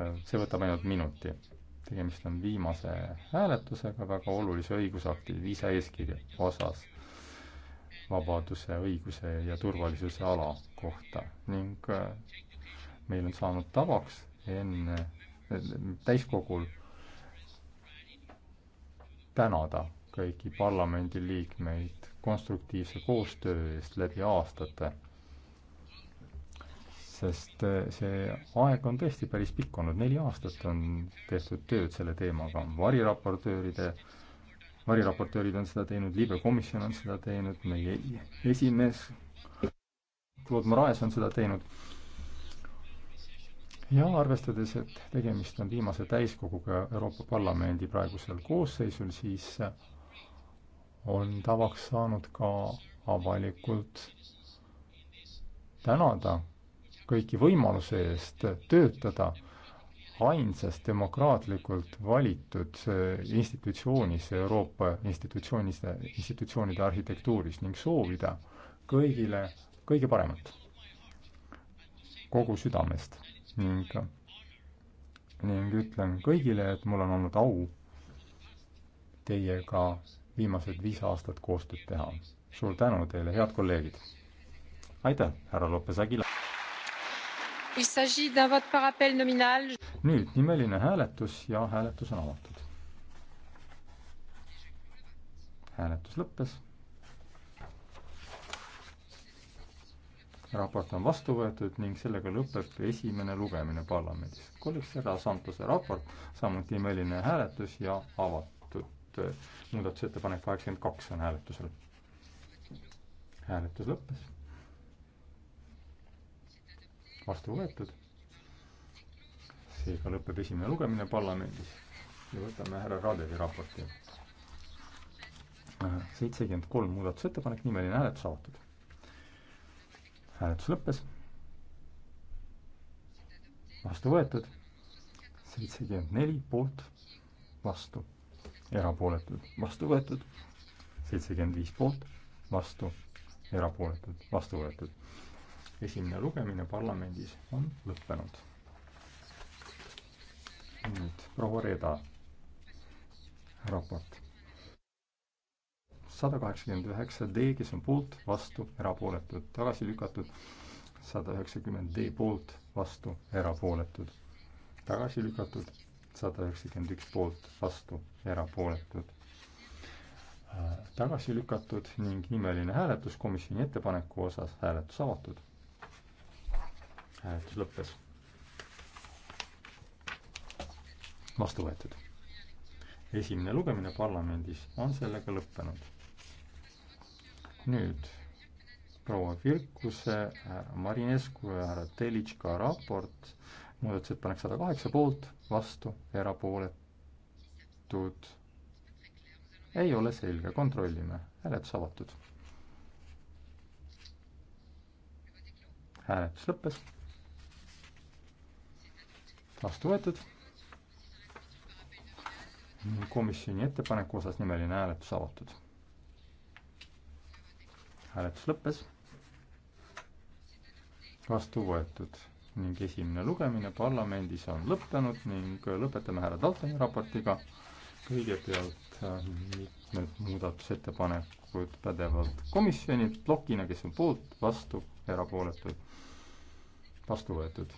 Äh, see võtab ainult minuti. tegemist on viimase hääletusega väga olulise õigusakti viisaeeskirja osas vabaduse, õiguse ja turvalisuse ala kohta ning äh, meil on saanud tavaks enne täiskogul tänada kõiki parlamendiliikmeid konstruktiivse koostöö eest läbi aastate sest eh, see aeg on tõesti päris pikk olnud, neli aastat on tehtud tööd selle teemaga, variraportööride, variraportöörid on seda teinud, liibe komisjon on seda teinud, meie esimees Claude Moraes on seda teinud ja arvestades, et tegemist on viimase täiskoguga Euroopa Parlamendi praegusel koosseisul, siis on tavaks saanud ka avalikult tänada kõiki võimaluse eest töötada ainsas demokraatlikult valitud eh, institutsioonis, Euroopa institutsioonis, institutsioonide arhitektuuris ning soovida kõigile kõige paremat kogu südamest ning, ning ütlen kõigile, et mul on olnud au teiega viimased viis aastat koostööd teha. suur tänu teile, head kolleegid! aitäh, härra Lopes Aguilar! nüüd nimeline hääletus ja hääletus on avatud. hääletus lõppes. raport on vastu võetud ning sellega lõpeb esimene lugemine parlamendis. Kolleksera Santose raport, samuti imeline hääletus ja avatud äh, muudatusettepanek kaheksakümmend kaks on hääletusel. hääletus lõppes vastu võetud. seega lõpeb esimene lugemine parlamendis ja võtame härra Radevi raporti. Äh, seitsekümmend kolm muudatusettepanek, nimeline hääletus avatud. hääletus lõppes. vastu võetud. seitsekümmend neli poolt, vastu, erapooletud, vastu võetud. seitsekümmend viis poolt, vastu, erapooletud, vastu võetud esimene lugemine parlamendis on lõppenud. nüüd proua Reeda raport. sada kaheksakümmend üheksa D, kes on poolt, vastu, erapooletud, tagasi lükatud. sada üheksakümmend D poolt, vastu, erapooletud, tagasi lükatud. sada üheksakümmend üks poolt, vastu, erapooletud, äh, tagasi lükatud ning nimeline hääletus komisjoni ettepaneku osas, hääletus avatud hääletus lõppes. vastu võetud. esimene lugemine parlamendis on sellega lõppenud. nüüd proua Virkuse, Marinescu ja härra Telitška raport, muudatusettepanek sada kaheksa poolt, vastu, erapooletud ei ole selge, kontrollime, hääletus avatud. hääletus lõppes vastu võetud. komisjoni ettepaneku osas nimeline hääletus avatud. hääletus lõppes. vastu võetud ning esimene lugemine parlamendis on lõppenud ning lõpetame härra Daltoni raportiga. kõigepealt äh, mitmed muudatusettepanekud pädevalt komisjonilt plokina, kes on poolt, vastu, erapooletud, vastu võetud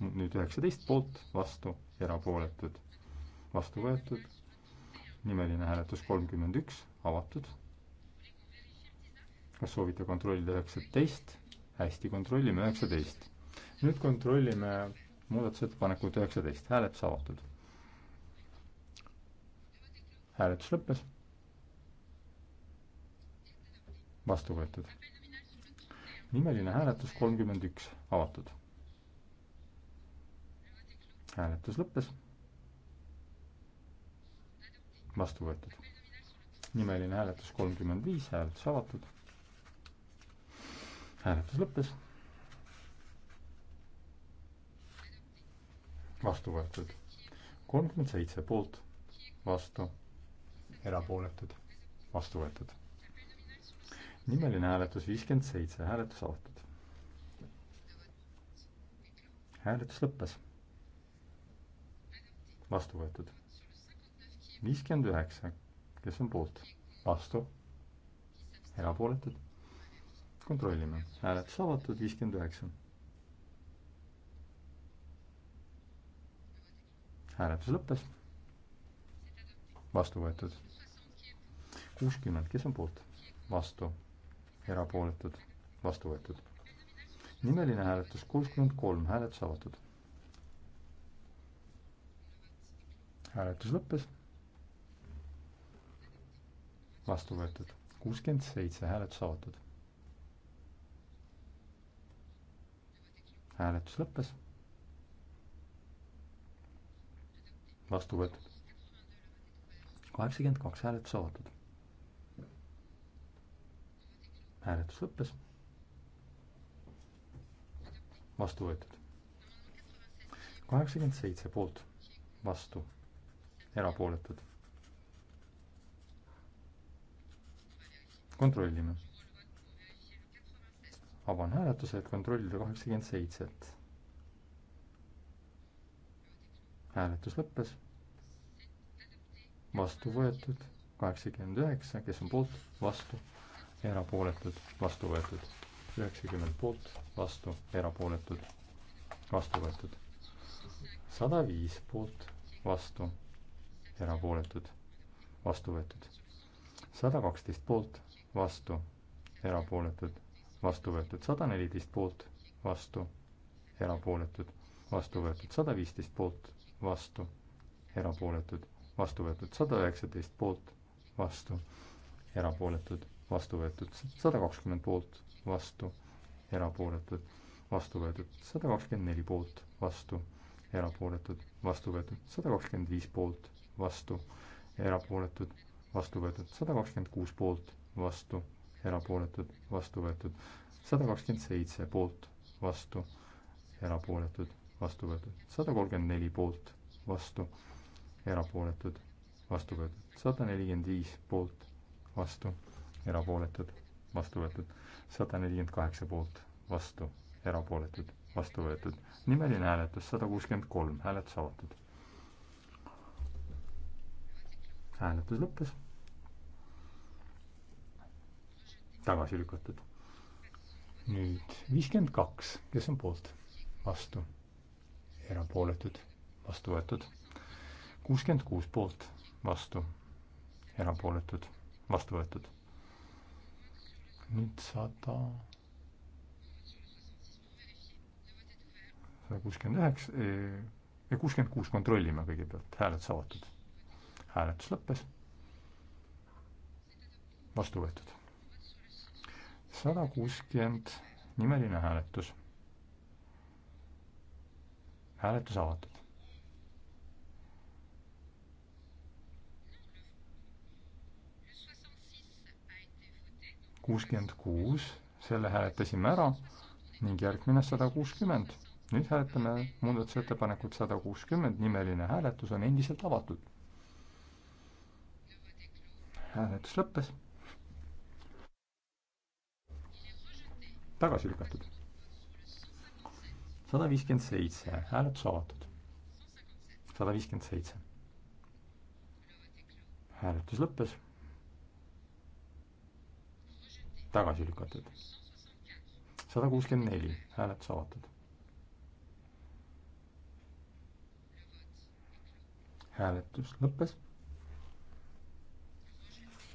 nüüd üheksateist poolt, vastu, erapooletud, vastu võetud. nimeline hääletus kolmkümmend üks, avatud. kas soovite kontrollida üheksateist? hästi, kontrollime üheksateist. nüüd kontrollime muudatusettepanekut üheksateist, hääletus avatud. hääletus lõppes. vastu võetud. nimeline hääletus kolmkümmend üks, avatud hääletus lõppes. vastu võetud. nimeline hääletus kolmkümmend viis, hääletus avatud. hääletus lõppes. vastu võetud. kolmkümmend seitse poolt, vastu, erapooletud, vastu võetud. nimeline hääletus viiskümmend seitse, hääletus avatud. hääletus lõppes vastu võetud. viiskümmend üheksa, kes on poolt, vastu, erapooletud. kontrollime, hääletus avatud, viiskümmend üheksa. hääletus lõppes. vastu võetud. kuuskümmend, kes on poolt, vastu, erapooletud, vastu võetud. nimeline hääletus kuuskümmend kolm, hääletus avatud. hääletus lõppes. vastu võetud kuuskümmend seitse hääletus avatud. hääletus lõppes. vastu võetud kaheksakümmend kaks hääletus avatud. hääletus lõppes. vastu võetud kaheksakümmend seitse poolt, vastu erapooletud. kontrollime. avan hääletuse, et kontrollida kaheksakümmend seitset. hääletus lõppes. vastu võetud kaheksakümmend üheksa, kes on poolt, vastu, erapooletud, vastu võetud. üheksakümmend poolt, vastu, erapooletud, vastu võetud. sada viis poolt, vastu erapooletud, vastu võetud. sada kaksteist poolt, vastu, erapooletud, vastu võetud. sada neliteist poolt, vastu, erapooletud, vastu võetud. sada viisteist poolt, vastu, erapooletud, vastu võetud. sada üheksateist poolt, vastu, erapooletud, vastu võetud. sada kakskümmend poolt, vastu, erapooletud, vastu võetud. sada kakskümmend neli poolt, vastu erapooletud, vastu võetud sada kakskümmend viis poolt, vastu, erapooletud, vastu võetud, sada kakskümmend kuus poolt, vastu, erapooletud, vastu võetud, sada kakskümmend seitse poolt, vastu, erapooletud, vastu võetud, sada kolmkümmend neli poolt, vastu, erapooletud, vastu võetud, sada nelikümmend viis poolt, vastu, erapooletud, vastu võetud, sada nelikümmend kaheksa poolt, vastu, erapooletud, vastu võetud. nimeline hääletus sada kuuskümmend kolm, hääletus avatud. hääletus lõppes. tagasi lükatud. nüüd viiskümmend kaks, kes on poolt, vastu, erapooletud, vastu võetud. kuuskümmend kuus poolt, vastu, erapooletud, vastu võetud. nüüd sada sada kuuskümmend üheksa, eh, eh, kuuskümmend kuus kontrollime kõigepealt, hääled saavutud hääletus lõppes. vastu võetud. sada kuuskümmend nimeline hääletus. hääletus avatud. kuuskümmend kuus, selle hääletasime ära ning järgmine sada kuuskümmend. nüüd hääletame muudatusettepanekut sada kuuskümmend, nimeline hääletus on endiselt avatud hääletus lõppes. tagasi lükatud. sada viiskümmend seitse, hääletus avatud. sada viiskümmend seitse. hääletus lõppes. tagasi lükatud. sada kuuskümmend neli, hääletus avatud. hääletus lõppes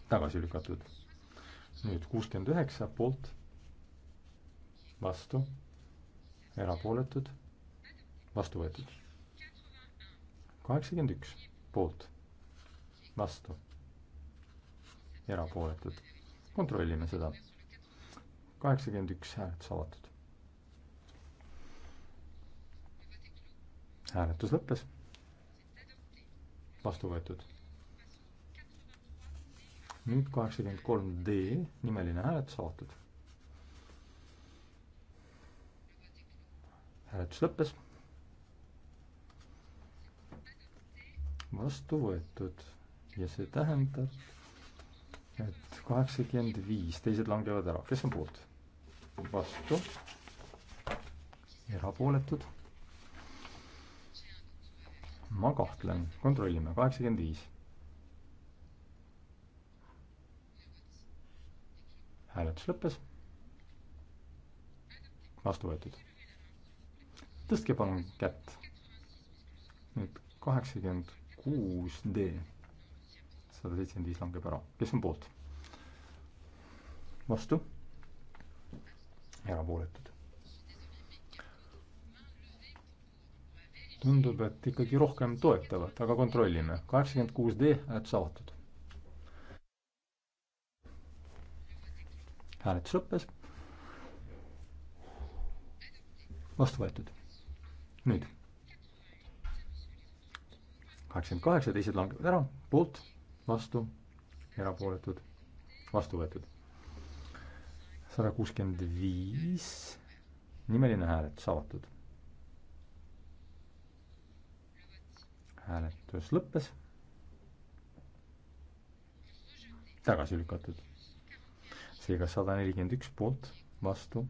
tagasi lükatud. nüüd kuuskümmend üheksa poolt, vastu, erapooletud, vastu võetud. kaheksakümmend üks poolt, vastu, erapooletud. kontrollime seda. kaheksakümmend üks hääletus avatud. hääletus lõppes. vastu võetud nüüd kaheksakümmend kolm D nimeline hääletus avatud. hääletus lõppes. vastu võetud ja see tähendab, et kaheksakümmend viis, teised langevad ära, kes on poolt? vastu, erapooletud. ma kahtlen, kontrollime, kaheksakümmend viis hääletus lõppes. vastu võetud. tõstke palun kätt. nüüd kaheksakümmend kuus D. sada seitsekümmend viis langeb ära, kes on poolt? vastu. erapooletud. tundub, et ikkagi rohkem toetavad, aga kontrollime. kaheksakümmend kuus D hääletus avatud. hääletus lõppes. vastu võetud. nüüd. kaheksakümmend kaheksa, teised langevad ära, poolt, vastu, erapooletud, vastu võetud. sada kuuskümmend viis, nimeline hääletus avatud. hääletus lõppes. tagasi lükatud seega sada nelikümmend üks poolt, vastu,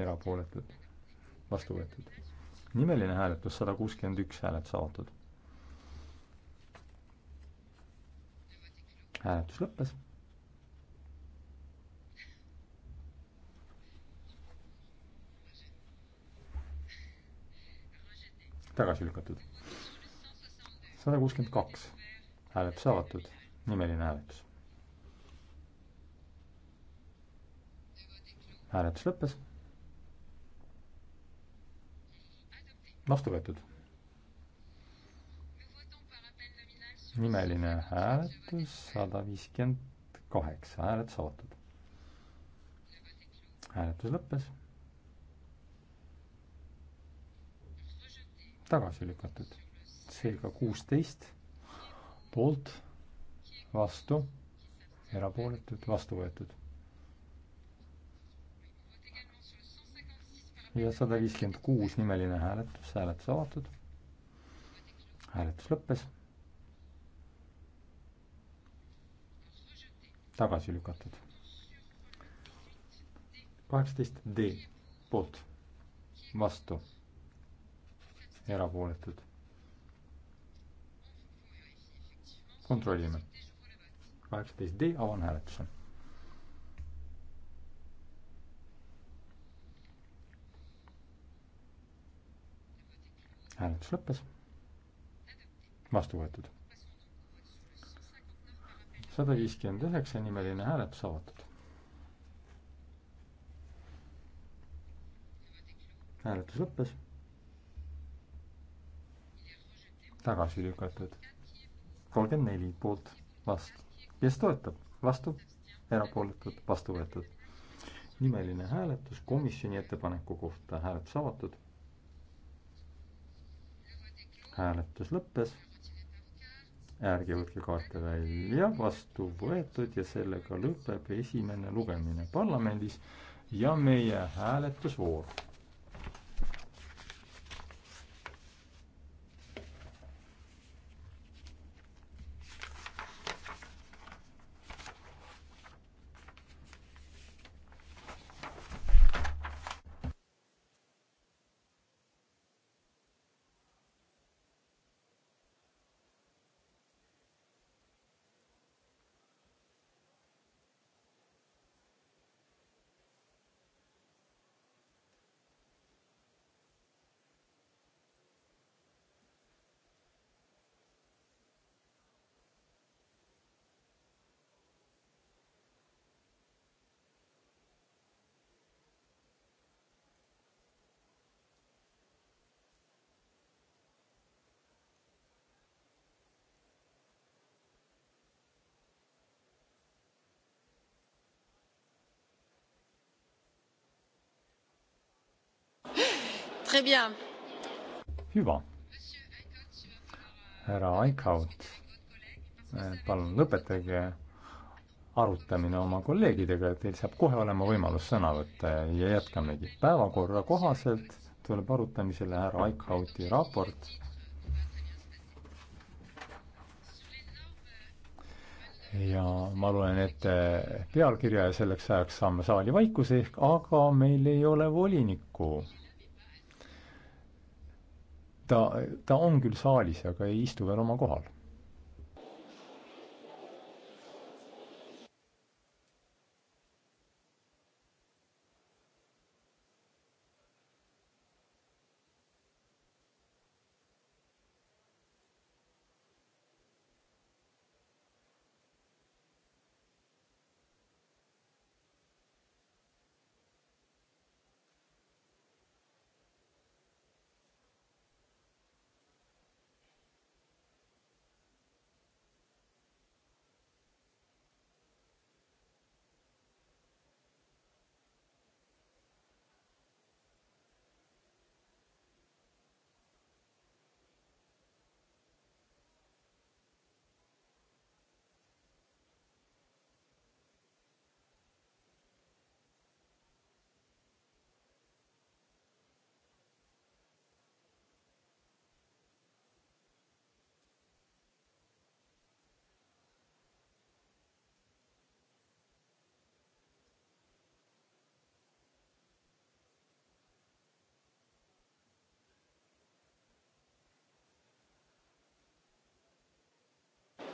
erapooletud, vastu võetud. nimeline hääletus, sada kuuskümmend üks hääletus avatud. hääletus lõppes. tagasi lükatud. sada kuuskümmend kaks hääletus avatud, nimeline hääletus. hääletus lõppes. vastu võetud. nimeline hääletus sada viiskümmend kaheksa, hääletus avatud. hääletus lõppes. tagasi lükatud, seega kuusteist poolt, vastu, erapooletud, vastu võetud ja sada viiskümmend kuus nimeline hääletus, hääletus avatud. hääletus lõppes. tagasi lükatud. kaheksateist D poolt, vastu, erapooletud. kontrollime. kaheksateist D, avan hääletuse hääletus lõppes. vastu võetud. sada viiskümmend üheksa nimeline hääletus avatud. hääletus lõppes. tagasi lükatud. kolmkümmend neli poolt, vastu. kes toetab? vastu, erapooletud, vastu võetud. nimeline hääletus komisjoni ettepaneku kohta, hääletus avatud hääletus lõppes. ärge võtke kaarte välja, vastu võetud ja sellega lõpeb esimene lugemine parlamendis ja meie hääletusvoor Très bien. hüva. härra Aikaut, eh, palun lõpetage arutamine oma kolleegidega, teil saab kohe olema võimalus sõna võtta ja jätkamegi. päevakorra kohaselt tuleb arutamisele härra Aikauti raport ja ma loen ette pealkirja ja selleks ajaks saame saali vaikuse ehk aga meil ei ole volinikku ta, ta on küll saalis, aga ei istu veel oma kohal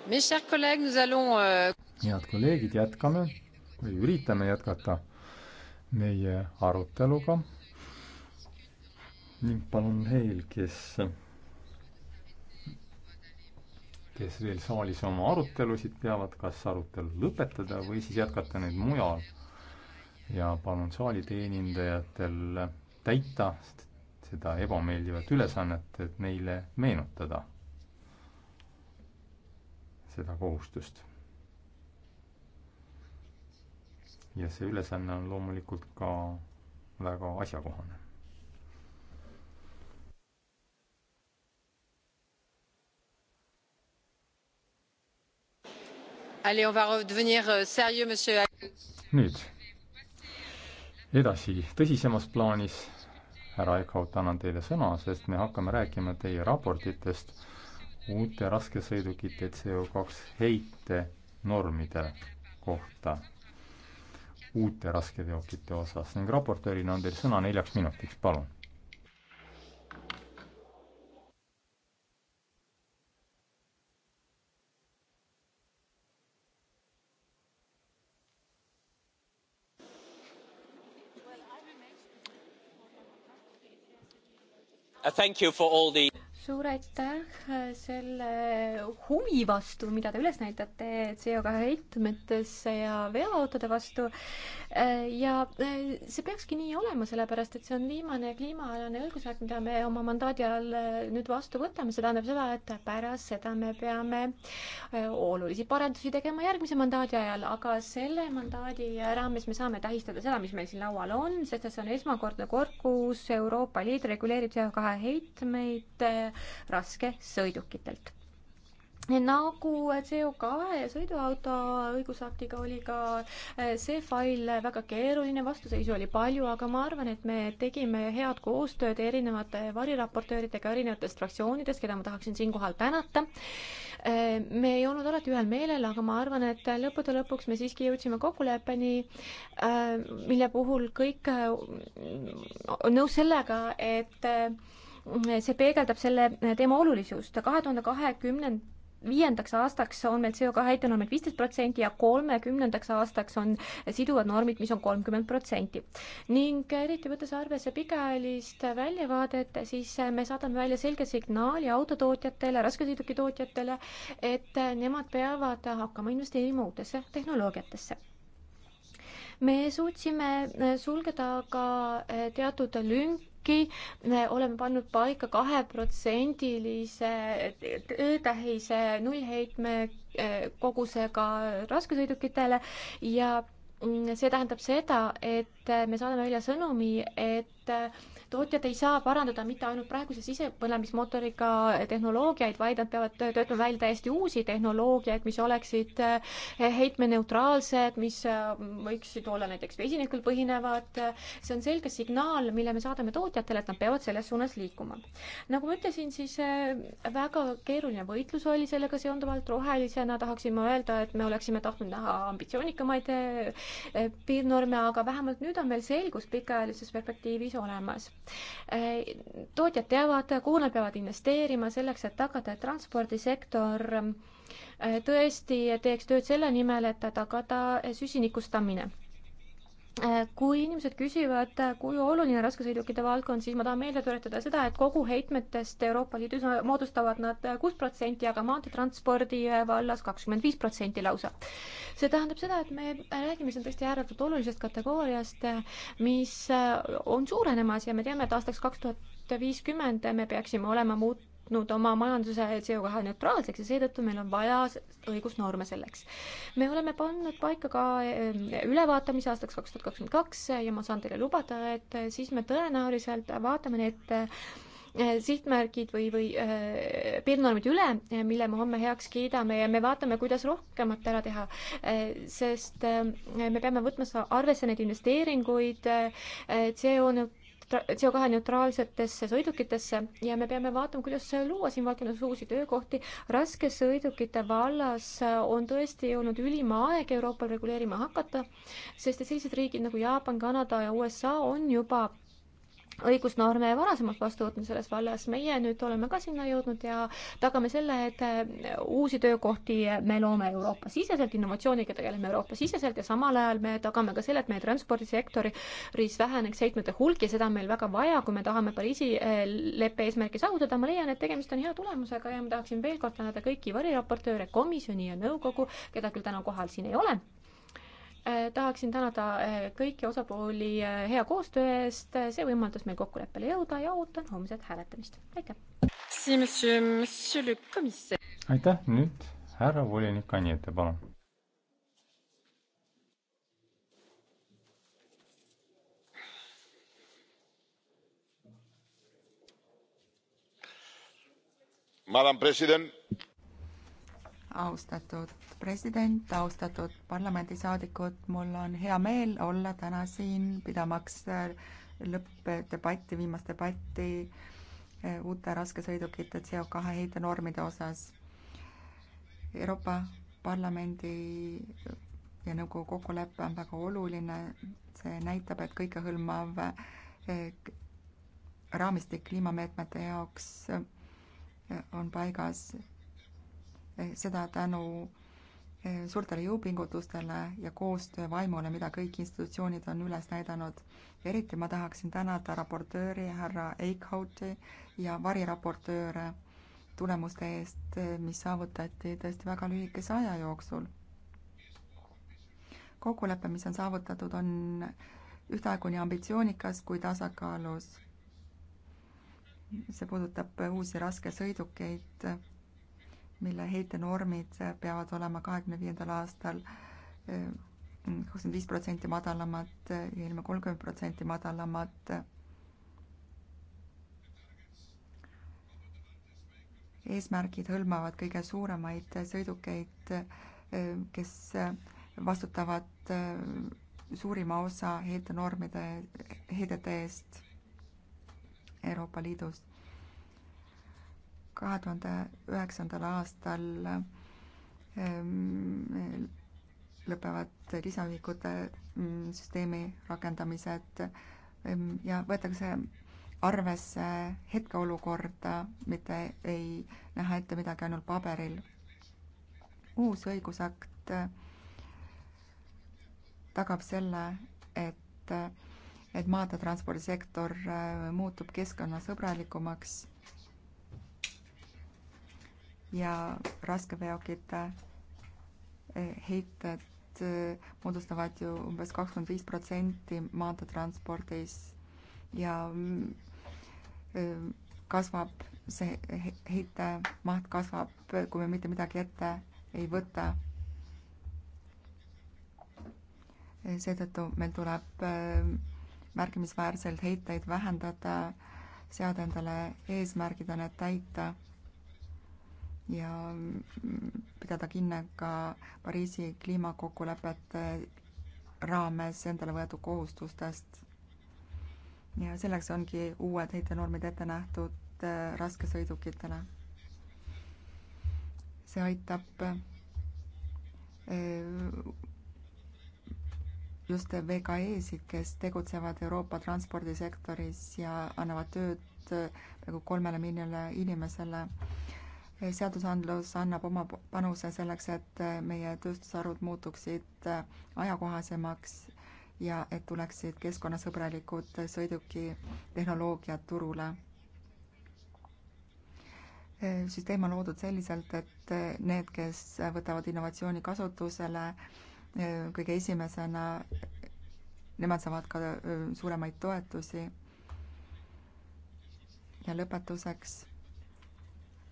Euh, head kolleegid, jätkame või üritame jätkata meie aruteluga ning palun neil, kes, kes veel saalis oma arutelusid peavad, kas arutelu lõpetada või siis jätkata neid mujal. ja palun saali teenindajatel täita seda ebameeldivat ülesannet, et neile meenutada seda kohustust. ja see ülesanne on loomulikult ka väga asjakohane. Euh, nüüd edasi tõsisemas plaanis, härra Eckhout, annan teile sõna, sest me hakkame rääkima teie raportitest uute raskesõidukite CO2 heite normide kohta uute raskeveokite osas ning raportöörina on teil sõna neljaks minutiks, palun. Thank you for all the suur aitäh äh, selle huvi vastu, mida te üles näitate CO2 heitmetesse ja veoautode vastu. Äh, ja äh, see peakski nii olema, sellepärast et see on viimane kliimaalane õigusakt, mida me oma mandaadi all äh, nüüd vastu võtame, see tähendab seda, et pärast seda me peame olulisi parendusi tegema järgmise mandaadi ajal, aga selle mandaadi raames me saame tähistada seda, mis meil siin laual on, sest see on esmakordne kord, kus Euroopa Liit reguleerib CO2 heitmeid raskesõidukitelt nagu CO2 sõiduauto õigusaktiga oli ka eh, see fail väga keeruline, vastuseisu oli palju, aga ma arvan, et me tegime head koostööd erinevate variraportööridega erinevatest fraktsioonidest, keda ma tahaksin siinkohal tänata. Eh, me ei olnud alati ühel meelel, aga ma arvan, et lõppude lõpuks me siiski jõudsime kokkuleppeni, eh, mille puhul kõik on nõus sellega, et see peegeldab selle teema olulisust. kahe tuhande kahekümnenda viiendaks aastaks on meil CO2 heitenormid viisteist protsenti ja kolmekümnendaks aastaks on siduvad normid, mis on kolmkümmend protsenti. ning eriti võttes arvesse pikaajalist väljavaadet, siis me saadame välja selge signaali autotootjatele, raskesõidukitootjatele, et nemad peavad hakkama investeerima uutesse tehnoloogiatesse me suutsime äh, sulgeda ka äh, teatud lünki, oleme pannud paika kaheprotsendilise äh, töötähise nullheitme kogusega raskesõidukitele ja mm, see tähendab seda, et me saadame välja sõnumi, et tootjad ei saa parandada mitte ainult praeguse sisepõlemismootoriga tehnoloogiaid, vaid nad peavad töötama välja täiesti uusi tehnoloogiaid, mis oleksid eh, heitmeneutraalsed, mis eh, võiksid olla näiteks vesinikul põhinevad. see on selge signaal, mille me saadame tootjatele, et nad peavad selles suunas liikuma. nagu ma ütlesin, siis eh, väga keeruline võitlus oli sellega seonduvalt. rohelisena tahaksin ma öelda, et me oleksime tahtnud näha ambitsioonikamaid piirnorme, aga vähemalt nüüd on meil selgus pikaajalises perspektiivis olemas tootjad teavad, kuhu nad peavad investeerima selleks, et tagada, et transpordisektor äh, tõesti teeks tööd selle nimel, et tagada süsinikustamine Äh, kui inimesed küsivad, äh, kui oluline on raskesõidukite valdkond, siis ma tahan meelde tuletada seda, et kogu heitmetest Euroopa Liidus moodustavad nad äh, kuus protsenti, aga maanteetranspordi vallas kakskümmend viis protsenti lausa. see tähendab seda, et me räägime siin tõesti ääretult olulisest kategooriast, mis on suurenemas ja me teame, et aastaks kaks tuhat viiskümmend me peaksime olema muut-, muutnud oma majanduse CO2 neutraalseks ja seetõttu meil on vaja õigusnorme selleks. me oleme pannud paika ka ehm, ülevaatamise aastaks kaks tuhat kakskümmend kaks ja ma saan teile lubada, et siis me tõenäoliselt vaatame need eh, sihtmärgid või, või äh, piirnormid üle, eh, mille me homme heaks kiidame ja me vaatame, kuidas rohkemat ära teha äh,. sest äh, me peame võtma arvesse neid investeeringuid, CO CO2 neutraalsetesse sõidukitesse ja me peame vaatama, kuidas luua siin valdkonnas uusi töökohti. raskesõidukite vallas on tõesti olnud ülima aeg Euroopal reguleerima hakata, sest et sellised riigid nagu Jaapan, Kanada ja USA on juba õigusnorme varasemalt vastu võtnud selles vallas, meie nüüd oleme ka sinna jõudnud ja tagame selle, et eh, uusi töökohti me loome Euroopa-siseselt, innovatsiooniga tegeleme Euroopa-siseselt ja samal ajal me tagame ka selle, et meie transpordisektoris väheneks heitmete hulk ja seda on meil väga vaja, kui me tahame Pariisi eh, leppe eesmärki saavutada, ma leian, et tegemist on hea tulemusega ja ma tahaksin veel kord tänada kõiki variraportööre, komisjoni ja nõukogu, keda küll täna kohal siin ei ole Äh, tahaksin tänada äh, kõiki osapooli äh, hea koostöö eest, see võimaldas meil kokkuleppele jõuda ja ootan homset hääletamist, aitäh! aitäh, nüüd härra volinik Anijete, palun! madam president austatud president, austatud parlamendisaadikud, mul on hea meel olla täna siin pidamaks äh, lõppdebatti, viimast debatti äh, uute raskesõidukite CO2 heitenormide osas. Euroopa Parlamendi ja nõukogu kokkulepe on väga oluline, see näitab, et kõikehõlmav äh, raamistik kliimameetmete jaoks on paigas Eh, seda tänu eh, suurtele jõupingutustele ja koostöövaimule, mida kõik institutsioonid on üles näidanud. eriti ma tahaksin tänada raportööri härra Eichhouti ja variraportööre tulemuste eest, eh, mis saavutati tõesti väga lühikese aja jooksul. kokkulepe, mis on saavutatud, on ühtaegu nii ambitsioonikas kui tasakaalus. see puudutab uusi raskesõidukeid mille heitenormid peavad olema kahekümne viiendal aastal eh, kakskümmend viis protsenti madalamad ja ilma kolmkümmend protsenti madalamad. eesmärgid hõlmavad kõige suuremaid sõidukeid, eh, kes vastutavad eh, suurima osa heitenormide, heidete eest Euroopa Liidus kahe tuhande üheksandal aastal ehm, lõpevad lisaühikute mm, süsteemi rakendamised ehm, ja võetakse arvesse hetkeolukorda, mitte ei näha ette midagi ainult paberil. uus õigusakt tagab selle, et, et maanteetranspordisektor ehm, muutub keskkonnasõbralikumaks ja raskeveokite eh, heited eh, moodustavad ju umbes kakskümmend viis protsenti maanteetranspordis ja mm, eh, kasvab see heite maht kasvab, kui me mitte midagi ette ei võta. seetõttu meil tuleb märkimisväärselt heiteid vähendada, seada endale eesmärgid ja need täita ja pidada kinni ka Pariisi kliimakokkulepete raames endale võetud kohustustest. ja selleks ongi uued heitenormid ette nähtud äh, raskesõidukitele. see aitab äh, just VKE-sid, kes tegutsevad Euroopa transpordisektoris ja annavad tööd peaaegu äh, kolmele miljonile inimesele Äh, seadusandlus annab oma panuse selleks, et äh, meie tööstusharud muutuksid äh, ajakohasemaks ja et tuleksid keskkonnasõbralikud sõidukitehnoloogiad turule. süsteem on loodud selliselt, et need, kes võtavad innovatsiooni kasutusele kõige esimesena, nemad saavad ka suuremaid toetusi. ja lõpetuseks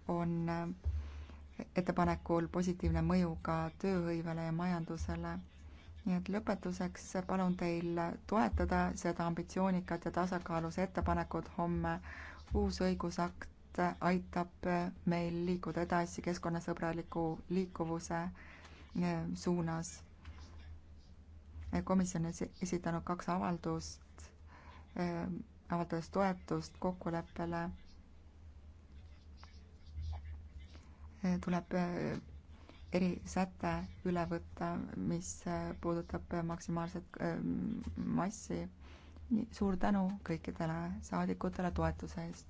on äh, ettepanekul positiivne mõju ka tööhõivele ja majandusele. nii et lõpetuseks palun teil toetada seda ambitsioonikat ja tasakaalus ettepanekut homme. uus õigusakt aitab meil liikuda edasi keskkonnasõbraliku liikuvuse äh, suunas. komisjon on esitanud kaks avaldust, äh, avaldades toetust kokkuleppele Eh, tuleb eh, erisäte üle võtta, mis eh, puudutab maksimaalset massi. suur tänu kõikidele saadikutele toetuse eest.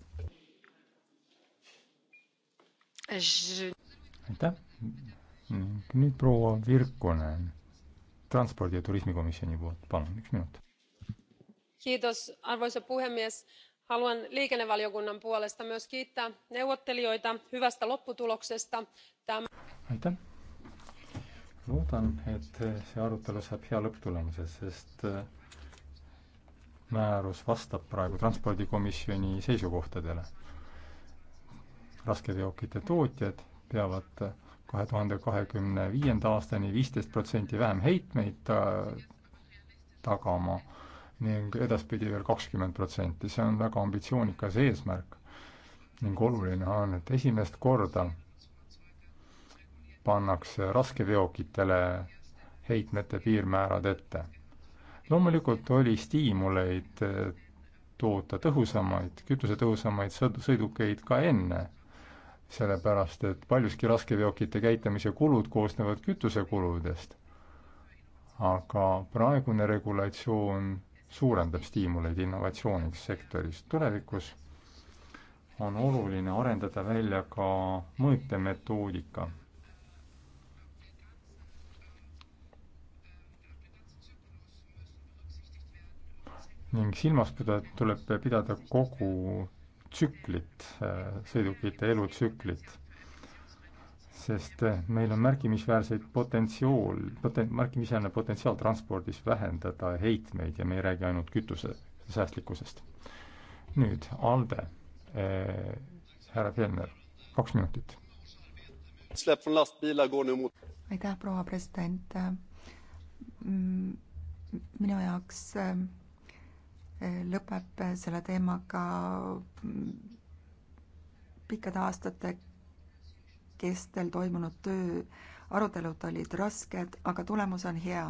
aitäh. nüüd proua Virkonen transpordi ja turismikomisjoni poolt, palun, üks minut. arvoisa puhemies haluan liikennevaliokunnan puolesta myös kiittää neuvottelijoita hyvästä lopputuloksesta. aitäh! loodan, et see arutelu saab hea lõpptulemuse, sest äh, määrus vastab praegu transpordikomisjoni seisukohtadele. raskeveokite tootjad peavad kahe tuhande kahekümne viienda aastani viisteist protsenti vähem heitmeid äh, tagama ning edaspidi veel kakskümmend protsenti, see on väga ambitsioonikas eesmärk. ning oluline on, et esimest korda pannakse raskeveokitele heitmete piirmäärad ette. loomulikult oli stiimuleid eh, toota tõhusamaid, kütusetõhusamaid sõid-, sõidukeid ka enne, sellepärast et paljuski raskeveokite käitamise kulud koosnevad kütusekuludest. aga praegune regulatsioon suurendab stiimuleid innovatsiooniks sektoris. tulevikus on oluline arendada välja ka mõõtemetoodika. ning silmas pidada, tuleb pidada kogu tsüklit, äh, sõidukite elutsüklit sest eh, meil on märkimisväärseid potentsiool, poten-, märkimisväärne potentsiaal transpordis vähendada heitmeid ja me ei räägi ainult kütuse säästlikkusest. nüüd ALDE äh,, härra Fjellner, kaks minutit. aitäh, proua president. Mm, minu jaoks eh, lõpeb selle teemaga mm, pikkade aastate kestel toimunud töö, arutelud olid rasked, aga tulemus on hea.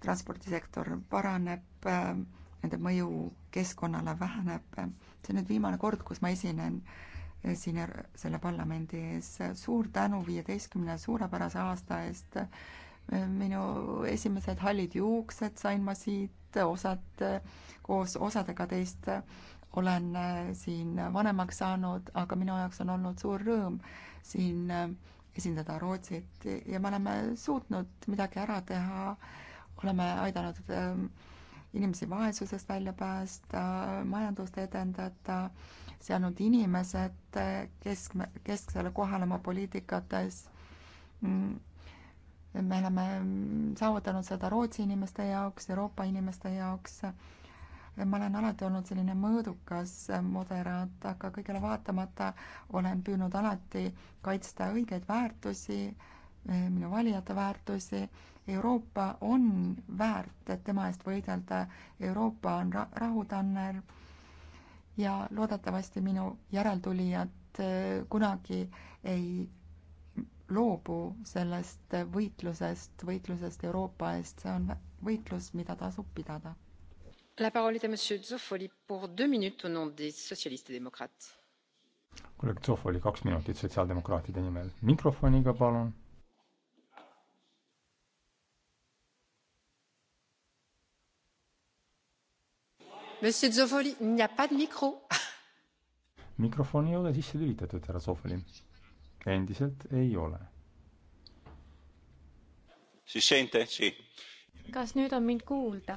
transpordisektor paraneb, nende mõju keskkonnale väheneb. see on nüüd viimane kord, kus ma esinen siin er-, selle parlamendi ees. suur tänu viieteistkümne suurepärase aasta eest. minu esimesed hallid juuksed sain ma siit osad koos osadega teist olen äh, siin vanemaks saanud, aga minu jaoks on olnud suur rõõm siin äh, esindada Rootsit ja me oleme suutnud midagi ära teha, oleme aidanud äh, inimesi vaesusest välja päästa, majandust edendada, seadnud inimesed kesk, kesksele kohale oma poliitikates. Mm. me oleme saavutanud seda Rootsi inimeste jaoks, Euroopa inimeste jaoks ma olen alati olnud selline mõõdukas moderaat, aga kõigele vaatamata olen püüdnud alati kaitsta õigeid väärtusi, eh, minu valijate väärtusi. Euroopa on väärt, et tema eest võidelda. Euroopa on ra rahutanner ja loodetavasti minu järeltulijad eh, kunagi ei loobu sellest võitlusest, võitlusest Euroopa eest, see on võitlus, mida tasub pidada kolleeg Zoffoli, kaks minutit sotsiaaldemokraatide nimel. mikrofoniga, palun. mikrofon ei ole sisse lülitatud, härra Zoffoli. endiselt ei ole. kas nüüd on mind kuulda?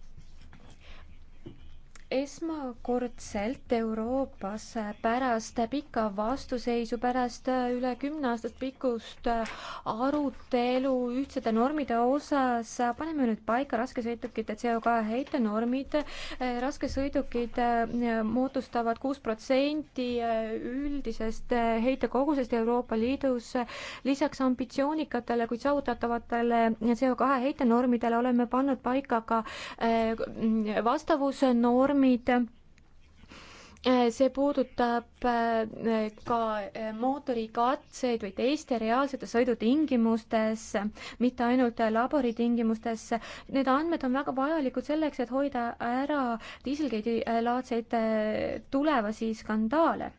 esmakordselt Euroopas pärast pikka vastuseisu, pärast üle kümne aastat pikkust arutelu ühtsete normide osas paneme nüüd paika raskesõidukite CO2 heitenormid. raskesõidukid eh, moodustavad kuus protsenti eh, üldisest eh, heitekogusest Euroopa Liidus. lisaks ambitsioonikatele, kuid saavutatavatele CO2 heitenormidele oleme pannud paika ka vastavusnorme, programmid äh, see puudutab äh, ka äh, mootorikatseid või teiste reaalsete sõidutingimustes, mitte ainult laboritingimustes. Need andmed on väga vajalikud selleks, et hoida ära Dieselgate'i laadseid tulevasi skandaale.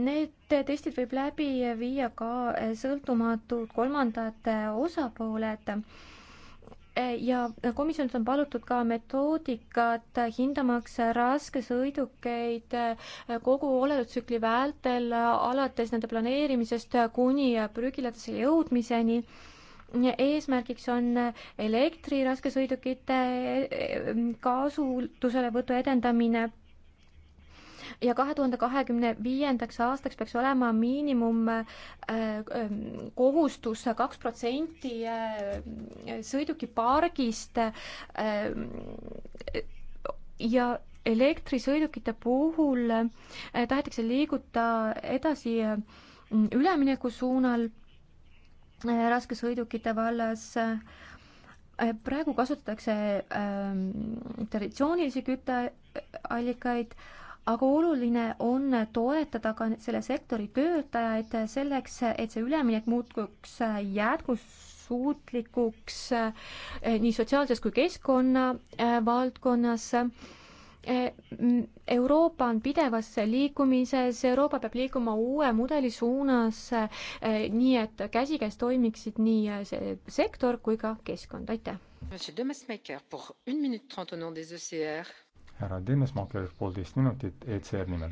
Need testid võib läbi viia ka sõltumatud kolmandad osapooled ja komisjonis on palutud ka metoodikat hindamaks raskesõidukeid kogu olelutsükli vältel, alates nende planeerimisest kuni prügilatesse jõudmiseni eesmärgiks on elektriraskesõidukite kasutuselevõtu edendamine ja kahe tuhande kahekümne viiendaks aastaks peaks olema miinimum äh, ähm, kohustus kaks protsenti äh, sõidukipargist äh, ja elektrisõidukite puhul tahetakse liiguta edasi ülemineku suunal raskesõidukite vallas praegu kasutatakse äh, traditsioonilisi kütteallikaid, aga oluline on toetada ka selle sektori töötajaid selleks, et see üleminek muutuks jätkusuutlikuks eh, nii sotsiaalses kui keskkonna eh, valdkonnas eh, Euroopa on pidevas liikumises, Euroopa peab liikuma uue mudeli suunas, nii et käsikäes toimiksid nii see sektor kui ka keskkond, aitäh härra Demesmaker, poolteist minutit ECR nimel.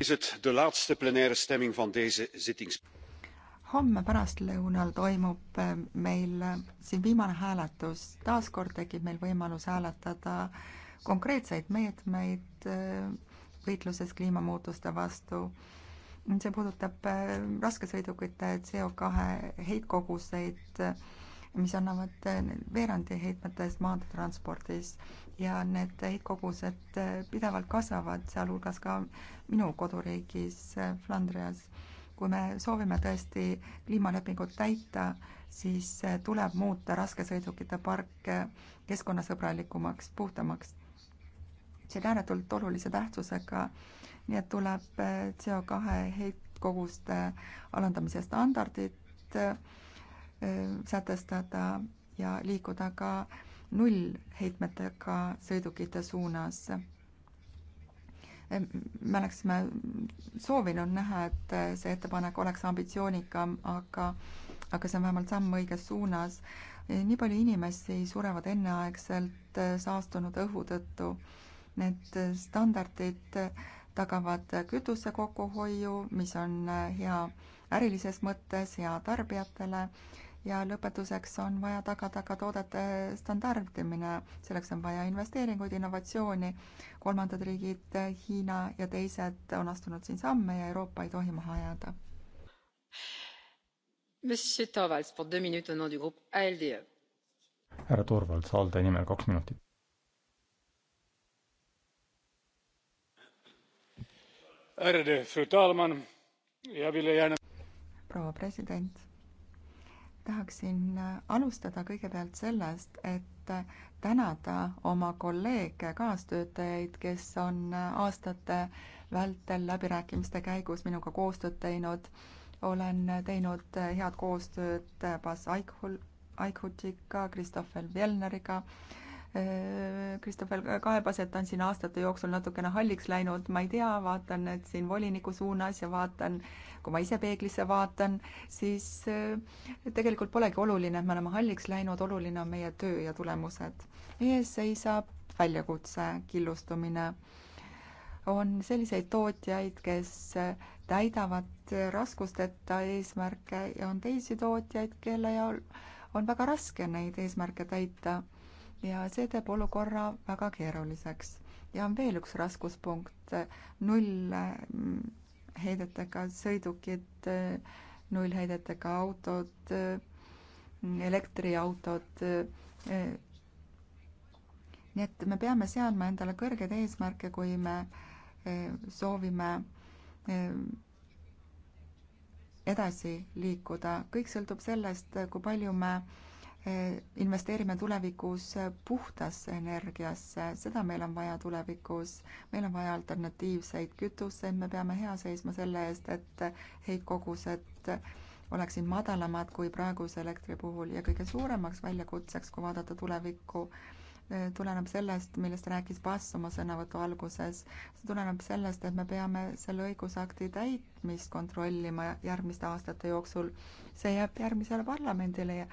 homme pärastlõunal toimub eh, meil eh, siin viimane hääletus, taaskord tekib meil võimalus hääletada konkreetseid meetmeid eh, võitluses kliimamuutuste vastu see puudutab raskesõidukite CO2 heitkoguseid, mis annavad veerandi heitmetest maanteetranspordis ja need heitkogused äh, pidevalt kasvavad, sealhulgas ka minu koduriigis äh, Flandrias. kui me soovime tõesti kliimalepingut täita, siis äh, tuleb muuta raskesõidukite park keskkonnasõbralikumaks, puhtamaks. see on ääretult olulise tähtsusega, nii et tuleb CO kahe heitkoguste alandamise standardid sätestada ja liikuda ka äh, nullheitmetega sõidukite suunas. me oleksime soovinud näha, et see ettepanek oleks ambitsioonikam, aga, aga see on vähemalt samm õiges suunas. nii palju inimesi surevad enneaegselt saastunud õhu tõttu. Need standardid tagavad kütuse kokkuhoiu, mis on hea ärilises mõttes, hea tarbijatele ja lõpetuseks on vaja tagada ka toodete standardimine, selleks on vaja investeeringuid, innovatsiooni, kolmandad riigid, Hiina ja teised on astunud siin samme ja Euroopa ei tohi maha jääda. E. härra Torvalds, ALDE nimel kaks minutit. proua president tahaksin äh, alustada kõigepealt sellest, et äh, tänada oma kolleege, kaastöötajaid, kes on äh, aastate vältel läbirääkimiste käigus minuga koostööd teinud. olen teinud head koostööd Bas Aikhul, Aikhutiga, Christopher Velneriga äh,, Christopher kaebas, et on siin aastate jooksul natukene halliks läinud, ma ei tea, vaatan nüüd siin voliniku suunas ja vaatan, kui ma ise peeglisse vaatan, siis äh, tegelikult polegi oluline, et me oleme halliks läinud, oluline on meie töö ja tulemused. ees seisab väljakutse, killustumine. on selliseid tootjaid, kes täidavad raskusteta eesmärke ja on teisi tootjaid, kelle jaol on väga raske neid eesmärke täita ja see teeb olukorra väga keeruliseks. ja on veel üks raskuspunkt, nullheidetega mm, sõidukid, nullheidetega autod, mm, elektriautod, e, nii et me peame seadma endale kõrgeid eesmärke, kui me e, soovime e, edasi liikuda, kõik sõltub sellest, kui palju me investeerime tulevikus puhtasse energiasse, seda meil on vaja tulevikus. meil on vaja alternatiivseid kütuseid, me peame hea seisma selle eest, et heitkogused oleksid madalamad kui praeguse elektri puhul ja kõige suuremaks väljakutseks, kui vaadata tulevikku, tuleneb sellest, millest rääkis Bass oma sõnavõtu alguses. see tuleneb sellest, et me peame selle õigusakti täitmist kontrollima järgmiste aastate jooksul. see jääb järgmisele parlamendile ja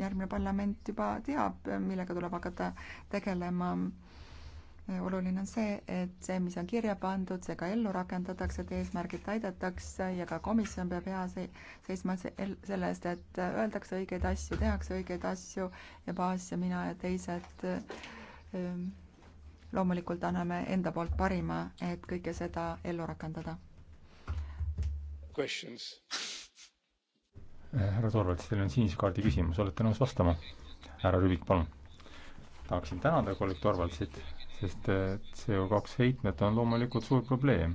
järgmine parlament juba teab, millega tuleb hakata tegelema. oluline on see, et see, mis on kirja pandud, see ka ellu rakendatakse, et eesmärgid täidetakse ja ka komisjon peab hea seisma selle eest, et öeldakse õigeid asju, tehakse õigeid asju ja baas ja mina ja teised ehm, loomulikult anname enda poolt parima, et kõike seda ellu rakendada questions Eh, härra Torvalds, teil on sinise kaardi küsimus, olete nõus vastama? härra Rüvik, palun. tahaksin tänada kolleeg Torvaldsit, sest eh, CO2 heitmed on loomulikult suur probleem.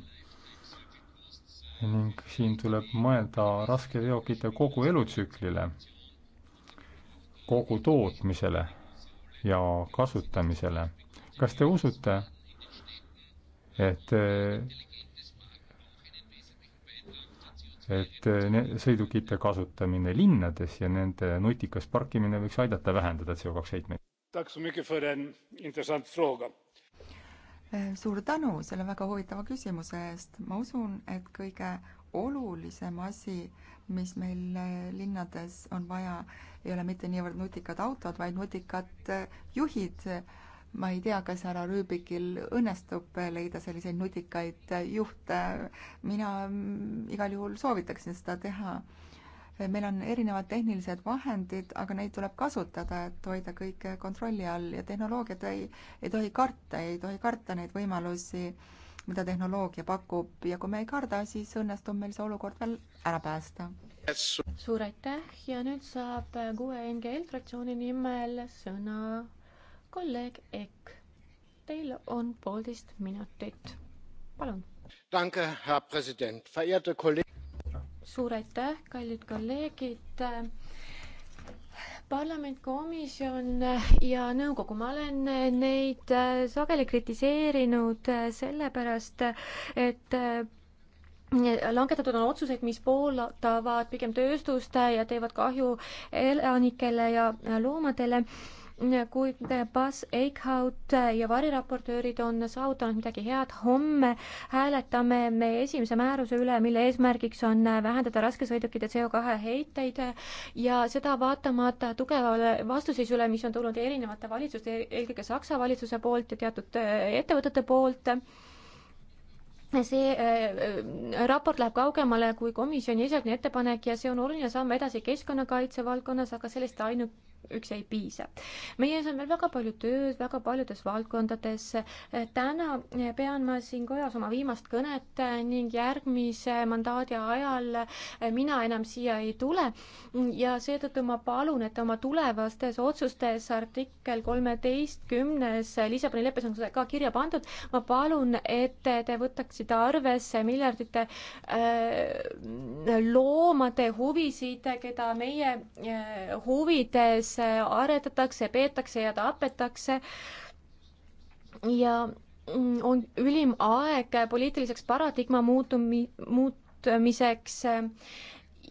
ning siin tuleb mõelda raskeveokite kogu elutsüklile, kogu tootmisele ja kasutamisele. kas te usute, et eh, et äh, sõidukite kasutamine linnades ja nende nutikas parkimine võiks aidata vähendada CO2 heitmeid. Äh, suur tänu selle väga huvitava küsimuse eest. ma usun, et kõige olulisem asi, mis meil äh, linnades on vaja, ei ole mitte niivõrd nutikad autod, vaid nutikad juhid ma ei tea, kas härra Rüübikil õnnestub leida selliseid nutikaid juhte, mina igal juhul soovitaksin seda teha. meil on erinevad tehnilised vahendid, aga neid tuleb kasutada, et hoida kõike kontrolli all ja tehnoloogiat ei, ei tohi karta, ei tohi karta neid võimalusi, mida tehnoloogia pakub ja kui me ei karda, siis õnnestub meil see olukord veel ära päästa. suur aitäh ja nüüd saab kuue NGL fraktsiooni nimel sõna kolleeg Ekk, teil on poolteist minutit, palun. suur aitäh, kallid kolleegid parlament, komisjon ja nõukogu, ma olen neid sageli kritiseerinud sellepärast, et langetatud on otsuseid, mis pooldavad pigem tööstust ja teevad kahju elanikele ja loomadele kuid Buzz Eichhout ja variraportöörid on saavutanud midagi head. homme hääletame me esimese määruse üle, mille eesmärgiks on vähendada raskesõidukite CO2 heiteid ja seda vaatamata tugevale vastuseisule, mis on tulnud erinevate valitsuste, eelkõige Saksa valitsuse poolt ja teatud äh, ettevõtete poolt see äh, raport läheb kaugemale kui komisjoni esialgne ettepanek ja see on oluline samm edasi keskkonnakaitse valdkonnas, aga sellest ainult üks ei piisa. meie ees on veel väga palju tööd väga paljudes valdkondades. täna pean ma siin kojas oma viimast kõnet ning järgmise mandaadi ajal mina enam siia ei tule ja seetõttu ma palun, et oma tulevastes otsustes artikkel kolmeteistkümnes Liisaboni leppes on ka kirja pandud, ma palun, et te võtaksite arvesse miljardite äh, loomade huvisid, keda meie äh, huvides kes äh, aretatakse, peetakse ja tapetakse. ja mm, on ülim aeg poliitiliseks paradigma muutumi-, muutumiseks äh,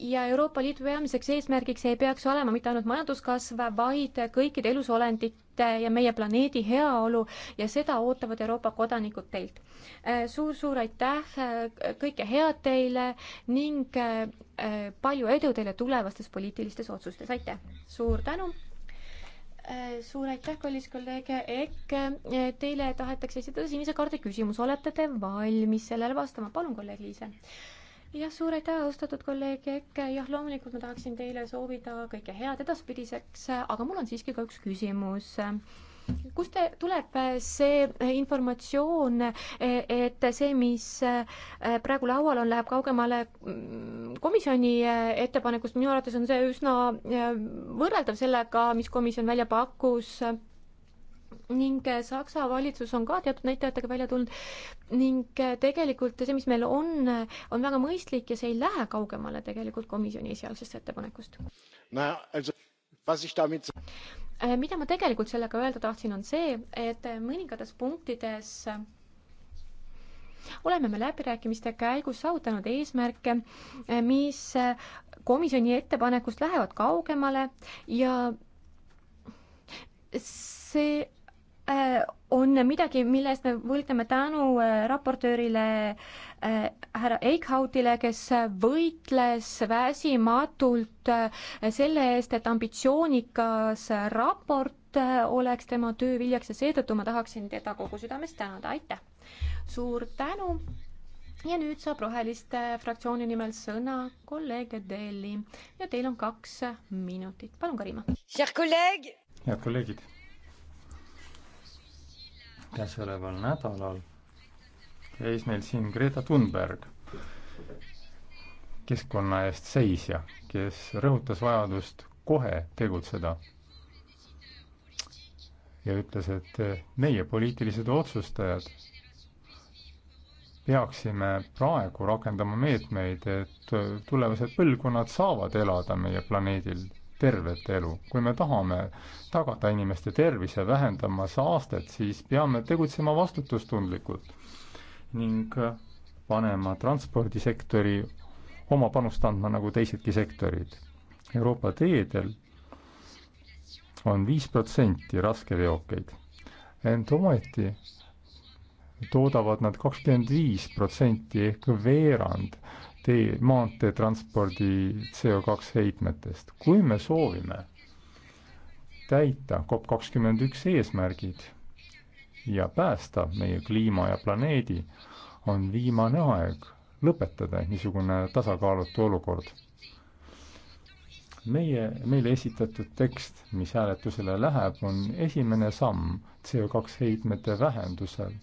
ja Euroopa Liidu peamiseks eesmärgiks ei peaks olema mitte ainult majanduskasv, vaid kõikide elusolendite ja meie planeedi heaolu ja seda ootavad Euroopa kodanikud teilt äh, suur,. suur-suur aitäh, äh, kõike head teile ning äh, palju edu teile tulevastes poliitilistes otsustes, aitäh! suur tänu! suur aitäh, kallis kolleeg Ekk. Teile tahetakse esitada sinise kaardi küsimus, olete te valmis sellele vastama? palun, kolleeg Liise jah, suur aitäh, austatud kolleeg Eke, jah, loomulikult ma tahaksin teile soovida kõike head edaspidiseks, aga mul on siiski ka üks küsimus kust te, tuleb see informatsioon, et see, mis äh, praegu laual on, läheb kaugemale mm, komisjoni äh, ettepanekust, minu arvates on see üsna äh, võrreldav sellega, mis komisjon välja pakkus ning äh, Saksa valitsus on ka teatud näitajatega välja tulnud ning äh, tegelikult see, mis meil on, äh, on väga mõistlik ja see ei lähe kaugemale tegelikult komisjoni esialgsest ettepanekust no,. Also, damit... mida ma tegelikult sellega öelda tahtsin, on see, et mõningates punktides oleme me läbirääkimiste käigus saavutanud eesmärke, mis komisjoni ettepanekust lähevad kaugemale ja see Äh, on midagi, mille eest me võlgneme tänu äh, raportöörile äh, härra Eichhautile, kes võitles väsimatult selle eest, et ambitsioonikas raport oleks tema töö viljaks ja seetõttu ma tahaksin teda kogu südamest tänada, aitäh! suur tänu ja nüüd saab Roheliste fraktsiooni nimel sõna kolleeg Adeli ja teil on kaks minutit, palun, Karima. head kolleegid käesoleval nädalal käis meil siin Greta Thunberg, keskkonna eest seisja, kes rõhutas vajadust kohe tegutseda ja ütles, et meie, poliitilised otsustajad, peaksime praegu rakendama meetmeid, et tulevased põlvkonnad saavad elada meie planeedil tervet elu. kui me tahame tagada inimeste tervise, vähendama saastet, siis peame tegutsema vastutustundlikult ning panema transpordisektori oma panust andma nagu teisedki sektorid. Euroopa teedel on viis protsenti raskeveokeid, ent ometi toodavad nad kakskümmend viis protsenti ehk veerand tee, maanteetranspordi CO2 heitmetest. kui me soovime täita COP kakskümmend üks eesmärgid ja päästa meie kliima ja planeedi, on viimane aeg lõpetada niisugune tasakaalutu olukord. meie, meile esitatud tekst, mis hääletusele läheb, on esimene samm CO2 heitmete vähendusel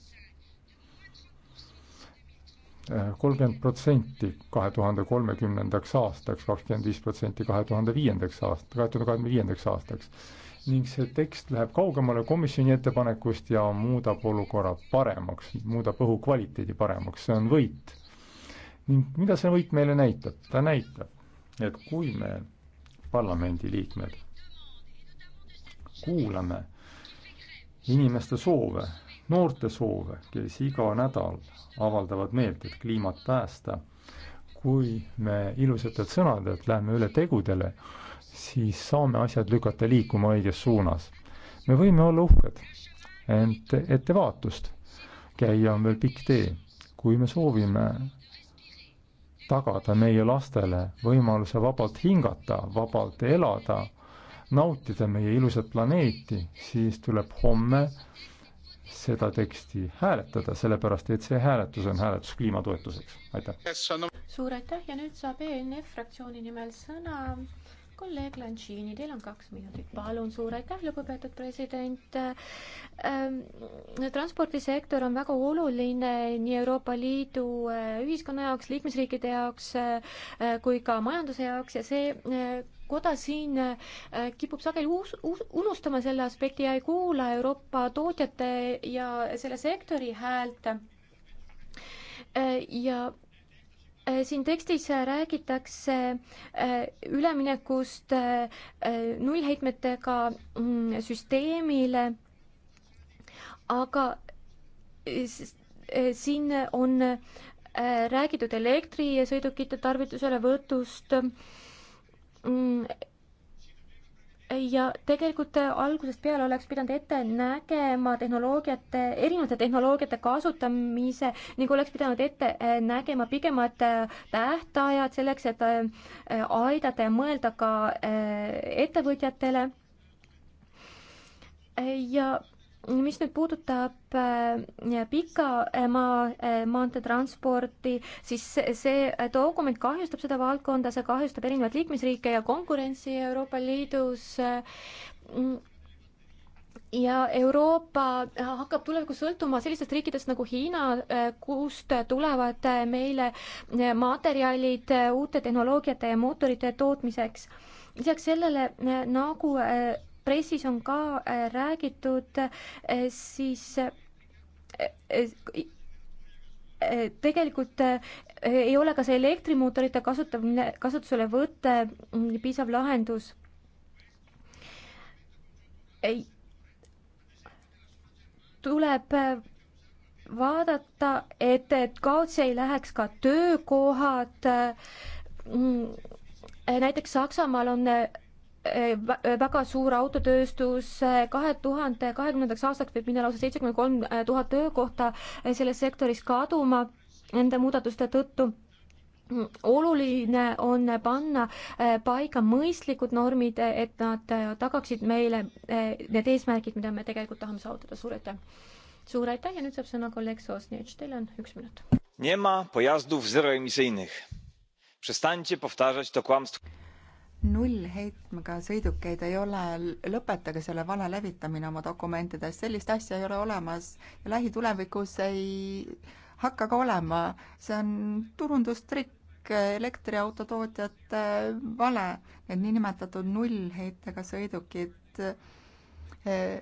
kolmkümmend protsenti kahe tuhande kolmekümnendaks aastaks, kakskümmend viis protsenti kahe tuhande viiendaks aast-, kahe tuhande kahekümne viiendaks aastaks. ning see tekst läheb kaugemale komisjoni ettepanekust ja muudab olukorra paremaks, muudab õhu kvaliteedi paremaks, see on võit. ning mida see võit meile näitab? ta näitab, et kui me, parlamendiliikmed, kuulame inimeste soove, noorte soove, kes iga nädal avaldavad meelt, et kliimat päästa. kui me ilusatelt sõnadelt lähme üle tegudele, siis saame asjad lükata liikuma õiges suunas. me võime olla uhked, ent ettevaatust, käia on veel pikk tee. kui me soovime tagada meie lastele võimaluse vabalt hingata, vabalt elada, nautida meie ilusat planeeti, siis tuleb homme seda teksti hääletada, sellepärast et see hääletus on hääletus kliimatoetuseks. aitäh! suur aitäh ja nüüd saab ENF fraktsiooni nimel sõna kolleeg Lanchini, teil on kaks minutit, palun, suur aitäh, lugupeetud president. Ähm, transpordisektor on väga oluline nii Euroopa Liidu äh, ühiskonna jaoks, liikmesriikide jaoks äh, kui ka majanduse jaoks ja see äh, koda siin kipub sageli uus, uus, unustama selle aspekti ja ei kuula Euroopa tootjate ja selle sektori häält. ja Äh, siin tekstis äh, räägitakse äh, üleminekust nullheitmetega mm, süsteemile, aga siin on räägitud elektrisõidukite tarvituselevõtust mm, ja tegelikult algusest peale oleks pidanud ette nägema tehnoloogiate, erinevate tehnoloogiate kasutamise ning oleks pidanud ette eh, nägema pikemad eh, tähtajad selleks, et eh, aidata ja mõelda ka ettevõtjatele. ja mis nüüd puudutab äh, pikamaa äh, äh, maanteetransporti, siis see dokument kahjustab seda valdkonda, see kahjustab erinevaid liikmesriike ja konkurentsi Euroopa Liidus ja Euroopa hakkab tulevikus sõltuma sellistest riikidest nagu Hiina, kust tulevad meile materjalid uute tehnoloogiate ja mootorite tootmiseks lisaks sellele, nagu pressis on ka äh, räägitud, äh, siis äh, tegelikult ei ole ka see elektrimootorite kasutamine, kasutuselevõtt mm, piisav lahendus. tuleb vaadata, et, et kaotsi ei läheks ka töökohad. Mm, näiteks Saksamaal on Eh, eh, väga suur autotööstus, eh, kahe tuhande kahekümnendaks aastaks võib minna lausa seitsekümmend kolm tuhat töökohta selles sektoris kaduma nende muudatuste tõttu oluline on panna paika mõistlikud normid, et nad tagaksid meile need eesmärgid, mida me tegelikult tahame saavutada. suur aitäh! suur aitäh ja nüüd saab sõna kolleeg Soosnitš, teil on üks minut nullheitmega sõidukeid ei ole, lõpetage selle vale levitamine oma dokumentides, sellist asja ei ole olemas ja lähitulevikus ei hakka ka olema, see on turundustrikk, elektriautotootjate vale, need niinimetatud nullheitega sõidukid, eh,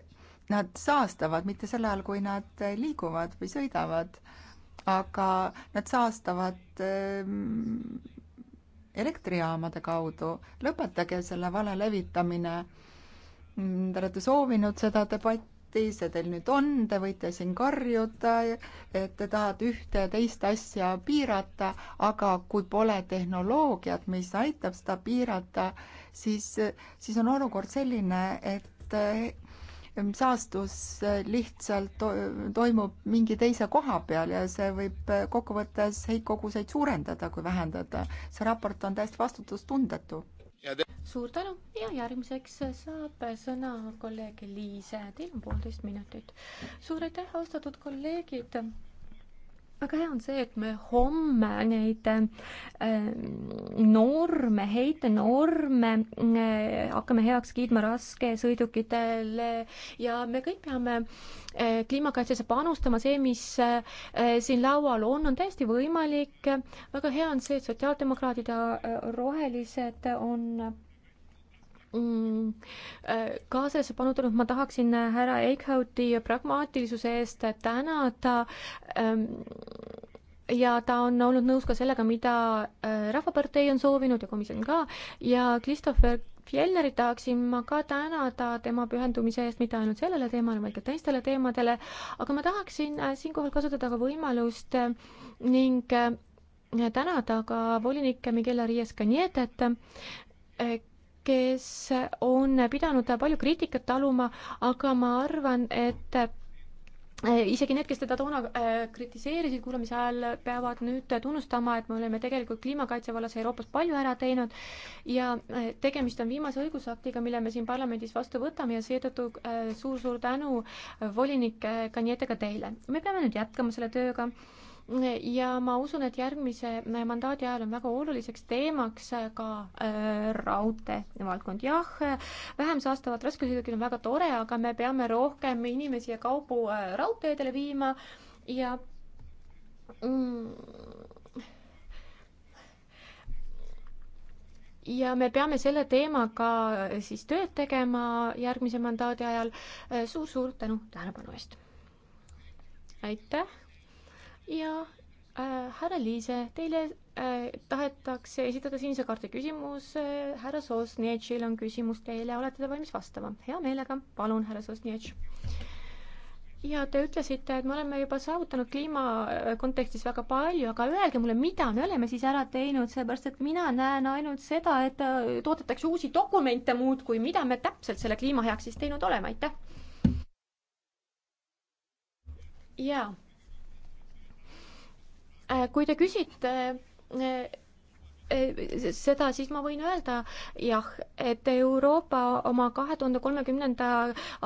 nad saastavad mitte sel ajal, kui nad liiguvad või sõidavad, aga nad saastavad ehm, elektrijaamade kaudu. lõpetage selle vale levitamine. Te olete soovinud seda debatti, see teil nüüd on, te võite siin karjuda, et te tahate ühte ja teist asja piirata, aga kui pole tehnoloogiat, mis aitab seda piirata, siis, siis on olukord selline, et saastus äh, lihtsalt to toimub mingi teise koha peal ja see võib äh, kokkuvõttes heitkoguseid suurendada, kui vähendada. see raport on täiesti vastutustundetu. suur tänu ja järgmiseks äh, saab sõna kolleeg Liise, teil on poolteist minutit. suur aitäh, austatud kolleegid väga hea on see, et me homme neid äh, norme, heitenorme äh, hakkame heaks kiitma raskesõidukitele ja me kõik peame äh, kliimakaitsesse panustama, see, mis siin laual on, on täiesti võimalik. väga hea on see, et sotsiaaldemokraadid ja rohelised on Mm, äh, kaasasse panutanud, ma tahaksin härra Eichhauti pragmaatilisuse eest tänada ähm, ja ta on olnud nõus ka sellega, mida äh, Rahvapartei on soovinud ja komisjon ka ja Christopher Fjellneri tahaksin ma ka tänada tema pühendumise eest mitte ainult sellele teemale, vaid ka teistele teemadele, aga ma tahaksin äh, siinkohal kasutada ka võimalust ning tänada ka volinik Miguel Arias Canietet, kes on pidanud palju kriitikat taluma, aga ma arvan, et eh, isegi need, kes teda toona eh, kritiseerisid kuulamise ajal, peavad nüüd tunnustama, et me oleme tegelikult kliimakaitse vallas Euroopas palju ära teinud ja eh, tegemist on viimase õigusaktiga, mille me siin parlamendis vastu võtame ja seetõttu suur-suur tänu volinik Kanietega teile. me peame nüüd jätkama selle tööga ja ma usun, et järgmise mandaadi ajal on väga oluliseks teemaks ka äh, raudteevaldkond. jah, vähem saastavad raskesõidukid on väga tore, aga me peame rohkem inimesi ja kaubu äh, raudteedele viima ja mm, ja me peame selle teemaga äh, siis tööd tegema järgmise mandaadi ajal suur,. suur-suur tänu tähelepanu eest! aitäh! ja äh, härra Liise, teile äh, tahetakse esitada sinise kaardi küsimus äh,. härra Sosnetšil on küsimus teile, olete te valmis vastama? hea meelega, palun, härra Sosnetš ja te ütlesite, et me oleme juba saavutanud kliima äh, kontekstis väga palju, aga öelge mulle, mida me oleme siis ära teinud, sellepärast et mina näen ainult seda, et äh, toodetakse uusi dokumente muudkui, mida me täpselt selle kliima heaks siis teinud oleme, aitäh. jaa Äh, kui te küsite äh, äh, seda, siis ma võin öelda jah, et Euroopa oma kahe tuhande kolmekümnenda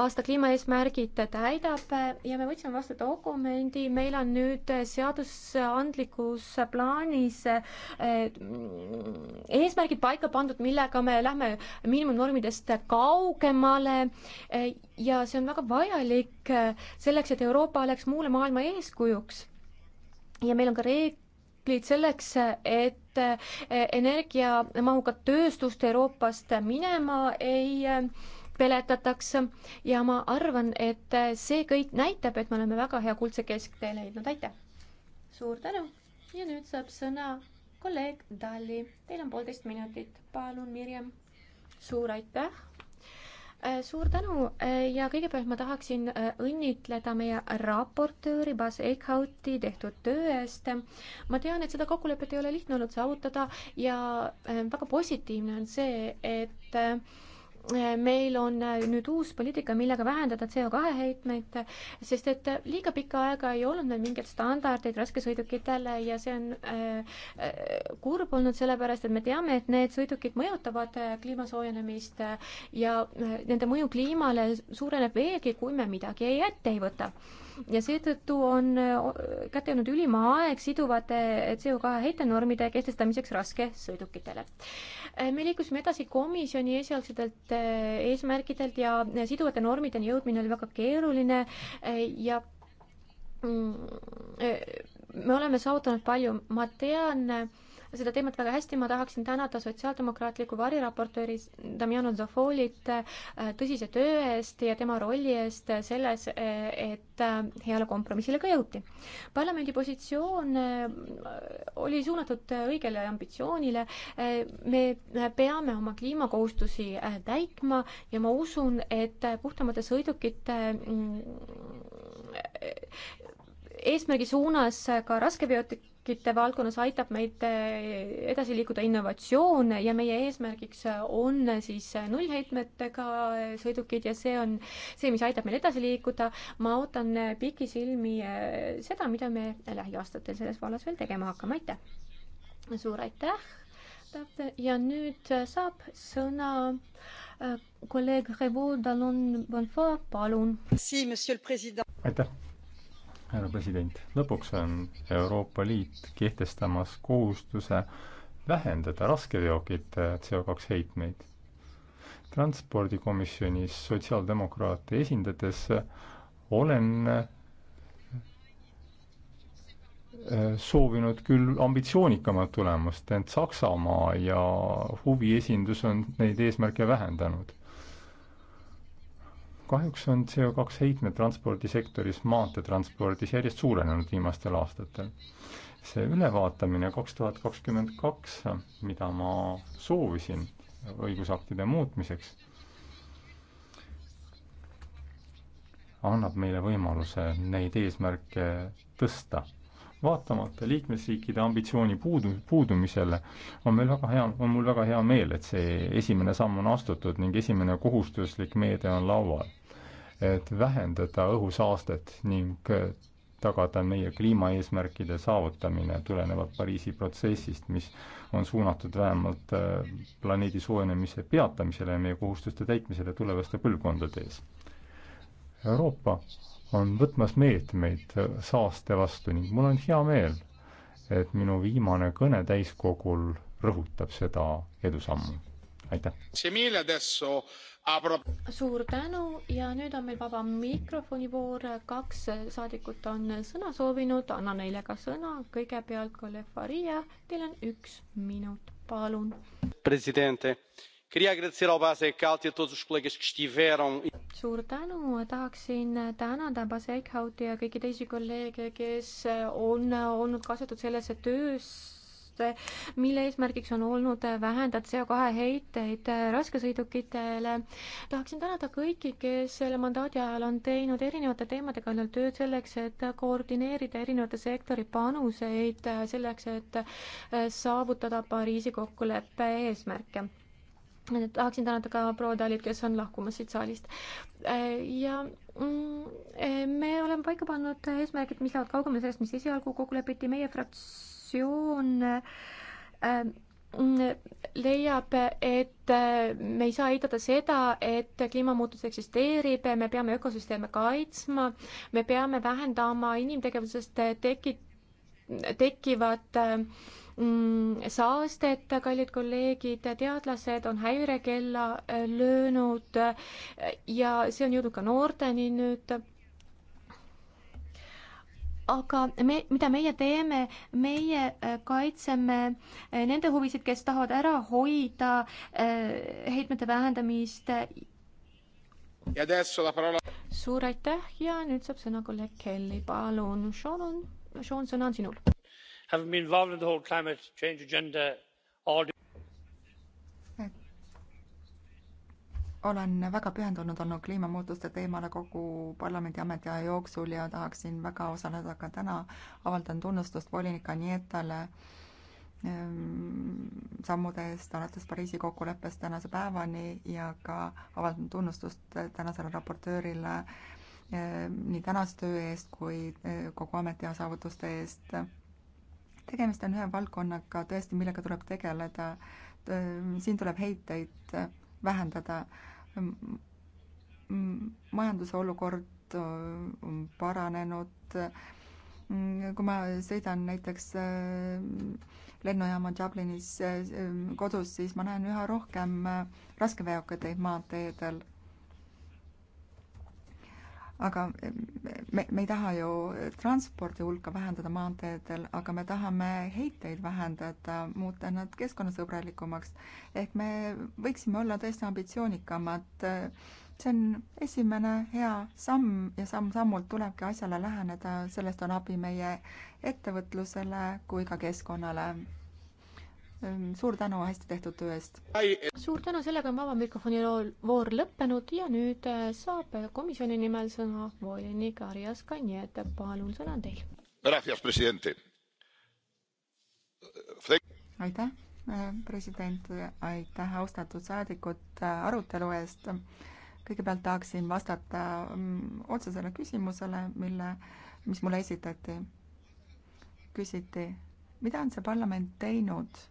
aasta kliimaeesmärgid täidab ja me võtsime vastu dokumendi, meil on nüüd seadusandlikus plaanis eesmärgid paika pandud, millega me lähme miinimumnormidest kaugemale ja see on väga vajalik selleks, et Euroopa oleks muule maailma eeskujuks ja meil on ka reeglid selleks, et eh, energiamahukat tööstust Euroopast minema ei eh, peletataks ja ma arvan, et see kõik näitab, et me oleme väga hea kuldse kesktee leidnud, aitäh! suur tänu ja nüüd saab sõna kolleeg Dalli, teil on poolteist minutit, palun, Mirjam. suur aitäh Äh, suur tänu äh, ja kõigepealt ma tahaksin äh, õnnitleda meie raportööri Bas Eichhauti tehtud töö eest. ma tean, et seda kokkulepet ei ole lihtne olnud saavutada ja väga positiivne on see, et meil on äh, nüüd uus poliitika, millega vähendada CO2 heitmeid, sest et liiga pikka aega ei olnud meil mingeid standardeid raskesõidukitele ja see on äh, äh kurb olnud sellepärast, et me teame, et need sõidukid mõjutavad äh, kliima soojenemist ja nende mõju kliimale suureneb veelgi, kui me midagi ei ette ei võta ja seetõttu on äh, kätte jäänud ülima aeg siduvate CO2 heitenormide kehtestamiseks raskesõidukitele. Äh, me liikusime edasi komisjoni esialgsetelt äh, eesmärkidelt ja siduvate normideni jõudmine oli väga keeruline ja mm, me oleme saavutanud palju, ma tean, seda teemat väga hästi, ma tahaksin tänada sotsiaaldemokraatliku variraportööri Damjano Zofolit äh, tõsise töö eest ja tema rolli eest selles, äh, et äh, heale kompromissile ka jõuti. parlamendi positsioon oli suunatud õigele ambitsioonile, me peame oma kliimakohustusi täitma ja ma usun, et puhtamate sõidukite mm, eesmärgi suunas ka raskeveotid tehnoloogiate valdkonnas aitab meid eh, edasi liikuda innovatsioon ja meie eesmärgiks on siis nullheitmetega sõidukid ja see on see, mis aitab meil edasi liikuda. ma ootan pikisilmi eh, seda, mida me lähiaastatel selles vallas veel tegema hakkame, aitäh! suur aitäh! ja nüüd saab sõna eh, kolleeg Revo Dallon-Bonfa, palun. aitäh! härra president, lõpuks on Euroopa Liit kehtestamas kohustuse vähendada raskeveokite CO2 heitmeid. transpordikomisjonis sotsiaaldemokraate esindades olen äh, soovinud küll ambitsioonikamat tulemust, ent Saksamaa ja huviesindus on neid eesmärke vähendanud kahjuks on CO2 heitmed transpordisektoris, maanteetranspordis järjest suurenenud viimastel aastatel. see ülevaatamine kaks tuhat kakskümmend kaks, mida ma soovisin õigusaktide muutmiseks, annab meile võimaluse neid eesmärke tõsta. vaatamata liikmesriikide ambitsiooni puudu, puudumisele on meil väga hea, on mul väga hea meel, et see esimene samm on astutud ning esimene kohustuslik meede on laual et vähendada õhusaastet ning tagada meie kliimaeesmärkide saavutamine tulenevalt Pariisi protsessist, mis on suunatud vähemalt äh, planeedi soojenemise peatamisele ja meie kohustuste täitmisele tulevaste põlvkondade ees. Euroopa on võtmas meetmeid äh, saaste vastu ning mul on hea meel, et minu viimane kõne täiskogul rõhutab seda edusammu aitäh. suur tänu ja nüüd on meil vaba mikrofoni voor, kaks saadikut on sõna soovinud, annan neile ka sõna, kõigepealt kolleeg Faria, teil on üks minut, palun. president. Queria agradecer ao Basek Alt ja todos os colegas que estiveram. E- suur tänu, tahaksin tänada Basek Alti ja kõiki teisi kolleege, kes on olnud kaasatud sellesse töösse mille eesmärgiks on olnud vähendada CO2 heiteid raskesõidukitele. tahaksin tänada kõiki, kes selle mandaadi ajal on teinud erinevate teemade kallal tööd selleks, et koordineerida erinevate sektori panuseid selleks, et saavutada Pariisi kokkuleppe eesmärke tahaksin tänada ka proua Talit, kes on lahkumas siit saalist. ja mm, me oleme paika pannud eesmärgid, mis lähevad kaugemale sellest, mis esialgu kokku lepiti, meie frakts-, fraktsioon ähm, leiab, et äh, me ei saa eitada seda, et kliimamuutus eksisteerib, me peame ökosüsteeme kaitsma, me peame vähendama inimtegevusest tekit-, tekkivat mm, saastet, kallid kolleegid, teadlased on häirekella äh, löönud ja see on jõudnud ka noorteni nüüd aga me, mida meie teeme, meie äh, kaitseme äh, nende huvisid, kes tahavad ära hoida äh, heitmete vähendamist. suur aitäh ja nüüd saab sõna kolleeg Kelly, palun, Sean on, Sean, sõna on sinul. Having been involved in the whole climate change agenda all the olen väga pühendunud olnud kliimamuutuste teemale kogu parlamendi ametiaja jooksul ja tahaksin väga osaleda ka täna. avaldan tunnustust volinik Anietale ehm, sammude eest alates Pariisi kokkuleppest tänase päevani ja ka avaldan tunnustust tänasele raportöörile ehm, nii tänase töö eest kui eh, kogu ametiaja saavutuste eest. tegemist on ühe valdkonnaga tõesti, millega tuleb tegeleda. Ehm, siin tuleb heiteid vähendada majanduse olukord äh, on paranenud. Mm, kui ma sõidan näiteks äh, lennujaama Dublinis äh, kodus, siis ma näen üha rohkem raskeveoketeid maanteedel aga me, me ei taha ju transpordi hulka vähendada maanteedel, aga me tahame heiteid vähendada, muuta nad keskkonnasõbralikumaks. ehk me võiksime olla tõesti ambitsioonikamad. see on esimene hea samm ja samm-sammult tulebki asjale läheneda, sellest on abi meie ettevõtlusele kui ka keskkonnale Ehm, suur tänu hästi tehtud töö eest! suur tänu, sellega on vaba mikrofoni voor lõppenud ja nüüd äh, saab komisjoni nimel sõna volinik Arias Kanjete, palun, sõna on teil. aitäh, äh, president, aitäh, austatud saadikud, äh, arutelu eest. kõigepealt tahaksin vastata mm, otsesele küsimusele, mille, mis mulle esitati. küsiti, mida on see parlament teinud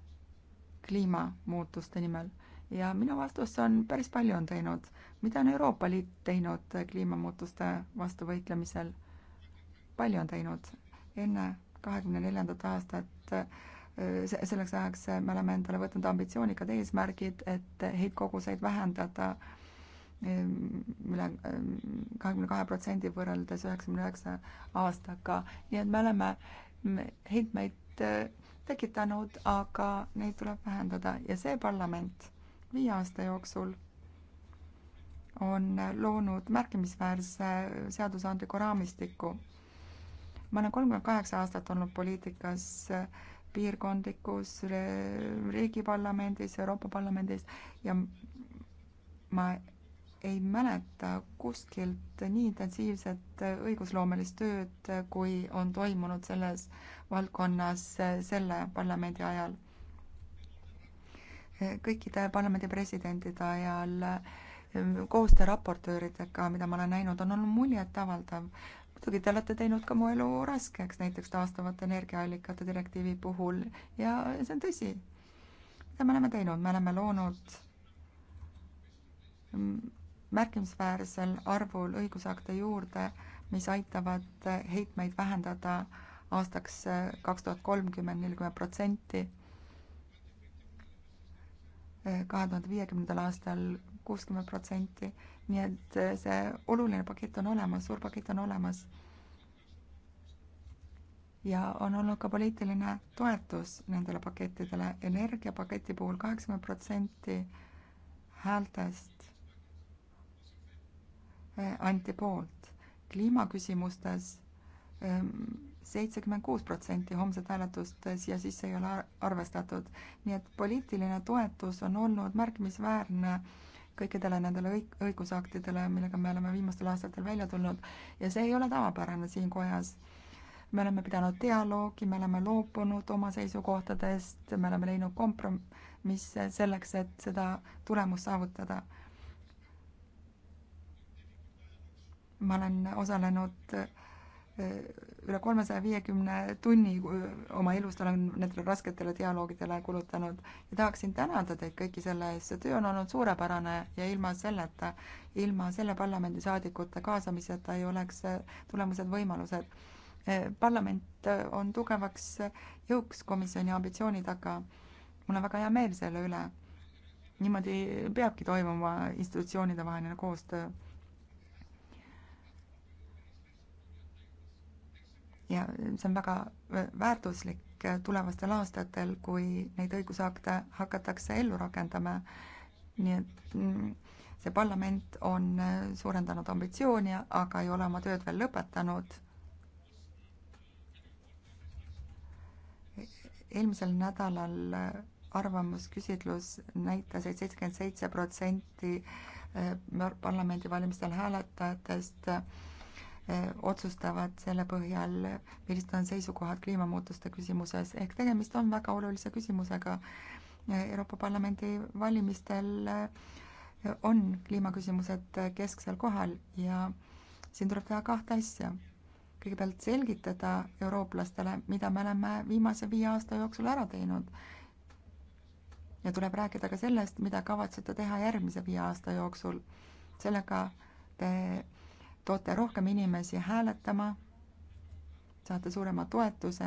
kliimamuutuste nimel ja minu vastus on, päris palju on teinud. mida on Euroopa Liit teinud kliimamuutuste vastu võitlemisel? palju on teinud. enne kahekümne neljandat aastat selleks ajaks me oleme endale võtnud ambitsioonikad eesmärgid, et heitkoguseid vähendada ehm, üle ehm, kahekümne kahe protsendi võrreldes üheksakümne üheksa aastaga, nii et me oleme heitmeid tekitanud, aga neid tuleb vähendada ja see parlament viie aasta jooksul on loonud märkimisväärse seadusandliku raamistiku. ma olen kolmkümmend kaheksa aastat olnud poliitikas, piirkondlikus, riigiparlamendis, Euroopa Parlamendis ja ma ei mäleta kuskilt nii intensiivset õigusloomelist tööd, kui on toimunud selles valdkonnas selle parlamendi ajal. kõikide parlamendi presidentide ajal koostöö raportööridega, mida ma olen näinud, on olnud muljetavaldav. muidugi te olete teinud ka mu elu raskeks, näiteks taastuvate energiaallikate direktiivi puhul ja see on tõsi. mida me oleme teinud, me oleme loonud mm, märkimisväärsel arvul õigusakte juurde, mis aitavad heitmeid vähendada aastaks äh, kaks tuhat kolmkümmend nelikümmend protsenti, äh, kahe tuhande viiekümnendal aastal kuuskümmend protsenti, nii et äh, see oluline pakett on olemas, suur pakett on olemas. ja on olnud ka poliitiline toetus nendele pakettidele, energiapaketi puhul kaheksakümmend protsenti häältest Äh, anti poolt. kliimaküsimustes ähm, seitsekümmend kuus protsenti homset hääletust äh, siia sisse ei ole arvestatud, nii et poliitiline toetus on olnud märkimisväärne kõikidele nendele õig-, õigusaktidele, millega me oleme viimastel aastatel välja tulnud ja see ei ole tavapärane siin kojas. me oleme pidanud dialoogi, me oleme loobunud oma seisukohtadest, me oleme leidnud kompromisse selleks, et seda tulemust saavutada ma olen osalenud eh, üle kolmesaja viiekümne tunni eh, oma elust olen nendele rasketele dialoogidele kulutanud ja tahaksin tänada teid kõiki selle eest, see töö on olnud suurepärane ja ilma selleta, ilma selle parlamendisaadikute kaasamiseta ei oleks eh, tulemused võimalused. parlament on tugevaks jõuks komisjoni ambitsiooni taga. mul on väga hea meel selle üle. niimoodi peabki toimuma institutsioonide vaheline koostöö ja see on väga väärtuslik äh, tulevastel aastatel, kui neid õigusakte hakatakse ellu rakendama. nii et mm, see parlament on äh, suurendanud ambitsiooni, aga ei ole oma tööd veel lõpetanud. eelmisel nädalal äh, arvamusküsitlus näitas et, et seitsekümmend seitse protsenti parlamendivalimistel hääletajatest otsustavad selle põhjal, millised on seisukohad kliimamuutuste küsimuses, ehk tegemist on väga olulise küsimusega. Euroopa Parlamendi valimistel eh, on kliimaküsimused kesksel kohal ja siin tuleb teha kahte asja. kõigepealt selgitada eurooplastele, mida me oleme viimase viie aasta jooksul ära teinud. ja tuleb rääkida ka sellest, mida kavatsete teha järgmise viie aasta jooksul. sellega te toote rohkem inimesi hääletama, saate suurema toetuse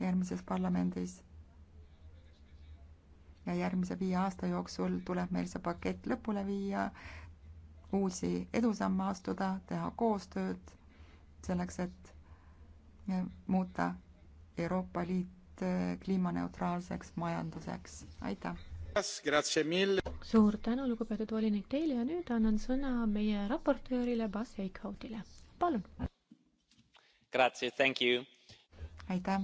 järgmises parlamendis. ja järgmise viie aasta jooksul tuleb meil see pakett lõpule viia, uusi edusamme astuda, teha koostööd selleks, et muuta Euroopa Liit kliimaneutraalseks majanduseks. aitäh! suur tänu, lugupeetud volinik teile ja nüüd annan sõna meie raportöörile Bas Eichhaudile, palun. aitäh.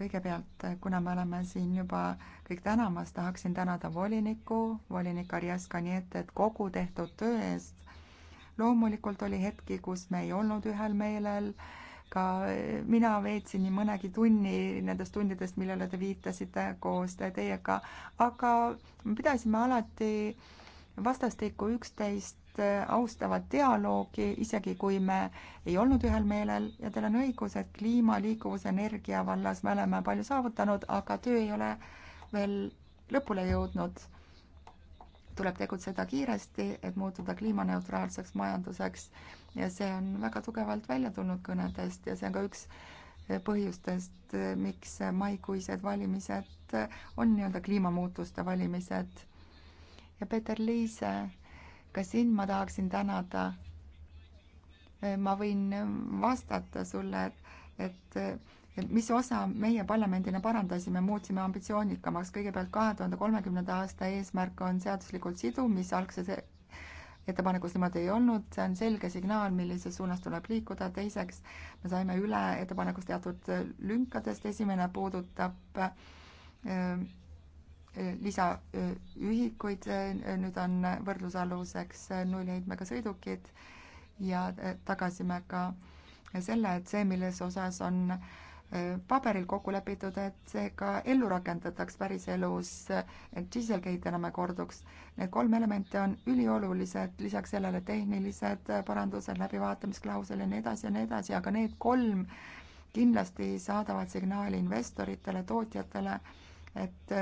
kõigepealt, kuna me oleme siin juba kõik tänamas, tahaksin tänada volinikku, volinik Arias Kanietet kogu tehtud töö eest. loomulikult oli hetki, kus me ei olnud ühel meelel ka mina veetsin nii mõnegi tunni nendest tundidest, millele te viitasite koos teiega, aga pidasime alati vastastikku üksteist austavat dialoogi, isegi kui me ei olnud ühel meelel ja teil on õigus, et kliima, liikuvus, energia vallas me oleme palju saavutanud, aga töö ei ole veel lõpule jõudnud. tuleb tegutseda kiiresti, et muutuda kliimaneutraalseks majanduseks ja see on väga tugevalt välja tulnud kõnedest ja see on ka üks eh, põhjustest, eh, miks eh, maikuised valimised on nii-öelda kliimamuutuste valimised. ja Peeter Liise, ka sind ma tahaksin tänada. ma võin vastata sulle, et, et mis osa meie parlamendina parandasime, muutsime ambitsioonikamaks, kõigepealt kahe tuhande kolmekümnenda aasta eesmärk on seaduslikult siduv, mis algses ettepanekus niimoodi ei olnud, see on selge signaal, millises suunas tuleb liikuda, teiseks me saime üle ettepanekus teatud lünkadest, esimene puudutab äh, äh, lisaühikuid, äh, nüüd on võrdlusaluseks nullheitmega sõidukid ja tagasime ka selle, et see, milles osas on äh, paberil kokku lepitud, et see ka ellu rakendataks päriselus, et dieselgate enam ei korduks. Need kolm elementi on üliolulised, lisaks sellele tehnilised parandused, läbivaatamisklausel ja nii edasi ja nii edasi, aga need kolm kindlasti saadavad signaali investoritele, tootjatele, et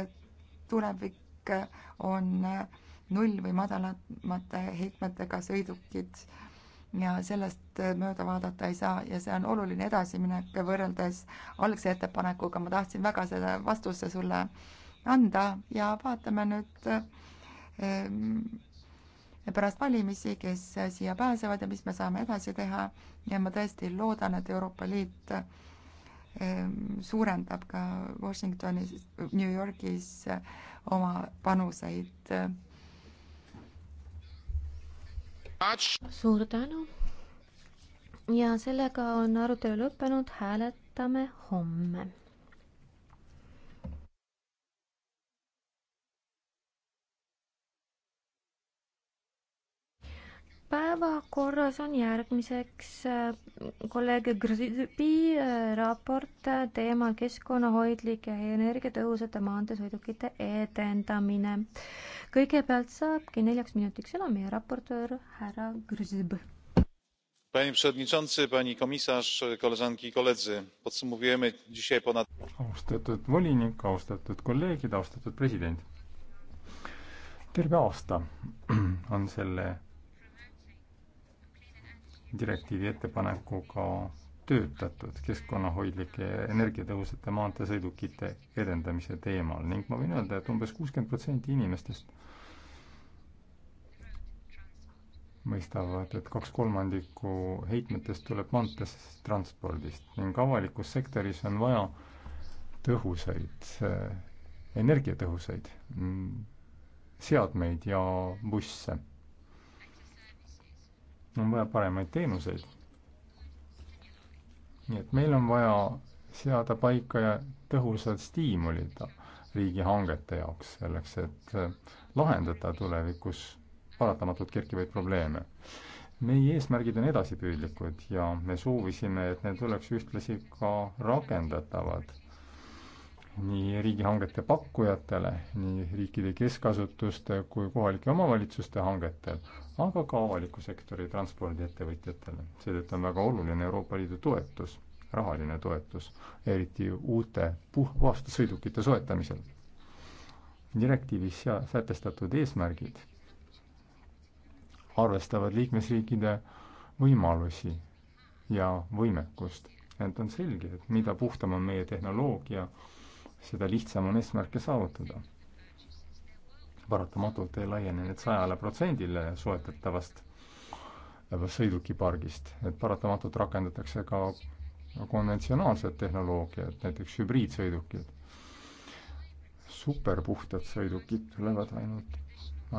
tulevik on null või madalamate heitmetega sõidukid ja sellest mööda vaadata ei saa ja see on oluline edasiminek võrreldes algse ettepanekuga, ma tahtsin väga selle vastuse sulle anda ja vaatame nüüd ehm, pärast valimisi, kes siia pääsevad ja mis me saame edasi teha ja ma tõesti loodan, et Euroopa Liit ehm, suurendab ka Washingtonis, New Yorgis oma panuseid suur tänu. ja sellega on arutelu lõppenud, hääletame homme. päevakorras on järgmiseks äh, kolleeg Grzybi äh, raport äh, teemal keskkonnahoidlik ja energiatõhusate maanteesõidukite edendamine. kõigepealt saabki neljaks minutiks sõna meie raportöör härra Grzyb. Panie przewodniczący, pani komisarz, koleżanki i koledzy, podsumowujemy dzisiaj ponad. austatud volinik, austatud kolleegid, austatud president. terve aasta on selle direktiivi ettepanekuga töötatud keskkonnahoidlike energiatõhusate maanteesõidukite edendamise teemal ning ma võin öelda, et umbes kuuskümmend protsenti inimestest mõistavad, et kaks kolmandikku heitmetest tuleb maanteetranspordist ning avalikus sektoris on vaja tõhusaid, energiatõhusaid mm, seadmeid ja busse on vaja paremaid teenuseid. nii et meil on vaja seada paika tõhusad stiimulid riigihangete jaoks, selleks et äh, lahendada tulevikus paratamatult kerkivaid probleeme. meie eesmärgid on edasipüüdlikud ja me soovisime, et need oleks ühtlasi ka rakendatavad nii riigihangete pakkujatele, nii riikide keskasutuste kui kohalike omavalitsuste hangetel, aga ka avaliku sektori transpordiettevõtjatele. seetõttu on väga oluline Euroopa Liidu toetus, rahaline toetus, eriti uute puhvaste sõidukite soetamisel. direktiivis sea-, sätestatud eesmärgid arvestavad liikmesriikide võimalusi ja võimekust. ent on selge, et mida puhtam on meie tehnoloogia, seda lihtsam on eesmärke saavutada paratamatult ei laiene need sajale protsendile soetatavast sõidukipargist, et paratamatult rakendatakse ka konventsionaalset tehnoloogiat, näiteks hübriidsõidukid. superpuhtad sõidukid tulevad ainult,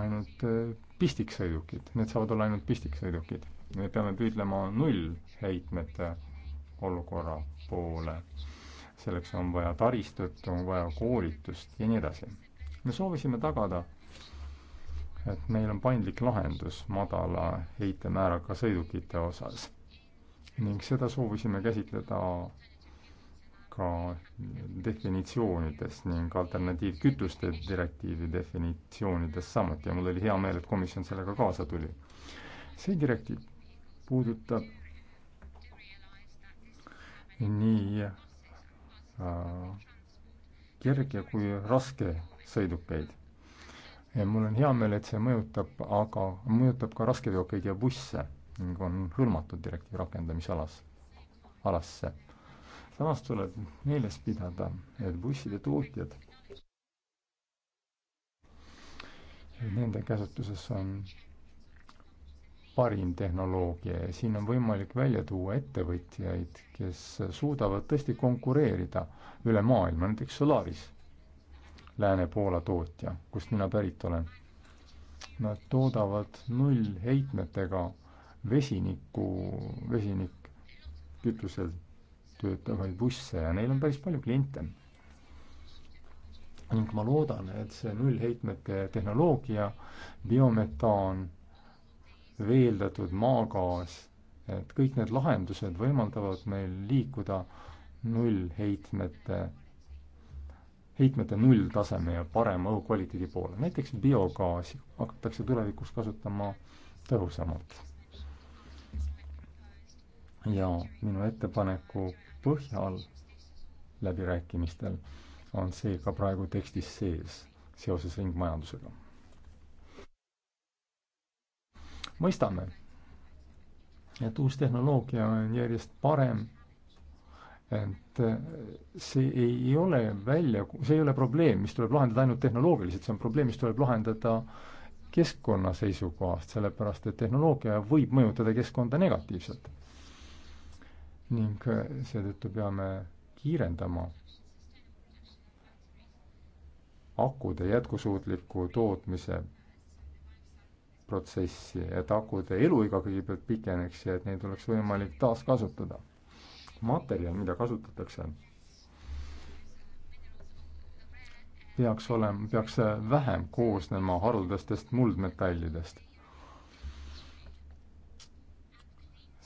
ainult äh, pistiksõidukid, need saavad olla ainult pistiksõidukid. me peame püüdlema nullheitmete olukorra poole. selleks on vaja taristut, on vaja koolitust ja nii edasi. me soovisime tagada et meil on paindlik lahendus madala heitemääraga sõidukite osas. ning seda soovisime käsitleda ka definitsioonides ning alternatiivkütuste direktiivi definitsioonides samuti ja mul oli hea meel, et komisjon sellega kaasa tuli. see direktiiv puudutab nii äh, kerge kui raske sõidukeid ja mul on hea meel, et see mõjutab, aga mõjutab ka raskeveokeid ja busse ning on hõlmatud direktiivi rakendamisalas, alasse. samas tuleb meeles pidada, et busside tootjad, nende käsutuses on parim tehnoloogia ja siin on võimalik välja tuua ettevõtjaid, kes suudavad tõesti konkureerida üle maailma, näiteks Solaris Lääne-Poola tootja, kust mina pärit olen. Nad toodavad nullheitmetega vesiniku, vesinikkütusel töötavaid busse ja neil on päris palju kliente. ning ma loodan, et see nullheitmete tehnoloogia, biometaan, veeldatud maagaas, et kõik need lahendused võimaldavad meil liikuda nullheitmete heitmete nulltaseme ja parema õhukvaliteedi poole. näiteks biogaasi hakatakse tulevikus kasutama tõhusamalt. ja minu ettepaneku põhjal läbirääkimistel on see ka praegu tekstis sees seoses ringmajandusega. mõistame, et uus tehnoloogia on järjest parem et äh, see ei ole välja, see ei ole probleem, mis tuleb lahendada ainult tehnoloogiliselt, see on probleem, mis tuleb lahendada keskkonna seisukohast, sellepärast et tehnoloogia võib mõjutada keskkonda negatiivselt. ning äh, seetõttu peame kiirendama akude jätkusuutliku tootmise protsessi, et akude eluiga kõigepealt pikeneks ja et neid oleks võimalik taaskasutada materjal, mida kasutatakse, peaks olema, peaks vähem koosnema haruldastest muldmetallidest.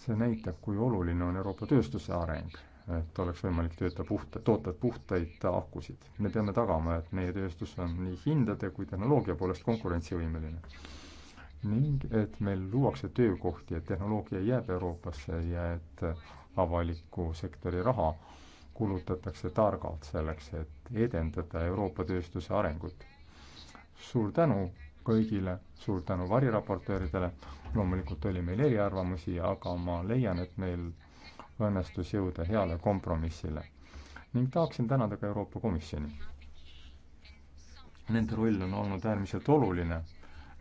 see näitab, kui oluline on Euroopa tööstuse areng, et oleks võimalik tööta puhta, toota puhtaid akusid. me peame tagama, et meie tööstus on nii hindade kui tehnoloogia poolest konkurentsivõimeline. ning et meil luuakse töökohti, et tehnoloogia jääb Euroopasse ja et äh, avaliku sektori raha kulutatakse targalt selleks, et edendada Euroopa tööstuse arengut. suur tänu kõigile, suur tänu variraportööridele, loomulikult oli meil eriarvamusi, aga ma leian, et meil õnnestus jõuda heale kompromissile. ning tahaksin tänada ka Euroopa Komisjoni. Nende roll on olnud äärmiselt oluline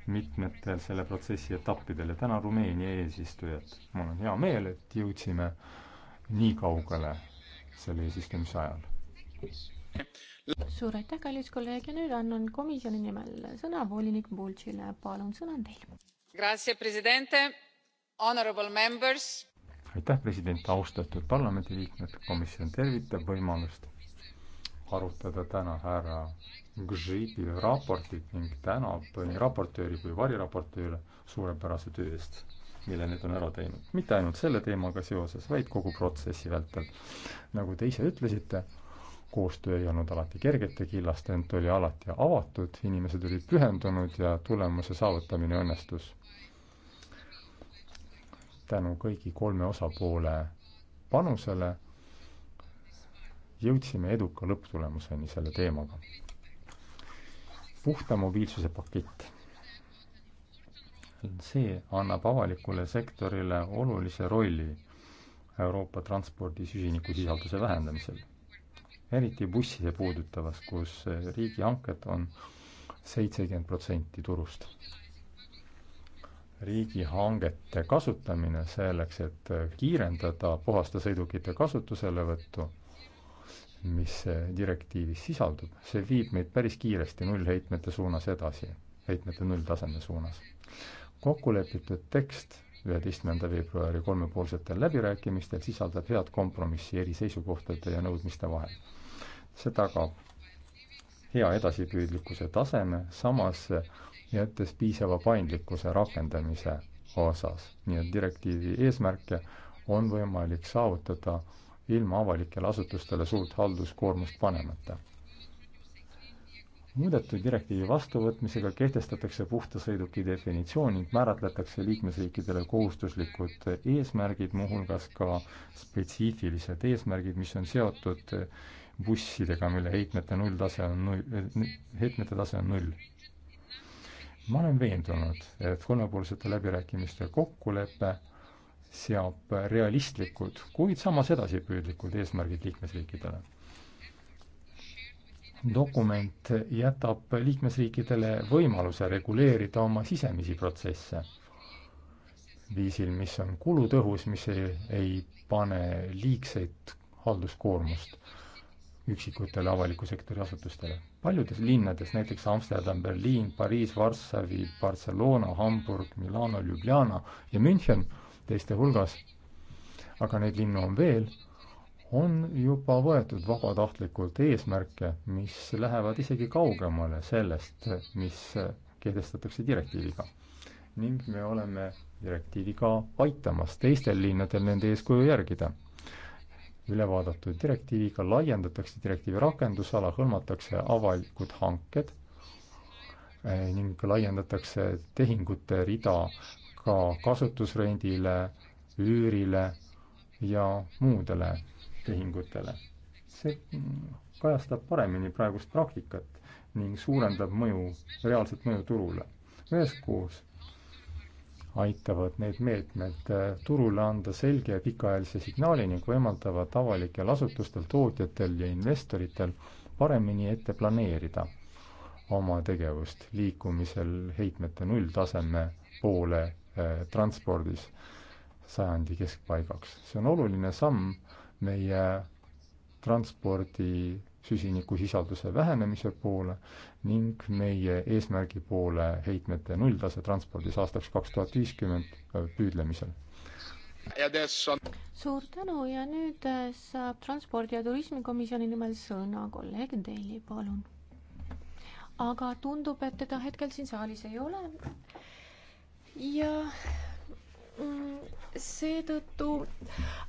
mitmetel selle protsessi etappidel ja täna Rumeenia eesistujat. mul on hea meel, et jõudsime äh, nii kaugele selle eesistumise ajal. suur aitäh, kallis kolleeg ja nüüd annan komisjoni nimel sõna volinik Bultšile, palun, sõna on teil. aitäh, president, austatud parlamendiliikmed, komisjon tervitab võimalust arutada täna härra Gžibi raportit ning tänab nii raportööri kui variraportööre suurepärase töö eest mille need on ära teinud. mitte ainult selle teemaga seoses, vaid kogu protsessi vältel. nagu te ise ütlesite, koostöö ei olnud alati kergete killast, ent oli alati avatud, inimesed olid pühendunud ja tulemuse saavutamine õnnestus. tänu kõigi kolme osapoole panusele jõudsime eduka lõpptulemuseni selle teemaga. puhta mobiilsuse pakett see annab avalikule sektorile olulise rolli Euroopa transpordi süsinikusisalduse vähendamisel. eriti busside puudutavas, kus riigihanked on seitsekümmend protsenti turust. riigihangete kasutamine selleks, et kiirendada puhaste sõidukite kasutuselevõttu, mis direktiivis sisaldub, see viib meid päris kiiresti nullheitmete suunas edasi, heitmete nulltaseme suunas kokkulepitud tekst üheteistkümnenda veebruari kolmepoolsetel läbirääkimistel sisaldab head kompromissi eri seisukohtade ja nõudmiste vahel. see tagab hea edasipüüdlikkuse taseme, samas jättes piisava paindlikkuse rakendamise osas, nii et direktiivi eesmärke on võimalik saavutada ilma avalikele asutustele suurt halduskoormust panemata muudetud direktiivi vastuvõtmisega kehtestatakse puhta sõiduki definitsioon ning määratletakse liikmesriikidele kohustuslikud eesmärgid, muuhulgas ka spetsiifilised eesmärgid, mis on seotud bussidega, mille heitmete nulltase on null, heitmete tase on null. ma olen veendunud, et kolmepoolsete läbirääkimiste kokkulepe seab realistlikud, kuid samas edasipüüdlikud eesmärgid liikmesriikidele dokument jätab liikmesriikidele võimaluse reguleerida oma sisemisi protsesse viisil, mis on kulutõhus, mis ei, ei pane liigset halduskoormust üksikutele avaliku sektori asutustele. paljudes linnades, näiteks Amsterdam, Berliin, Pariis, Varssavi, Barcelona, Hamburg, Milano, Ljubljana ja München teiste hulgas, aga neid linnu on veel on juba võetud vabatahtlikult eesmärke, mis lähevad isegi kaugemale sellest, mis kehtestatakse direktiiviga. ning me oleme direktiiviga aitamas teistel linnadel nende eeskuju järgida. ülevaadatud direktiiviga laiendatakse direktiivi rakendusala, hõlmatakse avalikud hanked eh, ning laiendatakse tehingute rida ka kasutusrendile, üürile ja muudele tehingutele. see kajastab paremini praegust praktikat ning suurendab mõju, reaalset mõju turule. üheskoos aitavad need meetmed turule anda selge ja pikaajalise signaali ning võimaldavad avalikel asutustel, tootjatel ja investoritel paremini ette planeerida oma tegevust liikumisel heitmete nulltaseme poole eh, transpordis sajandi keskpaigaks. see on oluline samm meie transpordi süsinikusisalduse vähenemise poole ning meie eesmärgi poole heitmete nulltase transpordis aastaks kaks tuhat viiskümmend äh, püüdlemisel. suur tänu ja nüüd äh, saab Transpordi- ja Turismikomisjoni nimel sõna kolleeg Deli, palun. aga tundub, et teda hetkel siin saalis ei ole ja seetõttu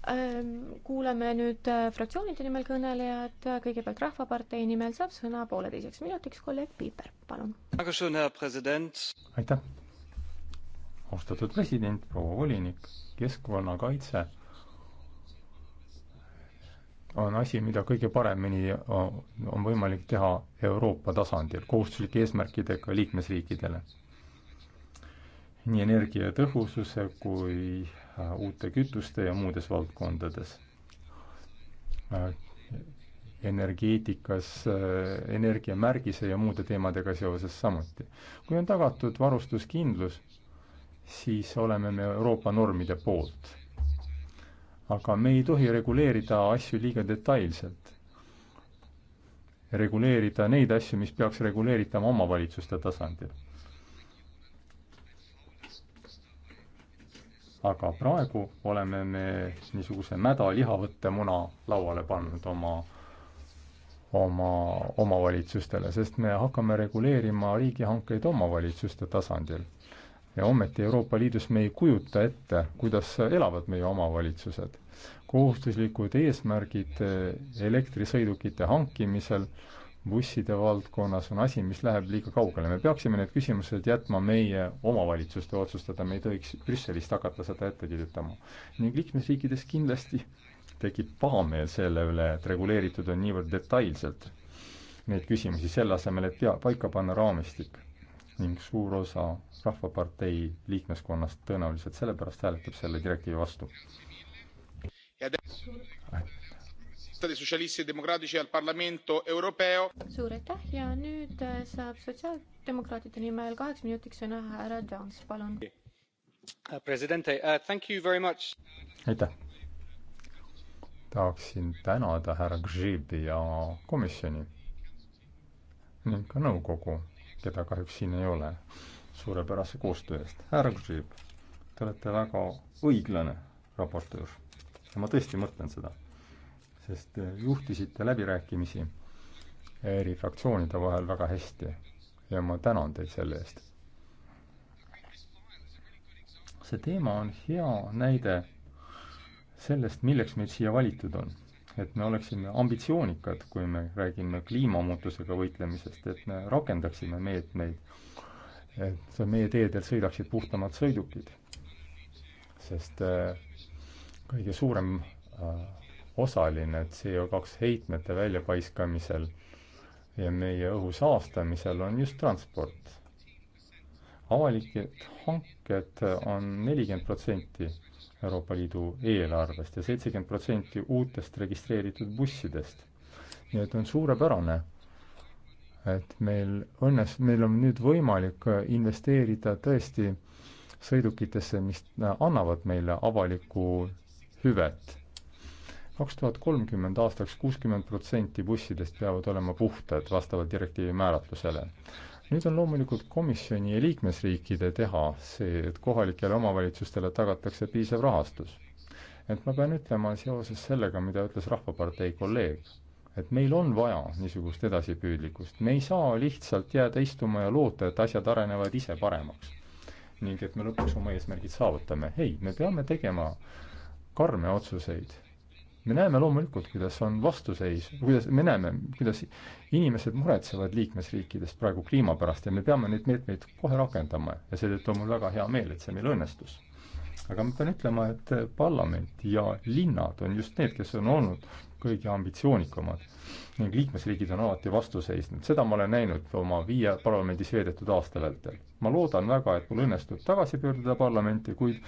ähm, kuulame nüüd äh, fraktsioonide nimel kõnelejad, kõigepealt Rahvapartei nimel saab sõna pooleteiseks minutiks kolleeg Piiper, palun. aitäh, austatud president, proua volinik, keskkonnakaitse on asi, mida kõige paremini on võimalik teha Euroopa tasandil kohustuslike eesmärkidega liikmesriikidele nii energiatõhususe kui äh, uute kütuste ja muudes valdkondades. Äh, energeetikas, äh, energiamärgise ja muude teemadega seoses samuti. kui on tagatud varustuskindlus, siis oleme me Euroopa normide poolt. aga me ei tohi reguleerida asju liiga detailselt. reguleerida neid asju, mis peaks reguleeritama omavalitsuste tasandil aga praegu oleme me niisuguse mäda lihavõttemuna lauale pannud oma, oma omavalitsustele, sest me hakkame reguleerima riigihankeid omavalitsuste tasandil. ja ometi Euroopa Liidus me ei kujuta ette, kuidas elavad meie omavalitsused. kohustuslikud eesmärgid eh, elektrisõidukite hankimisel äh, busside valdkonnas on asi, mis läheb liiga kaugele. me peaksime need küsimused jätma meie omavalitsuste otsustada, me ei tohiks Brüsselist hakata seda ette kirjutama. ning liikmesriikides kindlasti tekib pahameel selle üle, et reguleeritud on niivõrd detailselt neid küsimusi, selle asemel, et pea, paika panna raamistik. ning suur osa Rahvapartei liikmeskonnast tõenäoliselt sellepärast hääletab selle direktiivi vastu. aitäh! sotsialistide socialistide demokraatide ja parlamento europeo. suur aitäh ja nüüd äh, saab sotsiaaldemokraatide nimel kaheks minutiks sõna härra Jones, palun. Uh, uh, aitäh. tahaksin tänada härra Gžibi ja komisjoni ning ka nõukogu, keda kahjuks siin ei ole, suurepärase koostöö eest. härra Gžib, te olete väga õiglane raportöör ja ma tõesti mõtlen seda sest äh, juhtisite läbirääkimisi eri fraktsioonide vahel väga hästi ja ma tänan teid selle eest. see teema on hea näide sellest, milleks meid siia valitud on. et me oleksime ambitsioonikad, kui me räägime kliimamuutusega võitlemisest, et me rakendaksime meetmeid, et meie teedel sõidaksid puhtamad sõidukid. sest äh, kõige suurem äh, osaline CO2 heitmete väljapaiskamisel ja meie õhu saastamisel on just transport. avalikud hanked on nelikümmend protsenti Euroopa Liidu eelarvest ja seitsekümmend protsenti uutest registreeritud bussidest. nii et on suurepärane, et meil õnnes-, meil on nüüd võimalik investeerida tõesti sõidukitesse, mis annavad meile avalikku hüvet kaks tuhat kolmkümmend aastaks kuuskümmend protsenti bussidest peavad olema puhtad vastavalt direktiivi määratlusele. nüüd on loomulikult komisjoni ja liikmesriikide teha see, et kohalikele omavalitsustele tagatakse piisav rahastus. et ma pean ütlema seoses sellega, mida ütles Rahvapartei kolleeg, et meil on vaja niisugust edasipüüdlikkust, me ei saa lihtsalt jääda istuma ja loota, et asjad arenevad ise paremaks. ning et me lõpuks oma eesmärgid saavutame, ei, me peame tegema karme otsuseid me näeme loomulikult, kuidas on vastuseis, kuidas, me näeme, kuidas inimesed muretsevad liikmesriikidest praegu kliima pärast ja me peame neid meetmeid kohe rakendama ja seetõttu on mul väga hea meel, et see meil õnnestus. aga ma pean ütlema, et parlament ja linnad on just need, kes on olnud kõige ambitsioonikamad ning liikmesriigid on alati vastu seisnud, seda ma olen näinud oma viie parlamendis veedetud aasta vältel. ma loodan väga, et mul õnnestub tagasi pöörduda parlamenti, kuid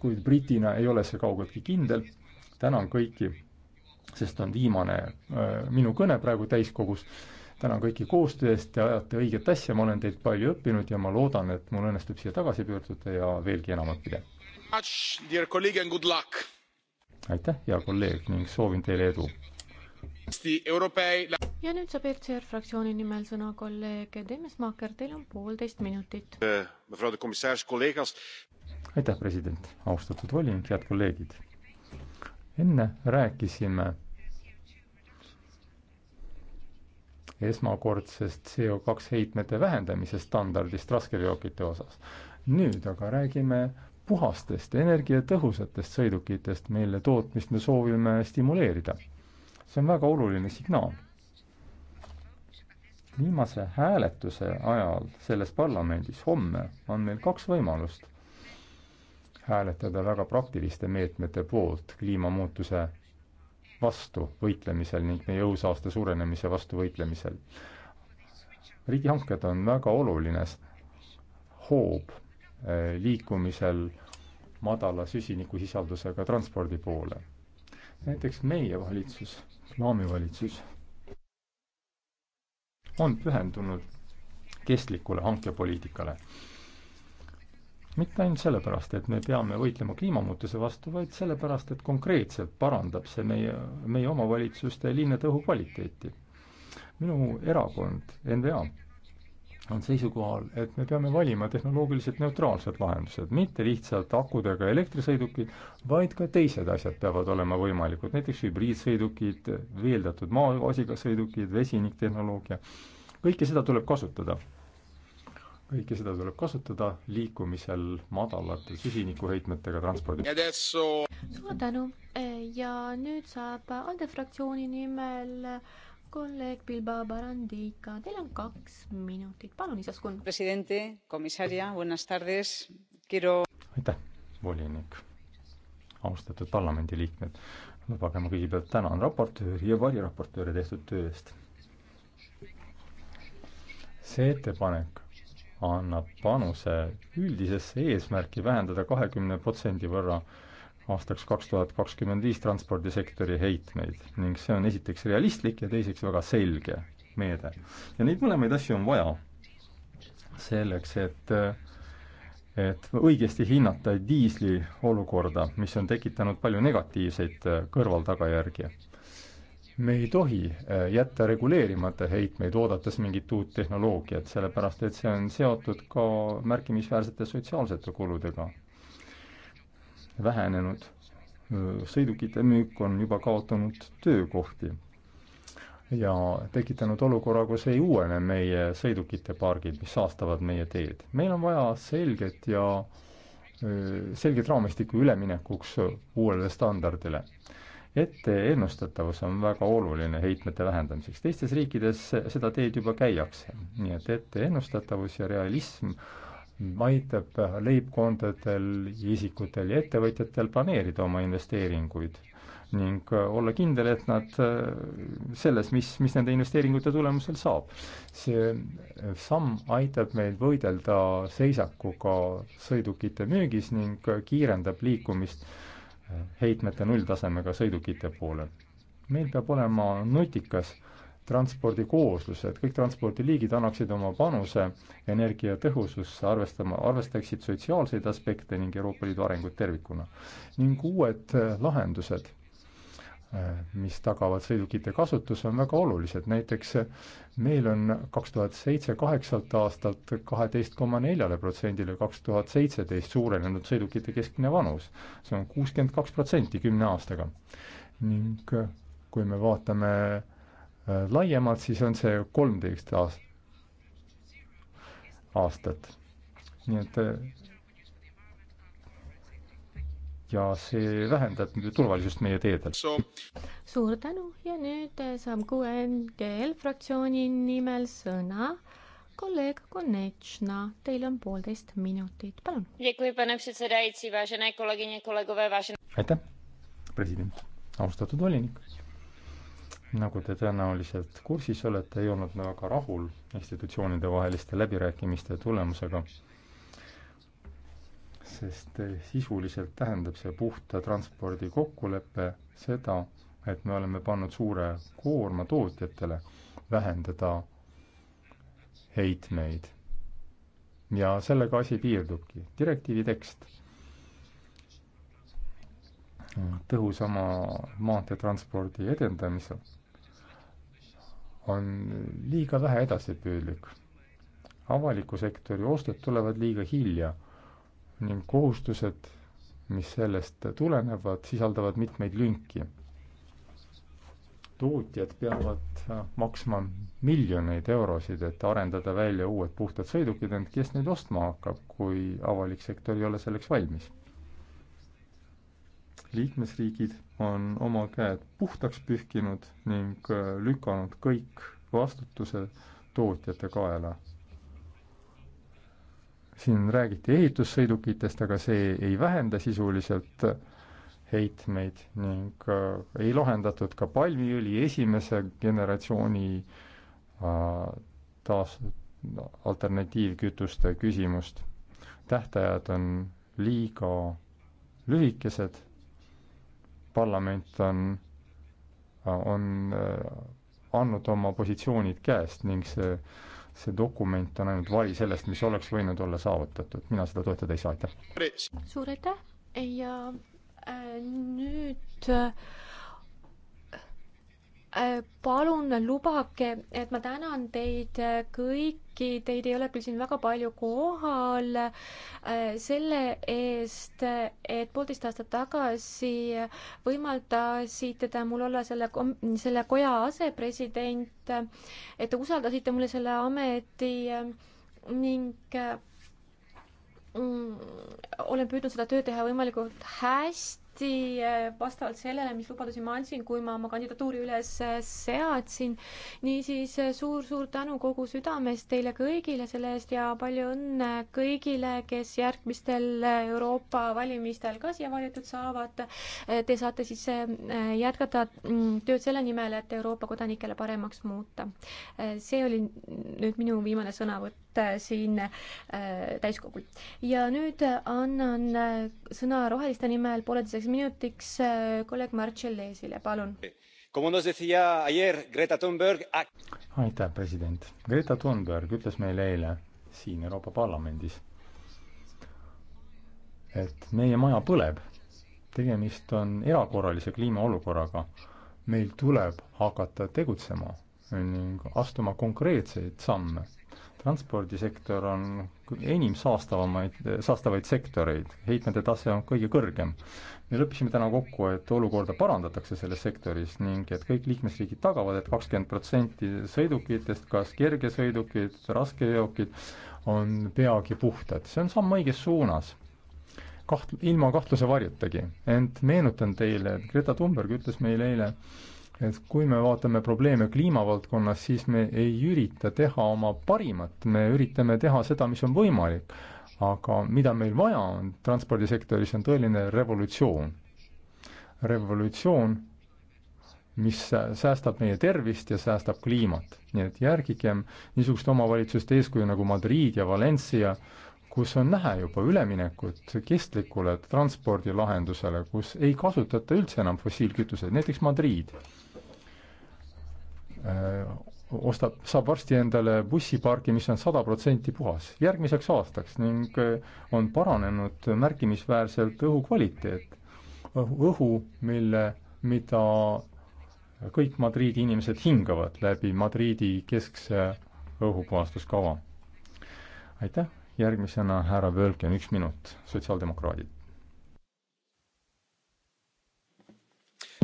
kuid britina ei ole see kaugeltki kindel tänan kõiki, sest on viimane minu kõne praegu täiskogus, tänan kõiki koostöö eest, te ajate õiget asja, ma olen teilt palju õppinud ja ma loodan, et mul õnnestub siia tagasi pöörduda ja veelgi enamat pidada. aitäh, hea kolleeg ning soovin teile edu! ja nüüd saab ECR fraktsiooni nimel sõna kolleeg Demesmaaker, teil on poolteist minutit. aitäh, president, austatud volinik, head kolleegid enne rääkisime esmakordsest CO2 heitmete vähendamise standardist raskeveokite osas. nüüd aga räägime puhastest energiatõhusatest sõidukitest, mille tootmist me soovime stimuleerida. see on väga oluline signaal. viimase hääletuse ajal selles parlamendis homme on meil kaks võimalust hääletada väga praktiliste meetmete poolt kliimamuutuse vastu võitlemisel ning meie õhusaaste suurenemise vastu võitlemisel. riigihanked on väga oluline hoob eh, liikumisel madala süsinikusisaldusega transpordi poole. näiteks meie valitsus, Laami valitsus, on pühendunud kestlikule hankepoliitikale mitte ainult sellepärast, et me peame võitlema kliimamuutuse vastu, vaid sellepärast, et konkreetselt parandab see meie, meie omavalitsuste ja linnade õhukvaliteeti. minu erakond, NVA, on seisukohal, et me peame valima tehnoloogiliselt neutraalsed lahendused, mitte lihtsalt akudega elektrisõidukid, vaid ka teised asjad peavad olema võimalikud, näiteks hübriidsõidukid, veeldatud maagaasiga sõidukid, vesiniktehnoloogia, kõike seda tuleb kasutada kõike seda tuleb kasutada liikumisel madalate süsinikuheitmetega transpordi. suur tänu ja nüüd saab ALDE fraktsiooni nimel kolleeg Bilbao Barandica, teil on kaks minutit, palun, Isaskun. presidente, komissaria, buenas tardes, Kiro. aitäh, volinik. austatud parlamendiliikmed, lubage ma kõigepealt tänan raportööri ja variraportööri tehtud töö eest. see ettepanek annab panuse üldisesse eesmärki vähendada kahekümne protsendi võrra aastaks kaks tuhat kakskümmend viis transpordisektori heitmeid ning see on esiteks realistlik ja teiseks väga selge meede. ja neid mõlemaid asju on vaja selleks, et et õigesti hinnata diisli olukorda, mis on tekitanud palju negatiivseid kõrvaltagajärgi me ei tohi äh, jätta reguleerimata heitmeid, oodates mingit uut tehnoloogiat, sellepärast et see on seotud ka märkimisväärsete sotsiaalsete kuludega. vähenenud äh, sõidukite müük on juba kaotanud töökohti ja tekitanud olukorra, kus ei uuene meie sõidukite pargid, mis saastavad meie teed. meil on vaja selget ja äh, selget raamistikku üleminekuks uuele standardile etteennustatavus on väga oluline heitmete vähendamiseks. teistes riikides seda teed juba käiakse. nii et etteennustatavus ja realism aitab leibkondadel, isikutel ja ettevõtjatel planeerida oma investeeringuid ning olla kindel, et nad selles, mis, mis nende investeeringute tulemusel saab. see samm aitab meil võidelda seisakuga sõidukite müügis ning kiirendab liikumist äh, heitmete nulltasemega sõidukite poole. meil peab olema nutikas transpordikooslus, et kõik transpordiliigid annaksid oma panuse energiatõhususse, arvestama, arvestaksid sotsiaalseid aspekte ning Euroopa Liidu arengut tervikuna. ning uued lahendused Äh, mis tagavad sõidukite kasutuse, on väga olulised, näiteks äh, meil on kaks tuhat seitse kaheksalt aastalt kaheteist koma neljale protsendile kaks tuhat seitseteist suurenenud sõidukite keskmine vanus. see on kuuskümmend kaks protsenti kümne aastaga. ning äh, kui me vaatame laiemalt, siis on see kolmteist aast-, aastat. nii et ja see vähendab turvalisust meie teedel. suur tänu ja nüüd eh, saab QNGL fraktsiooni nimel sõna kolleeg Konečna, teil on poolteist minutit, palun. aitäh, president, austatud volinik. nagu te tõenäoliselt kursis olete, ei olnud me väga rahul institutsioonide vaheliste läbirääkimiste tulemusega sest sisuliselt tähendab see puhta transpordi kokkulepe seda, et me oleme pannud suure koorma tootjatele vähendada heitmeid. ja sellega asi piirdubki. direktiivi tekst tõhusama maanteetranspordi edendamisel on liiga vähe edasipüüdlik. avaliku sektori ostud tulevad liiga hilja ning kohustused, mis sellest tulenevad, sisaldavad mitmeid lünki. tootjad peavad maksma miljoneid eurosid, et arendada välja uued puhtad sõidukid, ent kes neid ostma hakkab, kui avalik sektor ei ole selleks valmis? liikmesriigid on oma käed puhtaks pühkinud ning lükanud kõik vastutuse tootjate kaela siin räägiti ehitussõidukitest, aga see ei vähenda sisuliselt heitmeid ning äh, ei lahendatud ka palmiõli esimese generatsiooni äh, taas alternatiivkütuste küsimust. tähtajad on liiga lühikesed, parlament on, äh, on äh, andnud oma positsioonid käest ning see äh, see dokument on ainult vari sellest, mis oleks võinud olla saavutatud. mina seda toetada ei saa, aitäh. suur aitäh ja äh, nüüd äh, Äh, palun lubage, et ma tänan teid äh, kõiki, teid ei ole küll siin väga palju kohal, äh, selle eest, et poolteist aastat tagasi võimaldasite te mul olla selle, selle koja asepresident, et te usaldasite mulle selle ameti ning mm, olen püüdnud seda tööd teha võimalikult hästi hästi eh, vastavalt sellele, mis lubadusi ma andsin, kui ma oma kandidatuuri üles eh, seadsin. niisiis suur-suur eh, tänu kogu südamest teile kõigile selle eest ja palju õnne kõigile, kes järgmistel Euroopa valimistel ka siia valitud saavad. Te saate siis jätkata mm, tööd selle nimel, et Euroopa kodanikele paremaks muuta. see oli nüüd minu viimane sõnavõtt Äh, siin äh, täiskogul. ja nüüd äh, annan sõna roheliste nimel pooleteiseks minutiks kolleeg Marcelleesile, palun. aitäh, president. Greta Thunberg ütles meile eile siin Euroopa Parlamendis, et meie maja põleb. tegemist on erakorralise kliimaolukorraga. meil tuleb hakata tegutsema ning astuma konkreetseid samme transpordisektor on enim saastavamaid, saastavaid sektoreid, heitmete tase on kõige kõrgem. me leppisime täna kokku, et olukorda parandatakse selles sektoris ning et kõik liikmesriigid tagavad et, et kakskümmend protsenti sõidukitest, kas kergesõidukid, raskeveokid, on peagi puhtad. see on samm õiges suunas kaht-, ilma kahtluse varjutagi. ent meenutan teile, et Greta Thunberg ütles meile eile, et kui me vaatame probleeme kliimavaldkonnas, siis me ei ürita teha oma parimat, me üritame teha seda, mis on võimalik. aga mida meil vaja on transpordisektoris, on tõeline revolutsioon. revolutsioon, mis säästab meie tervist ja säästab kliimat. nii et järgigem niisugust omavalitsuste eeskuju nagu Madrid ja Valencia, kus on näha juba üleminekut kestlikule transpordilahendusele, kus ei kasutata üldse enam fossiilkütuseid, näiteks Madrid Äh, ostab, saab varsti endale bussipargi, mis on sada protsenti puhas järgmiseks aastaks ning äh, on paranenud märkimisväärselt õhukvaliteet. õhu, mille, mida kõik Madriidi inimesed hingavad läbi Madriidi keskse õhupuhastuskava. aitäh, järgmisena härra Völkin, üks minut, sotsiaaldemokraadid.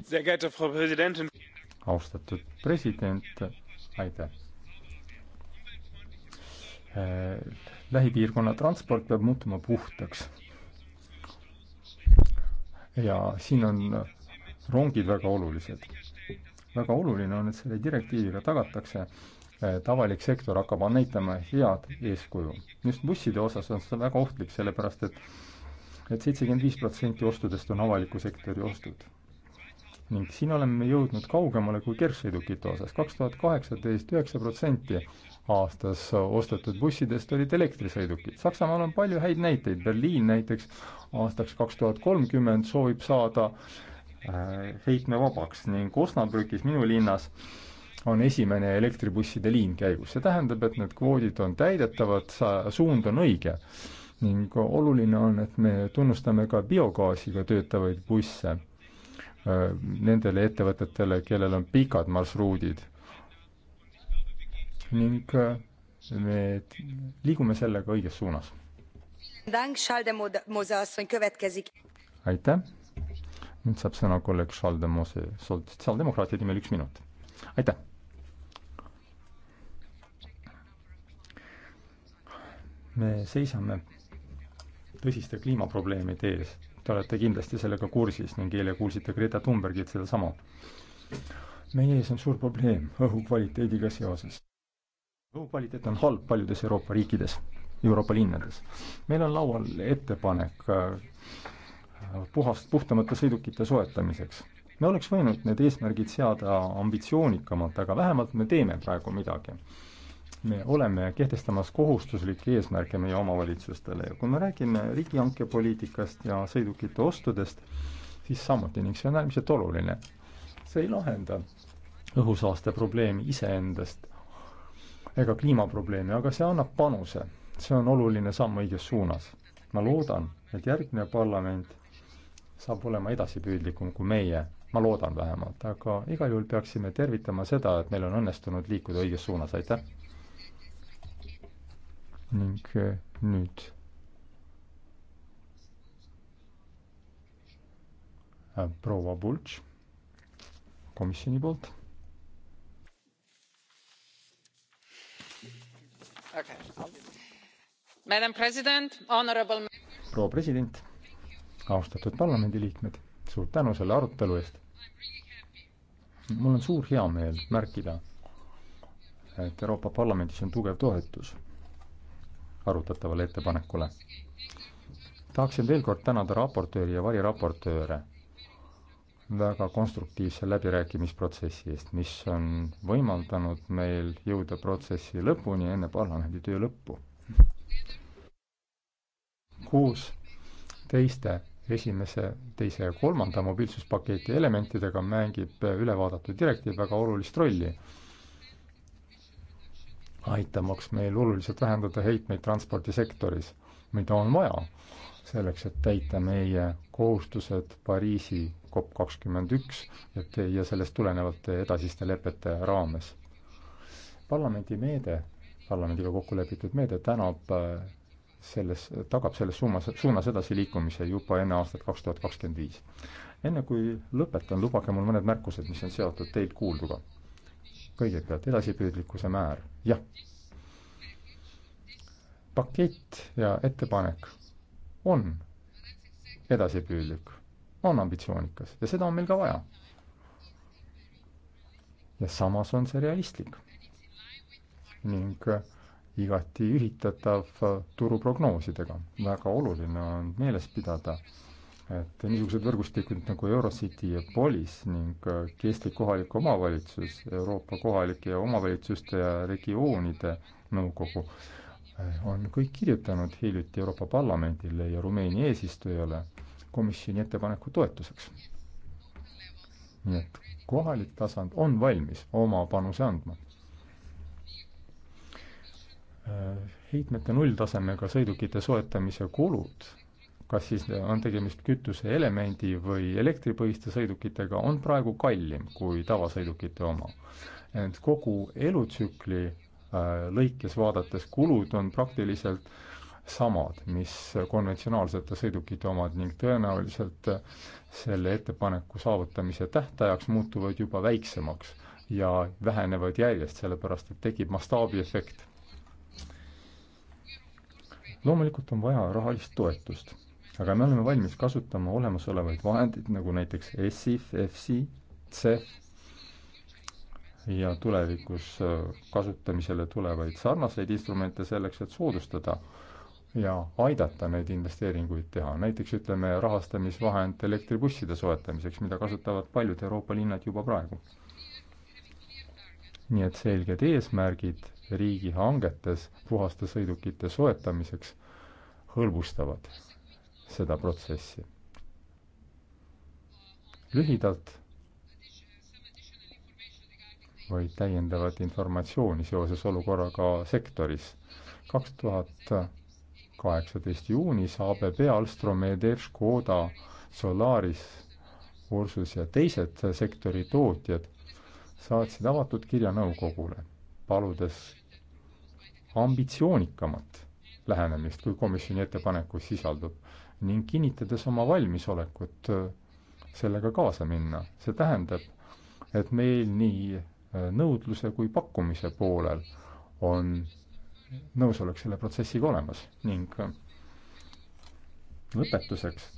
Sehr geehrte Frau Präsidentin! austatud president, aitäh! Äh, lähipiirkonna transport peab muutuma puhtaks. ja siin on rongid väga olulised. väga oluline on, et selle direktiiviga tagatakse, et avalik sektor hakkab näitama head eeskuju. just busside osas on see väga ohtlik, sellepärast et et seitsekümmend viis protsenti ostudest on avaliku sektori ostud ning siin oleme jõudnud kaugemale kui kergsõidukite osas. kaks tuhat kaheksateist üheksa protsenti aastas ostetud bussidest olid elektrisõidukid. Saksamaal on palju häid näiteid, Berliin näiteks aastaks kaks tuhat kolmkümmend soovib saada äh, heitmevabaks ning Osnabrükis, minu linnas, on esimene elektribusside liin käigus. see tähendab, et need kvoodid on täidetavad, suund on õige ning oluline on, et me tunnustame ka biogaasiga töötavaid busse Äh, nendele ettevõtetele, kellel on pikad marsruudid. ning äh, me liigume sellega õiges suunas. aitäh. nüüd saab sõna kolleeg Schaldemose, sotsiaaldemokraatide nimel üks minut. aitäh. me seisame tõsiste kliimaprobleemide ees Te olete kindlasti sellega kursis ning eile kuulsite Greta Thunbergilt sedasama. meie ees on suur probleem õhukvaliteediga seoses. õhukvaliteet on halb paljudes Euroopa riikides, Euroopa linnades. meil on laual ettepanek äh, puhast, puhtamate sõidukite soetamiseks. me oleks võinud need eesmärgid seada ambitsioonikamalt, aga vähemalt me teeme praegu midagi me oleme kehtestamas kohustuslikke eesmärke meie omavalitsustele ja kui me räägime riigihanke poliitikast ja sõidukite ostudest, siis samuti ning see on äärmiselt oluline. see ei lahenda õhusaaste probleemi iseendast ega kliimaprobleemi, aga see annab panuse. see on oluline samm õiges suunas. ma loodan, et järgmine parlament saab olema edasipüüdlikum kui meie ma loodan vähemalt, aga igal juhul peaksime tervitama seda, et meil on õnnestunud liikuda õiges suunas, aitäh! ning äh, nüüd äh, proua Bultš komisjoni poolt. proua president, austatud parlamendiliikmed, suur tänu selle arutelu eest. mul on suur heameel märkida, et Euroopa Parlamendis on tugev toetus arutatavale ettepanekule. tahaksin veel kord tänada raportööri ja variraportööre väga konstruktiivse läbirääkimisprotsessi eest, mis on võimaldanud meil jõuda protsessi lõpuni enne parlamendi töö lõppu. koos teiste esimese, teise ja kolmanda mobiilsuspaketi elementidega mängib ülevaadatud direktiiv väga olulist rolli aitamaks meil oluliselt vähendada heitmeid transpordisektoris, mida on vaja selleks, et täita meie kohustused Pariisi COP kakskümmend üks et ja sellest tulenevate edasiste lepete raames. parlamendi meede, parlamendiga kokku lepitud meede tänab äh, selles, tagab selles suunas, suunas edasiliikumise juba enne aastat kaks tuhat kakskümmend viis. enne kui lõpetan, lubage mul mõned märkused, mis on seotud teilt kuulduga kõigepealt edasipüüdlikkuse määr, jah. pakett ja ettepanek on edasipüüdlik, on ambitsioonikas ja seda on meil ka vaja. ja samas on see realistlik ning igati ühitatav turuprognoosidega. väga oluline on meeles pidada, et niisugused võrgustikud nagu Eurocity ja Polis ning Eesti äh, kohalik omavalitsus, Euroopa kohalike omavalitsuste ja regioonide nõukogu äh, on kõik kirjutanud hiljuti Euroopa Parlamendile ja Rumeenia eesistujale komisjoni ettepaneku toetuseks. nii et kohalik tasand on valmis oma panuse andma. Äh, heitmete nulltasemega sõidukite soetamise kulud kas siis on tegemist kütuseelemendi või elektripõhiste sõidukitega, on praegu kallim kui tavasõidukite oma. ent kogu elutsükli äh, lõikes vaadates kulud on praktiliselt samad, mis konventsionaalsete sõidukite omad ning tõenäoliselt äh, selle ettepaneku saavutamise tähtajaks muutuvad juba väiksemaks ja vähenevad järjest, sellepärast et tekib mastaabiefekt. loomulikult on vaja rahalist toetust aga me oleme valmis kasutama olemasolevaid vahendeid, nagu näiteks ESIF, EFSI, CEF ja tulevikus äh, kasutamisele tulevaid sarnaseid instrumente selleks, et soodustada ja aidata neid investeeringuid teha, näiteks ütleme, rahastamisvahend elektribusside soetamiseks, mida kasutavad paljud Euroopa linnad juba praegu. nii et selged eesmärgid riigihangetes puhaste sõidukite soetamiseks hõlbustavad seda protsessi. lühidalt vaid täiendavat informatsiooni seoses olukorraga sektoris. kaks tuhat kaheksateist juunis ABB, Alstromedev, Škoda, Solaris, Ursus ja teised sektori tootjad saatsid avatud kirja nõukogule, paludes ambitsioonikamat lähenemist, kui komisjoni ettepanekus sisaldub ning kinnitades oma valmisolekut äh, sellega kaasa minna. see tähendab, et meil nii äh, nõudluse kui pakkumise poolel on nõusolek selle protsessiga olemas ning äh, lõpetuseks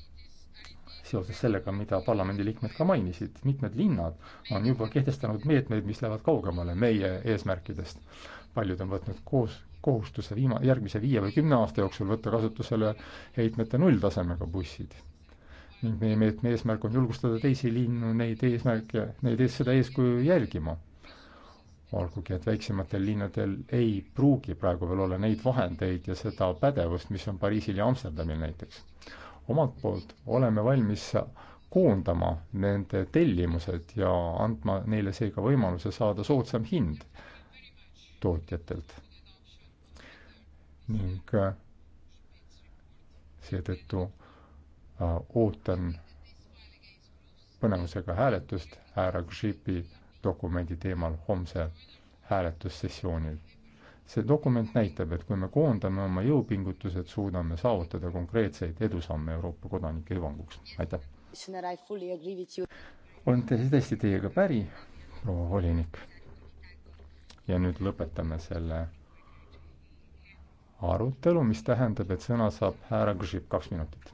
seoses sellega, mida parlamendiliikmed ka mainisid, mitmed linnad on juba kehtestanud meetmeid, mis lähevad kaugemale meie eesmärkidest. paljud on võtnud koos kohustuse viima-, järgmise viie või kümne aasta jooksul võtta kasutusele heitmete nulltasemega bussid. ning meie meetme eesmärk on julgustada teisi linnu neid eesmärke, neid ees, seda eeskuju jälgima. olgugi, et väiksematel linnadel ei pruugi praegu veel olla neid vahendeid ja seda pädevust, mis on Pariisil ja Amsterdamil näiteks. omalt poolt oleme valmis koondama nende tellimused ja andma neile seega võimaluse saada soodsam hind tootjatelt ning äh, seetõttu äh, ootan põnevusega hääletust härra Gžipi dokumendi teemal homse hääletussessioonil. see dokument näitab, et kui me koondame oma jõupingutused, suudame saavutada konkreetseid edusamme Euroopa kodanike hüvanguks. aitäh! olen täiesti teiega päri, proua volinik. ja nüüd lõpetame selle arutelu, mis tähendab, et sõna saab härra Gžib, kaks minutit.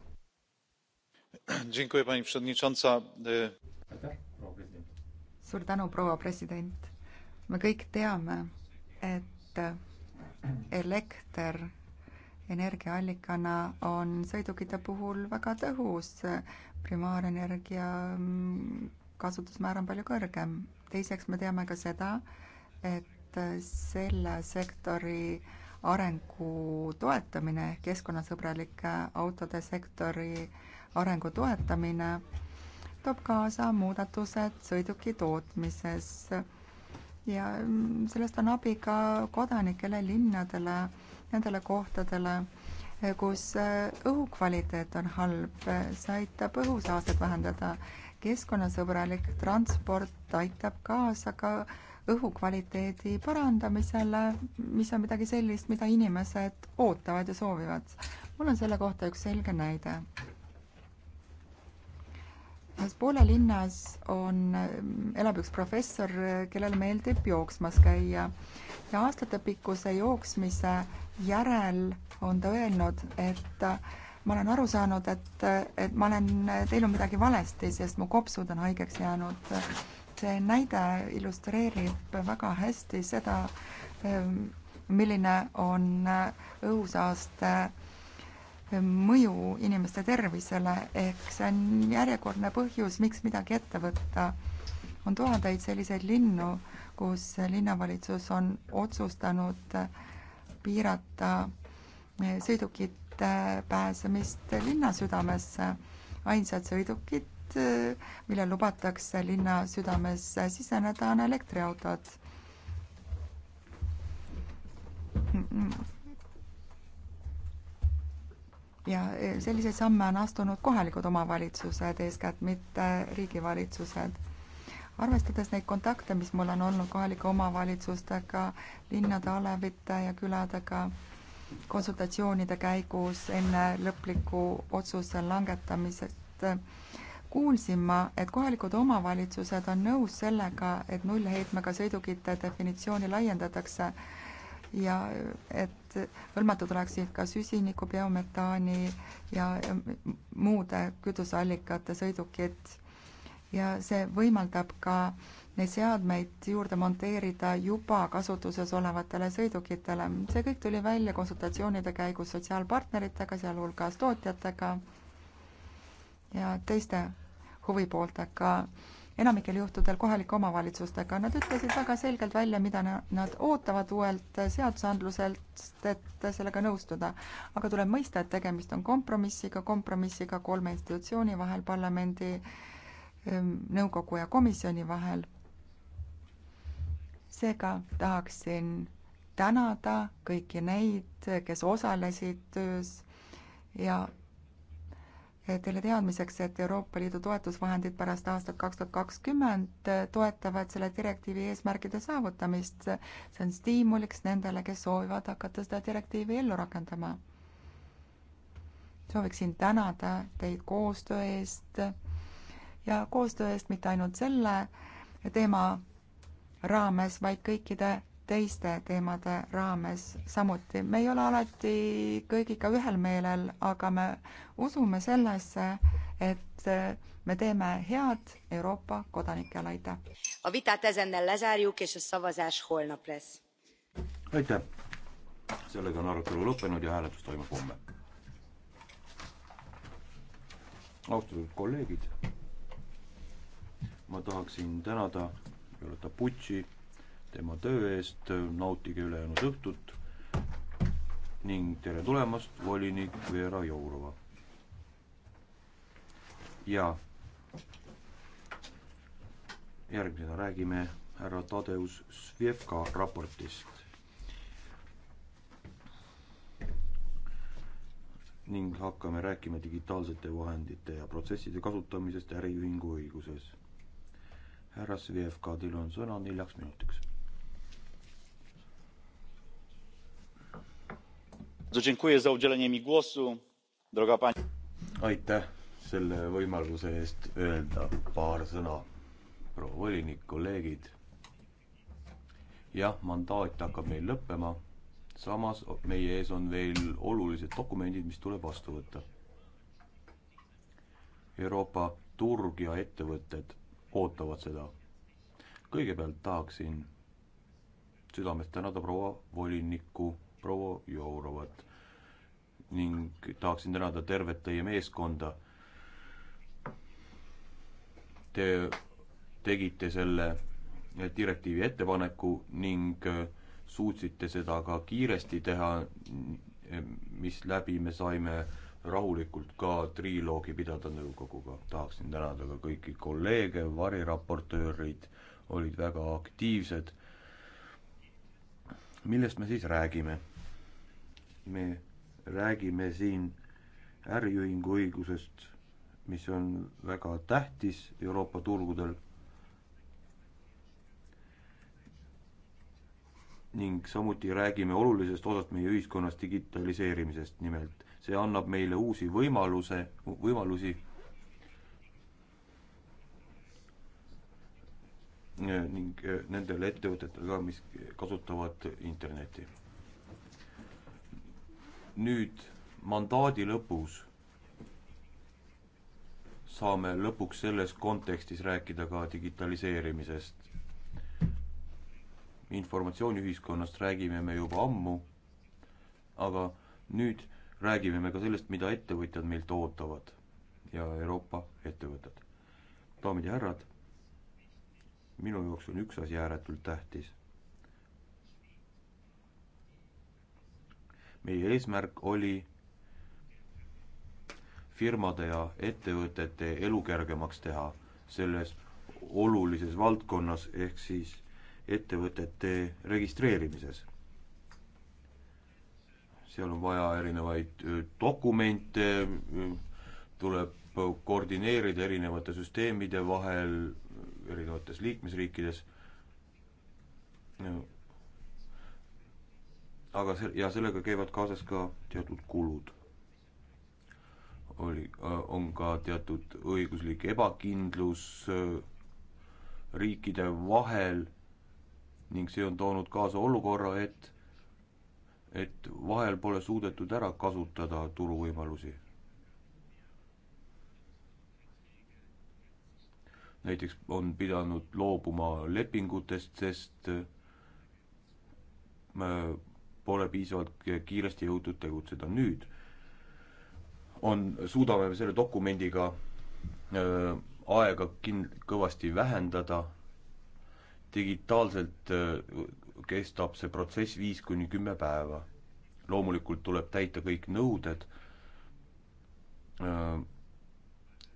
suur tänu, proua president. me kõik teame, et elekter energiaallikana on sõidukite puhul väga tõhus. primaarenergia mm, kasutusmäär on palju kõrgem. teiseks me teame ka seda, et selle sektori äh, arengu toetamine, keskkonnasõbralike autode sektori arengu toetamine toob kaasa muudatused sõiduki tootmises ja mm, sellest on abi ka kodanikele, linnadele, nendele kohtadele, kus äh, õhukvaliteet on halb, see aitab õhusaastet vähendada. keskkonnasõbralik transport aitab kaasa ka õhukvaliteedi parandamisele, mis on midagi sellist, mida inimesed ootavad ja soovivad. mul on selle kohta üks selge näide. ühes Poola linnas on, elab üks professor, kellele meeldib jooksmas käia ja aastatepikkuse jooksmise järel on ta öelnud, et ma olen aru saanud, et, et ma olen teinud midagi valesti, sest mu kopsud on haigeks jäänud see näide illustreerib väga hästi seda, ähm, milline on äh, õhusaaste ähm, mõju inimeste tervisele, ehk see on järjekordne põhjus, miks midagi ette võtta. on tuhandeid selliseid linnu, kus linnavalitsus on otsustanud äh, piirata äh, sõidukite pääsemist linnasüdamesse. ainsad sõidukid teed, eh, millel lubatakse linna südamesse siseneda, on elektriautod. ja selliseid samme on astunud kohalikud omavalitsused, eeskätt mitte riigivalitsused. arvestades neid kontakte, mis mul on olnud kohalike omavalitsustega, linnade alevite ja küladega, konsultatsioonide käigus enne lõpliku otsuse langetamisest kuulsin ma, et kohalikud omavalitsused on nõus sellega, et nullheitmega sõidukite definitsiooni laiendatakse ja et hõlmatud oleksid ka süsiniku, biometaani ja muude kütuseallikate sõidukid. ja see võimaldab ka neid seadmeid juurde monteerida juba kasutuses olevatele sõidukitele. see kõik tuli välja konsultatsioonide käigus sotsiaalpartneritega, sealhulgas tootjatega ja teiste huvipooltega enamikel juhtudel kohalike omavalitsustega. Nad ütlesid väga selgelt välja, mida nad ootavad uuelt seadusandluselt, et sellega nõustuda. aga tuleb mõista, et tegemist on kompromissiga, kompromissiga kolme institutsiooni vahel, parlamendi, ehm, nõukogu ja komisjoni vahel. seega tahaksin tänada kõiki neid, kes osalesid töös ja Eh, teile teadmiseks, et Euroopa Liidu toetusvahendid pärast aastat kaks tuhat kakskümmend eh, toetavad selle direktiivi eesmärgide saavutamist. see on stiimuliks nendele, kes soovivad hakata seda direktiivi ellu rakendama. sooviksin tänada teid koostöö eest ja koostöö eest mitte ainult selle teema raames, vaid kõikide teiste teemade raames samuti. me ei ole alati kõigiga ühel meelel, aga me usume sellesse, et me teeme head Euroopa kodanikele, aitäh! aitäh! sellega on arutelu lõppenud ja hääletus toimub homme. austatud kolleegid, ma tahaksin tänada Violeta Butši tema töö eest, nautige ülejäänud õhtut ning tere tulemast, volinik Vera Jourova. ja järgmisena räägime härra Tadeus Svjevka raportist. ning hakkame rääkima digitaalsete vahendite ja protsesside kasutamisest äriühingu õiguses. härra Svjevka, teil on sõna neljaks minutiks aitäh selle võimaluse eest öelda paar sõna. proua volinik, kolleegid. jah, mandaat hakkab meil lõppema. samas meie ees on veel olulised dokumendid, mis tuleb vastu võtta. Euroopa turg ja ettevõtted ootavad seda. kõigepealt tahaksin südamest tänada proua volinikku proua Jourovat ning tahaksin tänada tervet teie meeskonda. Te tegite selle direktiivi ettepaneku ning äh, suutsite seda ka kiiresti teha, mis läbi me saime rahulikult ka triloogi pidada nõukoguga. tahaksin tänada ka kõiki kolleege, variraportöörid olid väga aktiivsed. millest me siis räägime? me räägime siin äriühingu õigusest, mis on väga tähtis Euroopa turgudel. ning samuti räägime olulisest osast meie ühiskonnas digitaliseerimisest, nimelt see annab meile uusi võimaluse, võimalusi eh, ning eh, nendele ettevõtetele ka, mis kasutavad Internetti nüüd mandaadi lõpus saame lõpuks selles kontekstis rääkida ka digitaliseerimisest. informatsiooniühiskonnast räägime me juba ammu, aga nüüd räägime me ka sellest, mida ettevõtjad meilt ootavad ja Euroopa ettevõtted. daamid ja härrad, minu jaoks on üks asi ääretult tähtis meie eesmärk oli firmade ja ettevõtete elu kergemaks teha selles olulises valdkonnas, ehk siis ettevõtete registreerimises. seal on vaja erinevaid dokumente, tuleb koordineerida erinevate süsteemide vahel erinevates liikmesriikides aga see, ja sellega käivad kaasas ka teatud kulud. oli, äh, on ka teatud õiguslik ebakindlus äh, riikide vahel ning see on toonud kaasa olukorra, et, et vahel pole suudetud ära kasutada turuvõimalusi. näiteks on pidanud loobuma lepingutest, sest äh, pole piisavalt kiiresti jõutud tegutseda. nüüd on, suudame me selle dokumendiga öö, aega kin-, kõvasti vähendada, digitaalselt öö, kestab see protsess viis kuni kümme päeva. loomulikult tuleb täita kõik nõuded öö,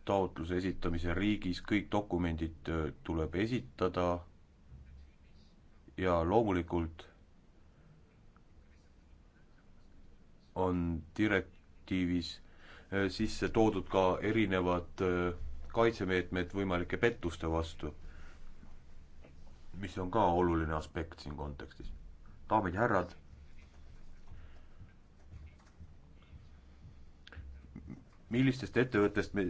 taotluse esitamise riigis, kõik dokumendid öö, tuleb esitada ja loomulikult on direktiivis äh, sisse toodud ka erinevad äh, kaitsemeetmed võimalike pettuste vastu, mis on ka oluline aspekt siin kontekstis. daamid ja härrad, millistest ettevõttest me,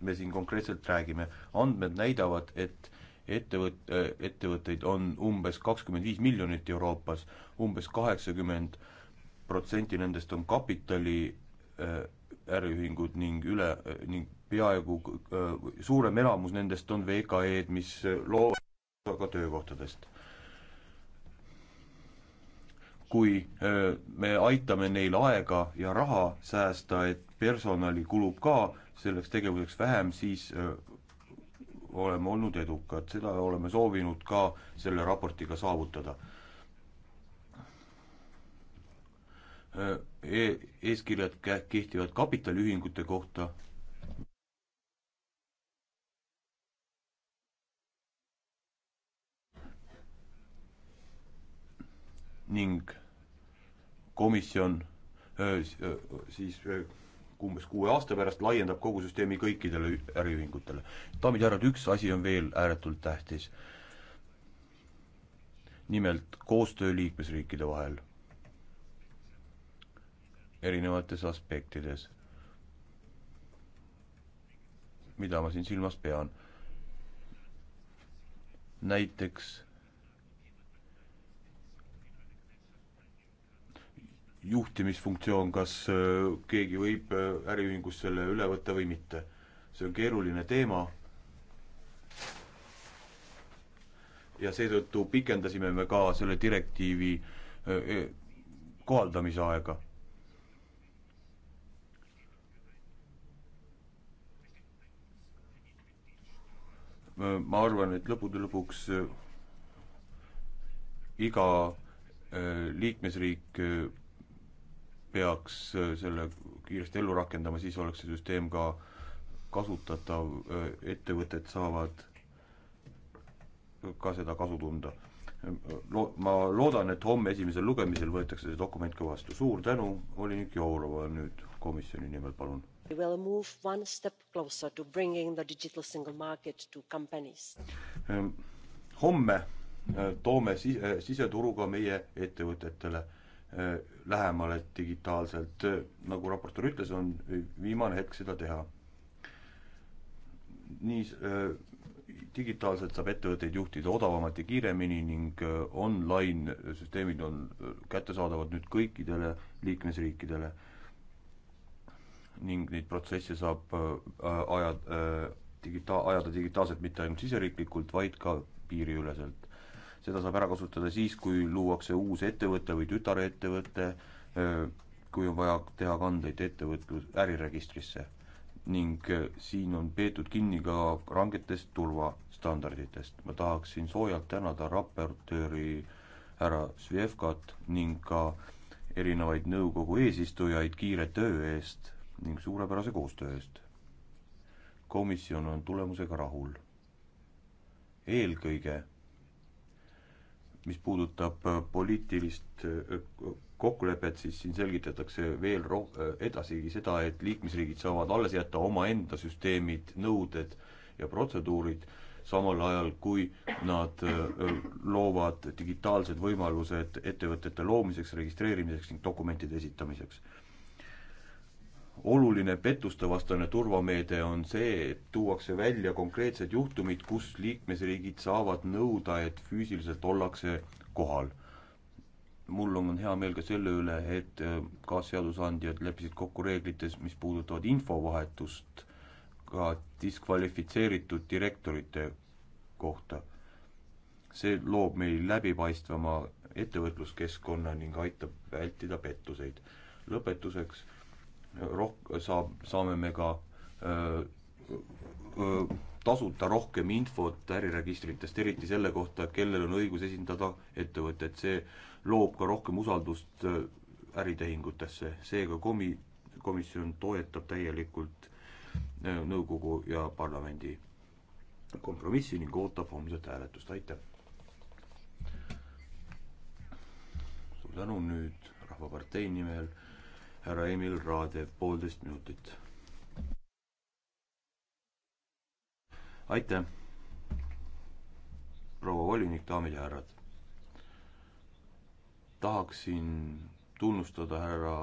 me siin konkreetselt räägime, andmed näidavad, et ettevõt-, äh, ettevõtteid on umbes kakskümmend viis miljonit Euroopas, umbes kaheksakümmend 80 protsenti nendest on kapitali äh, äriühingud ning üle, äh, ning peaaegu äh, suurem elamus nendest on VKE-d, mis loovad ka töökohtadest. kui me aitame neil aega ja raha säästa, et personali kulub ka selleks tegevuseks vähem, siis oleme olnud edukad, seda oleme soovinud ka selle raportiga saavutada Äh, e-, eeskirjad kehtivad kapitaliühingute kohta. ning komisjon äh, äh, siis umbes kuue aasta pärast laiendab kogu süsteemi kõikidele äriühingutele. daamid ja härrad, üks asi on veel ääretult tähtis. nimelt koostöö liikmesriikide vahel erinevates aspektides. mida ma siin silmas pean? näiteks juhtimisfunktsioon, kas äh, keegi võib äh, äriühingus selle üle võtta või mitte. see on keeruline teema. ja seetõttu pikendasime me ka selle direktiivi äh, kohaldamise aega. Äh, ma arvan, et lõppude lõpuks äh, iga äh, liikmesriik peaks selle kiiresti ellu rakendama, siis oleks see süsteem ka kasutatav, ettevõtted saavad ka seda kasu tunda. Lo-, ma loodan, et homme esimesel lugemisel võetakse see dokument ka vastu. suur tänu, volinik Jourova nüüd komisjoni nimel, palun we will move one step closer to bringing the digital single market to companies. Ehm, homme äh, toome äh, siseturuga meie ettevõtetele äh, lähemale digitaalselt, nagu raportöör ütles, on viimane hetk seda teha. nii digitaalselt saab ettevõtteid juhtida odavamalt ja kiiremini ning online süsteemid on kättesaadavad nüüd kõikidele liikmesriikidele ning neid protsesse saab äh, aja, äh, digita-, ajada digitaalselt mitte ainult siseriiklikult, vaid ka piiriüleselt. seda saab ära kasutada siis, kui luuakse uus ettevõte või tütarettevõte, äh, kui on vaja teha kandeid ettevõtlus, äriregistrisse. ning siin on peetud kinni ka rangetest turvastandarditest. ma tahaksin soojalt tänada raportööri härra Svjevkat ning ka erinevaid nõukogu eesistujaid kiire töö eest ning suurepärase koostöö eest. komisjon on tulemusega rahul. eelkõige, mis puudutab äh, poliitilist äh, kokkulepet, siis siin selgitatakse veel roh-, äh, edasigi seda, et liikmesriigid saavad alles jätta omaenda süsteemid, nõuded ja protseduurid, samal ajal kui nad loovad digitaalsed võimalused ettevõtete loomiseks, registreerimiseks ning dokumentide esitamiseks oluline pettustevastane turvameede on see, et tuuakse välja konkreetsed juhtumid, kus liikmesriigid saavad nõuda, et füüsiliselt ollakse kohal. mul on hea meel ka selle üle, et äh, ka seadusandjad leppisid kokku reeglites, mis puudutavad infovahetust ka diskvalifitseeritud direktorite kohta. see loob meil läbipaistvama ettevõtluskeskkonna ning aitab vältida pettuseid. lõpetuseks roh-, saab, saame me ka öö, öö, tasuta rohkem infot äriregistritest, eriti selle kohta, kellel on õigus esindada ettevõtet, see loob ka rohkem usaldust äritehingutesse, seega komi-, komisjon toetab täielikult nõukogu ja parlamendi kompromissi ning ootab homset hääletust, aitäh! suur tänu nüüd Rahvapartei nimel härra Emil Raadev, poolteist minutit. aitäh, proua volinik, daamid ja härrad. tahaksin tunnustada härra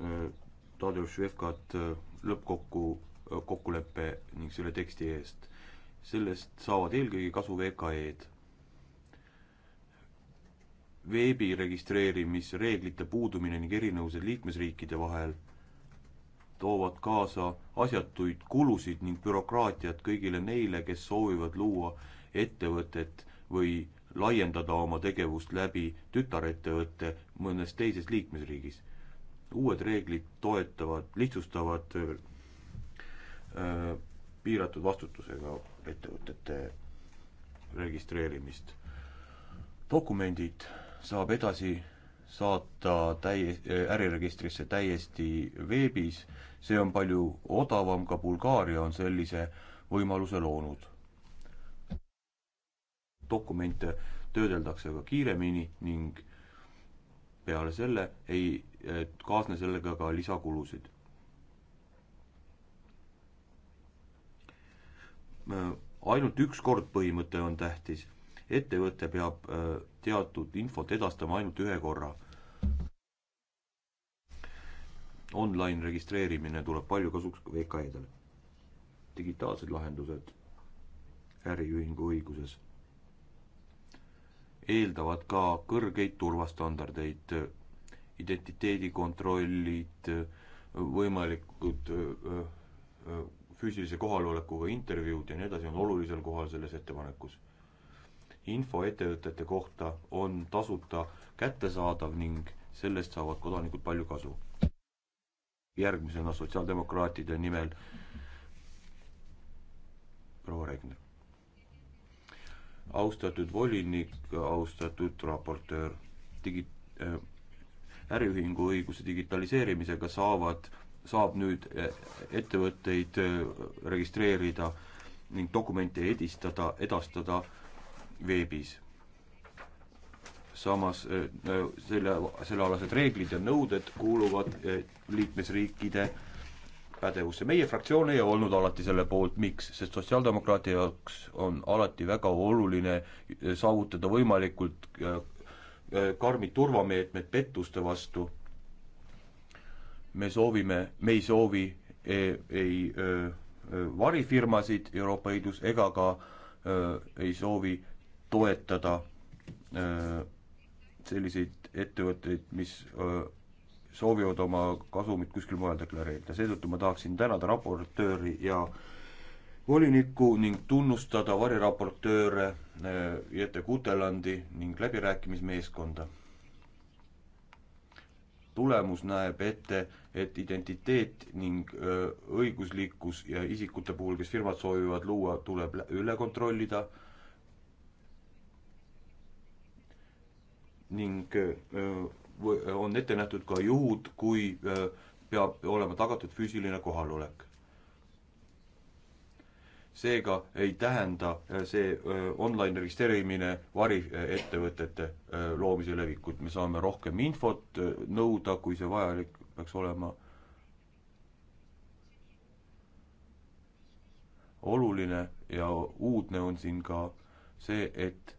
äh, Tadeusz Vevkat äh, lõppkokku, äh, kokkuleppe ning selle teksti eest. sellest saavad eelkõige kasu VKE-d veebi registreerimisreeglite puudumine ning erinevused liikmesriikide vahel toovad kaasa asjatuid kulusid ning bürokraatiat kõigile neile, kes soovivad luua ettevõtet või laiendada oma tegevust läbi tütarettevõtte mõnes teises liikmesriigis. uued reeglid toetavad, lihtsustavad öö, äh, piiratud vastutusega ettevõtete registreerimist. dokumendid saab edasi saata täie, äriregistrisse täiesti veebis, see on palju odavam, ka Bulgaaria on sellise võimaluse loonud. dokumente töödeldakse ka kiiremini ning peale selle ei kaasne sellega ka lisakulusid. ainult üks kord põhimõte on tähtis, ettevõte peab öö, äh, teatud infot edastama ainult ühe korra. Online registreerimine tuleb palju kasuks VKE-dele. digitaalsed lahendused äriühingu õiguses eeldavad ka kõrgeid turvastandardeid, identiteedikontrollid, võimalikud füüsilise kohalolekuga intervjuud ja nii edasi on olulisel kohal selles ettepanekus info ettevõtete kohta on tasuta kättesaadav ning sellest saavad kodanikud palju kasu. järgmisena sotsiaaldemokraatide nimel proua Regner. austatud volinik, austatud raportöör, digi- äh,, äriühingu õiguse digitaliseerimisega saavad, saab nüüd äh, ettevõtteid äh, registreerida ning dokumente edistada, edastada äh, veebis. samas eh, selle, sellealased reeglid ja nõuded kuuluvad eh, liikmesriikide pädevusse. meie fraktsioon ei olnud alati selle poolt, miks, sest sotsiaaldemokraatide jaoks on alati väga oluline eh, saavutada võimalikult karmid turvameetmed pettuste vastu. me soovime, me ei soovi ei, ei varifirmasid Euroopa Liidus ega ka öö, ei soovi toetada äh, selliseid ettevõtteid, mis äh, soovivad oma kasumit kuskil mujal deklareerida, seetõttu ma tahaksin tänada raportööri ja volinikku ning tunnustada variraportööre äh, Jete Kutelandi ning läbirääkimismeeskonda. tulemus näeb ette, et identiteet ning õiguslikkus ja isikute puhul, kes firmad soovivad luua, tuleb üle kontrollida ning äh, äh, on ette nähtud ka juhud, kui äh, peab olema tagatud füüsiline kohalolek. seega ei tähenda see online registreerimine variettevõtete loomise levikut, me saame rohkem infot nõuda, kui see vajalik peaks olema. oluline ja uudne on siin ka see, et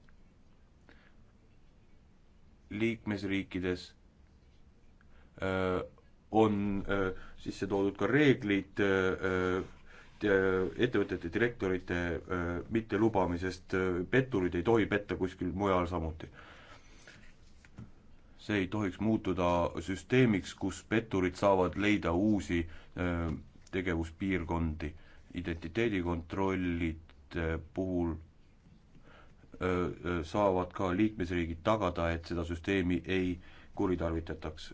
liikmesriikides on sisse toodud ka reeglid ettevõtete direktorite mittelubamisest, petturid ei tohi petta kuskil mujal samuti. see ei tohiks muutuda süsteemiks, kus petturid saavad leida uusi tegevuspiirkondi. identiteedikontrollide puhul saavad ka liikmesriigid tagada, et seda süsteemi ei kuritarvitataks.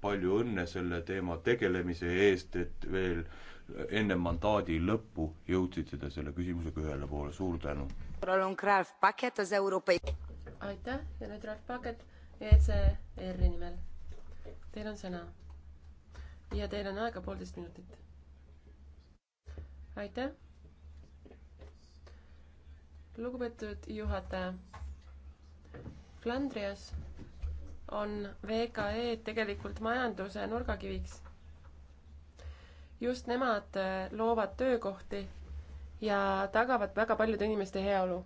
palju õnne selle teema tegelemise eest, et veel enne mandaadi lõppu jõudsite te selle küsimusega ühele poole, suur tänu! aitäh ja nüüd Ralf Paket ECR-i nimel. Teil on sõna. ja teil on aega poolteist minutit. aitäh! lugupeetud juhataja. Flandrias on VKE-d tegelikult majanduse nurgakiviks. just nemad äh, loovad töökohti ja tagavad väga paljude inimeste heaolu.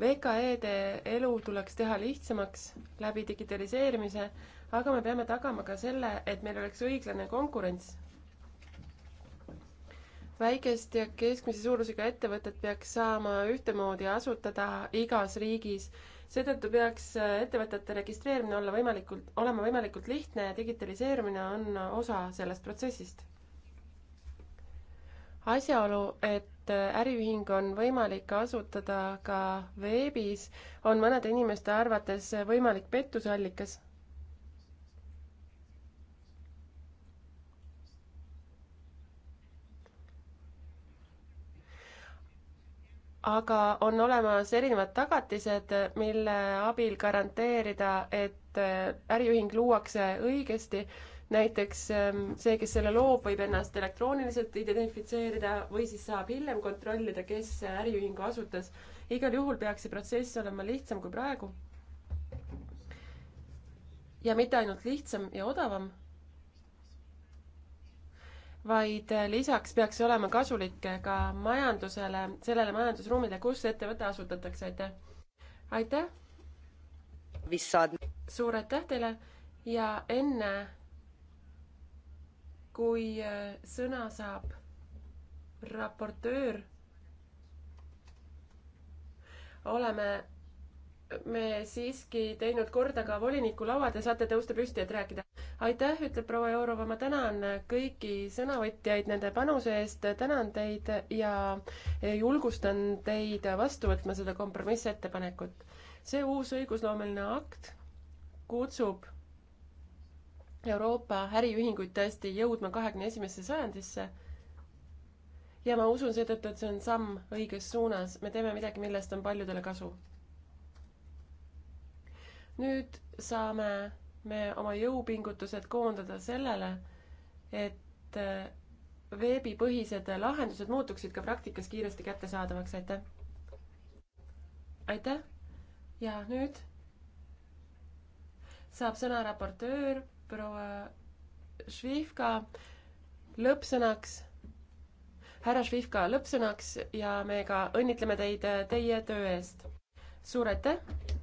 VKE-de elu tuleks teha lihtsamaks läbi digitaliseerimise, aga me peame tagama ka selle, et meil oleks õiglane konkurents väikest ja keskmise suurusega ettevõtet peaks saama ühtemoodi asutada igas riigis. seetõttu peaks äh, ettevõtete registreerimine olla võimalikult, olema võimalikult lihtne ja digitaliseerimine on osa sellest protsessist. asjaolu, et äh, äriühing on võimalik asutada ka veebis, on mõnede inimeste arvates võimalik pettuseallikas aga on olemas erinevad tagatised, mille abil garanteerida, et äh, äriühing luuakse õigesti. näiteks ähm, see, kes selle loob, võib ennast elektrooniliselt identifitseerida või siis saab hiljem kontrollida, kes äriühingu asutas. igal juhul peaks see protsess olema lihtsam kui praegu. ja mitte ainult lihtsam ja odavam vaid äh, lisaks peaks see olema kasulik ka majandusele, sellele majandusruumile, kus ettevõte asutatakse, aitäh! aitäh! suur aitäh teile ja enne, kui äh, sõna saab raportöör, oleme me siiski teinud korda ka voliniku laua, te saate tõusta püsti, et rääkida. aitäh, ütleb proua Jourova, ma tänan kõiki sõnavõtjaid nende panuse eest, tänan teid ja julgustan teid vastu võtma seda kompromissettepanekut. see uus õigusloomeline akt kutsub Euroopa äriühinguid tõesti jõudma kahekümne esimesse sajandisse ja ma usun seetõttu, et see on samm õiges suunas, me teeme midagi, millest on paljudele kasu nüüd saame me oma jõupingutused koondada sellele, et äh, veebipõhised lahendused muutuksid ka praktikas kiiresti kättesaadavaks, aitäh! aitäh ja nüüd saab sõna raportöör proua Švihka lõppsõnaks, härra Švihka lõppsõnaks ja me ka õnnitleme teid äh, teie töö eest. suur aitäh!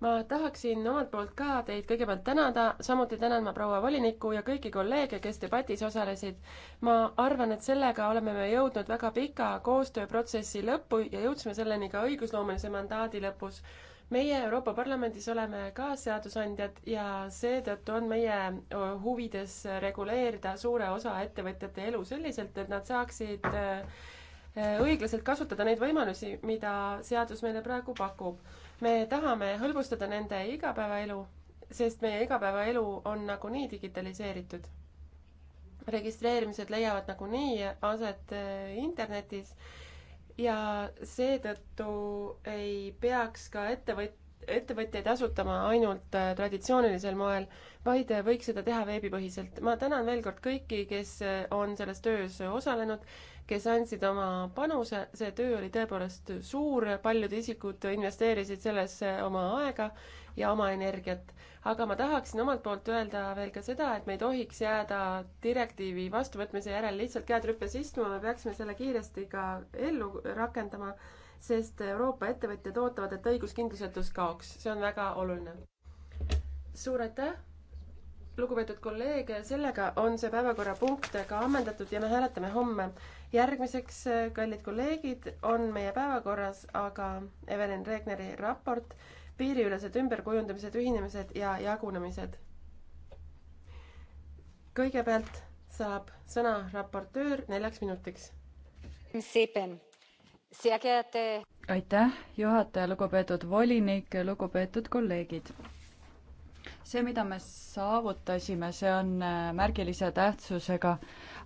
ma tahaksin omalt poolt ka teid kõigepealt tänada, samuti tänan ma proua volinikku ja kõiki kolleege, kes debatis osalesid. ma arvan, et sellega oleme me jõudnud väga pika koostööprotsessi lõppu ja jõudsime selleni ka õigusloomelise mandaadi lõpus meie Euroopa Parlamendis oleme ka seadusandjad ja seetõttu on meie huvides reguleerida suure osa ettevõtjate elu selliselt, et nad saaksid õiglaselt kasutada neid võimalusi, mida seadus meile praegu pakub me tahame hõlbustada nende igapäevaelu, sest meie igapäevaelu on nagunii digitaliseeritud. registreerimised leiavad nagunii aset äh, internetis ja seetõttu ei peaks ka ettevõt-, ettevõtjaid asutama ainult äh, traditsioonilisel moel, vaid äh, võiks seda teha veebipõhiselt. ma tänan veel kord kõiki, kes on selles töös osalenud kes andsid oma panuse, see töö oli tõepoolest suur, paljud isikud investeerisid sellesse oma aega ja oma energiat. aga ma tahaksin omalt poolt öelda veel ka seda, et me ei tohiks jääda direktiivi vastuvõtmise järel lihtsalt käed rüppes istuma, me peaksime selle kiiresti ka ellu rakendama, sest Euroopa ettevõtjad ootavad, et õiguskindlusetus kaoks, see on väga oluline. suur aitäh! lugupeetud kolleeg, sellega on see päevakorrapunkt ka ammendatud ja me hääletame homme järgmiseks, äh, kallid kolleegid, on meie päevakorras aga Evelyn Regneri raport piiriülesed ümberkujundamised, ühinemised ja jagunemised. kõigepealt saab sõna raportöör neljaks minutiks. aitäh, juhataja, lugupeetud volinik, lugupeetud kolleegid see, mida me saavutasime, see on äh, märgilise tähtsusega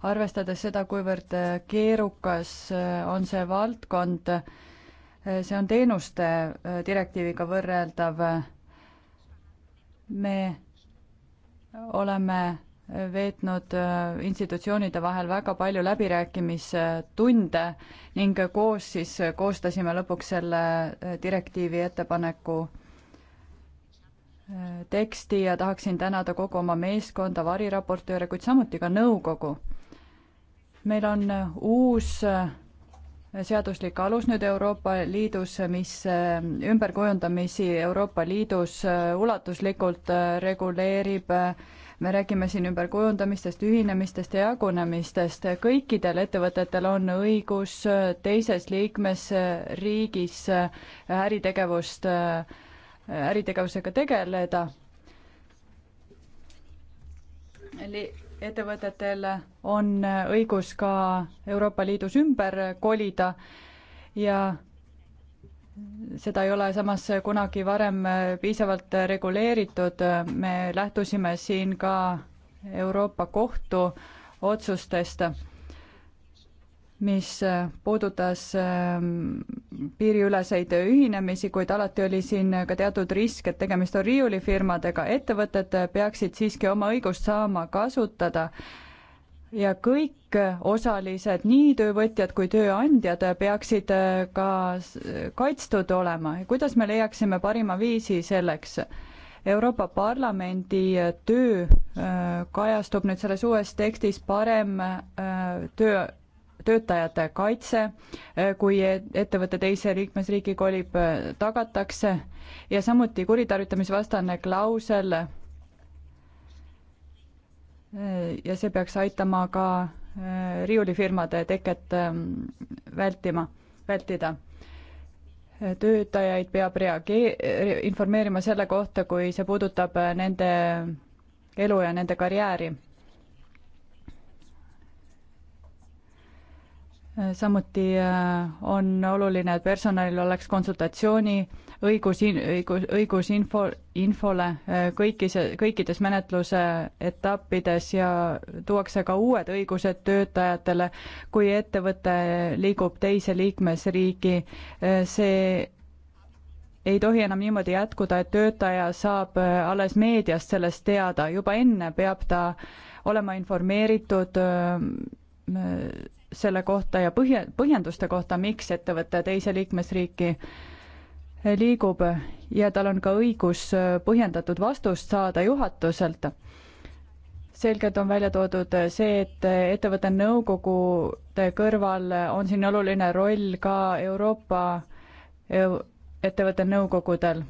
arvestades seda, kuivõrd äh, keerukas äh, on see valdkond, äh, see on teenuste direktiiviga võrreldav. me oleme veetnud institutsioonide vahel väga palju läbirääkimistunde ning koos siis koostasime lõpuks selle direktiivi ettepaneku teksti ja tahaksin tänada kogu oma meeskonda, variraportööre, kuid samuti ka nõukogu meil on äh, uus äh, seaduslik alus nüüd Euroopa Liidus, mis äh, ümberkujundamisi Euroopa Liidus ulatuslikult reguleerib. me räägime siin ümberkujundamistest, ühinemistest ja jagunemistest. kõikidel ettevõtetel on õigus teises liikmesriigis äritegevust, äritegevusega tegeleda li-, ettevõtetel on õigus ka Euroopa Liidus ümber kolida ja seda ei ole samas kunagi varem piisavalt reguleeritud, me lähtusime siin ka Euroopa Kohtu otsustest mis äh, puudutas ähm, piiriüleseid ühinemisi, kuid alati oli siin ka teatud risk, et tegemist on riiulifirmadega, ettevõtted peaksid siiski oma õigust saama kasutada ja kõik osalised, nii töövõtjad kui tööandjad peaksid äh, ka kaitstud olema. kuidas me leiaksime parima viisi selleks? Euroopa Parlamendi töö äh, kajastub nüüd selles uues tekstis parem töö töötajate kaitse, eh, kui ettevõte teise liikmesriiki kolib, eh, tagatakse ja samuti kuritarvitamisvastane klausel. Eh, ja see peaks aitama ka riiulifirmade teket vältima, vältida töötajaid peab reagee-, informeerima selle kohta, kui see puudutab nende elu ja nende karjääri. samuti äh, on oluline, et personalil oleks konsultatsiooni õigus, õigus, õigus info, infole äh, kõikis, kõikides menetluse etappides ja tuuakse ka uued õigused töötajatele, kui ettevõte liigub teise liikmesriigi, äh, see ei tohi enam niimoodi jätkuda, et töötaja saab alles meediast sellest teada, juba enne peab ta olema informeeritud selle kohta ja põhje, põhjenduste kohta, miks ettevõte teise liikmesriiki liigub ja tal on ka õigus põhjendatud vastust saada juhatuselt. selgelt on välja toodud see, et ettevõtte nõukogude kõrval on siin oluline roll ka Euroopa ettevõtte nõukogudel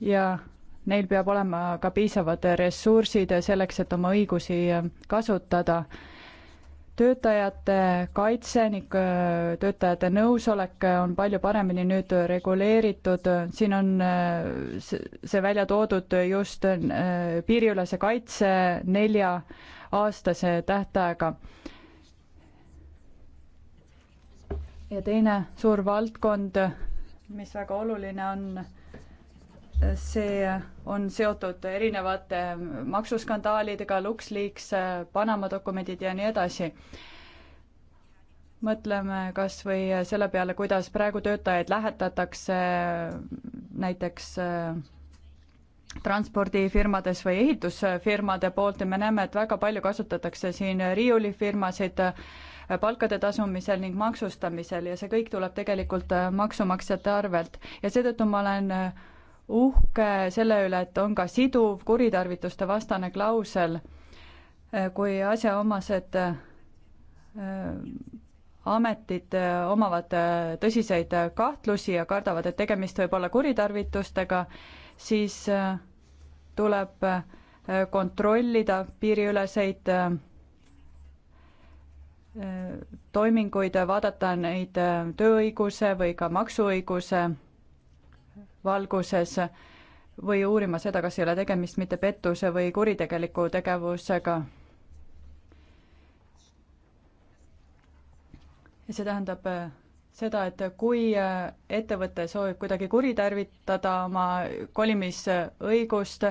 ja neil peab olema ka piisavad ressursid selleks, et oma õigusi kasutada töötajate kaitse ning äh, töötajate nõusolek on palju paremini nüüd reguleeritud, siin on äh, see välja toodud just äh, piiriülese kaitse nelja-aastase tähtaega. ja teine suur valdkond, mis väga oluline on see on seotud erinevate maksuskandaalidega, LuxLeaks, Panama dokumendid ja nii edasi. mõtleme kas või selle peale, kuidas praegu töötajaid lähetatakse näiteks äh, transpordifirmades või ehitusfirmade poolt ja me näeme, et väga palju kasutatakse siin riiulifirmasid äh, palkade tasumisel ning maksustamisel ja see kõik tuleb tegelikult äh, maksumaksjate arvelt ja seetõttu ma olen uhke selle üle, et on ka siduv kuritarvituste vastane klausel, eh, kui asjaomased eh, ametid eh, omavad tõsiseid kahtlusi ja kardavad, et tegemist võib olla kuritarvitustega, siis tuleb kontrollida piiriüleseid toiminguid, vaadata neid tööõiguse või ka maksuõiguse valguses või uurima seda, kas ei ole tegemist mitte pettuse või kuritegeliku tegevusega. ja see tähendab äh, seda, et kui äh, ettevõte soovib kuidagi kuritarvitada oma kolimisõigust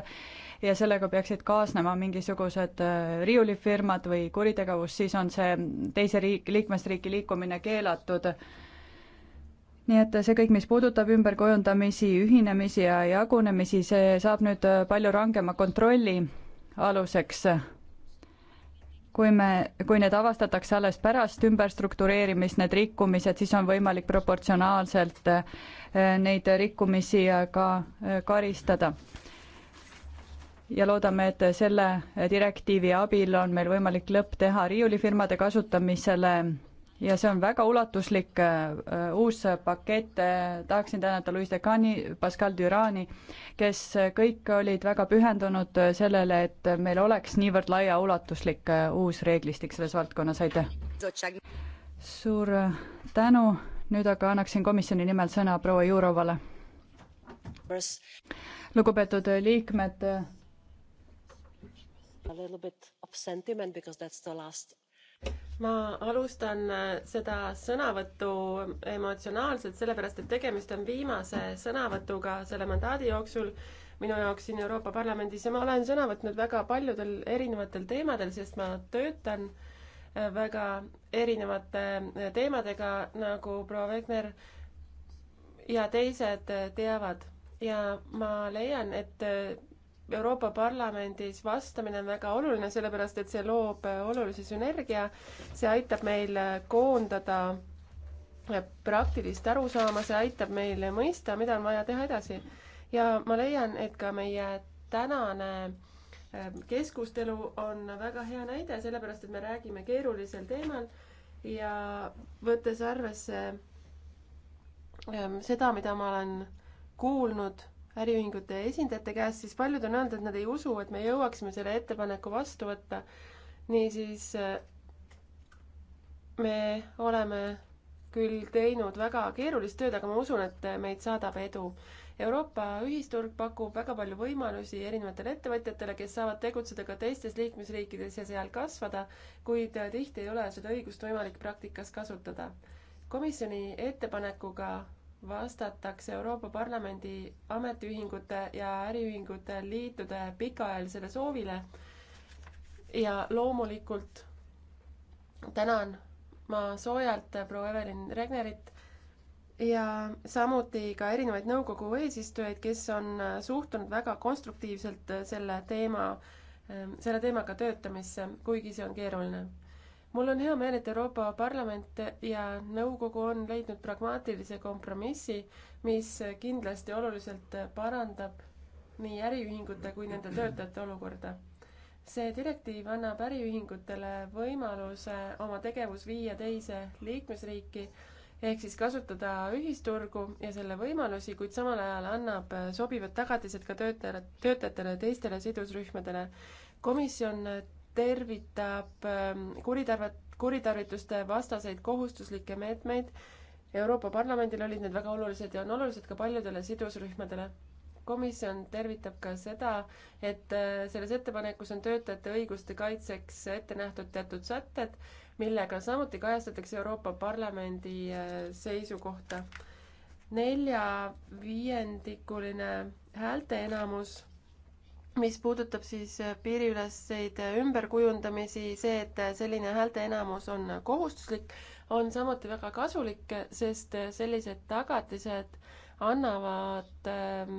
ja sellega peaksid kaasnema mingisugused äh, riiulifirmad või kuritegevus, siis on see teise riik, liikmesriiki liikumine keelatud nii et see kõik, mis puudutab ümberkujundamisi, ühinemisi ja jagunemisi, see saab nüüd palju rangema kontrolli aluseks. kui me, kui need avastatakse alles pärast ümberstruktureerimist, need rikkumised, siis on võimalik proportsionaalselt eh, neid rikkumisi ka eh, karistada. ja loodame, et selle direktiivi abil on meil võimalik lõpp teha riiulifirmade kasutamisele ja see on väga ulatuslik äh, uus pakett, äh, tahaksin tänada Louis de Cani, Pascal Durani, kes kõik olid väga pühendunud äh, sellele, et meil oleks niivõrd laiaulatuslik uus reeglistik selles valdkonnas, aitäh! suur tänu, nüüd aga annaksin komisjoni nimel sõna proua Jurovale. lugupeetud liikmed, a little bit of sentiment because that's the last ma alustan äh, seda sõnavõttu emotsionaalselt, sellepärast et tegemist on viimase sõnavõtuga selle mandaadi jooksul minu jaoks siin Euroopa Parlamendis ja ma olen sõna võtnud väga paljudel erinevatel teemadel, sest ma töötan äh, väga erinevate äh, teemadega, nagu proua Vegner ja teised teavad. ja ma leian, et Euroopa Parlamendis vastamine on väga oluline, sellepärast et see loob olulise sünergia, see aitab meil koondada praktilist arusaama, see aitab meil mõista, mida on vaja teha edasi. ja ma leian, et ka meie tänane ähm, keskustelu on väga hea näide, sellepärast et me räägime keerulisel teemal ja võttes arvesse ähm, seda, mida ma olen kuulnud äriühingute esindajate käest, siis paljud on öelnud, et nad ei usu, et me jõuaksime selle ettepaneku vastu võtta. niisiis äh, me oleme küll teinud väga keerulist tööd, aga ma usun, et meid saadab edu. Euroopa ühisturg pakub väga palju võimalusi erinevatele ettevõtjatele, kes saavad tegutseda ka teistes liikmesriikides ja seal kasvada, kuid äh, tihti ei ole seda õigust võimalik praktikas kasutada. komisjoni ettepanekuga vastatakse Euroopa Parlamendi ametiühingute ja äriühingute liitude pikaajalisele soovile. ja loomulikult tänan ma soojalt proua Evelin Regnerit ja samuti ka erinevaid nõukogu eesistujaid, kes on suhtunud väga konstruktiivselt selle teema, selle teemaga töötamisse, kuigi see on keeruline mul on hea meel, et Euroopa Parlament ja nõukogu on leidnud pragmaatilise kompromissi, mis kindlasti oluliselt parandab nii äriühingute kui nende töötajate olukorda. see direktiiv annab äriühingutele võimaluse oma tegevus viia teise liikmesriiki ehk siis kasutada ühisturgu ja selle võimalusi, kuid samal ajal annab sobivad tagatised ka töötajale, töötajatele ja teistele sidusrühmadele. komisjon tervitab ähm, kuritarvat-, kuritarvituste vastaseid kohustuslikke meetmeid. Euroopa Parlamendil olid need väga olulised ja on olulised ka paljudele sidusrühmadele. komisjon tervitab ka seda, et äh, selles ettepanekus on töötajate õiguste kaitseks ette nähtud teatud sätted, millega samuti kajastatakse Euroopa Parlamendi äh, seisukohta. nelja viiendikuline häälteenamus mis puudutab siis äh, piiriüleseid äh, ümberkujundamisi, see, et äh, selline häälteenamus on kohustuslik, on samuti väga kasulik, sest sellised tagatised annavad ähm,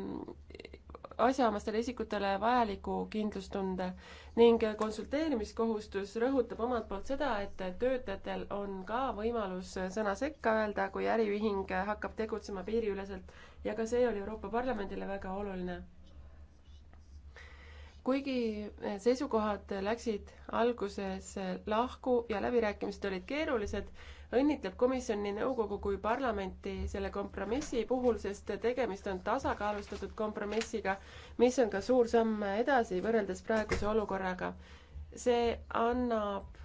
asjaomastele isikutele vajaliku kindlustunde ning konsulteerimiskohustus rõhutab omalt poolt seda, et töötajatel on ka võimalus sõna sekka öelda, kui äriühing hakkab tegutsema piiriüleselt ja ka see oli Euroopa Parlamendile väga oluline kuigi eh, seisukohad läksid alguses eh, lahku ja läbirääkimised olid keerulised, õnnitleb komisjon nii nõukogu kui parlamenti selle kompromissi puhul, sest tegemist on tasakaalustatud kompromissiga, mis on ka suur samm edasi võrreldes praeguse olukorraga. see annab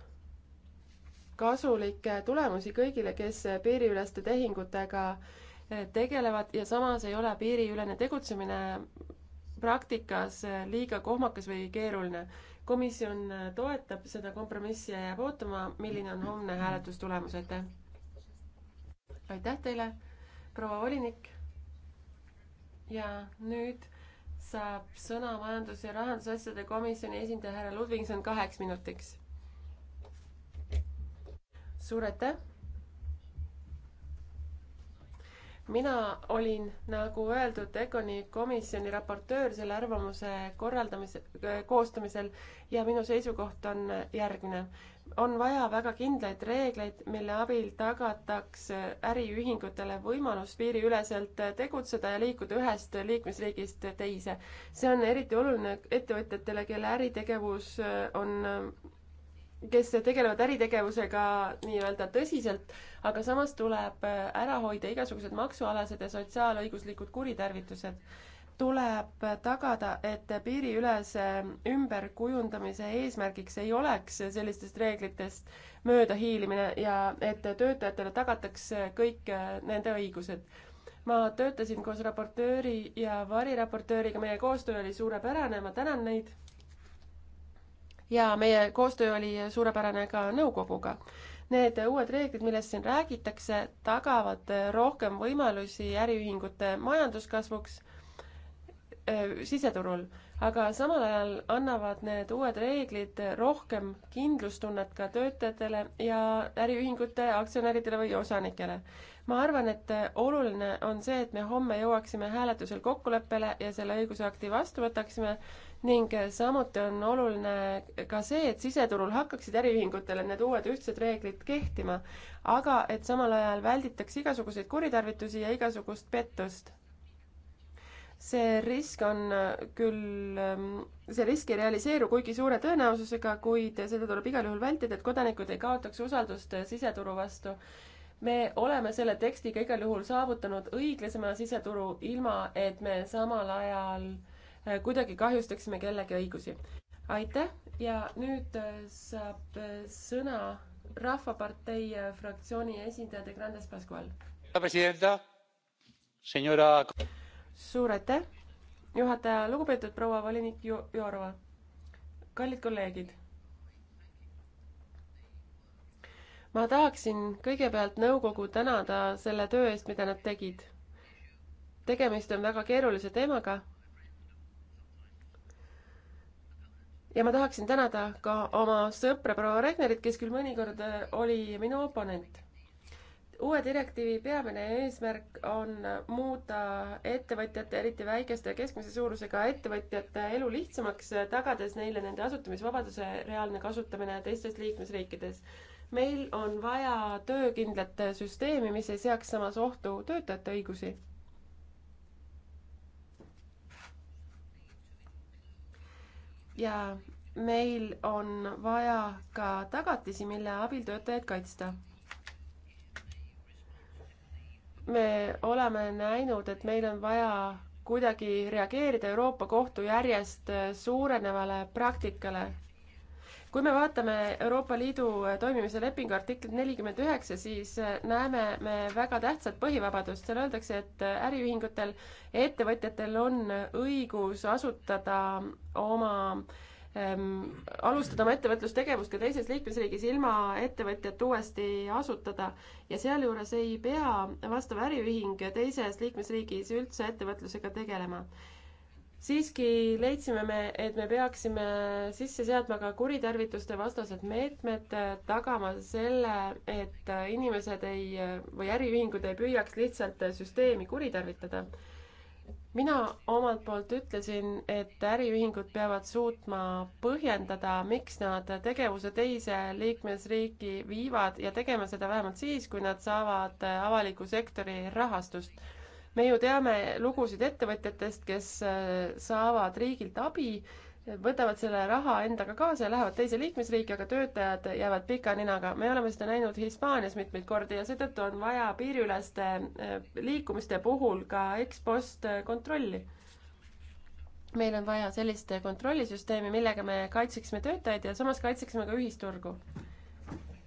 kasulikke tulemusi kõigile, kes piiriüleste tehingutega eh, tegelevad ja samas ei ole piiriülene tegutsemine praktikas liiga kohmakas või keeruline. komisjon toetab seda kompromissi ja jääb ootama, milline on homne hääletustulemus, aitäh! aitäh teile, proua volinik! ja nüüd saab sõna majandus- ja rahandusasjade komisjoni esindaja härra Ludvigson kaheks minutiks. suur aitäh! mina olin, nagu öeldud, Econi komisjoni raportöör selle arvamuse korraldamise, äh, koostamisel ja minu seisukoht on järgmine. on vaja väga kindlaid reegleid, mille abil tagatakse äriühingutele võimalus piiriüleselt tegutseda ja liikuda ühest liikmesriigist teise. see on eriti oluline ettevõtjatele, kelle äritegevus on kes tegelevad äritegevusega nii-öelda tõsiselt, aga samas tuleb äh, ära hoida igasugused maksualased ja sotsiaalõiguslikud kuritarvitused. tuleb äh, tagada, et piiriülese ümberkujundamise eesmärgiks ei oleks sellistest reeglitest möödahiilimine ja et töötajatele tagatakse äh, kõik nende õigused ma töötasin koos raportööri ja variraportööriga, meie koostöö oli suurepärane, ma tänan neid ja meie koostöö oli suurepärane ka nõukoguga. Need uued reeglid, millest siin räägitakse, tagavad rohkem võimalusi äriühingute majanduskasvuks äh, siseturul, aga samal ajal annavad need uued reeglid rohkem kindlustunnet ka töötajatele ja äriühingute aktsionäridele või osanikele. ma arvan, et oluline on see, et me homme jõuaksime hääletusel kokkuleppele ja selle õigusakti vastu võtaksime, ning samuti on oluline ka see, et siseturul hakkaksid äriühingutele need uued ühtsed reeglid kehtima, aga et samal ajal välditaks igasuguseid kuritarvitusi ja igasugust pettust. see risk on küll, ähm, see risk ei realiseeru kuigi suure tõenäosusega, kuid seda tuleb igal juhul vältida, et kodanikud ei kaotaks usaldust siseturu vastu me oleme selle tekstiga igal juhul saavutanud õiglasema siseturu, ilma et me samal ajal äh, Äh, kuidagi kahjustaksime kellegi õigusi. aitäh ja nüüd äh, saab äh, sõna Rahvapartei fraktsiooni esindaja De Grandes Pascual. Senora... suur aitäh, juhataja, lugupeetud proua volinik jo Jorva. kallid kolleegid. ma tahaksin kõigepealt nõukogu tänada selle töö eest, mida nad tegid. tegemist on väga keerulise teemaga ja ma tahaksin tänada ka oma sõpra proua Regnerit, kes küll mõnikord äh, oli minu oponent. uue direktiivi peamine eesmärk on muuta ettevõtjate, eriti väikeste ja keskmise suurusega ettevõtjate elu lihtsamaks, äh, tagades neile nende asutamisvabaduse reaalne kasutamine teistes liikmesriikides. meil on vaja töökindlat süsteemi, mis ei seaks samas ohtu töötajate õigusi ja meil on vaja ka tagatisi, mille abil töötajaid kaitsta. me oleme näinud, et meil on vaja kuidagi reageerida Euroopa Kohtu järjest suurenevale praktikale kui me vaatame Euroopa Liidu äh, toimimise lepingu artiklit nelikümmend üheksa, siis äh, näeme me väga tähtsat põhivabadust. seal öeldakse, et äh, äriühingutel, ettevõtjatel on õigus asutada oma ähm, alustada oma ettevõtlustegevust ka teises liikmesriigis ilma ettevõtjat uuesti asutada ja sealjuures ei pea vastav äriühing teises liikmesriigis üldse ettevõtlusega tegelema siiski leidsime me, et me peaksime sisse seadma ka kuritarvituste vastased meetmed, tagama selle, et inimesed ei või äriühingud ei püüaks lihtsalt süsteemi kuritarvitada mina omalt poolt ütlesin, et äriühingud peavad suutma põhjendada, miks nad tegevuse teise liikmesriiki viivad ja tegema seda vähemalt siis, kui nad saavad avaliku sektori rahastust me ju teame lugusid ettevõtjatest, kes äh, saavad riigilt abi, võtavad selle raha endaga kaasa ja lähevad teise liikmesriiki, aga töötajad jäävad pika ninaga. me oleme seda näinud Hispaanias mitmeid kordi ja seetõttu on vaja piiriüleste äh, liikumiste puhul ka ekspost äh, kontrolli meil on vaja sellist kontrollisüsteemi, millega me kaitseksime töötajaid ja samas kaitseksime ka ühisturgu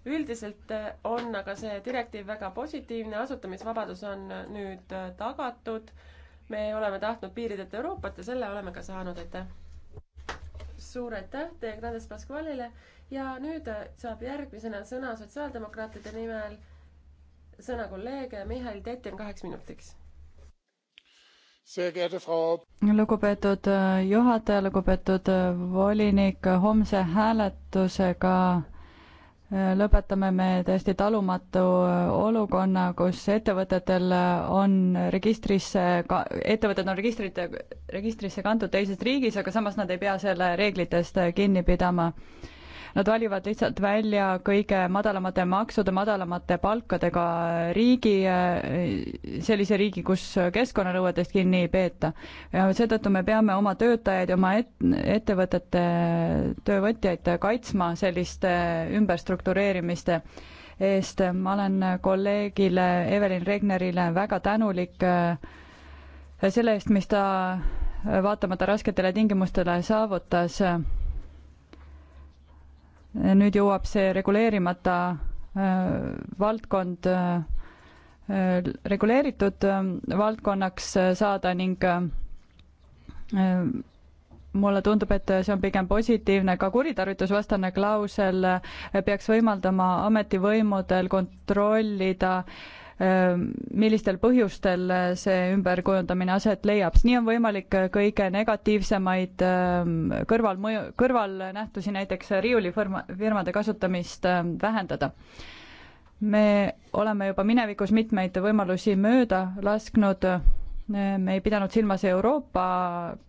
üldiselt äh, on aga see direktiiv väga positiivne, asutamisvabadus on äh, nüüd äh, tagatud. me oleme tahtnud piirideta Euroopat ja selle oleme ka saanud, aitäh. suur aitäh teie Grandes Pascualile ja nüüd saab järgmisena sõna sotsiaaldemokraatide nimel sõna kolleeg Mihhail Tetin kaheks minutiks lugupeetud juhataja, lugupeetud volinik, homse hääletusega lõpetame me täiesti talumatu äh, olukonna, kus ettevõtetel äh, on registrisse, ettevõtted on registrite, registrisse kantud teises riigis, aga samas nad ei pea selle reeglitest äh, kinni pidama Nad valivad lihtsalt välja kõige madalamate maksude, madalamate palkadega riigi, eh, sellise riigi, kus keskkonnanõuetest kinni ei peeta. ja seetõttu me peame oma töötajaid ja oma et-, ettevõtete töövõtjaid kaitsma selliste ümberstruktureerimiste eest. ma olen kolleegile Evelin Regnerile väga tänulik eh, selle eest, mis ta vaatamata rasketele tingimustele saavutas nüüd jõuab see reguleerimata äh, valdkond äh, reguleeritud äh, valdkonnaks saada ning mulle tundub, et see on pigem positiivne, ka kuritarvitusvastane klausel peaks võimaldama ametivõimudel kontrollida äh, Ehm, millistel põhjustel eh, see ümberkujundamine aset leiab, nii on võimalik eh, kõige negatiivsemaid ehm, kõrvalmõju, kõrvalnähtusi, näiteks riiulifirma, firmade kasutamist ehm, vähendada. me oleme juba minevikus mitmeid võimalusi mööda lasknud, me ei pidanud silmas Euroopa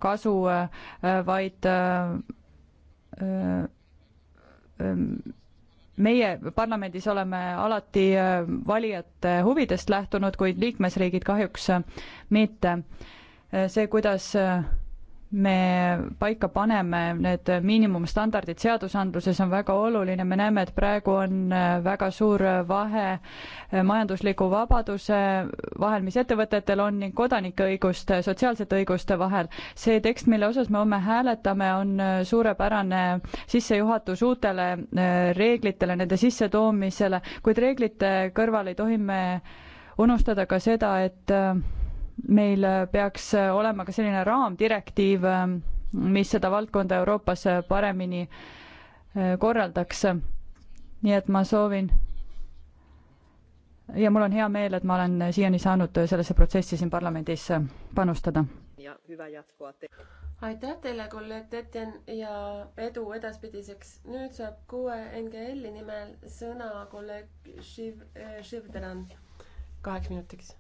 kasu, eh, vaid meie parlamendis oleme alati äh, valijate huvidest lähtunud, kuid liikmesriigid kahjuks mitte. Äh, see, kuidas äh, me paika paneme, need miinimumstandardid seadusandluses on väga oluline, me näeme, et praegu on äh, väga suur vahe äh, majandusliku vabaduse vahel, mis ettevõtetel on, ning kodanike õiguste, sotsiaalsete õiguste vahel. see tekst, mille osas me homme hääletame, on äh, suurepärane sissejuhatus uutele reeglitele, nende sissetoomisele, kuid reeglite kõrval ei tohi me unustada ka seda, et meil peaks olema ka selline raamdirektiiv, mis seda valdkonda Euroopas paremini eh, korraldaks. nii et ma soovin ja mul on hea meel, et ma olen siiani saanud sellesse protsessi siin parlamendis panustada. ja hüva jätku. aitäh teile, kolleeg Tetjan ja edu edaspidiseks. nüüd saab kuue NGL-i nimel sõna kolleeg Šiv-, Šivderan eh, kaheks minutiks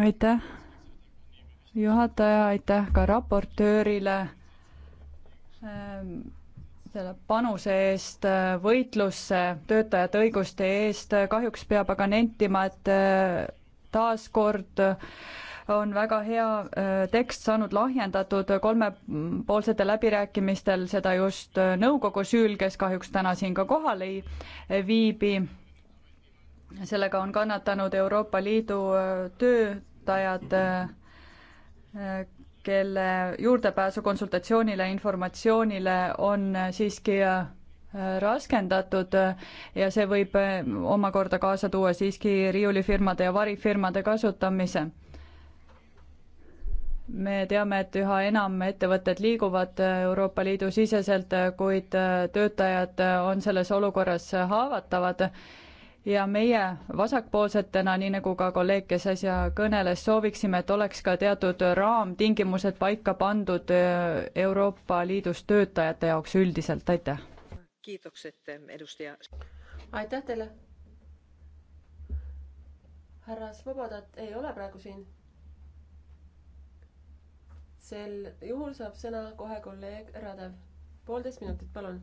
aitäh, juhataja, aitäh ka raportöörile ähm, selle panuse eest äh, võitlusse töötajate õiguste eest. kahjuks peab aga nentima, et äh, taaskord äh, on väga hea tekst saanud lahjendatud kolmepoolsetel läbirääkimistel, seda just nõukogu süül, kes kahjuks täna siin ka kohal ei viibi sellega on kannatanud Euroopa Liidu äh, töötajad, äh, äh, kelle juurdepääsu konsultatsioonile, informatsioonile on siiski raskendatud ja see võib omakorda kaasa tuua siiski riiulifirmade ja varifirmade kasutamise. me teame, et üha enam ettevõtted liiguvad Euroopa Liidu siseselt, kuid töötajad on selles olukorras haavatavad ja meie vasakpoolsetena, nii nagu ka kolleeg, kes äsja kõneles, sooviksime, et oleks ka teatud raamtingimused paika pandud äh, Euroopa Liidus töötajate jaoks üldiselt, aitäh. aitäh teile. härra Svobodat ei ole praegu siin. sel juhul saab sõna kohe kolleeg Radev. poolteist minutit, palun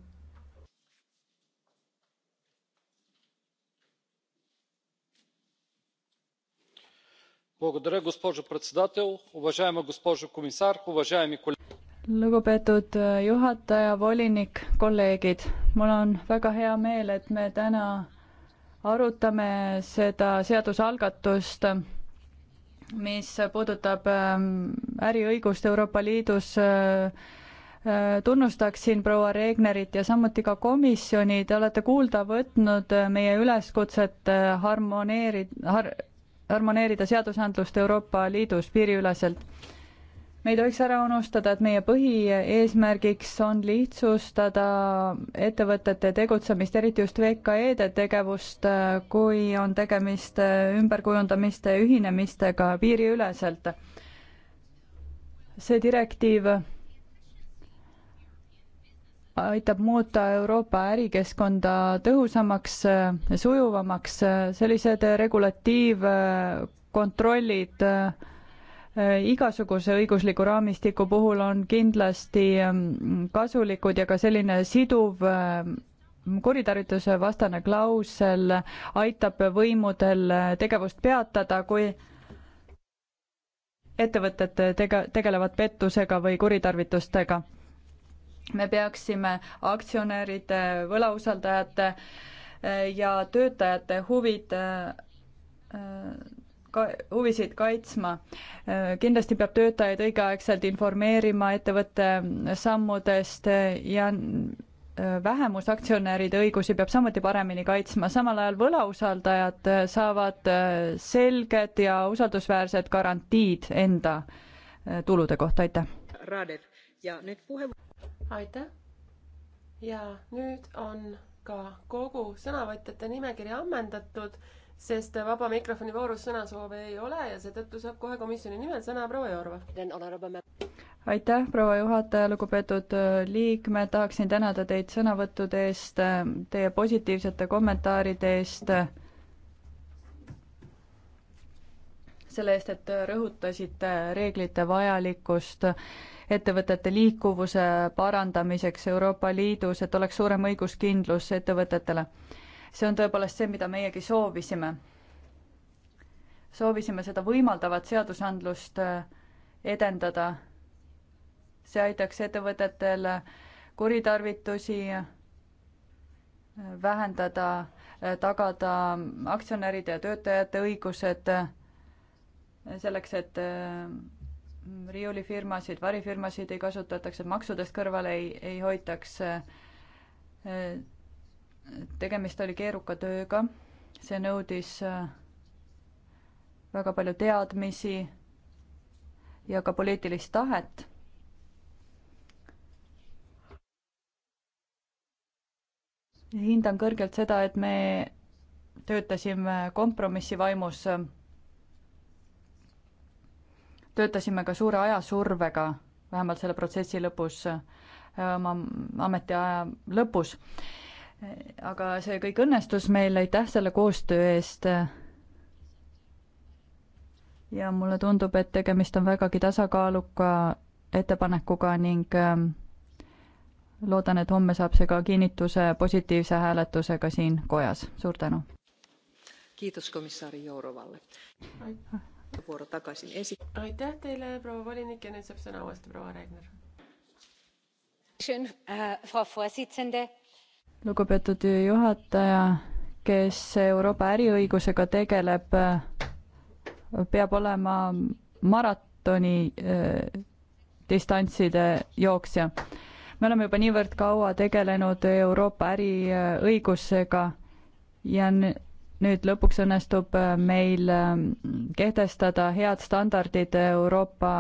госпожо председател уважаема госпожо комисар уважаеми колеги! lugupeetud э, juhataja volinik kolleegid mul on väga hea meel et me täna arutame seda seadusalgatust mis puudutab ähm, äriõigust euroopa liidus äh, äh, tunnustaksin proua Regnerit ja samuti ka komisjoni, te olete kuulda võtnud äh, meie üleskutset harmoneeri- har,, harmoneerida seadusandlust Euroopa Liidus piiriüleselt. me ei tohiks ära unustada, et meie põhieesmärgiks on lihtsustada ettevõtete tegutsemist, eriti just VKE-de tegevust, kui on tegemist ümberkujundamiste, ühinemistega piiriüleselt. see direktiiv aitab muuta Euroopa ärikeskkonda tõhusamaks, sujuvamaks, sellised regulatiivkontrollid äh, igasuguse õigusliku raamistiku puhul on kindlasti ähm, kasulikud ja ka selline siduv äh, kuritarvituse vastane klausel aitab võimudel äh, tegevust peatada, kui ettevõtted tege-, tegelevad pettusega või kuritarvitustega me peaksime aktsionäride, võlausaldajate eh, ja töötajate huvid eh, eh, ka-, huvisid kaitsma. kindlasti peab töötajaid õigeaegselt informeerima ettevõtte mm, sammudest ja vähemusaktsionäride õigusi peab samuti paremini kaitsma, samal ajal võlausaldajad saavad selged ja usaldusväärsed garantiid enda tulude kohta, aitäh. ja nüüd puhe- aitäh! ja nüüd on ka kogu sõnavõtjate nimekiri ammendatud, sest vaba mikrofoni voorus sõnasoove ei ole ja seetõttu saab kohe komisjoni nimel sõna proua Jorva. aitäh, proua juhataja, lugupeetud äh, liikmed, tahaksin tänada teid sõnavõttude eest, äh, teie positiivsete kommentaaride eest, äh, selle eest, et rõhutasite reeglite vajalikkust ettevõtete liikuvuse parandamiseks Euroopa Liidus, et oleks suurem õiguskindlus ettevõtetele. see on tõepoolest see, mida meiegi soovisime. soovisime seda võimaldavat seadusandlust äh, edendada. see aitaks ettevõtetel kuritarvitusi äh, vähendada, äh, tagada aktsionäride ja töötajate õigused selleks, et riiulifirmasid, varifirmasid ei kasutataks, et maksudest kõrvale ei, ei hoitaks. tegemist oli keeruka tööga, see nõudis äh, väga palju teadmisi ja ka poliitilist tahet. hindan kõrgelt seda, et me töötasime kompromissi vaimus äh, töötasime ka suure ajasurvega, vähemalt selle protsessi lõpus, äh, oma ametiaja lõpus. aga see kõik õnnestus meil, aitäh selle koostöö eest. ja mulle tundub, et tegemist on vägagi tasakaaluka ettepanekuga ning äh, loodan, et homme saab see ka kinnituse positiivse hääletusega siin kojas. suur tänu! kiitos komissaari Jourovalle vooru tagasi esi-. aitäh teile, proua volinik ja nüüd saab sõna uuesti proua Regner. Äh, lugupeetud juhataja, kes Euroopa äriõigusega tegeleb, peab olema maratoni äh, distantside jooksja. me oleme juba niivõrd kaua tegelenud Euroopa äriõigusega ja nüüd lõpuks õnnestub äh, meil ähm, kehtestada head standardid Euroopa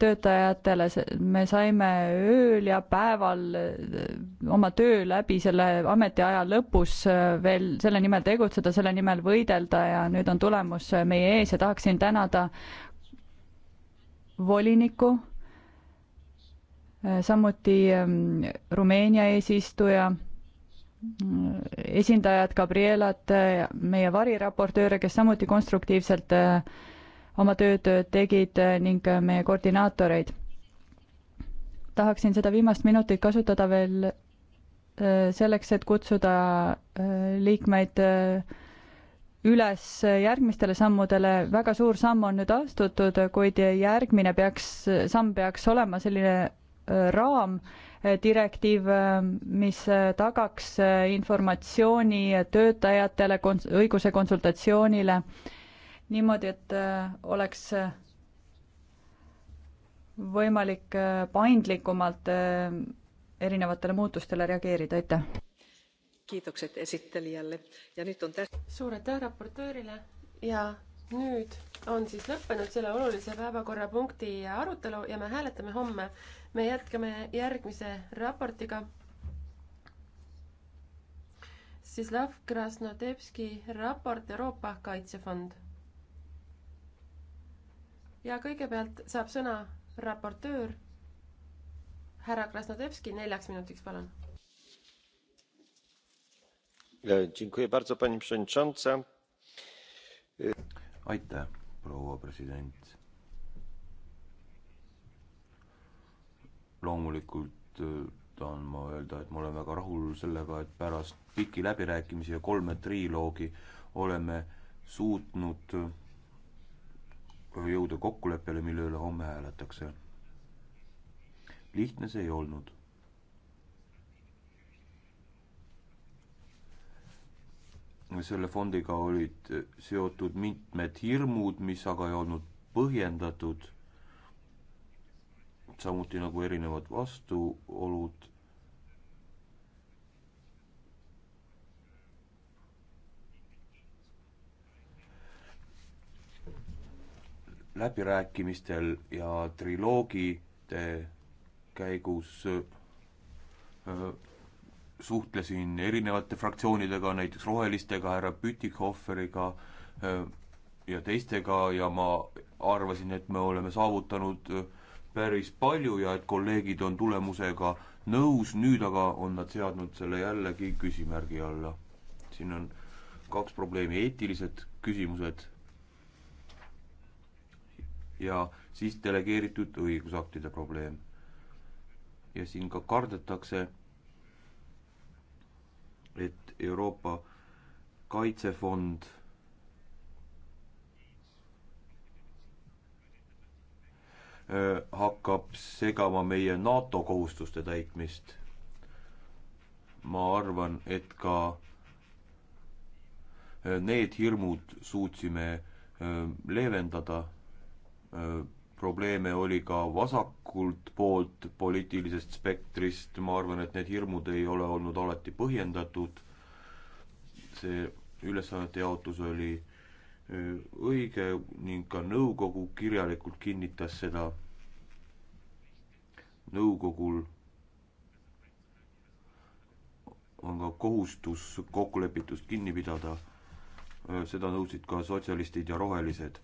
töötajatele, me saime ööl ja päeval äh, oma töö läbi selle ametiaja lõpus äh, veel selle nimel tegutseda, selle nimel võidelda ja nüüd on tulemus meie ees ja tahaksin tänada volinikku, samuti ähm, Rumeenia eesistuja esindajat Gabrielat, meie variraportööre, kes samuti konstruktiivselt eh, oma tööd tegid eh, ning meie koordinaatoreid. tahaksin seda viimast minutit kasutada veel eh, selleks, et kutsuda liikmeid üles järgmistele sammudele, väga suur samm on nüüd astutud, kuid järgmine peaks, samm peaks olema selline raam, direktiiv, mis tagaks informatsiooni töötajatele kons-, õiguse konsultatsioonile niimoodi, et äh, oleks äh, võimalik äh, paindlikumalt erinevatele muutustele reageerida, aitäh! kiitokset esittelijälle ja nüüd on tä-... suur aitäh raportöörile ja nüüd on siis lõppenud selle olulise päevakorrapunkti arutelu ja me hääletame homme me jätkame järgmise raportiga. Sislav Krasnodebski raport Euroopa Kaitsefond. ja kõigepealt saab sõna raportöör härra Krasnodebski, neljaks minutiks, palun. aitäh, proua president loomulikult äh, tahan ma öelda, et ma olen väga rahul sellega, et pärast pikki läbirääkimisi ja kolme triloogi oleme suutnud äh, jõuda kokkuleppele, mille üle homme hääletakse. lihtne see ei olnud. selle fondiga olid seotud mitmed hirmud, mis aga ei olnud põhjendatud samuti nagu erinevad vastuolud. läbirääkimistel ja triloogide käigus suhtlesin erinevate fraktsioonidega, näiteks Rohelistega, härra Pütikhoferiga ja teistega ja ma arvasin, et me oleme saavutanud äh, päris palju ja et kolleegid on tulemusega nõus, nüüd aga on nad seadnud selle jällegi küsimärgi alla. siin on kaks probleemi, eetilised küsimused ja siis delegeeritud õigusaktide probleem. ja siin ka kardetakse, et Euroopa Kaitsefond hakkab segama meie NATO kohustuste täitmist. ma arvan, et ka need hirmud suutsime leevendada. probleeme oli ka vasakult poolt poliitilisest spektrist, ma arvan, et need hirmud ei ole olnud alati põhjendatud. see ülesannete jaotus oli õige ning ka nõukogu kirjalikult kinnitas seda. nõukogul on ka kohustus kokkulepitust kinni pidada. seda nõudsid ka sotsialistid ja rohelised.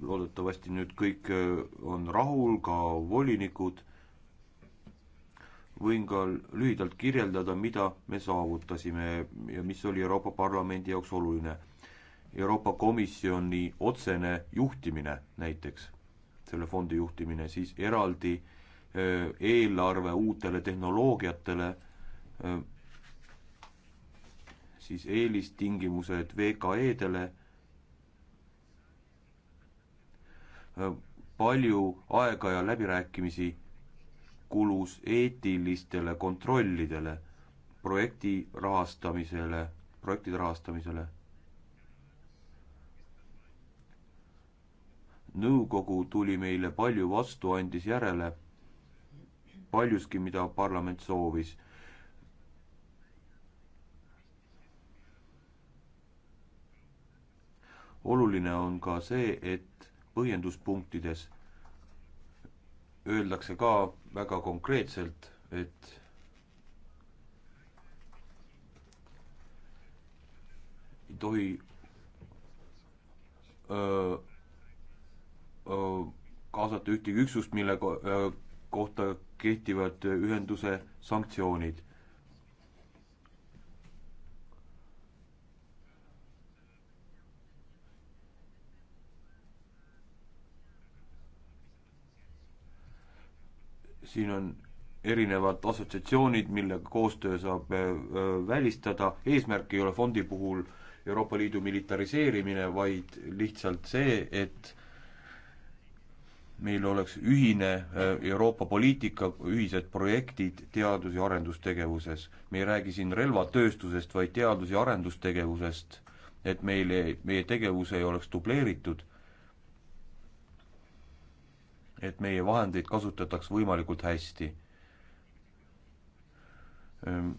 loodetavasti nüüd kõik on rahul, ka volinikud võin ka lühidalt kirjeldada, mida me saavutasime ja mis oli Euroopa Parlamendi jaoks oluline. Euroopa Komisjoni otsene juhtimine näiteks, selle fondi juhtimine, siis eraldi eelarve uutele tehnoloogiatele, siis eelistingimused VKE-dele, palju aega ja läbirääkimisi kulus eetilistele kontrollidele, projekti rahastamisele, projektide rahastamisele. nõukogu tuli meile palju vastu, andis järele paljuski, mida parlament soovis oluline on ka see, et põhjenduspunktides öeldakse ka väga konkreetselt, et ei tohi öö, öö, kaasata ühtegi üksust, mille ko öö, kohta kehtivad ühenduse sanktsioonid siin on erinevad assotsiatsioonid, millega koostöö saab äh, äh, välistada, eesmärk ei ole fondi puhul Euroopa Liidu militariseerimine, vaid lihtsalt see, et meil oleks ühine äh, Euroopa poliitika, ühised projektid teadus- ja arendustegevuses. me ei räägi siin relvatööstusest, vaid teadus- ja arendustegevusest, et meile, meie tegevus ei oleks dubleeritud et meie vahendeid kasutataks võimalikult hästi. Ehm,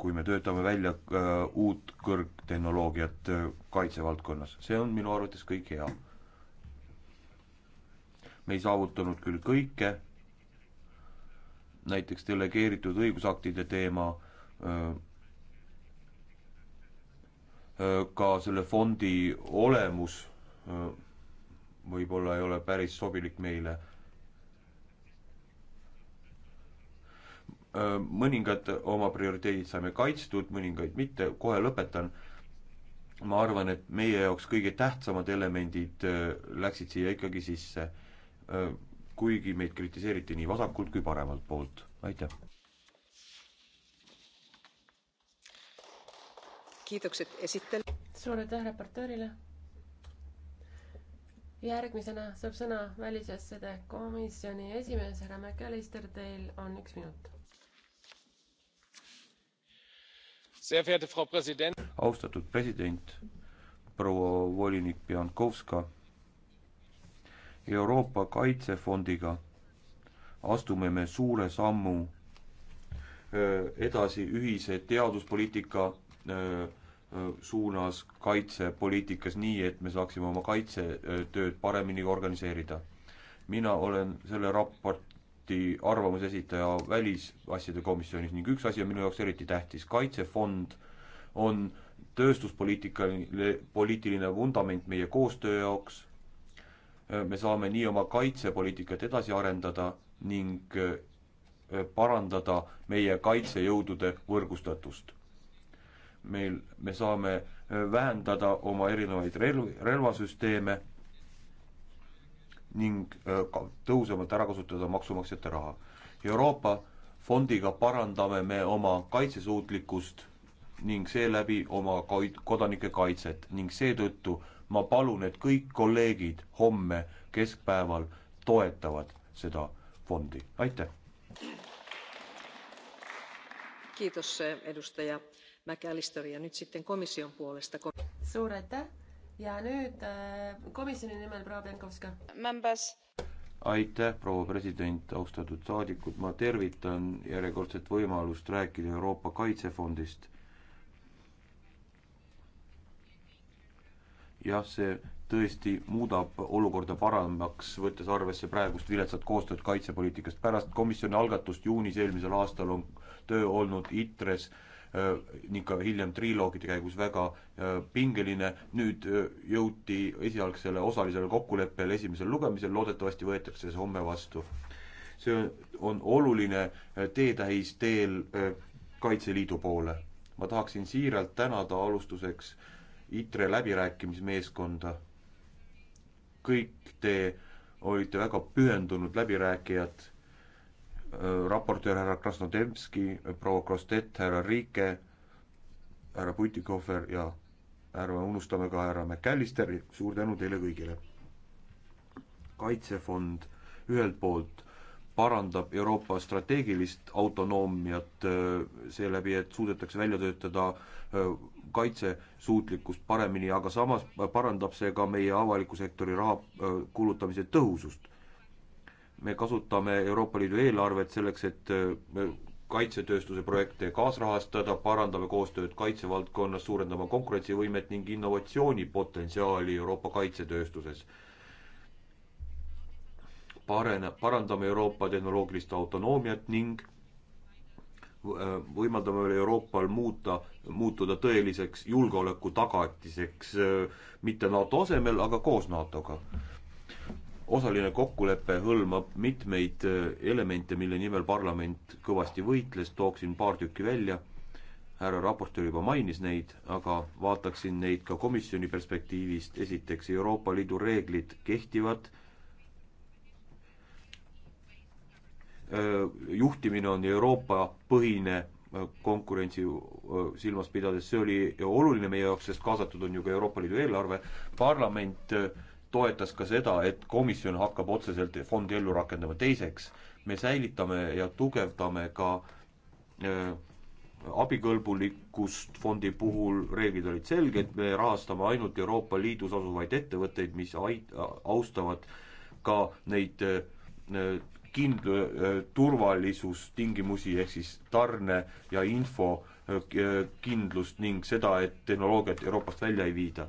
kui me töötame välja äh, uut kõrgtehnoloogiat äh, kaitsevaldkonnas, see on minu arvates kõik hea. me ei saavutanud küll kõike, näiteks delegeeritud õigusaktide teema, äh, ka selle fondi olemus võib-olla ei ole päris sobilik meile. Äh, mõningad oma prioriteedid saime kaitstud, mõningaid mitte, kohe lõpetan. ma arvan, et meie jaoks kõige tähtsamad elemendid äh, läksid siia ikkagi sisse, äh, kuigi meid kritiseeriti nii vasakult kui paremalt poolt, aitäh. kiitokset esitel-. suur aitäh raportöörile järgmisena saab sõna välisasjade komisjoni esimees härra McAllister, teil on üks minut. austatud president, proua volinik Pjankovska, Euroopa Kaitsefondiga astume me suure sammu äh, edasi ühise teaduspoliitika öö, äh, suunas kaitsepoliitikas nii, et me saaksime oma kaitsetööd paremini organiseerida. mina olen selle raporti arvamuse esitaja välisasjade komisjonis ning üks asi on minu jaoks eriti tähtis, kaitsefond on tööstuspoliitikaline, poliitiline vundament meie koostöö jaoks, me saame nii oma kaitsepoliitikat edasi arendada ning parandada meie kaitsejõudude võrgustatust meil, me saame äh, vähendada oma erinevaid relv, relvasüsteeme ning äh, ka tõhusamalt ära kasutada maksumaksjate raha. Euroopa fondiga parandame me oma kaitsesuutlikkust ning seeläbi oma koid-, kodanike kaitset ning seetõttu ma palun, et kõik kolleegid homme keskpäeval toetavad seda fondi, aitäh! McAllister ja nüüd sitten komission puolesta. suur aitäh ja nüüd äh, komisjoni nimel proua Penkovska. aitäh, proua president, austatud saadikud, ma tervitan järjekordset võimalust rääkida Euroopa Kaitsefondist. jah, see tõesti muudab olukorda paremaks, võttes arvesse praegust viletsat koostööd kaitsepoliitikast. pärast komisjoni algatust juunis eelmisel aastal on töö olnud ITRES äh, Äh, ning ka hiljem triloogide käigus väga äh, pingeline. nüüd äh, jõuti esialgsele osalisele kokkuleppele esimesel lugemisel, loodetavasti võetakse see homme vastu. see on oluline teetähis teel Kaitseliidu poole. ma tahaksin siiralt tänada alustuseks ITRE läbirääkimismeeskonda. kõik te olite väga pühendunud läbirääkijad Äh, raportöör härra Krasnodemski, äh, proua Krostet, härra Riike, härra Putikohver ja ärme unustame ka härra McAllisteri, suur tänu teile kõigile. kaitsefond ühelt poolt parandab Euroopa strateegilist autonoomiat äh, seeläbi, et suudetakse välja töötada kaitsesuutlikkust paremini, aga samas parandab see ka meie avaliku sektori raha kulutamise tõhusust me kasutame Euroopa Liidu eelarvet selleks, et äh, kaitsetööstuse projekte kaasrahastada, parandame koostööd kaitsevaldkonnas, suurendame konkurentsivõimet ning innovatsioonipotentsiaali Euroopa kaitsetööstuses. Parene, parandame Euroopa tehnoloogilist autonoomiat ning äh, võimaldame veel Euroopal muuta, muutuda tõeliseks julgeoleku tagatiseks, äh, mitte NATO asemel, aga koos NATO-ga osaline kokkulepe hõlmab mitmeid äh, elemente, mille nimel parlament kõvasti võitles, tooksin paar tükki välja, härra raportöör juba mainis neid, aga vaataksin neid ka komisjoni perspektiivist, esiteks Euroopa Liidu reeglid kehtivad, äh, juhtimine on Euroopa põhine äh, konkurentsi silmas pidades, see oli oluline meie jaoks, sest kaasatud on ju ka Euroopa Liidu eelarve, parlament äh, toetas ka seda, et komisjon hakkab otseselt fondi ellu rakendama. teiseks, me säilitame ja tugevdame ka öö, äh, abikõlbulikkust fondi puhul, reeglid olid selged, me rahastame ainult Euroopa Liidus asuvaid ettevõtteid, mis ait-, austavad ka neid öö, äh, kind-, äh, turvalisustingimusi ehk siis tarne ja info kindlust ning seda, et tehnoloogiat Euroopast välja ei viida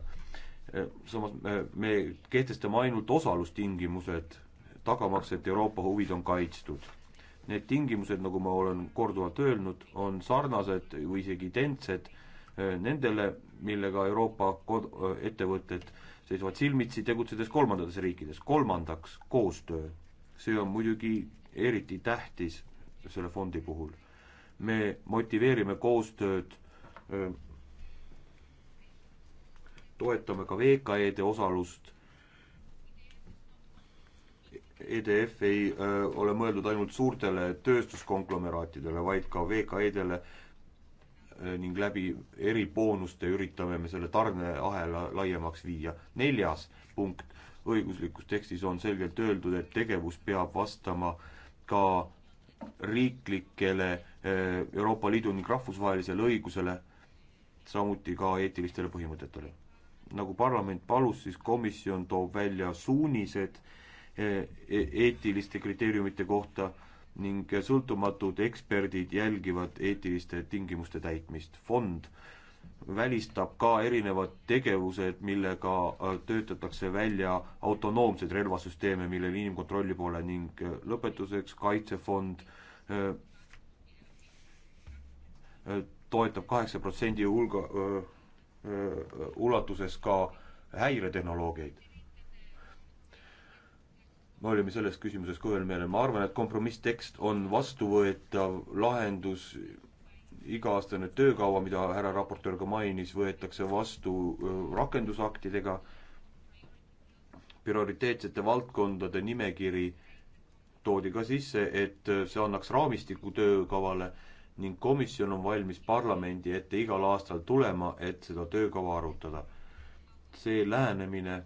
Äh, samas me, äh, me kehtestame ainult osalustingimused, tagamaks, et Euroopa huvid on kaitstud. Need tingimused, nagu ma olen korduvalt öelnud, on sarnased või isegi identsed äh, nendele, millega Euroopa kod-, ettevõtted seisvad silmitsi, tegutsedes kolmandates riikides. kolmandaks, koostöö. see on muidugi eriti tähtis selle fondi puhul. me motiveerime koostööd öö, toetame ka VKE-de osalust. EDF ei öö, äh, ole mõeldud ainult suurtele tööstuskonglomeraatidele, vaid ka VKE-dele äh, ning läbi eriboonuste üritame me selle tarneahela laiemaks viia. neljas punkt õiguslikus tekstis on selgelt öeldud, et tegevus peab vastama ka riiklikele äh, Euroopa Liidu ning rahvusvahelisele õigusele, samuti ka eetilistele põhimõtetele nagu parlament palus, siis komisjon toob välja suunised e, e, eetiliste kriteeriumite kohta ning sõltumatud eksperdid jälgivad eetiliste tingimuste täitmist. fond välistab ka erinevad tegevused, millega äh, töötatakse välja autonoomseid relvasüsteeme, millel inimkontrolli pole ning äh, lõpetuseks Kaitsefond äh, toetab kaheksa protsendi hulga, Äh, ulatuses ka häiretehnoloogiaid. me olime selles küsimuses ka ühel meelel, ma arvan, et kompromisstekst on vastuvõetav lahendus, iga-aastane töökava, mida härra raportöör ka mainis, võetakse vastu äh, rakendusaktidega, prioriteetsete valdkondade nimekiri toodi ka sisse, et äh, see annaks raamistiku töökavale ning komisjon on valmis parlamendi ette igal aastal tulema, et seda töökava arutada. see lähenemine,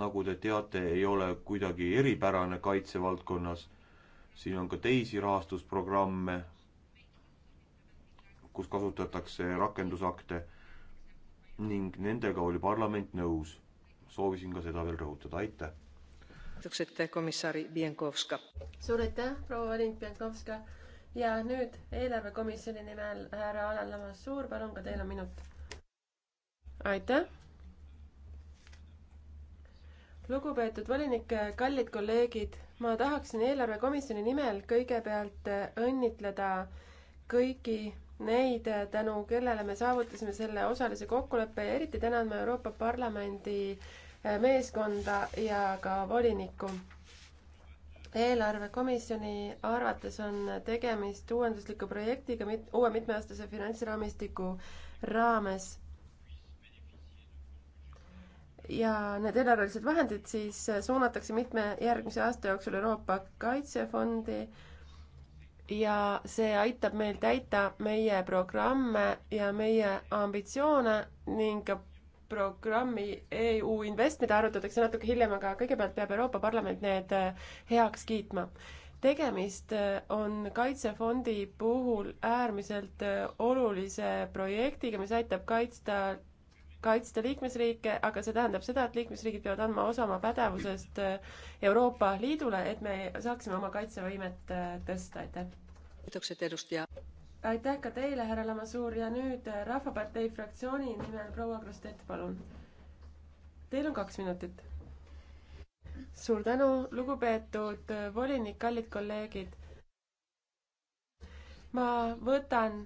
nagu te teate, ei ole kuidagi eripärane kaitsevaldkonnas, siin on ka teisi rahastusprogramme, kus kasutatakse rakendusakte ning nendega oli parlament nõus. soovisin ka seda veel rõhutada, aitäh! suur aitäh, proua Valent Pienkovska! ja nüüd eelarvekomisjoni nimel härra Alar Lamassuur, palun, ka teil on minut. aitäh. lugupeetud volinik, kallid kolleegid, ma tahaksin eelarvekomisjoni nimel kõigepealt õnnitleda kõiki neid, tänu kellele me saavutasime selle osalise kokkuleppe ja eriti tänan ma Euroopa Parlamendi meeskonda ja ka volinikku eelarvekomisjoni arvates on tegemist uuendusliku projektiga mit-, uue mitmeaastase finantsraamistiku raames. ja need eelarvelised vahendid siis suunatakse mitme järgmise aasta jooksul Euroopa Kaitsefondi ja see aitab meil täita meie programme ja meie ambitsioone ning ka programmi EU Invest, mida arutatakse natuke hiljem, aga kõigepealt peab Euroopa Parlament need äh, heaks kiitma. tegemist äh, on Kaitsefondi puhul äärmiselt äh, olulise projektiga, mis aitab kaitsta, kaitsta liikmesriike, aga see tähendab seda, et liikmesriigid peavad andma osa oma pädevusest Euroopa Liidule, et me saaksime oma kaitsevõimet tõsta, aitäh! aitäh ka teile, härra Lamassuur ja nüüd äh, Rahvapartei fraktsiooni nimel proua Krustet, palun. Teil on kaks minutit. suur tänu, lugupeetud äh, volinik, kallid kolleegid. ma võtan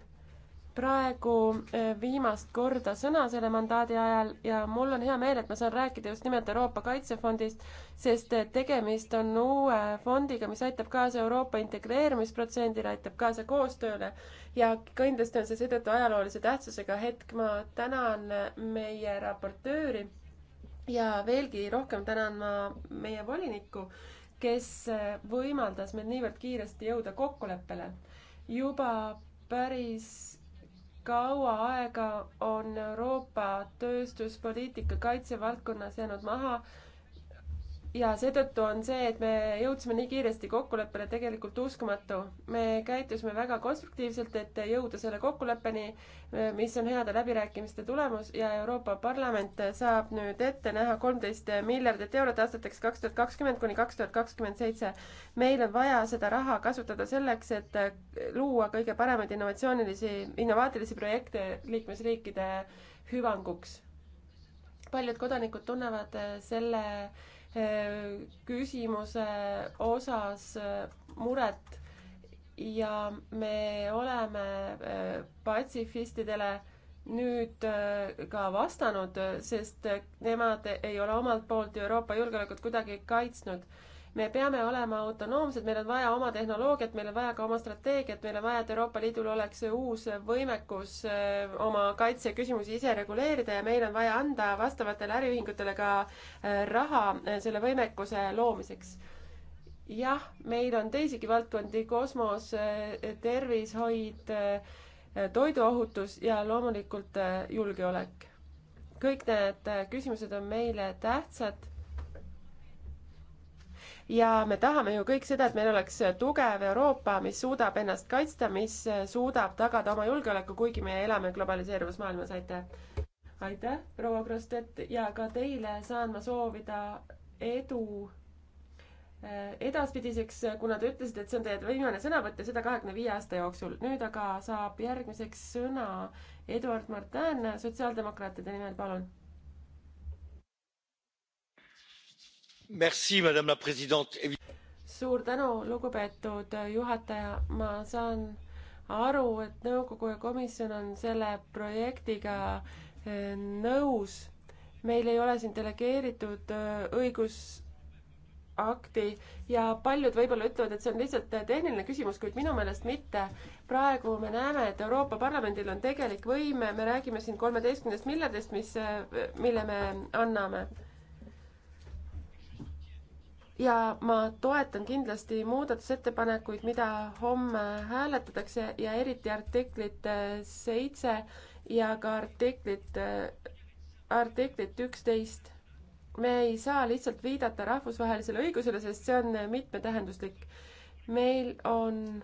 praegu äh, viimast korda sõna selle mandaadi ajal ja mul on hea meel, et ma saan rääkida just nimelt Euroopa Kaitsefondist, sest äh, tegemist on uue fondiga, mis aitab kaasa Euroopa integreerumisprotsendile, aitab kaasa koostööle ja kindlasti on see seetõttu ajaloolise tähtsusega hetk. ma tänan äh, meie raportööri ja veelgi rohkem tänan ma meie volinikku, kes võimaldas meil niivõrd kiiresti jõuda kokkuleppele juba päris kaua aega on Euroopa tööstuspoliitika kaitsevaldkonnas jäänud maha ja seetõttu on see, et me jõudsime nii kiiresti kokkuleppele, tegelikult uskumatu. me käitusime väga konstruktiivselt, et jõuda selle kokkuleppeni, mis on heade läbirääkimiste tulemus ja Euroopa Parlament saab nüüd ette näha kolmteist miljardit eurot aastateks kaks tuhat kakskümmend kuni kaks tuhat kakskümmend seitse. meil on vaja seda raha kasutada selleks, et luua kõige paremaid innovatsioonilisi, innovaatilisi projekte liikmesriikide hüvanguks. paljud kodanikud tunnevad selle äh, küsimuse osas äh, muret ja me oleme äh, patsifistidele nüüd äh, ka vastanud, sest nemad ei ole omalt poolt Euroopa julgeolekut kuidagi kaitsnud me peame olema autonoomsed, meil on vaja oma tehnoloogiat, meil on vaja ka oma strateegiat, meil on vaja, et Euroopa Liidul oleks uus võimekus eh, oma kaitseküsimusi ise reguleerida ja meil on vaja anda vastavatele äriühingutele ka eh, raha eh, selle võimekuse loomiseks jah, meil on teisigi valdkondi, kosmos, tervishoid, toiduohutus ja loomulikult julgeolek. kõik need küsimused on meile tähtsad ja me tahame ju kõik seda, et meil oleks tugev Euroopa, mis suudab ennast kaitsta, mis suudab tagada oma julgeoleku, kuigi me elame globaliseeruvas maailmas, aitäh! aitäh, proua Krostet ja ka teile saan ma soovida edu eh, edaspidiseks, kuna te ütlesite, et see on teie viimane sõnavõtt ja seda kahekümne viie aasta jooksul. nüüd aga saab järgmiseks sõna Eduard Martin sotsiaaldemokraatide nimel, palun suur tänu, lugupeetud juhataja, ma saan aru, et nõukogu ja komisjon on selle projektiga eh, nõus. meil ei ole siin delegeeritud eh, õigus akti ja paljud võib-olla ütlevad, et see on lihtsalt eh, tehniline küsimus, kuid minu meelest mitte. praegu me näeme, et Euroopa Parlamendil on tegelik võime, me räägime siin kolmeteistkümnest miljardist, mis, mille me anname ja ma toetan kindlasti muudatusettepanekuid, mida homme hääletatakse ja eriti artiklit äh, seitse ja ka artiklit, äh, artiklit üksteist. me ei saa lihtsalt viidata rahvusvahelisele õigusele, sest see on äh, mitmetähenduslik. meil on,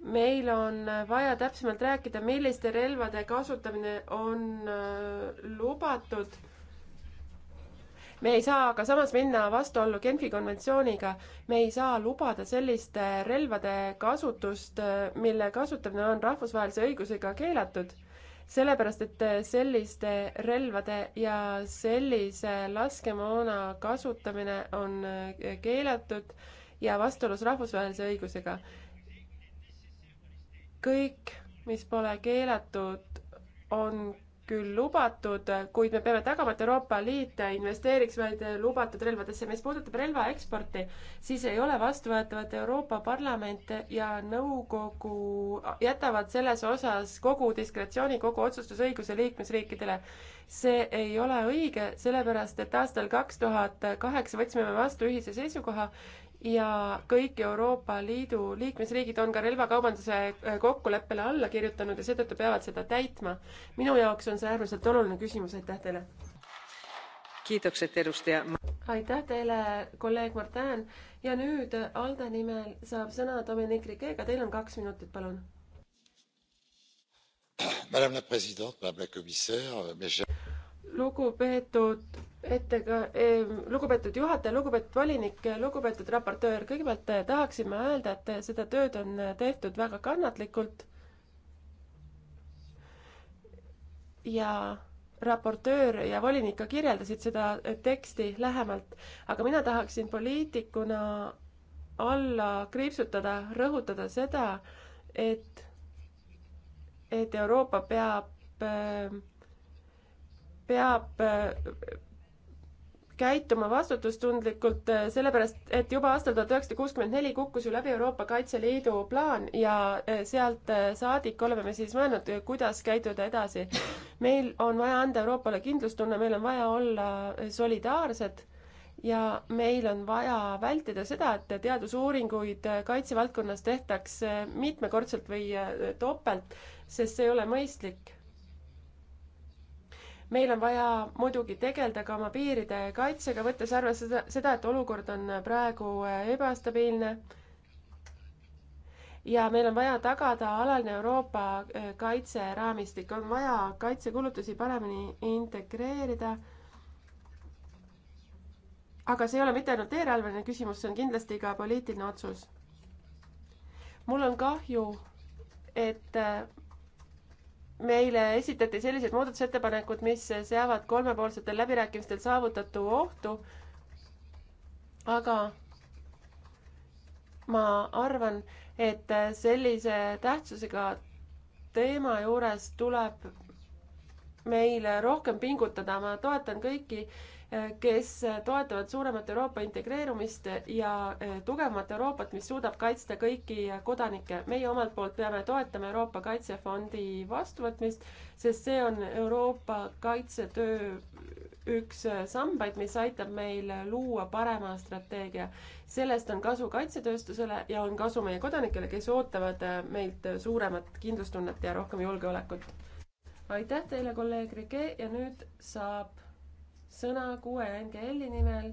meil on vaja täpsemalt rääkida, milliste relvade kasutamine on lubatud me ei saa aga samas minna vastuollu Genfi konventsiooniga. me ei saa lubada selliste relvade kasutust, mille kasutamine on rahvusvahelise õigusega keelatud sellepärast, et selliste relvade ja sellise laskemoona kasutamine on keelatud ja vastuolus rahvusvahelise õigusega. kõik, mis pole keelatud, on küll lubatud, kuid me peame tagama, et Euroopa Liit investeeriks vaid lubatud relvadesse. mis puudutab relva eksporti, siis ei ole vastuvõetavat Euroopa Parlament ja Nõukogu jätavad selles osas kogu diskretsiooni, kogu otsustusõiguse liikmesriikidele. see ei ole õige, sellepärast et aastal kaks tuhat kaheksa võtsime vastu ühise seisukoha ja kõik Euroopa Liidu liikmesriigid on ka relvakaubanduse äh, kokkuleppele alla kirjutanud ja seetõttu peavad seda täitma. minu jaoks on see äärmiselt oluline küsimus, aitäh teile! kiitokset, edustaja! aitäh teile, kolleeg Martin ja nüüd ALDE nimel saab sõna Dominic Riquega, teil on kaks minutit, palun. Madame la présidente, madame la commissaire, mes chers lugupeetud ettega, lugupeetud juhataja, lugupeetud volinik, lugupeetud raportöör, kõigepealt eh, tahaksime öelda, et eh, seda tööd on eh, tehtud väga kannatlikult. ja raportöör ja volinik ka kirjeldasid seda teksti lähemalt, aga mina tahaksin poliitikuna alla kriipsutada, rõhutada seda, et, et Euroopa peab äh, peab käituma vastutustundlikult, äh, sellepärast et juba aastal tuhat üheksasada kuuskümmend neli kukkus ju läbi Euroopa Kaitseliidu plaan ja äh, sealt äh, saadik oleme me siis mõelnud, kuidas käituda edasi. meil on vaja anda Euroopale kindlustunne, meil on vaja olla solidaarsed ja meil on vaja vältida seda, et teadusuuringuid kaitsevaldkonnas tehtaks mitmekordselt või topelt, sest see ei ole mõistlik meil on vaja muidugi tegeleda ka oma piiride kaitsega, võttes arvesse seda, seda, et olukord on praegu äh, ebastabiilne. ja meil on vaja tagada alaline Euroopa äh, kaitseraamistik, on vaja kaitsekulutusi paremini integreerida. aga see ei ole mitte ainult eelarveline küsimus, see on kindlasti ka poliitiline otsus. mul on kahju, et äh, meile esitati sellised muudatusettepanekud, mis seavad kolmepoolsetel läbirääkimistel saavutatu ohtu. aga ma arvan, et sellise tähtsusega teema juures tuleb meil rohkem pingutada, ma toetan kõiki kes toetavad suuremat Euroopa integreerumist ja eh, tugevamat Euroopat, mis suudab kaitsta kõiki kodanikke. meie omalt poolt peame toetama Euroopa Kaitsefondi vastuvõtmist, sest see on Euroopa kaitsetöö üks eh, sambaid, mis aitab meil luua parema strateegia. sellest on kasu kaitsetööstusele ja on kasu meie kodanikele, kes ootavad eh, meilt suuremat kindlustunnet ja rohkem julgeolekut. aitäh teile, kolleeg Rige ja nüüd saab sõna kuue NGL-i nimel.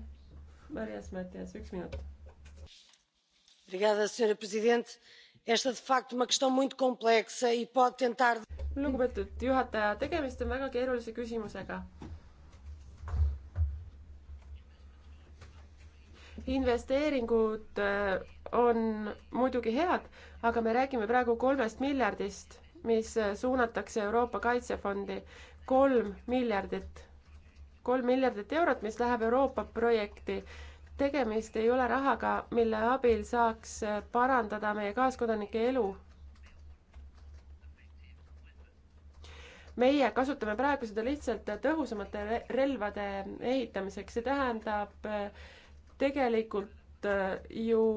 Marias Matias, üks minut. E lugupeetud juhataja, tegemist on väga keerulise küsimusega. investeeringud äh, on muidugi head, aga me räägime praegu kolmest miljardist, mis äh, suunatakse Euroopa Kaitsefondi. kolm miljardit kolm miljardit eurot, mis läheb Euroopa projekti. tegemist ei ole rahaga, mille abil saaks parandada meie kaaskodanike elu. meie kasutame praegu seda lihtsalt tõhusamate relvade ehitamiseks, see tähendab tegelikult äh, ju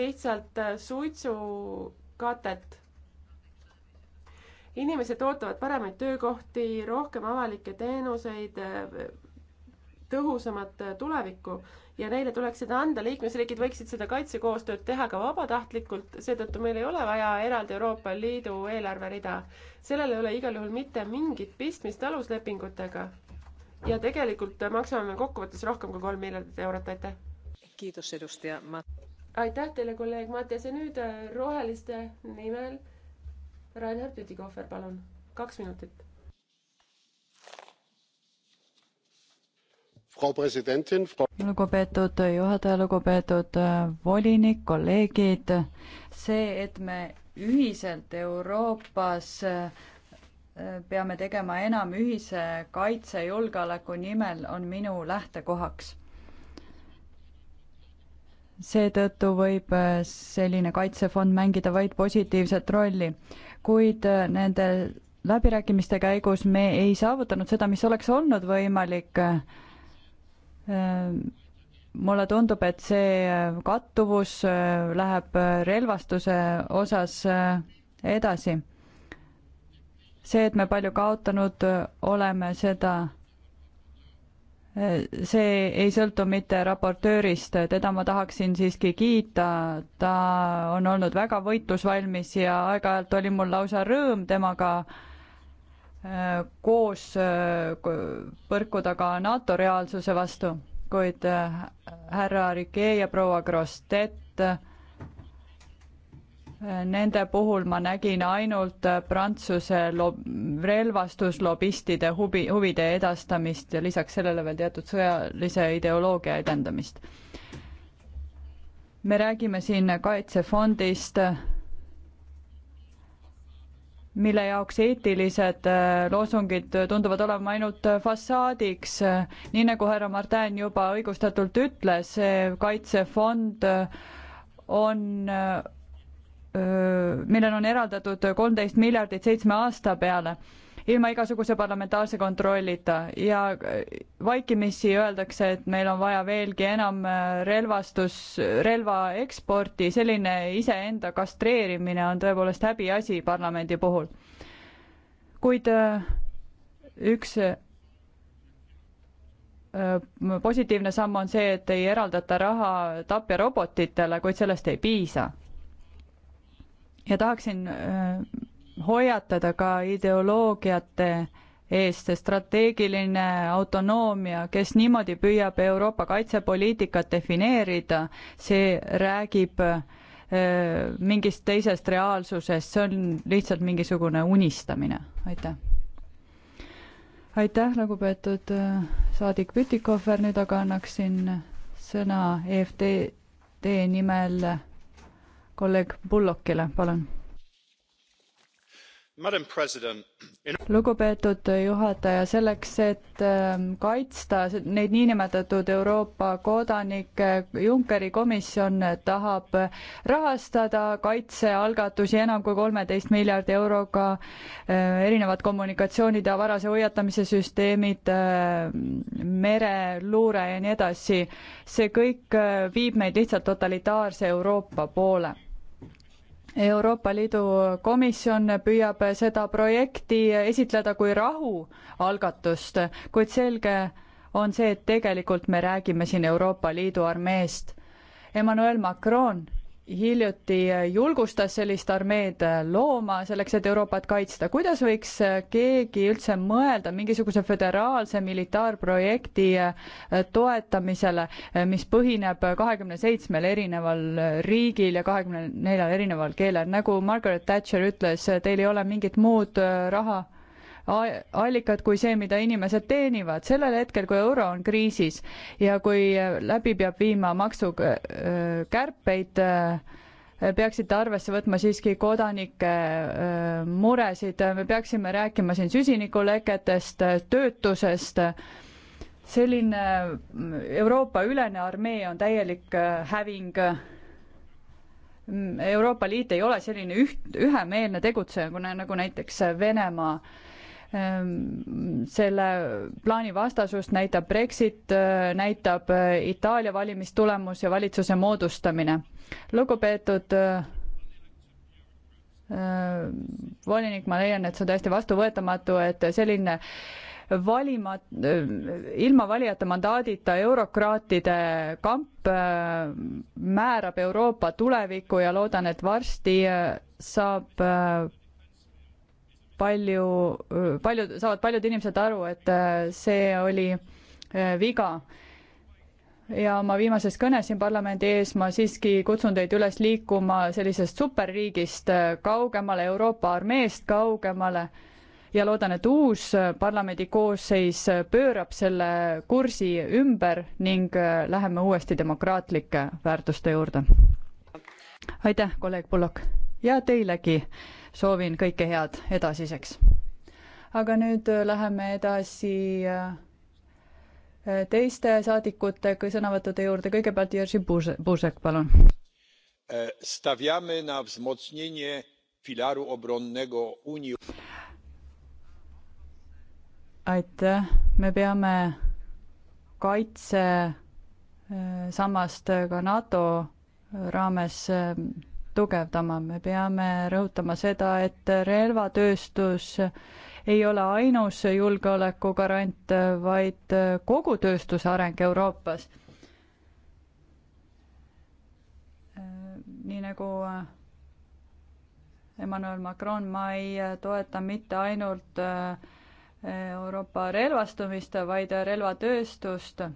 lihtsalt äh, suitsukatet inimesed ootavad paremaid töökohti, rohkem avalikke teenuseid, tõhusamat tulevikku ja neile tuleks seda anda, liikmesriigid võiksid seda kaitsekoostööd teha ka vabatahtlikult, seetõttu meil ei ole vaja eraldi Euroopa Liidu eelarverida. sellel ei ole igal juhul mitte mingit pistmist aluslepingutega. ja tegelikult maksame me kokkuvõttes rohkem kui kolm miljardit eurot, aitäh! aitäh teile, kolleeg Mattias ja nüüd äh, roheliste nimel Reinhard Pütikohver, palun, kaks minutit. lugupeetud juhataja, lugupeetud äh, volinik, kolleegid, see, et me ühiselt Euroopas äh, peame tegema enam ühise kaitse julgeoleku nimel, on minu lähtekohaks. seetõttu võib äh, selline kaitsefond mängida vaid positiivset rolli kuid äh, nende läbirääkimiste käigus me ei saavutanud seda, mis oleks olnud võimalik. Äh, mulle tundub, et see äh, kattuvus läheb relvastuse osas edasi. see, et me palju kaotanud oleme, seda see ei sõltu mitte raportöörist, teda ma tahaksin siiski kiita, ta on olnud väga võitlusvalmis ja aeg-ajalt oli mul lausa rõõm temaga äh, koos äh, põrkuda ka NATO reaalsuse vastu, kuid äh, härra Riquet ja proua Grostet Nende puhul ma nägin ainult Prantsuse lob-, relvastuslobistide huvi, huvide edastamist ja lisaks sellele veel teatud sõjalise ideoloogia edendamist. me räägime siin kaitsefondist, mille jaoks eetilised äh, loosungid tunduvad olema ainult äh, fassaadiks. nii nagu härra Martin juba õigustatult ütles, see kaitsefond äh, on millele on eraldatud kolmteist miljardit seitsme aasta peale ilma igasuguse parlamentaarse kontrollita ja äh, vaikimisi öeldakse, et meil on vaja veelgi enam äh, relvastus, relva eksporti, selline iseenda kastreerimine on tõepoolest häbiasi parlamendi puhul. kuid äh, üks positiivne samm on see, et ei eraldata raha tapjarobotitele, kuid sellest ei piisa ja tahaksin äh, hoiatada ka ideoloogiate eest, see strateegiline autonoomia, kes niimoodi püüab Euroopa kaitsepoliitikat defineerida, see räägib äh, mingist teisest reaalsusest, see on lihtsalt mingisugune unistamine, aitäh. aitäh, lugupeetud äh, saadik Pütikofer, nüüd aga annaksin sõna EFTD nimel kolleeg Bullockile, palun. lugupeetud juhataja, selleks, et ähm, kaitsta neid niinimetatud Euroopa kodanikke, Junckeri komisjon tahab rahastada kaitsealgatusi enam kui kolmeteist miljardi euroga, äh, erinevad kommunikatsioonid ja varase hoiatamise süsteemid, äh, mereluure ja nii edasi. see kõik äh, viib meid lihtsalt totalitaarse Euroopa poole Euroopa Liidu komisjon püüab seda projekti esitleda kui rahualgatust, kuid selge on see, et tegelikult me räägime siin Euroopa Liidu armeest. Emmanuel Macron hiljuti julgustas sellist armeed looma selleks, et Euroopat kaitsta. kuidas võiks keegi üldse mõelda mingisuguse föderaalse militaarprojekti toetamisele, mis põhineb kahekümne seitsmel erineval riigil ja kahekümne neljal erineval keelel, nagu Margaret Thatcher ütles, teil ei ole mingit muud raha allikad kui see, mida inimesed teenivad. sellel hetkel, kui euro on kriisis ja kui äh, läbi peab viima maksukärpeid, äh, äh, peaksite arvesse võtma siiski kodanike muresid, me peaksime rääkima siin süsinikuleketest, töötusest, selline Euroopa ülene armee on täielik häving. Euroopa Liit ei ole selline üht, ühemeelne tegutseja, kuna nagu näiteks Venemaa Ehm, selle plaani vastasust näitab Brexit, äh, näitab äh, Itaalia valimistulemus ja valitsuse moodustamine. lugupeetud äh, volinik, ma leian, et see on täiesti vastuvõetamatu, et selline valima, ilma valijate mandaadita eurokraatide kamp määrab Euroopa tulevikku ja loodan, et varsti saab palju, paljud, saavad paljud inimesed aru, et äh, see oli äh, viga ja oma viimases kõnes siin parlamendi ees ma siiski kutsun teid üles liikuma sellisest superriigist äh, kaugemale, Euroopa armeest kaugemale ja loodan, et uus parlamendi koosseis pöörab selle kursi ümber ning läheme uuesti demokraatlike väärtuste juurde. aitäh, kolleeg Pullok ja teilegi soovin kõike head edasiseks. aga nüüd äh, läheme edasi äh, teiste saadikute sõnavõttude juurde, kõigepealt Jerzy Buzek, palun. E, stawiamy na wzmocnienie filaru obronnego Unii. aitäh, me peame kaitsesammast e, ka NATO raames e, tugevdama, me peame rõhutama seda, et relvatööstus ei ole ainus julgeoleku garant, vaid kogu tööstuse areng Euroopas. nii nagu Emmanuel Macron, ma ei toeta mitte ainult Euroopa relvastumist, vaid relvatööstust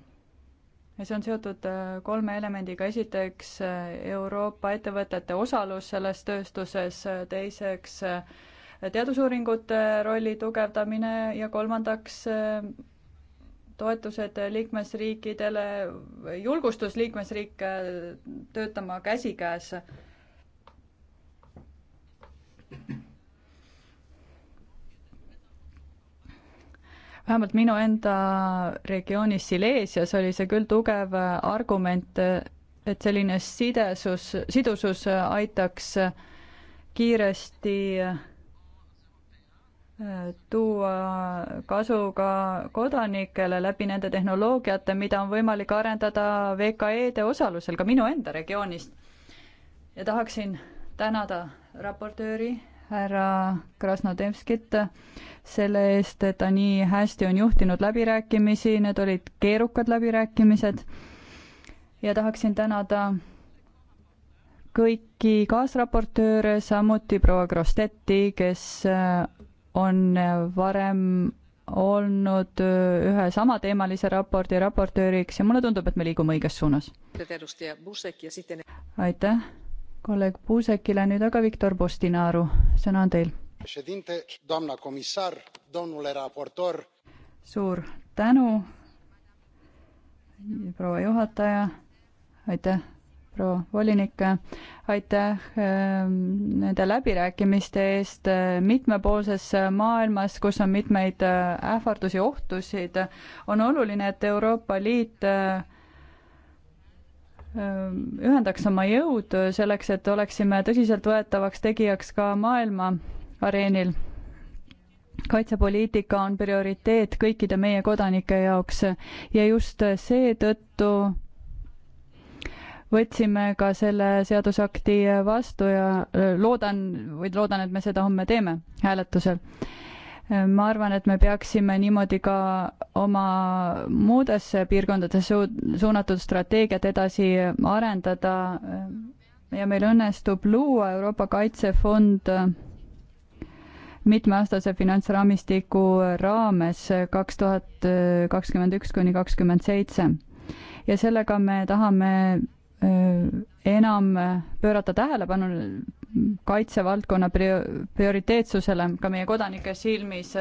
ja see on seotud äh, kolme elemendiga, esiteks äh, Euroopa ettevõtete osalus selles tööstuses, äh, teiseks teadusuuringute rolli tugevdamine ja kolmandaks toetused liikmesriikidele, julgustus liikmesriike töötama käsikäes vähemalt minu enda regioonis Sileesias oli see küll tugev argument, et selline sidesus, sidusus aitaks kiiresti äh, tuua kasu ka kodanikele läbi nende tehnoloogiate, mida on võimalik arendada VKE-de osalusel ka minu enda regioonist. ja tahaksin tänada raportööri härra Krasnodemskit selle eest, et ta nii hästi on juhtinud läbirääkimisi, need olid keerukad läbirääkimised. ja tahaksin tänada kõiki kaasraportööre, samuti proua Grostetti, kes äh, on varem olnud äh, ühe samateemalise raporti raportööriks ja mulle tundub, et me liigume õiges suunas. aitäh kolleeg Puusekile, nüüd aga Viktor Postinaru, sõna on teil. suur tänu, proua juhataja, aitäh, proua volinik, aitäh ähm, nende läbirääkimiste eest äh, mitmepoolses maailmas, kus on mitmeid äh, ähvardusi, ohtusid, on oluline, et Euroopa Liit äh, ühendaks oma jõud selleks, et oleksime tõsiseltvõetavaks tegijaks ka maailma areenil. kaitsepoliitika on prioriteet kõikide meie kodanike jaoks ja just seetõttu võtsime ka selle seadusakti vastu ja loodan, või loodan, et me seda homme teeme hääletusel ma arvan, et me peaksime niimoodi ka oma muudesse piirkondadesse suunatud strateegiat edasi arendada ja meil õnnestub luua Euroopa Kaitsefond mitmeaastase finantsraamistiku raames kaks tuhat kakskümmend üks kuni kakskümmend seitse. ja sellega me tahame äh, enam pöörata tähelepanu kaitsevaldkonna prioriteetsusele ka meie kodanike silmis.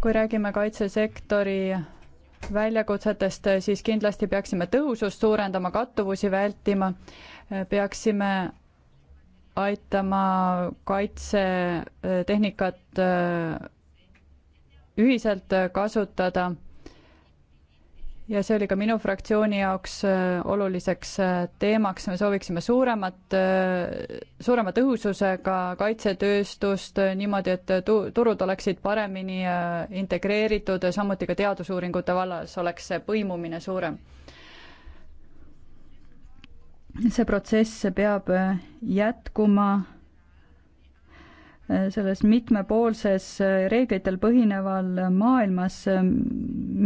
kui räägime kaitsesektori väljakutsetest, siis kindlasti peaksime tõhusust suurendama, kattuvusi vältima, peaksime aitama kaitsetehnikat äh, ühiselt kasutada ja see oli ka minu fraktsiooni jaoks äh, oluliseks äh, teemaks, me sooviksime suuremat, äh, suurema tõhususega kaitsetööstust niimoodi, et tu-, turud oleksid paremini integreeritud, samuti ka teadusuuringute vallas oleks see põimumine suurem. see protsess peab jätkuma selles mitmepoolses reeglitel põhineval maailmas,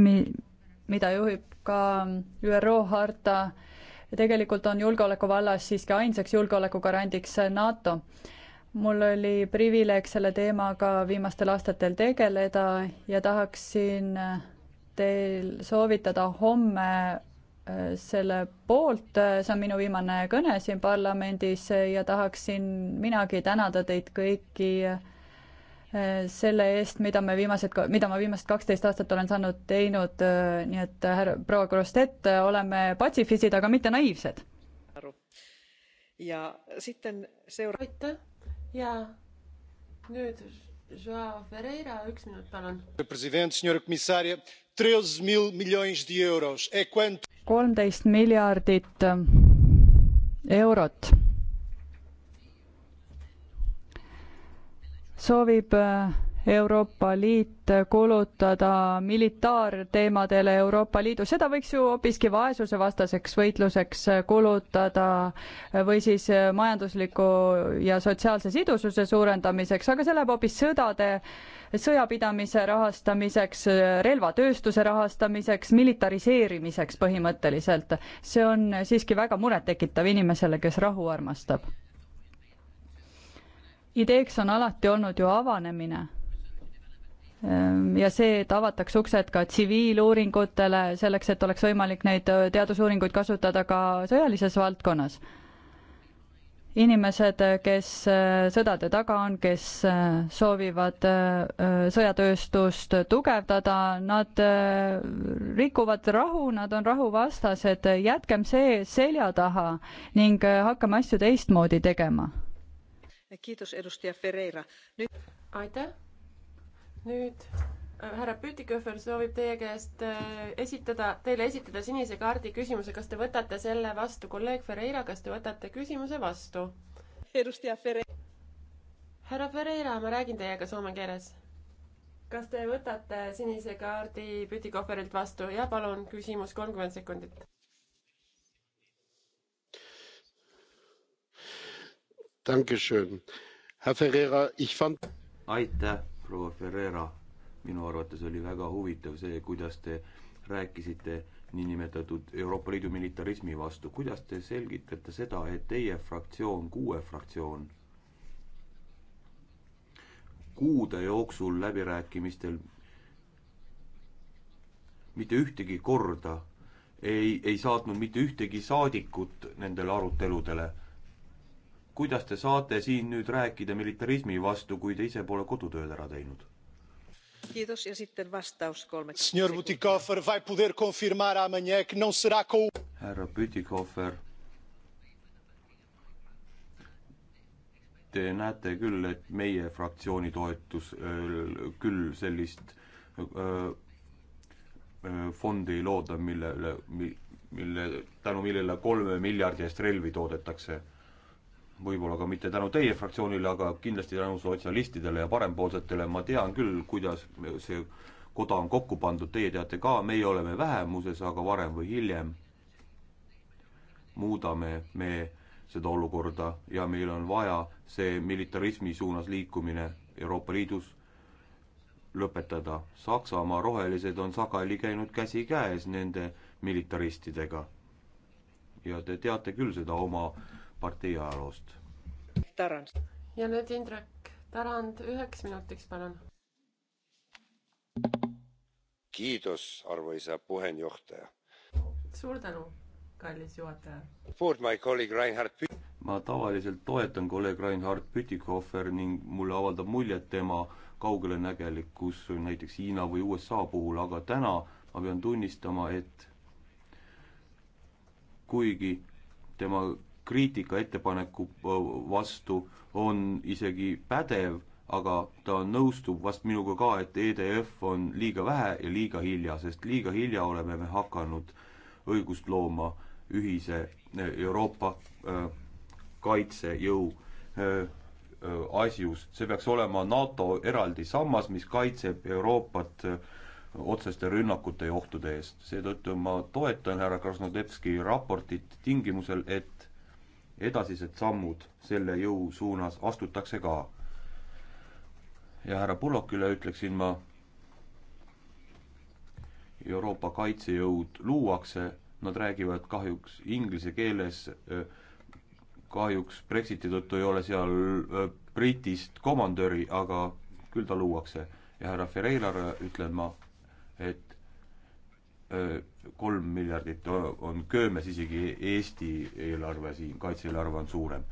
mi-, mida juhib ka ÜRO harta. tegelikult on julgeoleku vallas siiski ainsaks julgeolekugarandiks NATO. mul oli privileeg selle teemaga viimastel aastatel tegeleda ja tahaksin teil soovitada homme äh, selle poolt, äh, see on minu viimane kõne siin parlamendis äh, ja tahaksin minagi tänada teid kõiki äh, selle eest, mida me viimased, mida ma viimased kaksteist aastat olen saanud teinud, äh, nii et äh, härra proua Krostet, äh, oleme patsifistid, aga mitte naiivsed. ja sitten seura-. aitäh ja nüüd Joao Ferreira, üks minut, palun. president, senor komissaria, treize mil miljones de euros, e quanto. kolmteist miljardit eurot soovib äh, Euroopa Liit kulutada militaarteemadele Euroopa Liidu, seda võiks ju hoopiski vaesusevastaseks võitluseks äh, kulutada või siis äh, majandusliku ja sotsiaalse sidususe suurendamiseks, aga see läheb hoopis sõdade, sõjapidamise rahastamiseks, relvatööstuse rahastamiseks, militariseerimiseks põhimõtteliselt. see on siiski väga murettekitav inimesele, kes rahu armastab ideeks on alati olnud ju avanemine. Ehm, ja see, et avatakse uksed ka tsiviiluuringutele, selleks et oleks võimalik neid teadusuuringuid kasutada ka sõjalises valdkonnas. inimesed, kes sõdade taga on, kes soovivad sõjatööstust tugevdada, nad rikuvad rahu, nad on rahuvastased, jätkem see selja taha ning hakkame asju teistmoodi tegema aitäh. nüüd äh, härra Pütikofer soovib teie käest äh, esitada, teile esitada sinise kaardi küsimuse, kas te võtate selle vastu, kolleeg Ferreira, kas te võtate küsimuse vastu? härra Ferreira, ma räägin teiega soome keeles. kas te võtate sinise kaardi Pütikoferilt vastu? jah, palun, küsimus kolmkümmend sekundit aitäh, proua Ferreira. minu arvates oli väga huvitav see, kuidas te rääkisite niinimetatud Euroopa Liidu militarismi vastu. kuidas te selgitate seda, et teie fraktsioon, kuue fraktsioon, kuude jooksul läbirääkimistel mitte ühtegi korda ei, ei saatnud mitte ühtegi saadikut nendele aruteludele kuidas te saate siin nüüd rääkida militarismi vastu, kui te ise pole kodutööd ära teinud? härra Bütikofer, te näete küll, et meie fraktsiooni toetus äh, küll sellist öö, äh, äh, fondi ei looda, millele, mille, mille, tänu millele kolme miljardi eest relvi toodetakse võib-olla ka mitte tänu teie fraktsioonile, aga kindlasti tänu sotsialistidele ja parempoolsetele, ma tean küll, kuidas see koda on kokku pandud, teie teate ka, meie oleme vähemuses, aga varem või hiljem muudame me seda olukorda ja meil on vaja see militarismi suunas liikumine Euroopa Liidus lõpetada. Saksamaa rohelised on sageli käinud käsikäes nende militaristidega. ja te teate küll seda oma äh, partei ajaloost. Tarand. ja nüüd Indrek Tarand üheks minutiks, palun. kiidus, arvoisa puheenjohtaja. suur tänu, kallis juhataja. ma tavaliselt toetan kolleeg Reinhard Pütikofer ning mulle avaldab muljet tema kaugelenägelikkus näiteks Hiina või USA puhul, aga täna ma pean tunnistama, et kuigi tema kriitika ettepaneku äh, vastu on isegi pädev, aga ta nõustub vast minuga ka, et EDF on liiga vähe ja liiga hilja, sest liiga hilja oleme me hakanud õigust looma ühise äh, Euroopa äh, kaitsejõu asjus. see peaks olema NATO eraldi sammas, mis kaitseb Euroopat otseste rünnakute ja ohtude eest. seetõttu ma toetan härra Krasnodebski raportit tingimusel, et edasised sammud selle jõu suunas astutakse ka. ja härra Pullokile ütleksin ma, Euroopa kaitsejõud luuakse, nad räägivad kahjuks inglise keeles, kahjuks Brexiti tõttu ei ole seal britist komandöri, aga küll ta luuakse. ja härra Ferreirale ütlen ma, et öö, kolm miljardit on köömes isegi Eesti eelarve siin, kaitse-eelarve on suurem.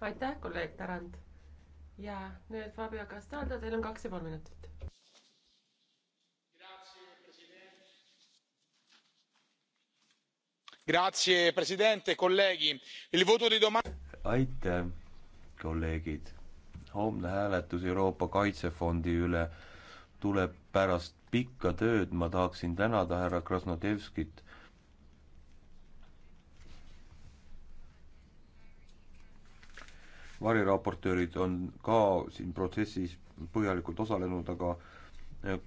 aitäh, kolleeg Tarand. ja nüüd Fabio Castaldo, teil on kaks ja pool minutit. Grazie presidente, colleghi. Il voto di domani. aitäh, kolleegid. homne hääletus Euroopa Kaitsefondi üle tuleb pärast pikka tööd, ma tahaksin tänada härra Krasnodevskit. variraportöörid on ka siin protsessis põhjalikult osalenud, aga eh,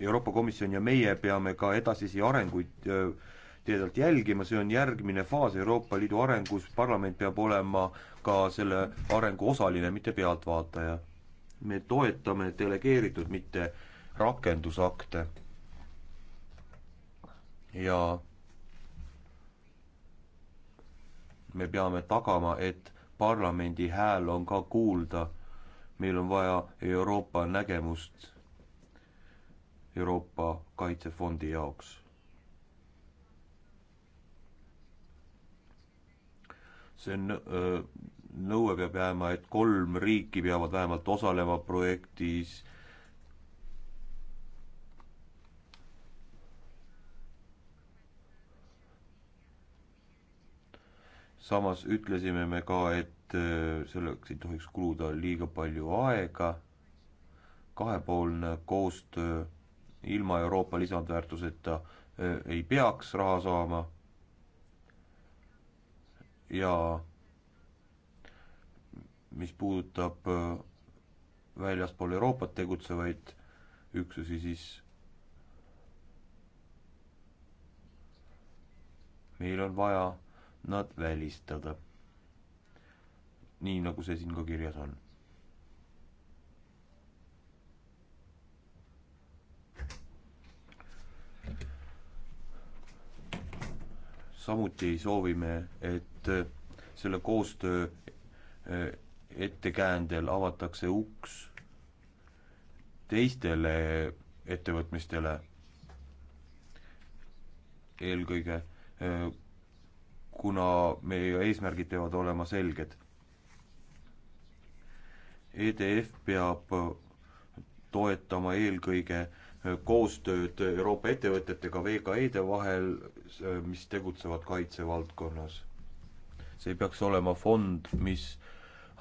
Euroopa Komisjon ja meie peame ka edasisi arenguid eh, teedelt jälgima, see on järgmine faas Euroopa Liidu arengus, parlament peab olema ka selle arengu osaline, mitte pealtvaataja. me toetame delegeeritud, mitte äh, rakendusakte ja me peame tagama, et parlamendi hääl on ka kuulda. meil on vaja Euroopa nägemust Euroopa Kaitsefondi jaoks. see äh, nõue peab jääma, et kolm riiki peavad vähemalt osalema projektis samas ütlesime me ka, et äh, selleks ei tohiks kuluda liiga palju aega, kahepoolne koostöö ilma Euroopa lisandväärtuseta äh, ei peaks raha saama ja mis puudutab äh, väljaspool Euroopat tegutsevaid üksusi, siis meil on vaja nad välistada. nii, nagu see siin ka kirjas on. samuti soovime, et selle koostöö e, ettekäändel avatakse uks teistele ettevõtmistele, eelkõige e, kuna meie eesmärgid peavad olema selged. EDF peab toetama eelkõige koostööd Euroopa ettevõtetega VKE-de e vahel, mis tegutsevad kaitsevaldkonnas. see peaks olema fond, mis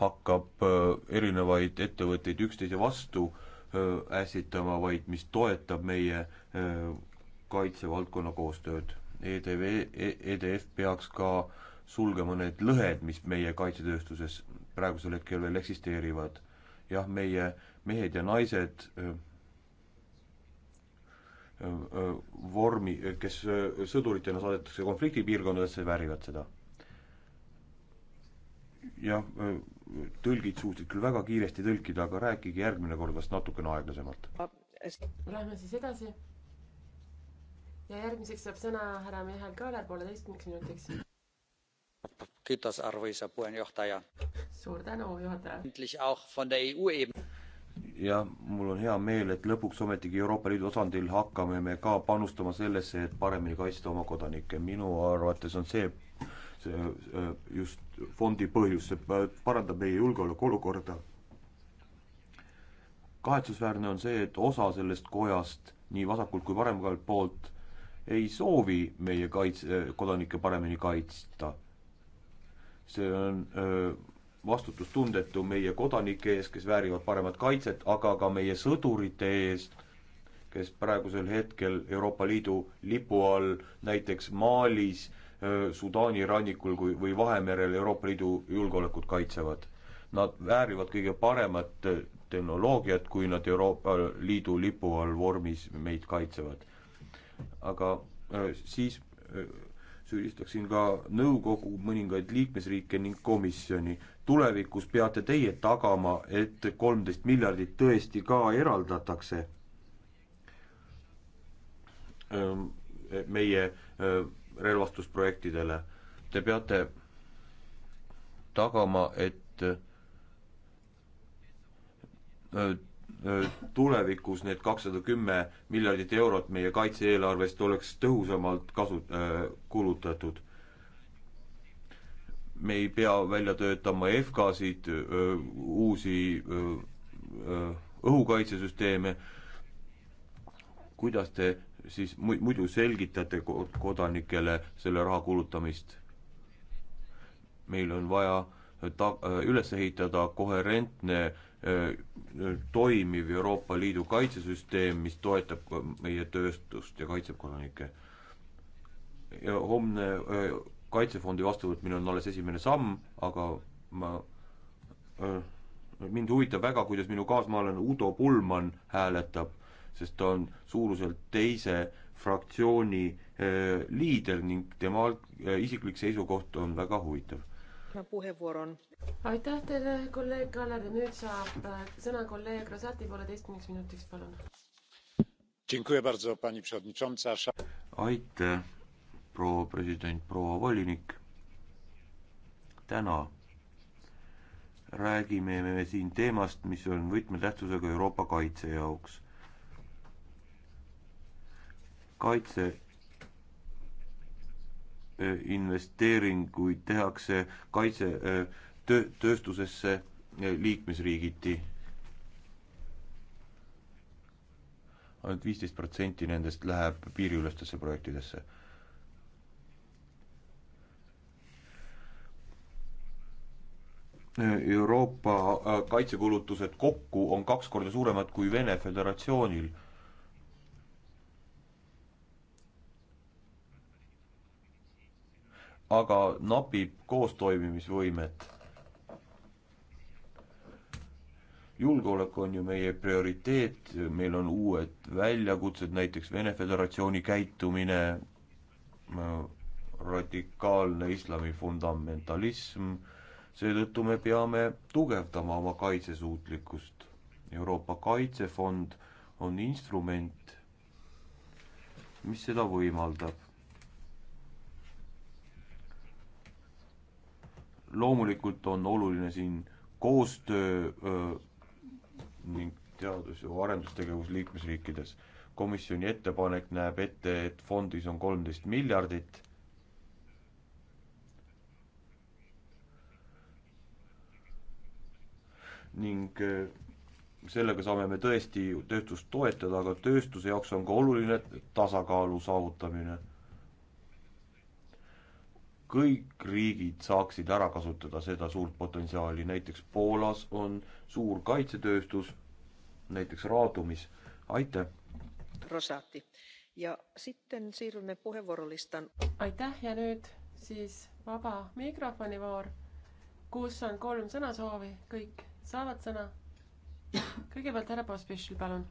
hakkab äh, erinevaid ettevõtteid üksteise vastu äh, ässitama, vaid mis toetab meie äh, kaitsevaldkonna koostööd EDV, EDF e peaks ka sulgema need lõhed, mis meie kaitsetööstuses praegusel hetkel veel eksisteerivad. jah, meie mehed ja naised vormi, kes sõduritena saadetakse konfliktipiirkondadesse, väärivad seda. jah, tõlgid suutsid küll väga kiiresti tõlkida, aga rääkige järgmine kord vast natukene aeglasemalt. Lähme siis edasi ja järgmiseks saab sõna härra Mihhail Kaaler pooleteistkümneks minutiks. Kütos, arvoisa puheenjohtaja. suur tänu, juhataja. E ja mul on hea meel, et lõpuks ometigi Euroopa Liidu tasandil hakkame me ka panustama sellesse, et paremini kaitsta oma kodanikke. minu arvates on see, see just fondi põhjus, see parandab meie julgeolekuolukorda. kahetsusväärne on see, et osa sellest kojast nii vasakult kui paremalt poolt ei soovi meie kaitse, kodanikke paremini kaitsta. see on öö, vastutustundetu meie kodanike ees, kes väärivad paremat kaitset, aga ka meie sõdurite ees, kes praegusel hetkel Euroopa Liidu lipu all näiteks Malis, Sudaani rannikul kui, või Vahemerel Euroopa Liidu julgeolekut kaitsevad. Nad väärivad kõige paremat tehnoloogiat, kui nad Euroopa Liidu lipu all vormis meid kaitsevad aga äh, siis äh, süüdistaksin ka nõukogu mõningaid liikmesriike ning komisjoni. tulevikus peate teie tagama, et kolmteist miljardit tõesti ka eraldatakse meie relvastusprojektidele. Te peate tagama, et tulevikus need kakssada kümme miljardit eurot meie kaitse-eelarvest oleks tõhusamalt kasu- äh,, kulutatud. me ei pea välja töötama FK-sid äh,, uusi äh, õhukaitsesüsteeme, kuidas te siis mu-, muidu selgitate kod-, kodanikele selle raha kulutamist? meil on vaja ta-, üles ehitada koherentne äh, toimiv Euroopa Liidu kaitsesüsteem, mis toetab meie tööstust ja kaitseb kodanikke. ja homne kaitsefondi vastuvõtmine on alles esimene samm, aga ma, mind huvitab väga, kuidas minu kaasmaalane Udo Pulman hääletab, sest ta on suuruselt teise fraktsiooni liider ning tema isiklik seisukoht on väga huvitav aitäh teile, kolleeg Kallar ja nüüd saab äh, sõna kolleeg Rosati pooleteistkümneks minutiks, palun. aitäh, proua president, proua volinik. täna räägime me siin teemast, mis on võtmetähtsusega Euroopa kaitse jaoks. kaitse investeeringuid tehakse kaitse töö, tööstusesse liikmesriigiti ainult. ainult viisteist protsenti nendest läheb piiriülestesse projektidesse. Euroopa kaitsekulutused kokku on kaks korda suuremad kui Vene Föderatsioonil aga napib koostoimimisvõimet. julgeolek on ju meie prioriteet, meil on uued väljakutsed, näiteks Vene Föderatsiooni käitumine, äh, radikaalne islami fundamentalism, seetõttu me peame tugevdama oma kaitsesuutlikkust. Euroopa Kaitsefond on instrument, mis seda võimaldab loomulikult on oluline siin koostöö öö, ning teadus- ja arendustegevus liikmesriikides. komisjoni ettepanek näeb ette, et fondis on kolmteist miljardit ning sellega saame me tõesti tööstust toetada, aga tööstuse jaoks on ka oluline tasakaalu saavutamine kõik riigid saaksid ära kasutada seda suurt potentsiaali, näiteks Poolas on suur kaitsetööstus, näiteks Raadumis, aitäh! aitäh ja nüüd siis vaba mikrofoni voor, kus on kolm sõnasoovi, kõik saavad sõna. kõigepealt härra Pospišil, palun.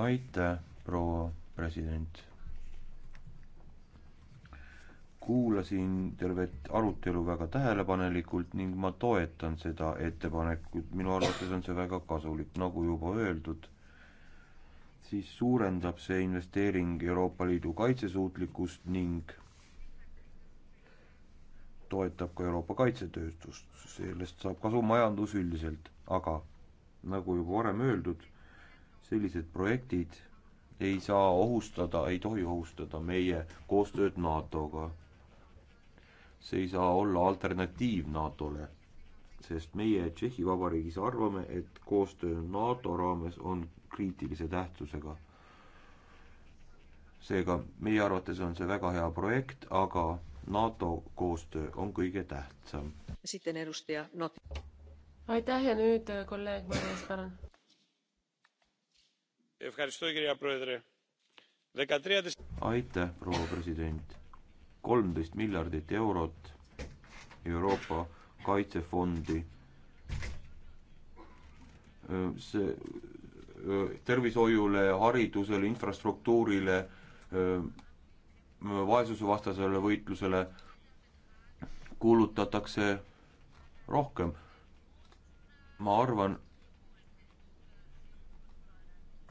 aitäh, proua president. kuulasin tervet arutelu väga tähelepanelikult ning ma toetan seda ettepanekut, minu arvates on see väga kasulik, nagu juba öeldud, siis suurendab see investeering Euroopa Liidu kaitsesuutlikkust ning toetab ka Euroopa kaitsetööstust, sellest saab kasu majandus üldiselt, aga nagu juba varem öeldud, sellised projektid ei saa ohustada, ei tohi ohustada meie koostööd NATO-ga. see ei saa olla alternatiiv NATO-le, sest meie Tšehhi Vabariigis arvame, et koostöö NATO raames on kriitilise tähtsusega. seega meie arvates on see väga hea projekt, aga NATO koostöö on kõige tähtsam. aitäh ja nüüd äh, kolleeg Maris, palun aitäh, proua president. kolmteist miljardit eurot Euroopa Kaitsefondi. see tervishoiule, haridusele, infrastruktuurile, vaesusevastasele võitlusele kuulutatakse rohkem. ma arvan,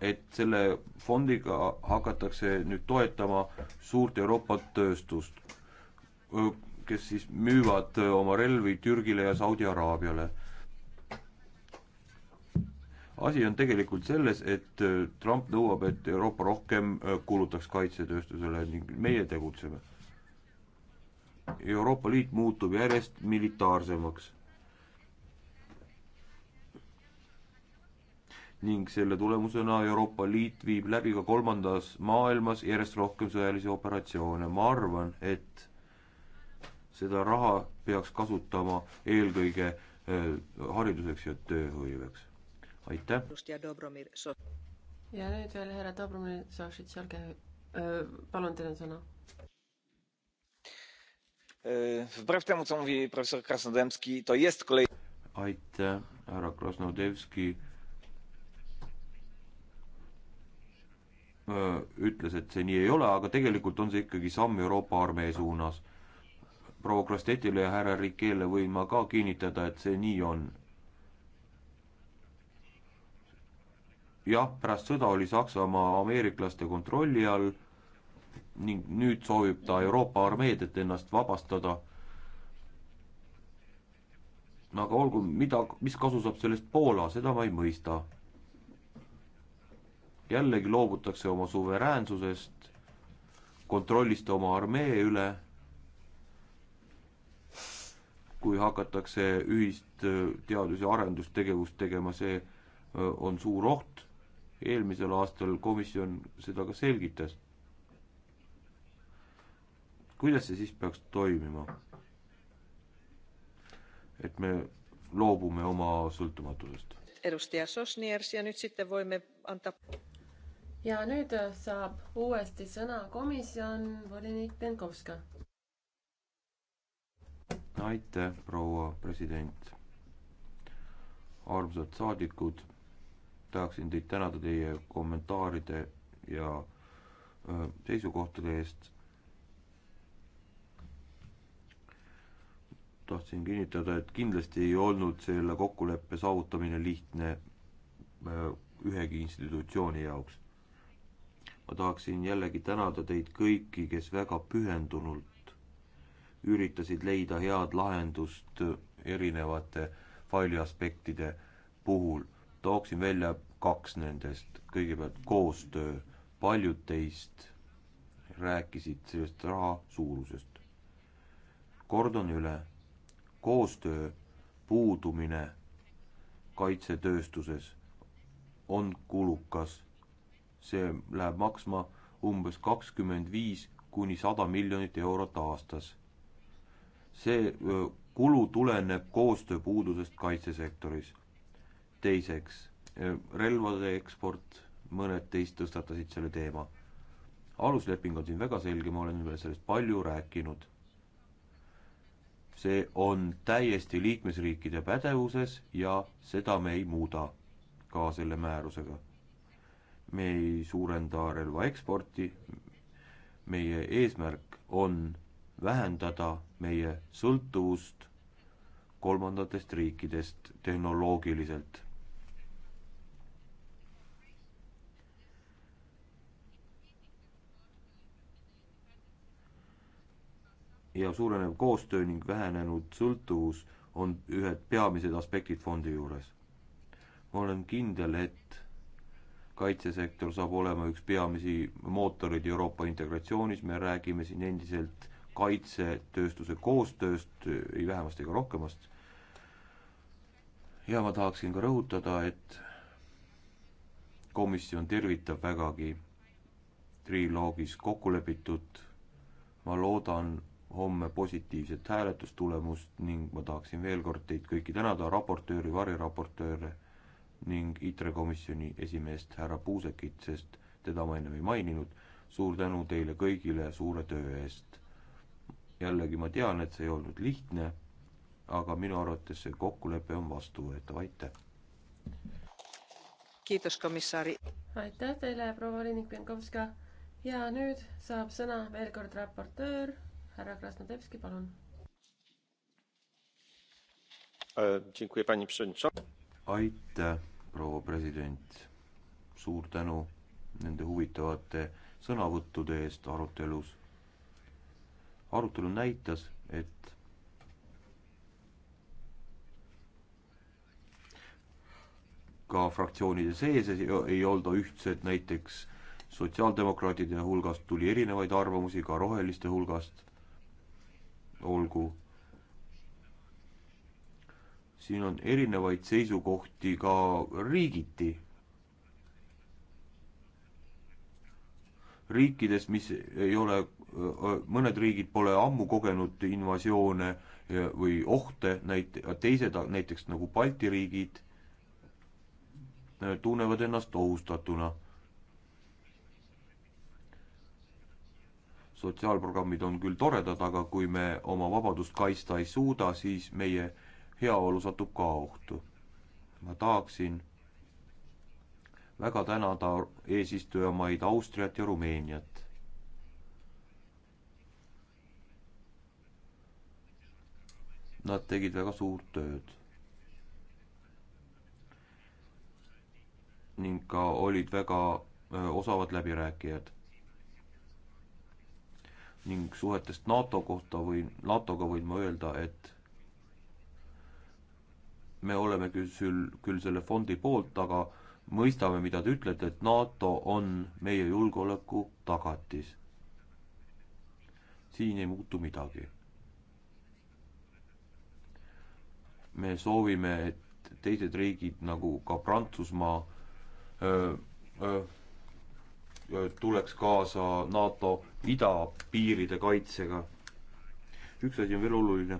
et selle fondiga hakatakse nüüd toetama suurt Euroopa tööstust, kes siis müüvad oma relvi Türgile ja Saudi Araabiale. asi on tegelikult selles, et Trump nõuab, et Euroopa rohkem kulutaks kaitsetööstusele ning meie tegutseme. Euroopa Liit muutub järjest militaarsemaks ning selle tulemusena Euroopa Liit viib läbi ka kolmandas maailmas järjest rohkem sõjalisi operatsioone. ma arvan, et seda raha peaks kasutama eelkõige eh, hariduseks ja tööhõiveks. aitäh! ja nüüd veel härra Dobromir Sošits, olge, eh, palun, teil on sõna. Eh, wbrew temu, co mówi profesor Krasnodębski, to jest kolej... Aitäh, härra Krasnodębski Äh, ütles, et see nii ei ole, aga tegelikult on see ikkagi samm Euroopa armee suunas. proua Krostetile ja härra Rikeele võin ma ka kinnitada, et see nii on. jah, pärast sõda oli Saksamaa ameeriklaste kontrolli all ning nüüd soovib ta Euroopa armeed, et ennast vabastada. aga olgu, mida, mis kasu saab sellest Poola, seda ma ei mõista jällegi loobutakse oma suveräänsusest, kontrollist oma armee üle, kui hakatakse ühist äh, teadus- ja arendustegevust tegema, see äh, on suur oht. eelmisel aastal komisjon seda ka selgitas. kuidas see siis peaks toimima? et me loobume oma sõltumatusest. edustaja Sosniers ja nüüd sitten voimme antaa ja nüüd äh, saab uuesti sõna komisjon, volinik Penkovska. aitäh, proua president. armsad saadikud, tahaksin teid tänada teie kommentaaride ja äh, seisukohtade eest. tahtsin kinnitada, et kindlasti ei olnud selle kokkuleppe saavutamine lihtne äh, ühegi institutsiooni jaoks ma tahaksin jällegi tänada teid kõiki, kes väga pühendunult üritasid leida head lahendust erinevate faili aspektide puhul. tooksin välja kaks nendest, kõigepealt koostöö, paljud teist rääkisid sellest raha suurusest. kordan üle, koostöö puudumine kaitsetööstuses on kulukas see läheb maksma umbes kakskümmend viis kuni sada miljonit eurot aastas. see kulu tuleneb koostöö puudusest kaitsesektoris. teiseks, relvade eksport, mõned teist tõstatasid selle teema. alusleping on siin väga selge, ma olen sellest palju rääkinud. see on täiesti liikmesriikide pädevuses ja seda me ei muuda ka selle määrusega me ei suurenda relva eksporti, meie eesmärk on vähendada meie sõltuvust kolmandatest riikidest tehnoloogiliselt. ja suurenev koostöö ning vähenenud sõltuvus on ühed peamised aspektid fondi juures. ma olen kindel, et kaitsesektor saab olema üks peamisi mootoreid Euroopa integratsioonis, me räägime siin endiselt kaitsetööstuse koostööst, ei vähemast ega rohkemast. ja ma tahaksin ka rõhutada, et komisjon tervitab vägagi triloogis kokku lepitud, ma loodan homme positiivset hääletustulemust ning ma tahaksin veel kord teid kõiki tänada, raportööri, variraportööre ning ITRE komisjoni esimeest härra Puusekit, sest teda ma ennem ei maininud. suur tänu teile kõigile suure töö eest. jällegi ma tean, et see ei olnud lihtne, aga minu arvates see kokkulepe on vastuvõetav, aitäh. aitäh teile, proua volinik Penkovska. ja nüüd saab sõna veel kord raportöör härra Krasnodebski, palun. Äh, dziękuję Pani Przewodnicząca aitäh, proua president. suur tänu nende huvitavate sõnavõttude eest arutelus. arutelu näitas, et ka fraktsioonide sees ei olda ühtsed, näiteks sotsiaaldemokraatide hulgast tuli erinevaid arvamusi, ka roheliste hulgast. olgu siin on erinevaid seisukohti ka riigiti. riikides, mis ei ole, mõned riigid pole ammu kogenud invasioone või ohte, näit-, teised, näiteks nagu Balti riigid, tunnevad ennast ohustatuna. sotsiaalprogrammid on küll toredad, aga kui me oma vabadust kaitsta ei suuda, siis meie äh, heaolu satub ka ohtu. ma tahaksin väga tänada eesistujamaid Austriat ja Rumeeniat. Nad tegid väga suurt tööd. ning ka olid väga osavad läbirääkijad. ning suhetest NATO kohta võin, NATO-ga võin ma öelda, et me oleme küll, küll selle fondi poolt, aga mõistame, mida te ütlete, et NATO on meie julgeoleku tagatis. siin ei muutu midagi. me soovime, et teised riigid nagu ka Prantsusmaa öö, öö, tuleks kaasa NATO idapiiride kaitsega. üks asi on veel oluline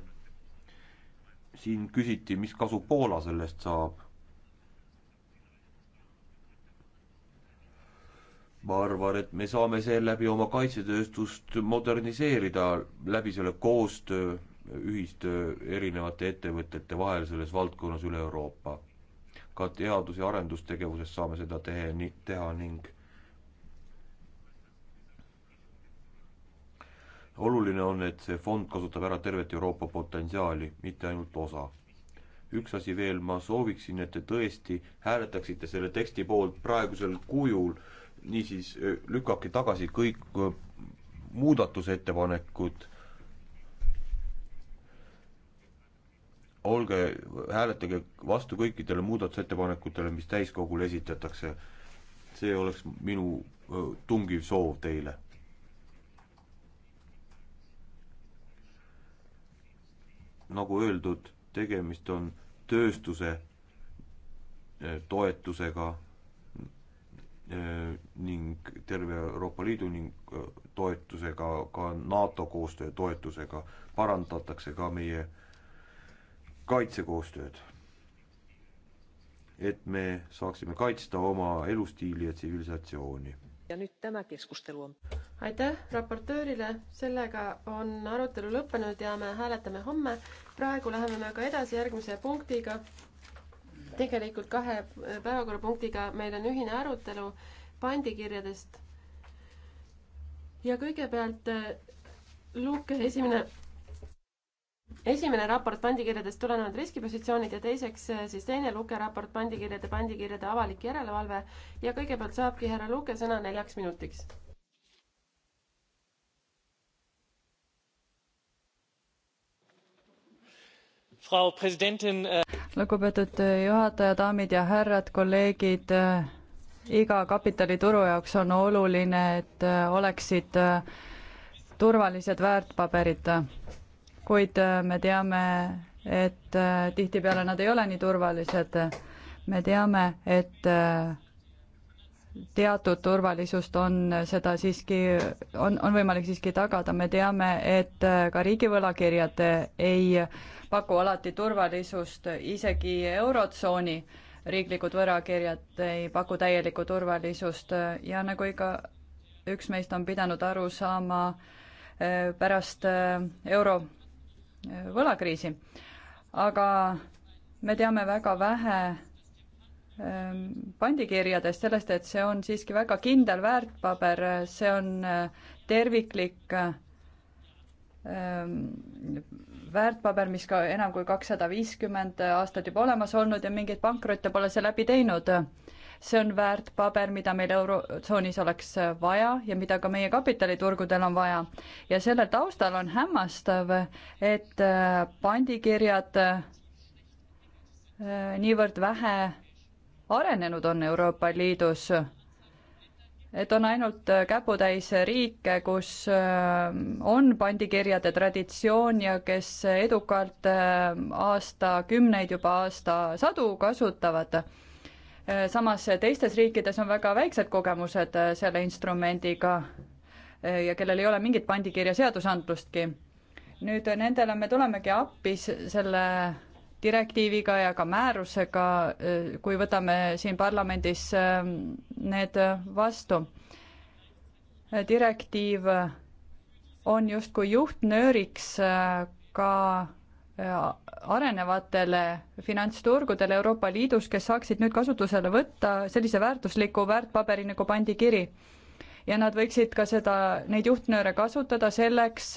siin küsiti, mis kasu Poola sellest saab. ma arvan, et me saame seeläbi oma kaitsetööstust moderniseerida läbi selle koostöö, ühistöö erinevate ettevõtete vahel selles valdkonnas üle Euroopa. ka teadus- ja arendustegevusest saame seda tehe, teha ning oluline on, et see fond kasutab ära tervet Euroopa potentsiaali, mitte ainult osa. üks asi veel, ma sooviksin, et te tõesti hääletaksite selle teksti poolt praegusel kujul, niisiis eh, lükake tagasi kõik eh, muudatusettepanekud, olge, hääletage vastu kõikidele muudatusettepanekutele, mis täiskogule esitatakse. see oleks minu eh, tungiv soov teile nagu öeldud, tegemist on tööstuse eh, toetusega eh, ning terve Euroopa Liidu ning eh, toetusega, ka NATO koostöö toetusega parandatakse ka meie kaitsekoostööd. et me saaksime kaitsta oma elustiili ja tsivilisatsiooni ja nüüd tema keskustelu on. aitäh raportöörile, sellega on arutelu lõppenud ja me hääletame homme. praegu läheme me aga edasi järgmise punktiga. tegelikult kahe päevakorrapunktiga meil on ühine arutelu pandikirjadest. ja kõigepealt eh, Luuke esimene esimene raport pandikirjadest tulenevad riskipositsioonid ja teiseks eh, siis teine Luke raport pandikirjade, pandikirjade avalik järelevalve ja kõigepealt saabki härra Luke sõna neljaks minutiks. Äh, lugupeetud äh, juhataja, daamid ja härrad, kolleegid, äh, iga kapitalituru jaoks on oluline, et oleksid turvalised väärtpaberid kuid äh, me teame, et äh, tihtipeale nad ei ole nii turvalised. me teame, et äh, teatud turvalisust on seda siiski, on, on võimalik siiski tagada, me teame, et ka riigivõlakirjad ei paku alati turvalisust, isegi Eurotsooni riiklikud võlakirjad ei paku täielikku turvalisust ja nagu ikka üks meist on pidanud aru saama pärast euro võlakriisi. aga me teame väga vähe ähm, pandikirjadest, sellest, et see on siiski väga kindel väärtpaber, see on äh, terviklik ähm, väärtpaber, mis ka enam kui kakssada viiskümmend aastat juba olemas olnud ja mingeid pankrotte pole see läbi teinud see on väärtpaber, mida meil Eurotsoonis oleks vaja ja mida ka meie kapitaliturgudel on vaja. ja selle taustal on hämmastav, et äh, pandikirjad äh, niivõrd vähe arenenud on Euroopa Liidus, et on ainult äh, käputäis riike, kus on pandikirjade traditsioon ja kes edukalt aastakümneid, juba aastasadu kasutavad Äh, samas teistes riikides on väga väiksed kogemused äh, selle instrumendiga äh, ja kellel ei ole mingit pandikirja seadusandlustki. nüüd nendele me tulemegi appi selle direktiiviga ja ka määrusega, kui võtame siin parlamendis ähm, need vastu. direktiiv on justkui juhtnööriks ka arenevatele finantsturgudele Euroopa Liidus, kes saaksid nüüd kasutusele võtta sellise väärtusliku väärtpaberi nagu pandikiri. ja nad võiksid ka seda, neid juhtnööre kasutada selleks,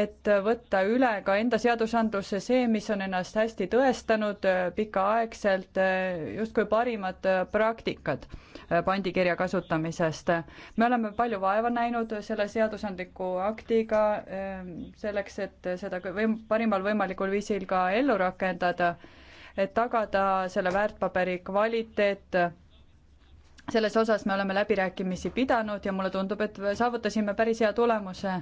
et võtta üle ka enda seadusandlusse see, mis on ennast hästi tõestanud äh, pikaaegselt, äh, justkui parimad äh, praktikad pandikirja kasutamisest. me oleme palju vaeva näinud selle seadusandliku aktiga ähm, selleks, et seda võim-, parimal võimalikul viisil ka ellu rakendada, et tagada selle väärtpaberi kvaliteet selles osas me oleme läbirääkimisi pidanud ja mulle tundub, et saavutasime päris hea tulemuse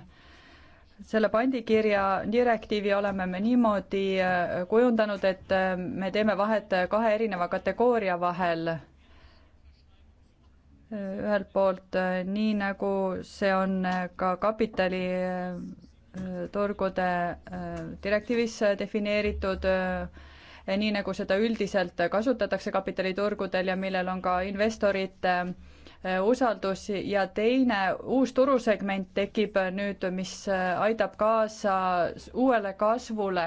selle pandikirja direktiivi oleme me niimoodi äh, kujundanud, et äh, me teeme vahet äh, kahe erineva kategooria vahel. ühelt poolt nii, nagu see on ka kapitaliturgude direktiivis defineeritud, nii nagu seda üldiselt kasutatakse kapitaliturgudel ja millel on ka investorite Äh, usaldus ja teine uus turusegment tekib nüüd, mis äh, aitab kaasa uuele kasvule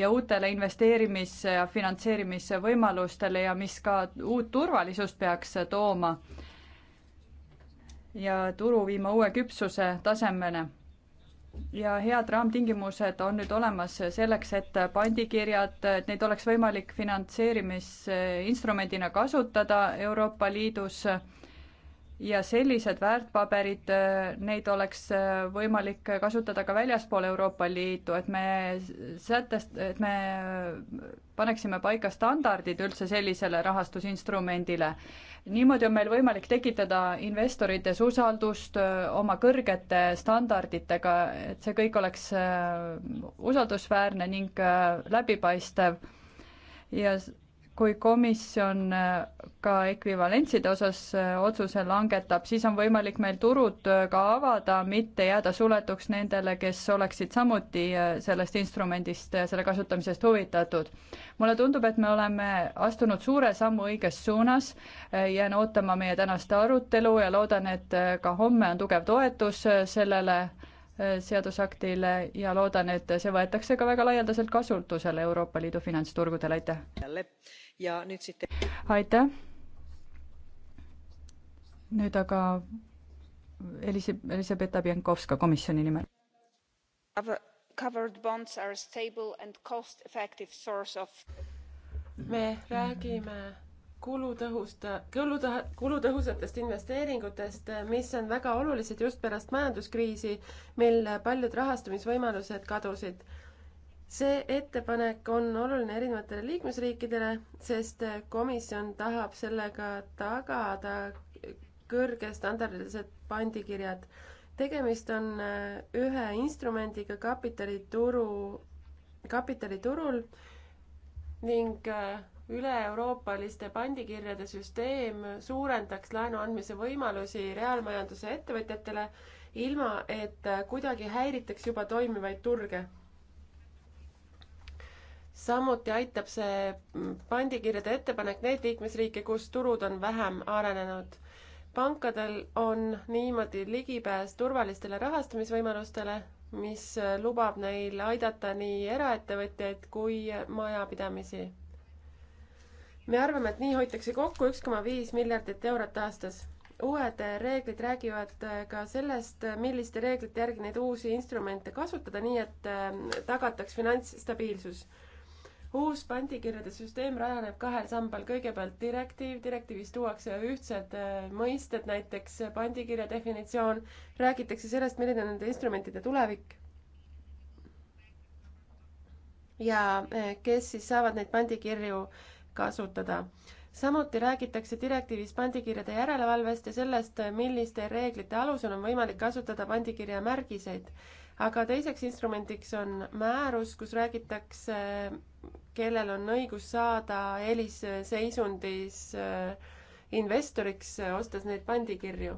ja uutele investeerimis- ja finantseerimisvõimalustele ja mis ka uut turvalisust peaks tooma ja turu viima uue küpsuse tasemele ja head raamtingimused on nüüd olemas selleks, et pandikirjad, et neid oleks võimalik finantseerimisinstrumendina kasutada Euroopa Liidus ja sellised väärtpaberid, äh, neid oleks äh, võimalik kasutada ka väljaspool Euroopa Liitu, et me sätest-, et me äh, paneksime paika standardid üldse sellisele rahastusinstrumendile. niimoodi on meil võimalik tekitada investorites usaldust oma kõrgete standarditega, et see kõik oleks usaldusväärne ning läbipaistev ja kui komisjon äh, ka ekvivalentside osas äh, otsuse langetab, siis on võimalik meil turud äh, ka avada, mitte jääda suletuks nendele, kes oleksid samuti sellest instrumendist, selle kasutamisest huvitatud. mulle tundub, et me oleme astunud suure sammu õiges suunas, jään ootama meie tänast arutelu ja loodan, et ka homme on tugev toetus sellele seadusaktile ja loodan, et see võetakse ka väga laialdaselt kasutusele Euroopa Liidu finantsturgudel, aitäh! ja nüüd siit. aitäh. nüüd aga Elis-, Elisabetta Bienkovska komisjoni nimel. Covered bonds are a stable and cost effective source of. me räägime kulutõhusta, kulutõh-, kulutõhusatest investeeringutest, mis on väga olulised just pärast majanduskriisi, mil paljud rahastamisvõimalused kadusid see ettepanek on oluline erinevatele liikmesriikidele, sest komisjon tahab sellega tagada kõrgestandardilised pandikirjad. tegemist on äh, ühe instrumendiga kapitalituru, kapitaliturul ning äh, üle-euroopaliste pandikirjade süsteem suurendaks laenu andmise võimalusi reaalmajanduse ettevõtjatele, ilma et äh, kuidagi häiritaks juba toimivaid turge samuti aitab see pandikirjade ettepanek neid liikmesriike, kus turud on vähem arenenud. pankadel on niimoodi ligipääs turvalistele rahastamisvõimalustele, mis lubab neil aidata nii eraettevõtjaid kui majapidamisi. me arvame, et nii hoitakse kokku üks koma viis miljardit eurot aastas uued reeglid räägivad ka sellest, milliste reeglite järgi neid uusi instrumente kasutada, nii et tagataks finantsstabiilsus uus pandikirjade süsteem rajaneb kahel sambal, kõigepealt direktiiv, direktiivis tuuakse ühtsed äh, mõisted, näiteks pandikirja definitsioon, räägitakse sellest, milline on nende instrumentide tulevik. ja äh, kes siis saavad neid pandikirju kasutada. samuti räägitakse direktiivis pandikirjade järelevalvest ja sellest, milliste reeglite alusel on võimalik kasutada pandikirja märgiseid aga teiseks instrumendiks on määrus, kus räägitakse, kellel on õigus saada eelisseisundis äh, investoriks, äh, ostes neid pandikirju.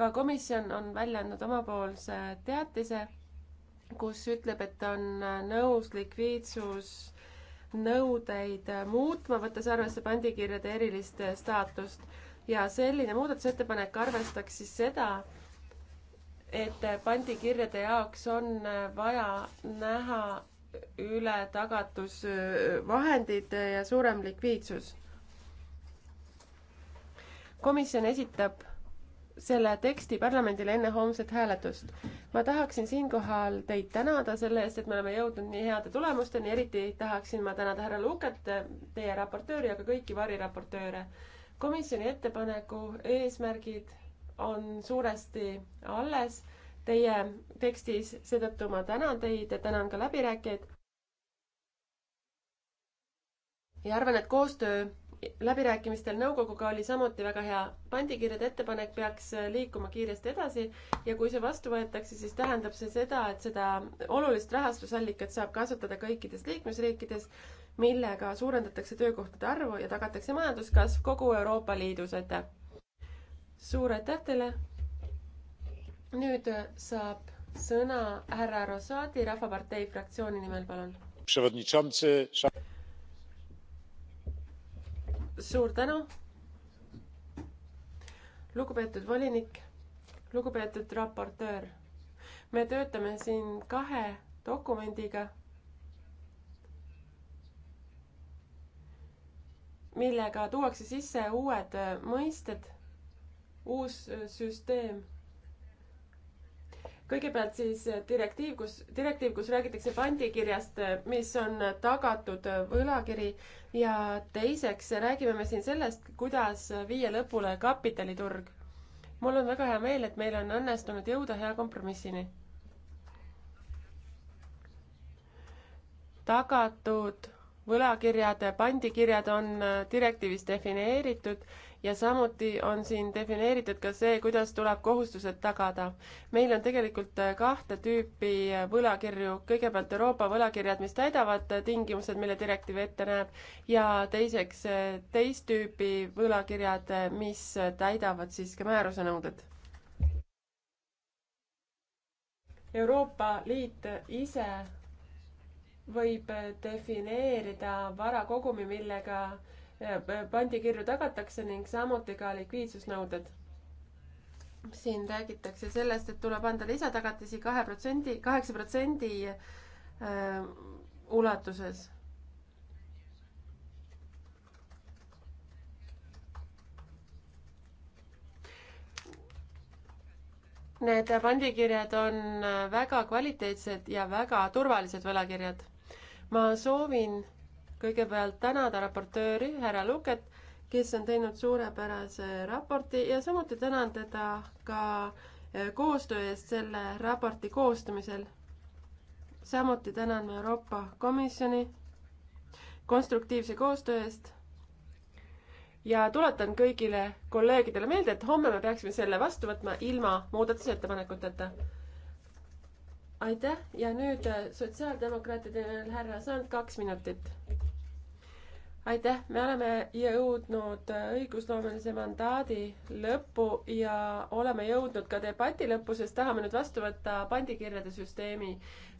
ka komisjon on välja andnud omapoolse teatise, kus ütleb, et on äh, nõus likviidsus nõudeid muutma, võttes arvesse pandikirjade erilist staatust ja selline muudatusettepanek arvestaks siis seda, et pandikirjade jaoks on vaja näha üle tagatusvahendid ja suurem likviidsus. komisjon esitab selle teksti parlamendile enne homset hääletust. ma tahaksin siinkohal teid tänada selle eest, et me oleme jõudnud nii heade tulemusteni, eriti tahaksin ma tänada härra Luket, teie raportööri, aga kõiki variraportööre. komisjoni ettepaneku eesmärgid on suuresti alles teie tekstis, seetõttu ma tänan teid ja tänan ka läbirääkijaid. ja arvan, et koostöö läbirääkimistel nõukoguga oli samuti väga hea. pandikirjade ettepanek peaks liikuma kiiresti edasi ja kui see vastu võetakse, siis tähendab see seda, et seda olulist rahastusallikat saab kasutada kõikides liikmesriikides, millega suurendatakse töökohtade arvu ja tagatakse majanduskasv kogu Euroopa Liidus. aitäh! suur aitäh teile. nüüd äh, saab sõna härra Rosati Rahvapartei fraktsiooni nimel, palun. suur tänu. lugupeetud volinik, lugupeetud raportöör. me töötame siin kahe dokumendiga millega tuuakse sisse uued äh, mõisted uus äh, süsteem. kõigepealt siis äh, direktiiv, kus, direktiiv, kus räägitakse pandikirjast, äh, mis on tagatud võlakiri ja teiseks räägime me siin sellest, kuidas viia lõpule kapitaliturg. mul on väga hea meel, et meil on õnnestunud jõuda hea kompromissini tagatud võlakirjad, pandikirjad on direktiivis defineeritud ja samuti on siin defineeritud ka see, kuidas tuleb kohustused tagada. meil on tegelikult äh, kahte tüüpi äh, võlakirju, kõigepealt Euroopa võlakirjad, mis täidavad äh, tingimused, mille direktiiv ette näeb, ja teiseks teist tüüpi võlakirjad, mis täidavad siis ka määruse nõuded Euroopa Liit ise võib defineerida varakogumi, millega pandikirju tagatakse ning samuti ka likviidsusnõuded. siin räägitakse sellest, et tuleb anda lisatagatisi kahe protsendi, kaheksa protsendi äh, ulatuses. Need pandikirjad on äh, väga kvaliteetsed ja väga turvalised võlakirjad. ma soovin kõigepealt tänada raportööri härra Luket, kes on teinud suurepärase raporti ja samuti tänan teda ka eh, koostöö eest selle raporti koostamisel. samuti tänan Euroopa Komisjoni konstruktiivse koostöö eest. ja tuletan kõigile kolleegidele meelde, et homme me peaksime selle vastu võtma ilma muudatusettepanekuteta. aitäh ja nüüd eh, sotsiaaldemokraatide nimel härra Sand, kaks minutit aitäh, me oleme jõudnud õigusloomelise mandaadi lõppu ja oleme jõudnud ka debati lõppu, sest tahame nüüd vastu võtta pandikirjade süsteemi.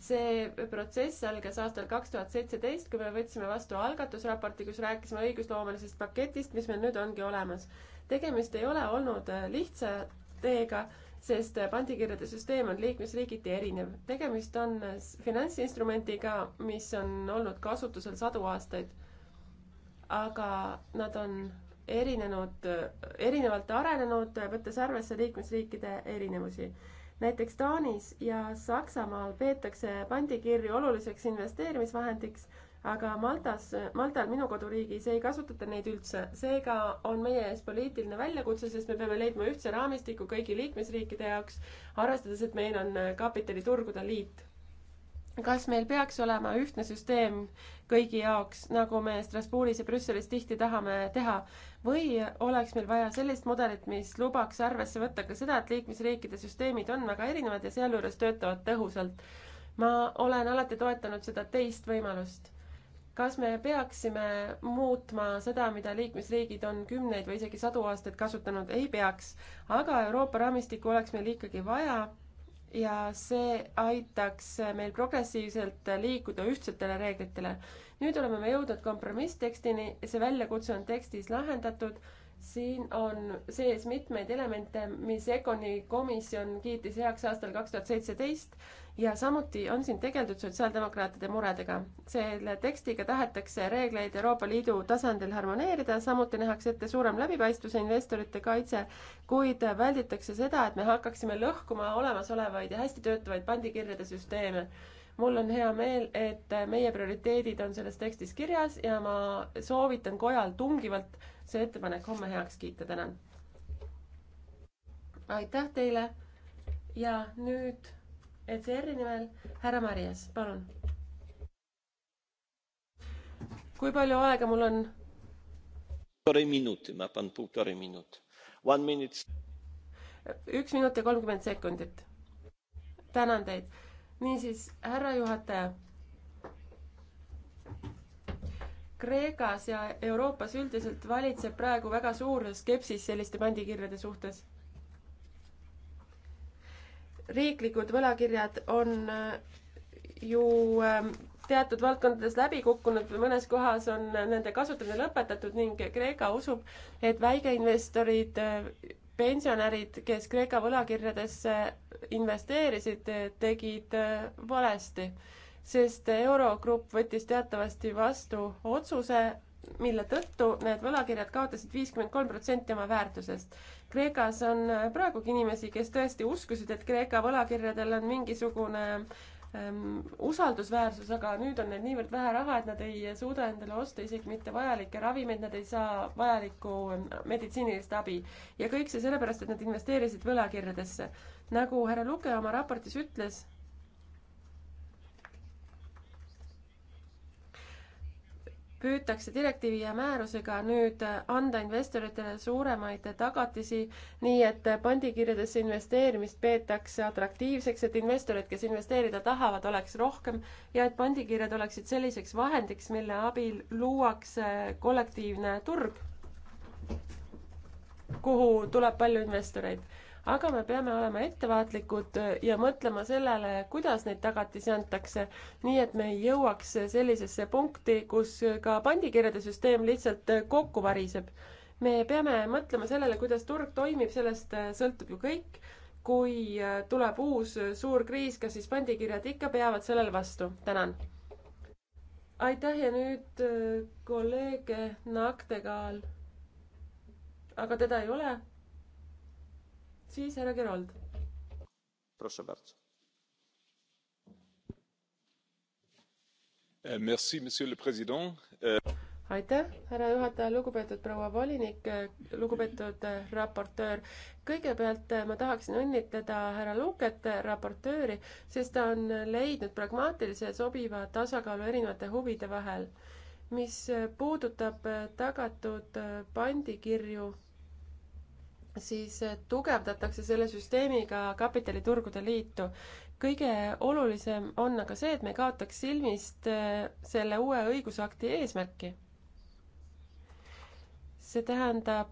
see protsess algas aastal kaks tuhat seitseteist, kui me võtsime vastu algatusraporti, kus rääkisime õigusloomelisest paketist, mis meil nüüd ongi olemas. tegemist ei ole olnud lihtsa teega sest pandikirjade süsteem on liikmesriigiti erinev. tegemist on finantsinstrumendiga, mis on olnud kasutusel sadu aastaid aga nad on erinenud, erinevalt arenenud, võttes arvesse liikmesriikide erinevusi. näiteks Taanis ja Saksamaal peetakse pandikirju oluliseks investeerimisvahendiks, aga Maltas, Maltal, minu koduriigis, ei kasutata neid üldse. seega on meie ees poliitiline väljakutse, sest me peame leidma ühtse raamistiku kõigi liikmesriikide jaoks, arvestades, et meil on kapitaliturgude liit kas meil peaks olema ühtne süsteem kõigi jaoks, nagu me Strasbourgis ja Brüsselis tihti tahame teha, või oleks meil vaja sellist mudelit, mis lubaks arvesse võtta ka seda, et liikmesriikide süsteemid on väga erinevad ja sealjuures töötavad tõhusalt? ma olen alati toetanud seda teist võimalust. kas me peaksime muutma seda, mida liikmesriigid on kümneid või isegi sadu aastaid kasutanud? ei peaks, aga Euroopa raamistikku oleks meil ikkagi vaja ja see aitaks meil progressiivselt liikuda ühtsetele reeglitele. nüüd oleme me jõudnud kompromisstekstini, see väljakutse on tekstis lahendatud, siin on sees mitmeid elemente, mis Econi komisjon kiitis heaks aastal kaks tuhat seitseteist ja samuti on siin tegeldud sotsiaaldemokraatide muredega. selle tekstiga tahetakse reegleid Euroopa Liidu tasandil harmoneerida, samuti nähakse ette suurem läbipaistvus ja investorite kaitse, kuid välditakse seda, et me hakkaksime lõhkuma olemasolevaid ja hästi töötavaid pandikirjade süsteeme mul on hea meel, et meie prioriteedid on selles tekstis kirjas ja ma soovitan kojal tungivalt see ettepanek homme heaks kiita, tänan. aitäh teile ja nüüd ECR-i nimel härra Marias, palun. kui palju aega mul on? üks minut ja kolmkümmend sekundit. tänan teid. niisiis, härra juhataja Kreekas ja Euroopas üldiselt valitseb praegu väga suur skepsis selliste pandikirjade suhtes riiklikud võlakirjad on äh, ju ähm, teatud valdkondades läbi kukkunud või mõnes kohas on nende kasutamine lõpetatud ning Kreeka usub, et väikeinvestorid, äh, pensionärid, kes Kreeka võlakirjadesse investeerisid, äh, tegid valesti, sest Eurogrupp võttis teatavasti vastu otsuse, mille tõttu need võlakirjad kaotasid viiskümmend kolm protsenti oma väärtusest. Kreekas on äh, praegugi inimesi, kes tõesti uskusid, et Kreeka võlakirjadel on mingisugune ähm, usaldusväärsus, aga nüüd on neil niivõrd vähe raha, et nad ei suuda endale osta isegi mitte vajalikke ravimeid, nad ei saa vajalikku ähm, meditsiinilist abi. ja kõik see sellepärast, et nad investeerisid võlakirjadesse. nagu härra Luke oma raportis ütles püütakse direktiivi ja määrusega nüüd anda investoritele suuremaid tagatisi, nii et pandikirjadesse investeerimist peetakse atraktiivseks, et investoreid, kes investeerida tahavad, oleks rohkem ja et pandikirjad oleksid selliseks vahendiks, mille abil luuakse kollektiivne turg, kuhu tuleb palju investoreid aga me peame olema ettevaatlikud ja mõtlema sellele, kuidas neid tagatisi antakse, nii et me ei jõuaks sellisesse punkti, kus ka pandikirjade süsteem lihtsalt kokku variseb. me peame mõtlema sellele, kuidas turg toimib, sellest sõltub ju kõik. kui tuleb uus suur kriis, kas siis pandikirjad ikka peavad sellele vastu? tänan. aitäh ja nüüd äh, kolleeg Naktekaal. aga teda ei ole siis härra Gerald. Proszę bardzo. Eh, merci, monsieur le president. Eh, aitäh, härra juhataja, lugupeetud proua volinik, eh, lugupeetud raportöör. kõigepealt ma tahaksin õnnitleda härra Luket, raportööri, sest ta on leidnud pragmaatilise ja sobiva tasakaalu erinevate huvide vahel. mis puudutab tagatud pandikirju siis eh, tugevdatakse selle süsteemiga kapitaliturgude liitu. kõige olulisem on aga see, et me ei kaotaks silmist eh, selle uue õigusakti eesmärki. see tähendab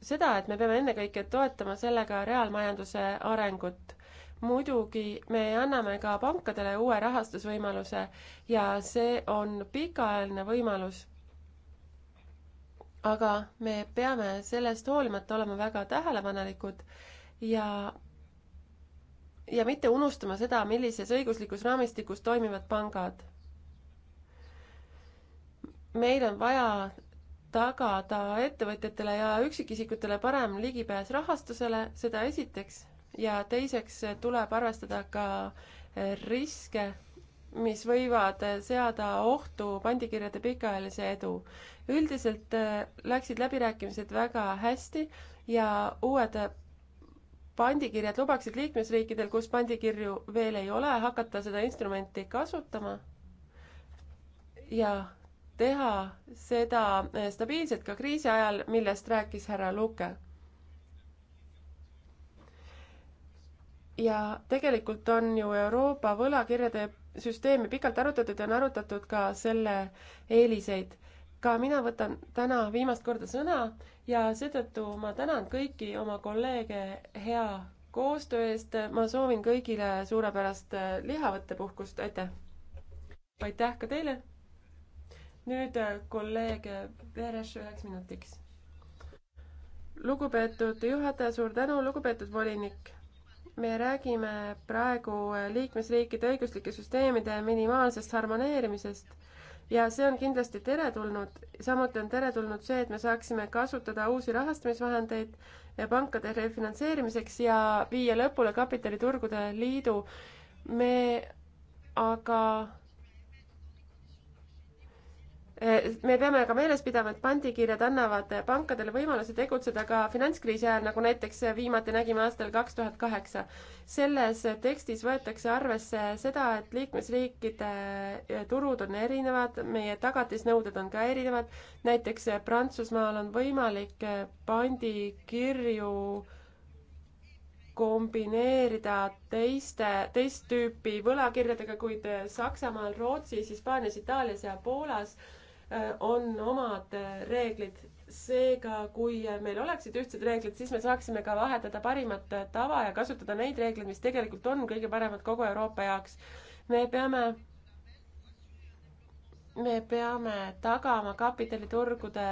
seda, et me peame ennekõike toetama sellega reaalmajanduse arengut. muidugi me anname ka pankadele uue rahastusvõimaluse ja see on pikaajaline võimalus aga me peame sellest hoolimata olema väga tähelepanelikud ja ja mitte unustama seda, millises õiguslikus raamistikus toimivad pangad. meil on vaja tagada ettevõtjatele ja üksikisikutele parem ligipääs rahastusele, seda esiteks, ja teiseks tuleb arvestada ka riske, mis võivad seada ohtu pandikirjade pikaajalise edu üldiselt äh, läksid läbirääkimised väga hästi ja uued äh, pandikirjad lubaksid liikmesriikidel, kus pandikirju veel ei ole, hakata seda instrumenti kasutama ja teha seda äh, stabiilselt ka kriisi ajal, millest rääkis härra Luke. ja tegelikult on ju Euroopa võlakirjade süsteemi pikalt arutatud ja on arutatud ka selle eeliseid ka mina võtan täna viimast korda sõna ja seetõttu ma tänan kõiki oma kolleege hea koostöö eest, ma soovin kõigile suurepärast äh, lihavõttepuhkust, aitäh! aitäh ka teile! nüüd äh, kolleeg Veres üheks minutiks. lugupeetud juhataja, suur tänu, lugupeetud volinik! me räägime praegu äh, liikmesriikide õiguslike süsteemide minimaalsest harmoneerimisest ja see on kindlasti teretulnud, samuti on teretulnud see, et me saaksime kasutada uusi rahastamisvahendeid pankade refinantseerimiseks ja viia lõpule kapitaliturgude liidu. me aga me peame ka meeles pidama, et pandikirjad annavad pankadele võimaluse tegutseda ka finantskriisi ajal, nagu näiteks viimati nägime aastal kaks tuhat kaheksa. selles tekstis võetakse arvesse seda, et liikmesriikide eh, turud on erinevad, meie tagatisnõuded on ka erinevad, näiteks Prantsusmaal on võimalik eh, pandikirju kombineerida teiste, teist tüüpi võlakirjadega, kuid eh, Saksamaal, Rootsis, Hispaanias, Itaalias ja Poolas äh, on omad äh, reeglid. seega, kui äh, meil oleksid ühtsed reeglid, siis me saaksime ka vahetada parimat äh, tava ja kasutada neid reegleid, mis tegelikult on kõige paremad kogu Euroopa jaoks. me peame me peame tagama kapitaliturgude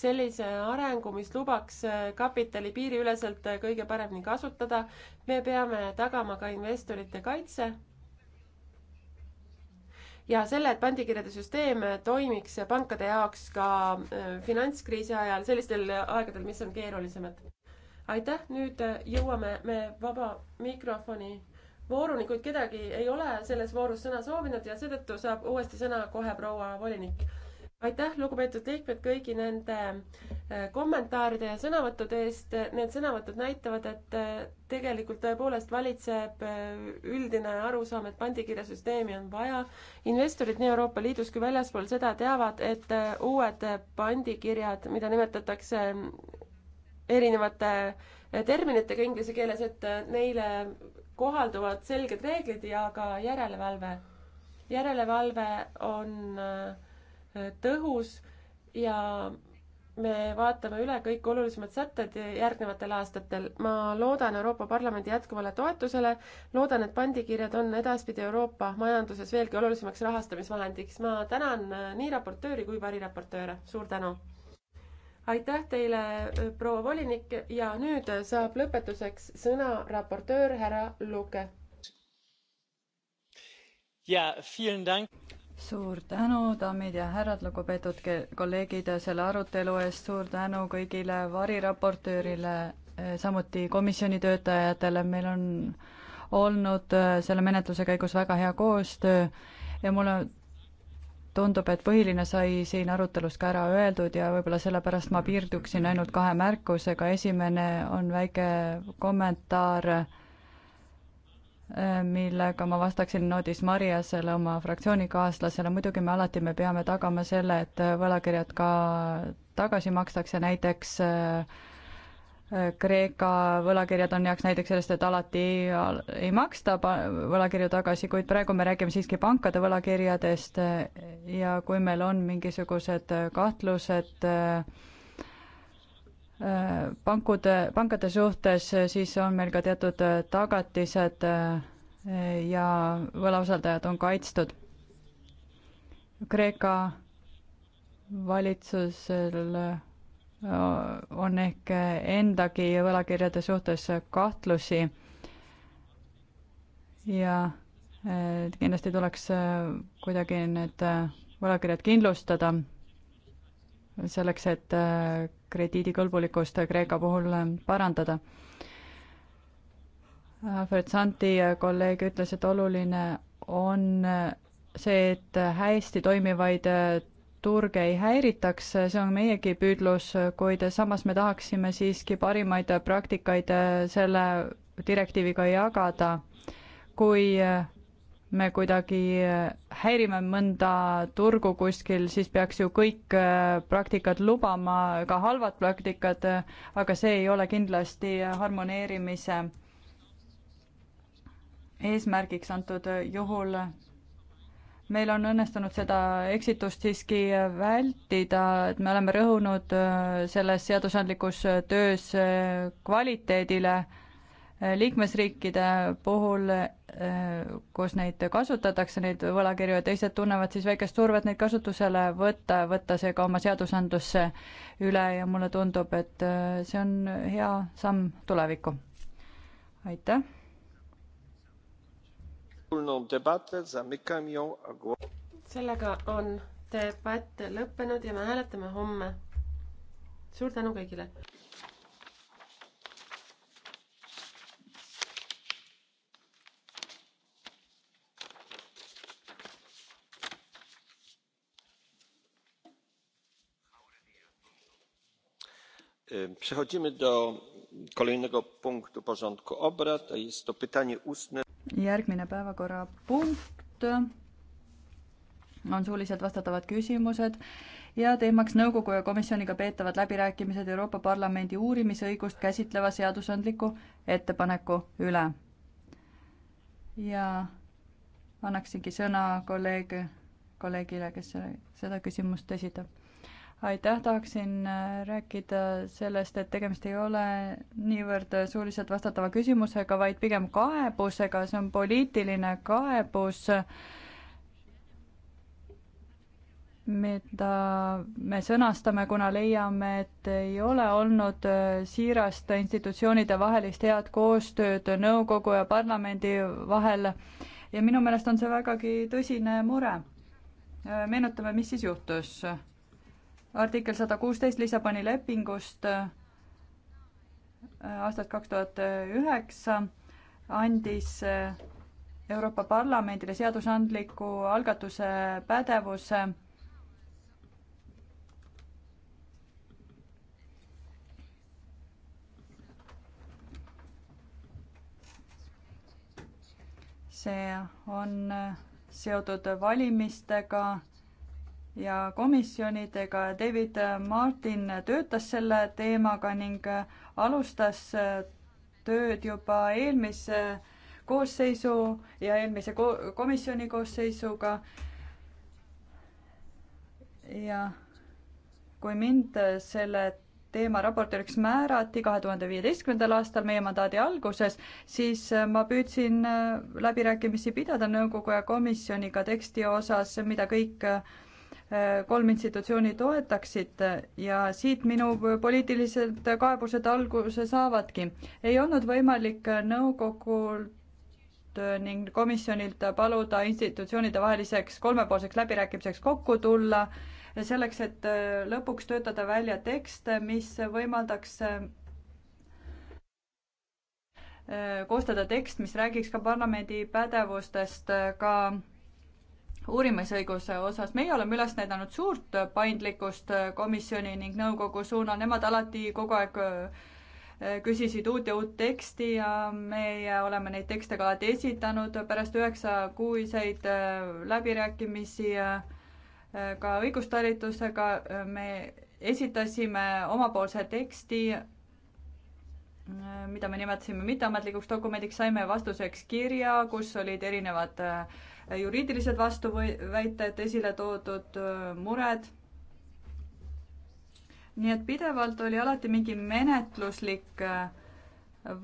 sellise arengu, mis lubaks kapitali piiriüleselt kõige paremini kasutada. me peame tagama ka investorite kaitse ja selle, et pandikirjade süsteem toimiks pankade jaoks ka äh, finantskriisi ajal, sellistel aegadel, mis on keerulisemad. aitäh, nüüd äh, jõuame me vaba mikrofoni vooruni, kuid kedagi ei ole selles voorus sõna soovinud ja seetõttu saab uuesti sõna kohe proua volinik aitäh, lugupeetud liikmed, kõigi nende äh, kommentaaride ja sõnavõttude eest. Need sõnavõtud näitavad, et äh, tegelikult tõepoolest valitseb äh, üldine arusaam, et pandikirjasüsteemi on vaja. investorid nii Euroopa Liidus kui väljaspool seda teavad, et uued pandikirjad, mida nimetatakse erinevate terminitega inglise keeles, et neile kohalduvad selged reeglid ja ka järelevalve. järelevalve on äh, tõhus ja me vaatame üle kõik olulisemad sätted järgnevatel aastatel. ma loodan Euroopa Parlamendi jätkuvale toetusele, loodan, et pandikirjad on edaspidi Euroopa majanduses veelgi olulisemaks rahastamisvahendiks. ma tänan nii raportööri kui variraportööre, suur tänu! aitäh teile, proua volinik, ja nüüd saab lõpetuseks sõna raportöör härra Luke. jaa, suur tänu, daamid ja härrad, lugupeetud kolleegid, selle arutelu eest, suur tänu kõigile variraportöörile, samuti komisjoni töötajatele, meil on olnud äh, selle menetluse käigus väga hea koostöö ja mulle tundub, et põhiline sai siin arutelus ka ära öeldud ja võib-olla sellepärast ma piirduksin ainult kahe märkusega, esimene on väike kommentaar äh, millega ma vastaksin Nodis Mariasele, oma fraktsioonikaaslasele, muidugi me alati, me peame tagama selle, et võlakirjad ka tagasi makstakse, näiteks äh, Kreeka võlakirjad on heaks näiteks sellest, et alati ei maksta võlakirju tagasi, kuid praegu me räägime siiski pankade võlakirjadest ja kui meil on mingisugused kahtlused äh, pankude, pankade suhtes, siis on meil ka teatud äh, tagatised äh, ja võlausaldajad on kaitstud. Kreeka valitsusel äh, on ehk endagi võlakirjade suhtes kahtlusi ja kindlasti tuleks kuidagi need võlakirjad kindlustada selleks, et krediidikõlbulikkust Kreeka puhul parandada. Fertsanti kolleeg ütles, et oluline on see, et hästi toimivaid turge ei häiritaks, see on meiegi püüdlus, kuid samas me tahaksime siiski parimaid praktikaid selle direktiiviga jagada. kui me kuidagi äh, häirime mõnda turgu kuskil, siis peaks ju kõik äh, praktikad lubama, ka halvad praktikad, äh, aga see ei ole kindlasti harmoneerimise eesmärgiks antud juhul. meil on õnnestunud seda eksitust siiski vältida, et me oleme rõhunud selles seadusandlikus töös kvaliteedile liikmesriikide puhul, eh, kus neid kasutatakse, neid võlakirju, ja teised tunnevad siis väikest survet neid kasutusele võtta, võtta see ka oma seadusandlusse üle ja mulle tundub, et eh, see on hea samm tulevikku. aitäh! sellega on debatt lõppenud ja me hääletame homme. suur tänu kõigile! przechodzimy do kolejnego punktu porządku obrad a jest to pytanie ustne järgmine päevakorrapunkt on suuliselt vastatavad küsimused ja teemaks nõukogu ja komisjoniga peetavad läbirääkimised Euroopa Parlamendi uurimisõigust käsitleva seadusandliku ettepaneku üle. ja annaksingi sõna kolleeg, kolleegile, kes seda küsimust esitab aitäh, tahaksin äh, rääkida sellest, et tegemist ei ole niivõrd suuliselt vastatava küsimusega, vaid pigem kaebusega, see on poliitiline kaebus, mida me sõnastame, kuna leiame, et ei ole olnud äh, siirast institutsioonide vahelist head koostööd nõukogu ja parlamendi vahel ja minu meelest on see vägagi tõsine mure. Äh, meenutame, mis siis juhtus artikkel sada kuusteist Lissaboni lepingust äh, aastast kaks tuhat äh, üheksa andis äh, Euroopa Parlamendile seadusandliku algatuse pädevuse see on seotud valimistega ja komisjonidega. David Martin töötas selle teemaga ning alustas tööd juba eelmise koosseisu ja eelmise ko-, komisjoni koosseisuga. ja kui mind selle teema raportööriks määrati kahe tuhande viieteistkümnendal aastal meie mandaadi alguses, siis ma püüdsin läbirääkimisi pidada nõukogu ja komisjoniga teksti osas, mida kõik äh, kolm institutsiooni toetaksid ja siit minu poliitilised kaebused alguse saavadki. ei olnud võimalik nõukogult eh, ning komisjonilt paluda institutsioonide vaheliseks kolmepoolseks läbirääkimiseks kokku tulla, selleks et eh, lõpuks töötada välja tekst, mis võimaldaks eh, koostada tekst, mis räägiks ka parlamendi pädevustest ka uurimisõiguse osas, meie oleme üles näidanud suurt paindlikkust komisjoni ning nõukogu suunal, nemad alati kogu aeg äh, küsisid uut ja uut teksti ja meie oleme neid tekste ka alati esitanud pärast üheksakuiseid äh, läbirääkimisi äh, ka õigustalitusega, me esitasime omapoolse teksti mida me nimetasime mitteametlikuks dokumendiks, saime vastuseks kirja, kus olid erinevad äh, Äh, juriidilised vastuväited, esile toodud äh, mured. nii et pidevalt oli alati mingi menetluslik äh,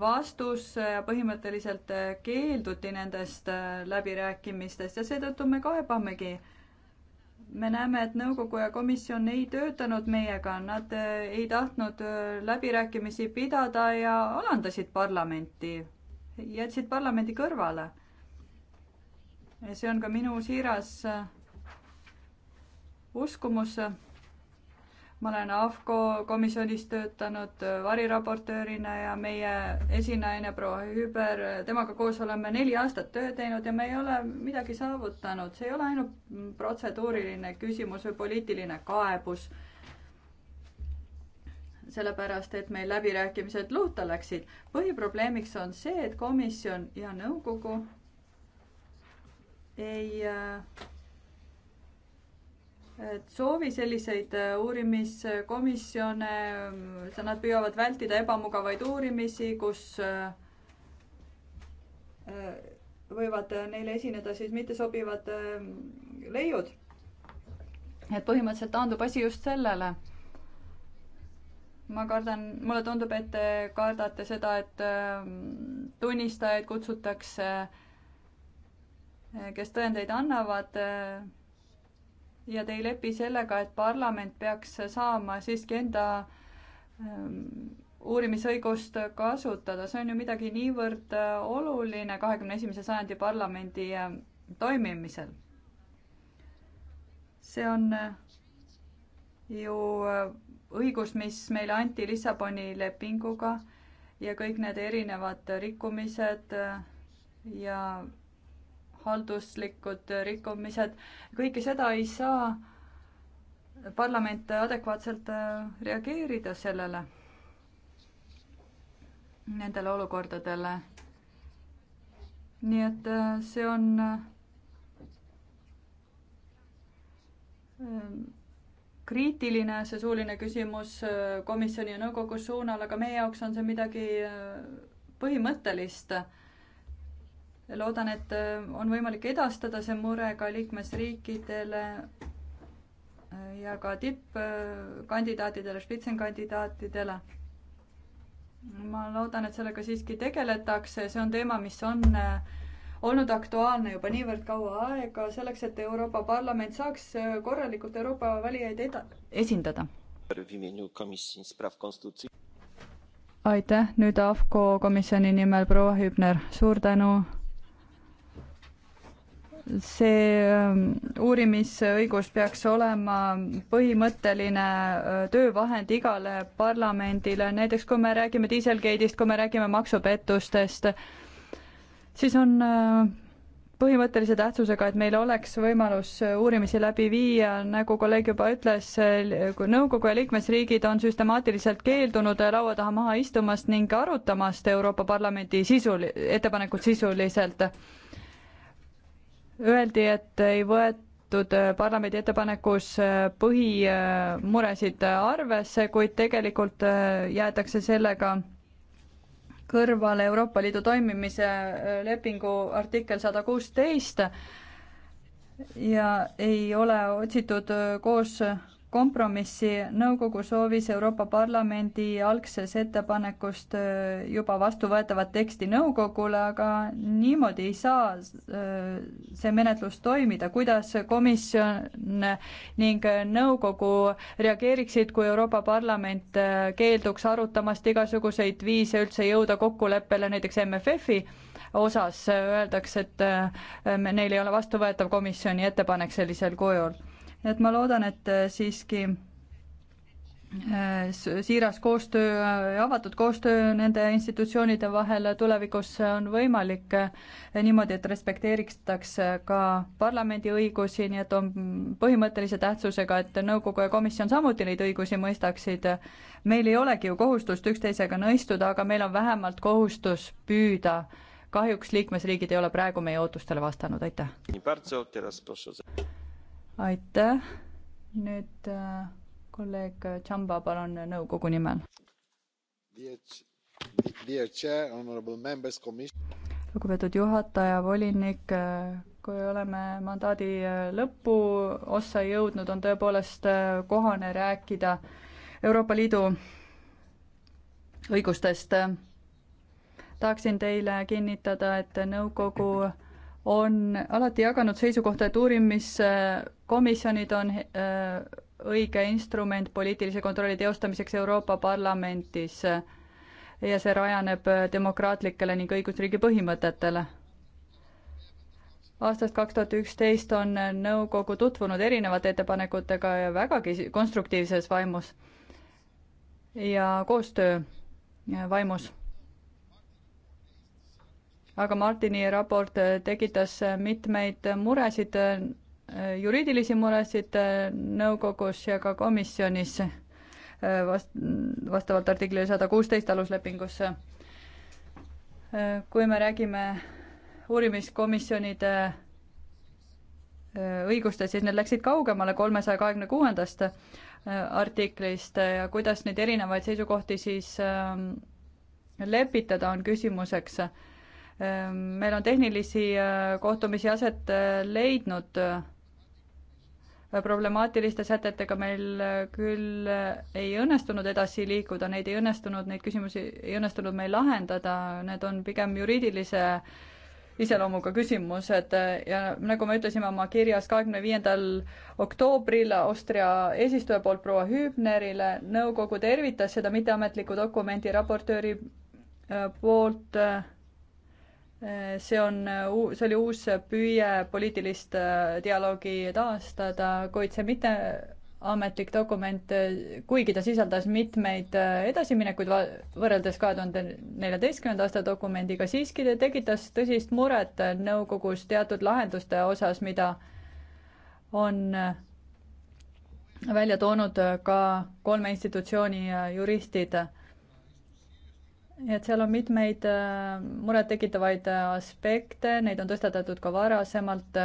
vastus ja põhimõtteliselt keelduti nendest läbirääkimistest ja seetõttu me kaebamegi. me näeme, et nõukogu ja komisjon ei töötanud meiega, nad ei tahtnud läbirääkimisi pidada ja alandasid parlamenti, jätsid parlamendi kõrvale ja see on ka minu siiras äh, uskumus. ma olen AFCO komisjonis töötanud äh, variraportöörina ja meie esinaine proua Hüber, äh, temaga koos oleme neli aastat töö teinud ja me ei ole midagi saavutanud, see ei ole ainult protseduuriline küsimus või poliitiline kaebus sellepärast et meil läbirääkimised luhta läksid. põhiprobleemiks on see, et komisjon ja nõukogu ei äh, soovi selliseid äh, uurimiskomisjone, äh, nad püüavad vältida ebamugavaid uurimisi, kus võivad neile esineda siis mittesobivad leiud. et põhimõtteliselt taandub asi just sellele. ma kardan, mulle tundub, et te kardate seda, et tunnistajaid kutsutakse äh, Eh, kes tõendeid annavad. Eh, ja te ei lepi sellega, et parlament peaks saama siiski enda ehm, uurimisõigust kasutada, see on ju midagi niivõrd eh, oluline kahekümne esimese sajandi parlamendi toimimisel. see on ju õigus, mis meile anti Lissaboni lepinguga ja kõik need erinevad rikkumised ja halduslikud rikkumised, kõike seda ei saa parlament adekvaatselt äh, reageerida sellele, nendele olukordadele. nii et äh, see on äh, kriitiline, see suuline küsimus komisjoni ja nõukogu suunal, aga meie jaoks on see midagi põhimõttelist loodan, et äh, on võimalik edastada see mure ka liikmesriikidele äh, ja ka tippkandidaatidele, spitsenkandidaatidele. ma loodan, et sellega siiski tegeletakse, see on teema, mis on äh, olnud aktuaalne juba niivõrd kaua aega, selleks et Euroopa Parlament saaks korralikult Euroopa valijaid eda-, esindada. aitäh, nüüd AFCO komisjoni nimel proua Hübner, suur tänu see ähm, uurimisõigus peaks olema põhimõtteline äh, töövahend igale parlamendile, näiteks kui me räägime Dieselgate'ist, kui me räägime maksupettustest, siis on äh, põhimõttelise tähtsusega, et meil oleks võimalus äh, uurimisi läbi viia, nagu kolleeg juba ütles, kui nõukogu ja liikmesriigid on süstemaatiliselt keeldunud laua taha maha istumast ning arutamast Euroopa Parlamendi sisul, ettepanekut sisuliselt öeldi, et ei võetud äh, parlamendi ettepanekus äh, põhimuresid äh, arvesse, kuid tegelikult jäetakse sellega kõrvale Euroopa Liidu toimimise lepingu artikkel sada kuusteist ja ei ole otsitud koos kompromissi nõukogu soovis Euroopa Parlamendi algses ettepanekust äh, juba vastuvõetavat teksti nõukogule, aga niimoodi ei saa äh, see menetlus toimida, kuidas komisjon ning nõukogu reageeriksid, kui Euroopa Parlament äh, keelduks arutamast igasuguseid viise üldse jõuda kokkuleppele näiteks MFF-i osas, öeldakse, et me, neil ei ole vastuvõetav komisjoni ettepanek sellisel kujul et ma loodan, et äh, siiski äh, siiras koostöö äh, ja avatud koostöö nende institutsioonide vahel tulevikus on võimalik niimoodi, et respekteeritakse ka parlamendi õigusi, nii et on põhimõttelise tähtsusega, et nõukogu ja komisjon samuti neid õigusi mõistaksid. meil ei olegi ju kohustust üksteisega nõistuda, aga meil on vähemalt kohustus püüda. kahjuks liikmesriigid ei ole praegu meie ootustele vastanud, aitäh aitäh, nüüd äh, kolleeg Tšamba, palun nõukogu nimel. lugupeetud juhataja, volinik, äh, kui oleme mandaadi äh, lõpuossa jõudnud, on tõepoolest kohane rääkida Euroopa Liidu õigustest tahaksin teile kinnitada, et nõukogu on alati jaganud seisukohta, et uurimiskomisjonid on äh, õige instrument poliitilise kontrolli teostamiseks Euroopa Parlamentis ja see rajaneb äh, demokraatlikele ning õigusriigi põhimõtetele. aastast kaks tuhat üksteist on nõukogu tutvunud erinevate ettepanekutega ja vägagi konstruktiivses vaimus ja koostöö vaimus aga Martini raport äh, tekitas äh, mitmeid äh, muresid, juriidilisi muresid nõukogus ja ka komisjonis vast-, vastavalt artiklile sada kuusteist aluslepingus. kui me räägime uurimiskomisjonide õigustest, siis need läksid kaugemale kolmesaja kahekümne kuuendast artiklist ja kuidas neid erinevaid seisukohti siis ähm, lepitada, on küsimuseks Ehm, meil on tehnilisi äh, kohtumisi aset äh, leidnud äh, problemaatiliste sätetega meil küll ei õnnestunud edasi liikuda, neid ei õnnestunud, neid küsimusi ei õnnestunud meil lahendada, need on pigem juriidilise iseloomuga küsimused ja nagu me ütlesime oma kirjas kahekümne viiendal oktoobril Austria eesistuja poolt proua Hübnerile, nõukogu tervitas seda mitteametliku dokumendi raportööri poolt äh, see on, see oli uus püüe poliitilist äh, dialoogi taastada, kuid see mitte ametlik dokument, äh, kuigi ta sisaldas mitmeid äh, edasiminekuid võrreldes kahe tuhande neljateistkümnenda aasta dokumendiga, siiski tekitas tõsist muret nõukogus teatud lahenduste osas, mida on välja toonud ka kolme institutsiooni juristid nii et seal on mitmeid äh, murettekitavaid äh, aspekte, neid on tõstatatud ka varasemalt.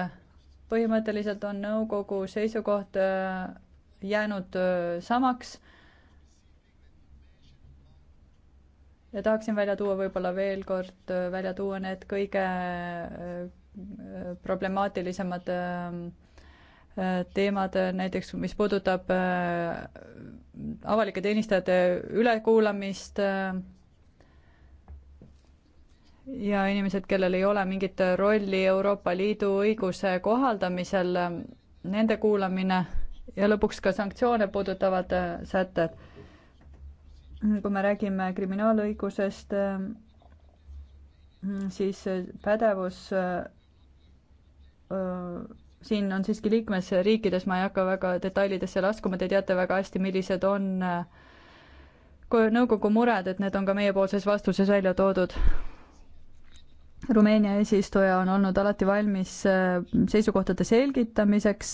põhimõtteliselt on nõukogu seisukoht äh, jäänud samaks. ja tahaksin välja tuua võib-olla veel kord, välja tuua need kõige problemaatilisemad teemad, näiteks mis puudutab avalike teenistajate ülekuulamist ja inimesed, kellel ei ole mingit rolli Euroopa Liidu õiguse kohaldamisel, nende kuulamine ja lõpuks ka sanktsioone puudutavad äh, sätted. kui me räägime kriminaalõigusest, äh, siis äh, pädevus siin on siiski liikmesriikides, ma ei hakka väga detailidesse laskuma, te teate väga hästi, millised on nõukogu mured, et need on ka meiepoolses vastuses välja toodud Rumeenia eesistuja on olnud alati valmis äh, seisukohtade selgitamiseks,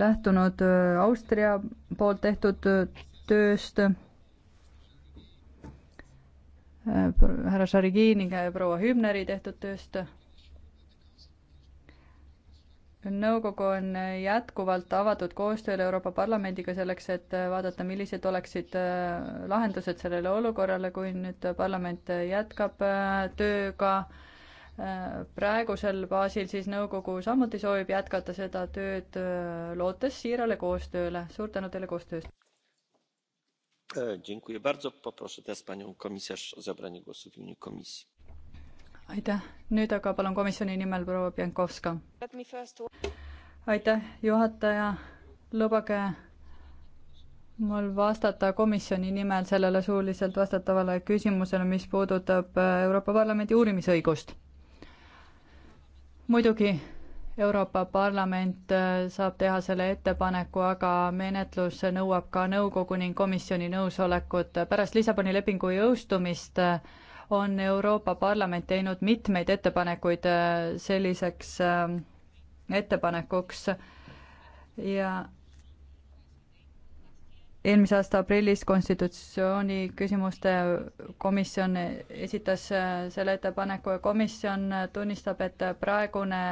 lähtunud äh, Austria poolt tehtud äh, tööst, härra Šariginiga ja proua Hübneri tehtud tööst nõukogu on jätkuvalt avatud koostööle Euroopa Parlamendiga selleks, et vaadata, millised oleksid äh, lahendused sellele olukorrale, kui nüüd parlament jätkab äh, tööga äh, praegusel baasil, siis nõukogu samuti soovib jätkata seda tööd, lootes siirale koostööle. suur tänu teile koostöö eest! Dziękuję bardzo. Poproszę teraz panią komisarz o zabranie głosu w imieniu komisji aitäh, nüüd aga palun komisjoni nimel proua Pienkovska. aitäh, juhataja, lubage mul vastata komisjoni nimel sellele suuliselt vastatavale küsimusele, mis puudutab äh, Euroopa Parlamendi uurimisõigust. muidugi, Euroopa Parlament äh, saab teha selle ettepaneku, aga menetlus nõuab ka nõukogu ning komisjoni nõusolekut. pärast Lissaboni lepingu jõustumist äh, on Euroopa Parlament teinud mitmeid ettepanekuid äh, selliseks äh, ettepanekuks ja eelmise aasta aprillis konstitutsiooni küsimuste komisjon esitas äh, selle ettepaneku ja komisjon tunnistab, et praegune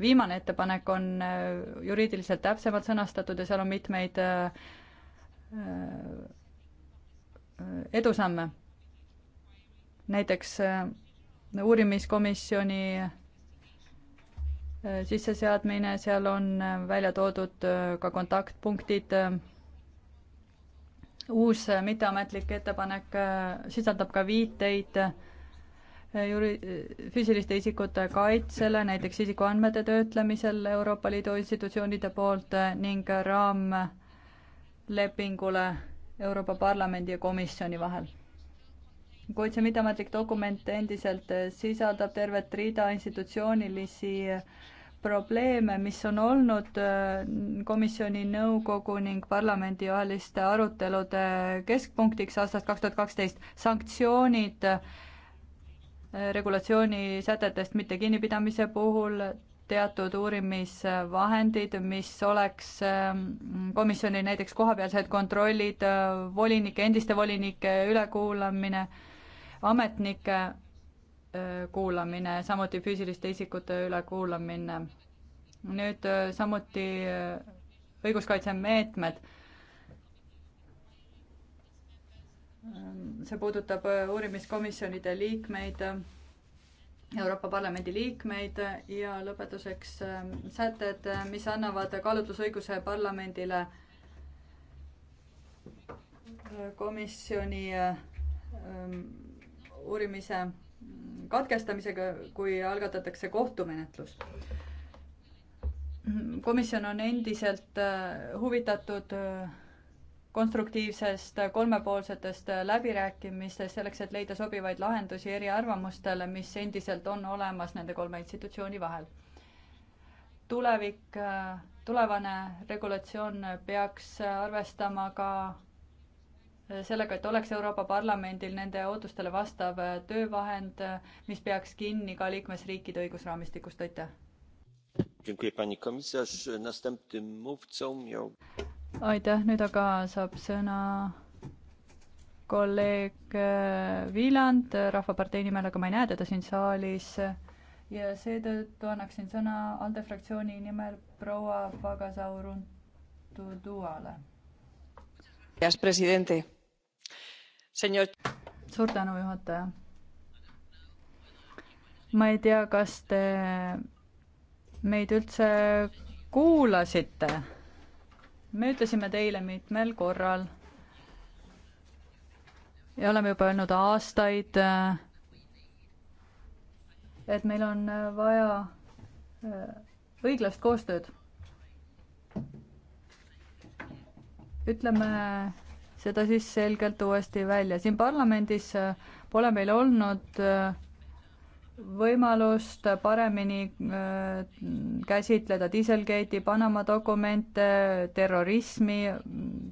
viimane ettepanek on juriidiliselt täpsemalt sõnastatud ja seal on mitmeid edusamme näiteks äh, uurimiskomisjoni äh, sisseseadmine, seal on äh, välja toodud ka kontaktpunktid. uus mitteametlik ettepanek sisaldab ka viiteid juri-, füüsiliste isikute kaitsele, näiteks isikuandmete töötlemisel Euroopa Liidu institutsioonide poolt ning raamlepingule Euroopa Parlamendi ja Komisjoni vahel kuid see mitteametlik dokument endiselt eh, sisaldab tervet rida institutsioonilisi eh, probleeme, mis on olnud eh, komisjoni, nõukogu ning parlamendi vaheliste arutelude keskpunktiks aastast kaks tuhat kaksteist. sanktsioonid regulatsiooni sätetest mitte kinnipidamise puhul, teatud uurimisvahendid, mis oleks komisjoni näiteks kohapealsed kontrollid, volinike, endiste volinike ülekuulamine ametnike kuulamine, samuti füüsiliste isikute ülekuulamine. nüüd samuti õiguskaitsemeetmed. see puudutab uurimiskomisjonide liikmeid, Euroopa Parlamendi liikmeid ja lõpetuseks sätted, mis annavad kaalutlusõiguse parlamendile komisjoni uurimise katkestamisega, kui algatatakse kohtumenetlus. komisjon on endiselt äh, huvitatud äh, konstruktiivsest äh, kolmepoolsetest läbirääkimistest selleks, et leida sobivaid lahendusi eriarvamustele, mis endiselt on olemas nende kolme institutsiooni vahel. tulevik, tulevane regulatsioon peaks arvestama ka sellega, et oleks Euroopa Parlamendil nende ootustele vastav äh, töövahend, äh, mis peaks kinni ka liikmesriikide õigusraamistikust, aitäh. aitäh, nüüd aga saab sõna kolleeg äh, Viland Rahvapartei nimel, aga ma ei näe teda siin saalis ja seetõttu annaksin sõna ALDE fraktsiooni nimel proua Pagasaurun Tuduale suur tänu, juhataja. ma ei tea, kas te meid üldse kuulasite. me ütlesime teile mitmel korral ja oleme juba öelnud aastaid, et meil on vaja äh, õiglast koostööd. ütleme seda siis selgelt uuesti välja. siin parlamendis äh, pole meil olnud äh, võimalust paremini äh, käsitleda Dieselgate'i, Panama dokumente, terrorismi,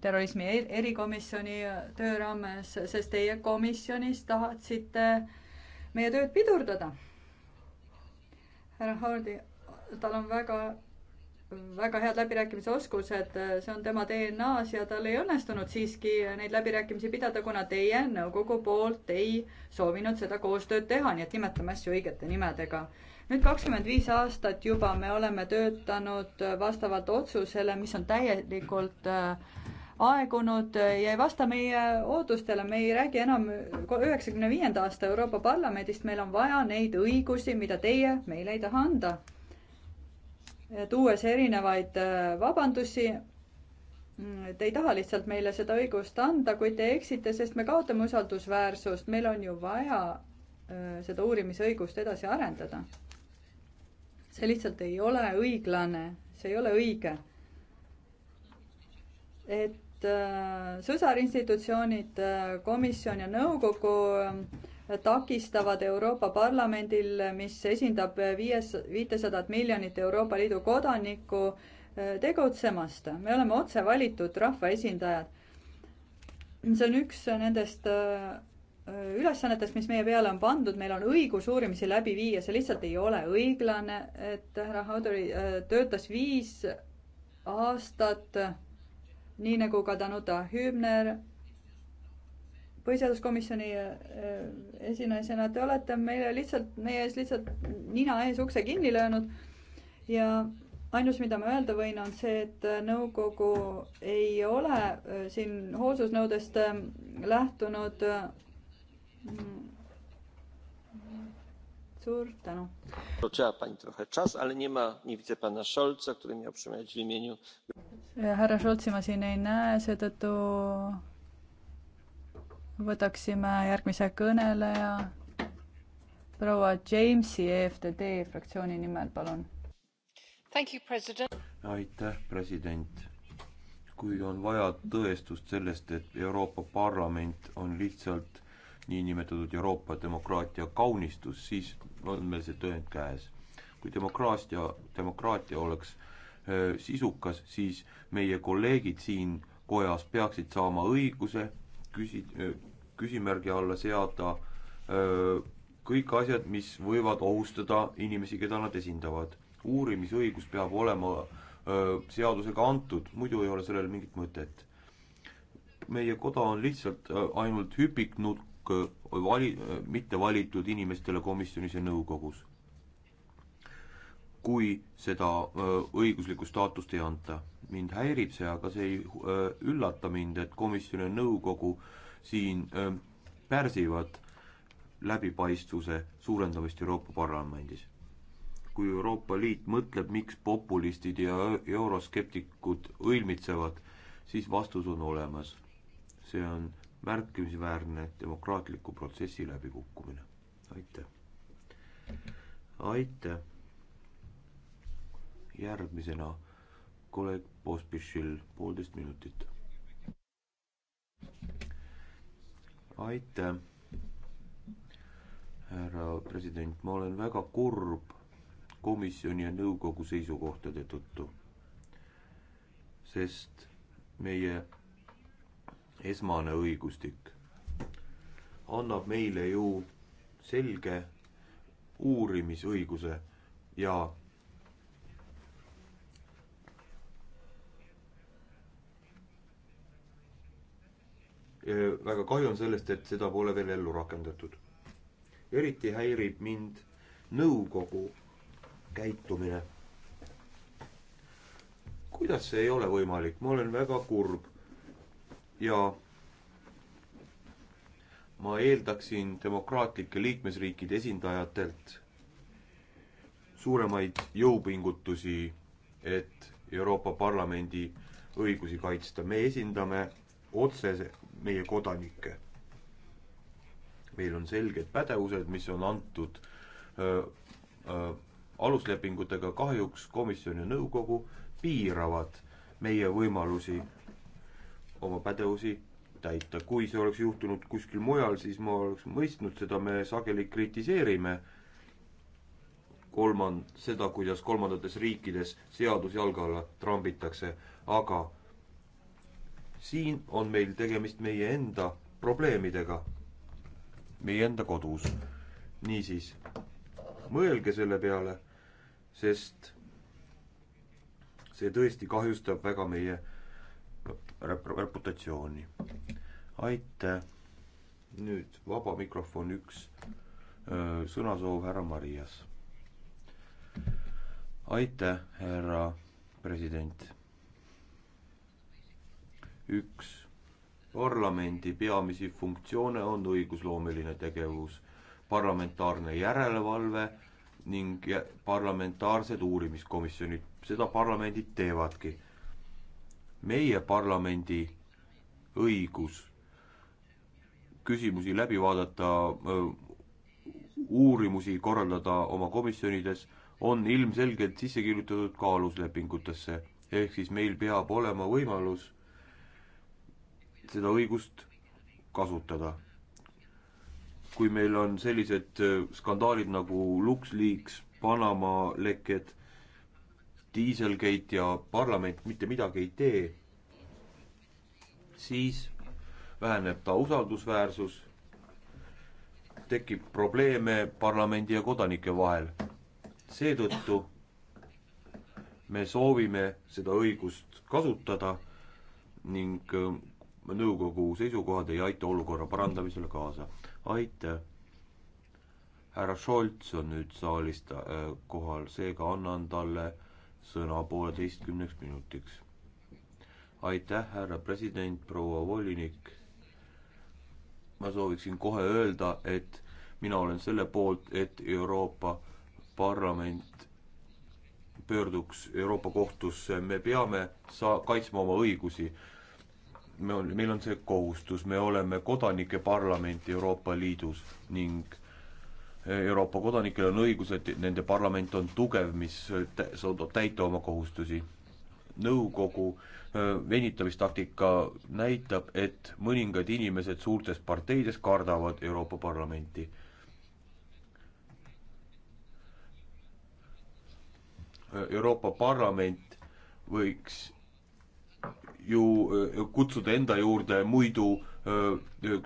terrorismi e-, erikomisjoni töö raames, sest teie komisjonis tahtsite meie tööd pidurdada. härra Hardi, tal on väga väga head läbirääkimisoskused, see on tema DNA-s ja tal ei õnnestunud siiski neid läbirääkimisi pidada, kuna teie nõukogu poolt ei soovinud seda koostööd teha, nii et nimetame asju õigete nimedega. nüüd kakskümmend viis aastat juba me oleme töötanud vastavalt otsusele, mis on täielikult äh, aegunud ja ei vasta meie ootustele, me ei räägi enam üheksakümne viienda aasta Euroopa Parlamendist, meil on vaja neid õigusi, mida teie meile ei taha anda tuues erinevaid äh, vabandusi. Mm, te ei taha lihtsalt meile seda õigust anda, kuid te eksite, sest me kaotame usaldusväärsust, meil on ju vaja äh, seda uurimisõigust edasi arendada. see lihtsalt ei ole õiglane, see ei ole õige. et äh, sõsarinstitutsioonid, komisjon ja nõukogu takistavad Euroopa Parlamendil, mis esindab viies, viitesadat miljonit Euroopa Liidu kodanikku, eh, tegutsemast. me oleme otse valitud rahvaesindajad. see on üks nendest eh, ülesannetest, mis meie peale on pandud, meil on õigus uurimisi läbi viia, see lihtsalt ei ole õiglane, et härra Haudori eh, töötas viis aastat, nii nagu ka Danuta Hübner põhiseaduskomisjoni äh, äh, esinaisena, te olete meile lihtsalt, meie ees lihtsalt nina ees ukse kinni löönud ja ainus, mida ma öelda võin, on see, et äh, nõukogu ei ole siin hoolsusnõudest lähtunud. suur tänu. härra Šoltsi ma siin ei näe, seetõttu võtaksime järgmise kõneleja, proua Jamesi EFTD fraktsiooni nimel, palun. aitäh, president kui on vaja tõestust sellest, et Euroopa Parlament on lihtsalt niinimetatud Euroopa demokraatia kaunistus, siis on meil see tõend käes. kui demokraatia, demokraatia oleks öö, sisukas, siis meie kolleegid siin kojas peaksid saama õiguse küsi-, küsimärgi alla seada öö, kõik asjad, mis võivad ohustada inimesi, keda nad esindavad. uurimisõigus peab olema öö, seadusega antud, muidu ei ole sellel mingit mõtet. meie koda on lihtsalt öö, ainult hüpiknurk vali-, mitte valitud inimestele komisjonis ja nõukogus. kui seda öö, õiguslikku staatust ei anta mind häirib see, aga see ei üllata mind, et komisjon ja nõukogu öö, siin pärsivad läbipaistvuse suurendamist Euroopa Parlamendis. kui Euroopa Liit mõtleb, miks populistid ja euroskeptikud õilmitsevad, siis vastus on olemas. see on märkimisväärne demokraatliku protsessi läbikukkumine. aitäh. aitäh. järgmisena kolleeg Pospišil poolteist minutit aitäh, härra president, ma olen väga kurb komisjoni ja nõukogu seisukohtade tõttu. sest meie esmane õigustik annab meile ju selge uurimisõiguse ja Äh, väga kahju on sellest, et seda pole veel ellu rakendatud. eriti häirib mind nõukogu käitumine. kuidas see ei ole võimalik, ma olen väga kurb. ja ma eeldaksin demokraatlike liikmesriikide esindajatelt suuremaid jõupingutusi, et Euroopa Parlamendi õigusi kaitsta. me esindame otse meie kodanikke. meil on selged pädevused, mis on antud öö, öö, aluslepingutega, kahjuks komisjon ja nõukogu piiravad meie võimalusi oma pädevusi täita. kui see oleks juhtunud kuskil mujal, siis ma oleks mõistnud seda, me sageli kritiseerime kolmand-, seda, kuidas kolmandates riikides seadus jalge alla trambitakse, aga siin on meil tegemist meie enda probleemidega, meie enda kodus. niisiis, mõelge selle peale, sest see tõesti kahjustab väga meie rep-, reputatsiooni. aitäh! nüüd vaba mikrofon üks, sõnasoov härra Marias. aitäh, härra president üks parlamendi peamisi funktsioone on õigusloomeline tegevus, parlamentaarne järelevalve ning parlamentaarsed uurimiskomisjonid, seda parlamendid teevadki. meie parlamendi õigus küsimusi läbi vaadata, uurimusi korraldada oma komisjonides, on ilmselgelt sisse kirjutatud ka aluslepingutesse. ehk siis meil peab olema võimalus et seda õigust kasutada. kui meil on sellised äh, skandaalid nagu LuxLeaks, Panama leked, Dieselgate ja parlament mitte midagi ei tee, siis väheneb ta usaldusväärsus, tekib probleeme parlamendi ja kodanike vahel. seetõttu me soovime seda õigust kasutada ning äh, nõukogu seisukohad ei aita olukorra parandamisele kaasa. aitäh! härra Scholz on nüüd saalis äh, kohal, seega annan talle sõna pooleteistkümneks minutiks. aitäh, härra president, proua volinik. ma sooviksin kohe öelda, et mina olen selle poolt, et Euroopa Parlament pöörduks Euroopa Kohtusse, me peame saa-, kaitsma oma õigusi me on, meil on see kohustus, me oleme kodanike parlament Euroopa Liidus ning eh, Euroopa kodanikel on õigus, et nende parlament on tugev, mis eh, suudab täita oma kohustusi. nõukogu eh, venitamistaktika näitab, et mõningad inimesed suurtes parteides kardavad Euroopa Parlamenti Euroopa Parlament võiks ju kutsuda enda juurde muidu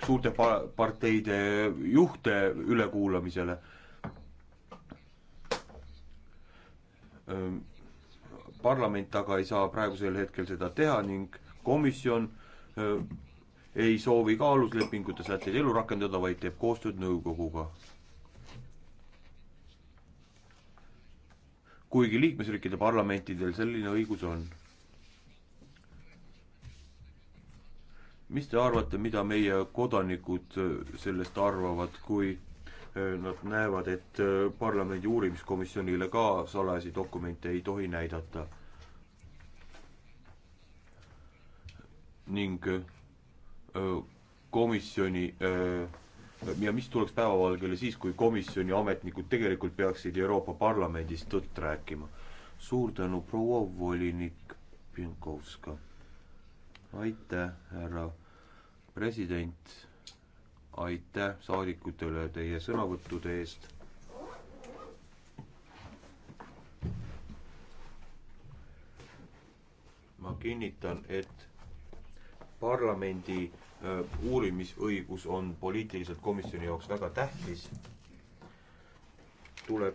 suurte pa-, parteide juhte ülekuulamisele. parlament aga ei saa praegusel hetkel seda teha ning komisjon ei soovi ka aluslepingute sätteid ellu rakendada, vaid teeb koostööd nõukoguga. kuigi liikmesriikide parlamentidel selline õigus on mis te arvate, mida meie kodanikud äh, sellest arvavad, kui äh, nad näevad, et äh, parlamendi uurimiskomisjonile ka salajasi dokumente ei tohi näidata? ning komisjoni ja mis tuleks päevavalgele siis, kui komisjoni ametnikud tegelikult peaksid Euroopa Parlamendis tõtt rääkima? suur tänu, proua volinik Pinkovska. aitäh, härra president, aitäh saadikutele teie sõnavõttude eest. ma kinnitan, et parlamendi äh, uurimisõigus on poliitiliselt komisjoni jaoks väga tähtis. tuleb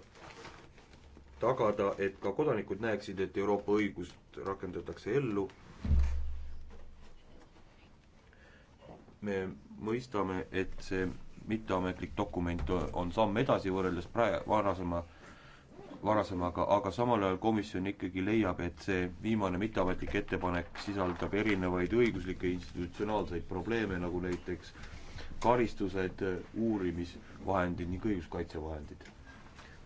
tagada, et ka kodanikud näeksid, et Euroopa õigust rakendatakse ellu me mõistame, et see mitteametlik dokument on samm edasi võrreldes prae-, varasema, varasemaga, aga samal ajal komisjon ikkagi leiab, et see viimane mitteametlik ettepanek sisaldab erinevaid õiguslikke institutsionaalseid probleeme, nagu näiteks karistused, uurimisvahendid ning õiguskaitsevahendid.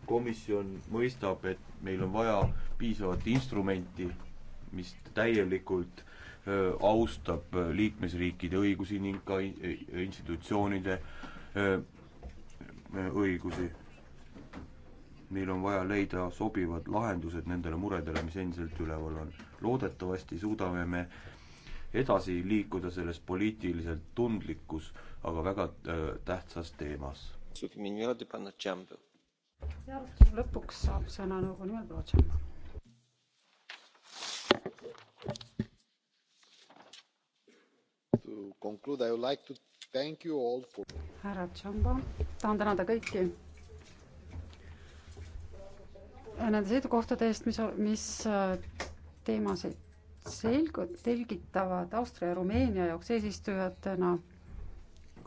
komisjon mõistab, et meil on vaja piisavat instrumenti, mis täielikult Äh, austab äh, liikmesriikide õigusi ning ka äh, institutsioonide õigusi. meil on vaja leida sobivad lahendused nendele muredele, mis endiselt üleval on. loodetavasti suudame me edasi liikuda selles poliitiliselt tundlikus, aga väga tähtsas teemas. ja arutelu lõpuks saab sõna nõukogu nimel proua Tšamba conclude, I would like to thank you all for härra Tšamba, tahan tänada kõiki nende seisukohtade eest, mis, mis äh, teemasid selgelt selgitavad Austria ja Rumeenia jaoks eesistujatena,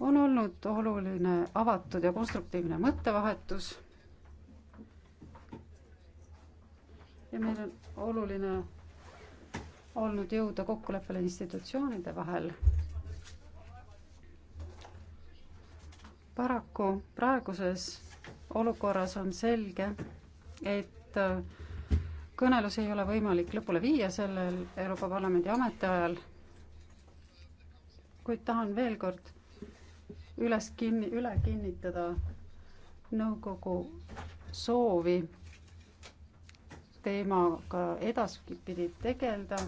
on olnud oluline avatud ja konstruktiivne mõttevahetus ja meil on oluline olnud jõuda kokkuleppele institutsioonide vahel paraku praeguses olukorras on selge, et äh, kõnelusi ei ole võimalik lõpule viia sellel Euroopa Parlamendi ametiajal, kuid tahan veel kord üles kinni, üle kinnitada nõukogu soovi teemaga edaspidi tegeleda.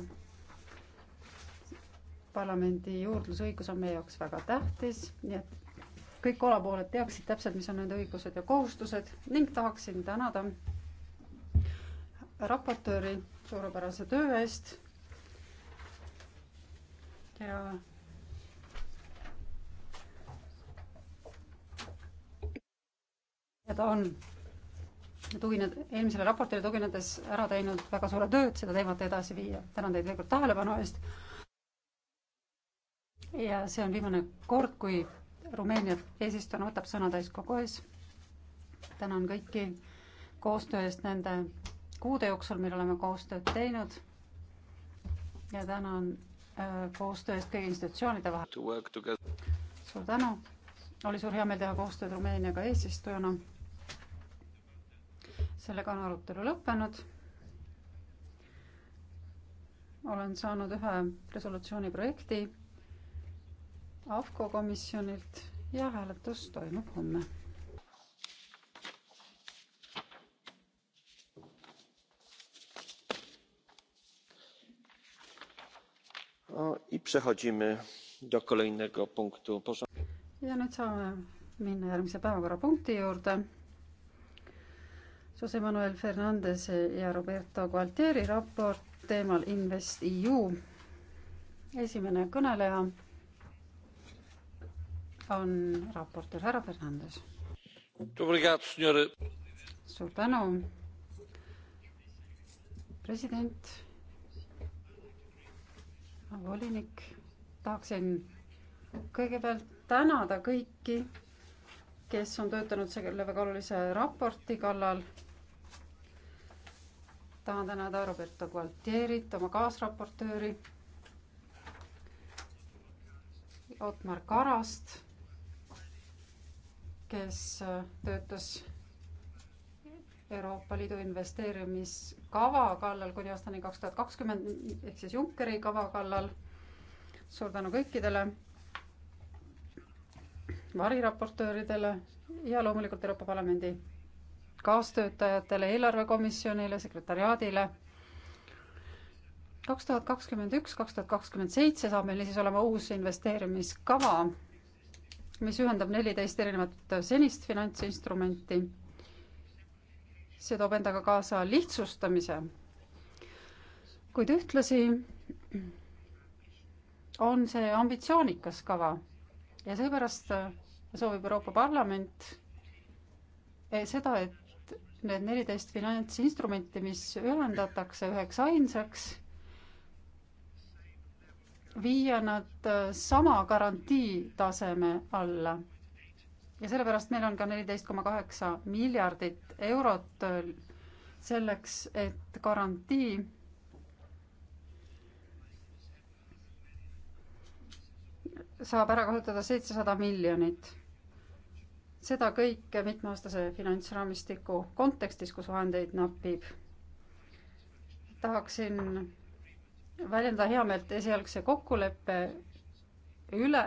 parlamendi juurdlusõigus on meie jaoks väga tähtis, nii et kõik olapooled teaksid täpselt, mis on nende õigused ja kohustused ning tahaksin tänada raportööri suurepärase töö eest ja ja ta on tugined, eelmisele raportile tuginedes ära teinud väga suure töö, et seda teemat edasi viia. tänan teid veel kord tähelepanu eest. ja see on viimane kord, kui Rumeenia eesistujana võtab sõna täiskogu ees. tänan kõiki koostöö eest nende kuude jooksul, mil oleme koostööd teinud. ja tänan äh, koostöö eest kõigi institutsioonide vahel. suur tänu, oli suur heameel teha koostööd Rumeeniaga eesistujana. sellega on arutelu lõppenud. olen saanud ühe resolutsiooni projekti AFCO komisjonilt ja hääletus toimub homme. ja nüüd saame minna järgmise päevakorrapunkti juurde. Jose Manuel Fernandese ja Roberto Gualtieri raport teemal InvestEU. esimene kõneleja on raportöör härra Fernandes. suur tänu, president, volinik, tahaksin kõigepealt tänada kõiki, kes on töötanud selle väga olulise raporti kallal. tahan tänada Roberto Gualtierit, oma kaasraportööri, Otmar Karast kes äh, töötas Euroopa Liidu investeerimiskava kallal kuni aastani kaks tuhat kakskümmend ehk siis Junckeri kava kallal. suur tänu kõikidele variraportööridele ja loomulikult Euroopa Parlamendi kaastöötajatele, eelarvekomisjonile, sekretariaadile. kaks tuhat kakskümmend üks, kaks tuhat kakskümmend seitse saab meil siis olema uus investeerimiskava mis ühendab neliteist erinevat senist finantsinstrumenti. see toob endaga kaasa lihtsustamise, kuid ühtlasi on see ambitsioonikas kava ja seepärast soovib Euroopa Parlament eh, seda, et need neliteist finantsinstrumenti, mis ühendatakse üheks ainsaks viia nad äh, sama garantii taseme alla. ja sellepärast meil on ka neliteist koma kaheksa miljardit eurot äh, selleks, et garantii saab ära kasutada seitsesada miljonit. seda kõike mitmeaastase finantsraamistiku kontekstis, kus vahendeid napib. tahaksin väljenda heameelt esialgse kokkuleppe üle.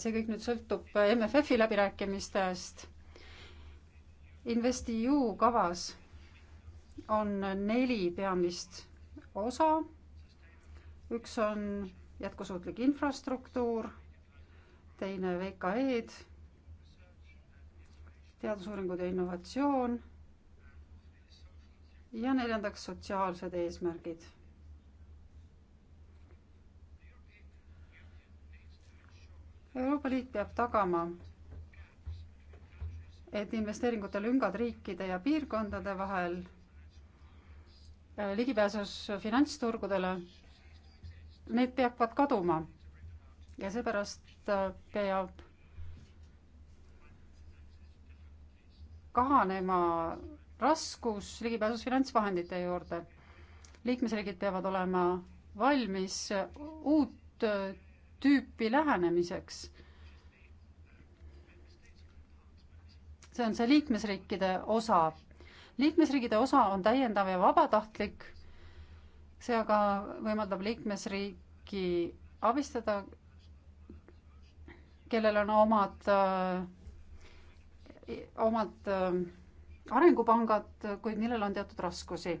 see kõik nüüd sõltub MFF-i läbirääkimistest. InvestEU kavas on neli peamist osa. üks on jätkusuutlik infrastruktuur, teine VKE-d, teadusuuringud ja innovatsioon ja neljandaks sotsiaalsed eesmärgid Euroopa Liit peab tagama, et investeeringute lüngad riikide ja piirkondade vahel, äh, ligipääsus finantsturgudele, need peavad kaduma. ja seepärast äh, peab kahanema raskus ligipääsus finantsvahendite juurde. liikmesriigid peavad olema valmis uut äh, tüüpi lähenemiseks. see on see liikmesriikide osa. liikmesriikide osa on täiendav ja vabatahtlik, see aga võimaldab liikmesriiki abistada, kellel on omad, äh, omad äh, arengupangad, kuid millel on teatud raskusi.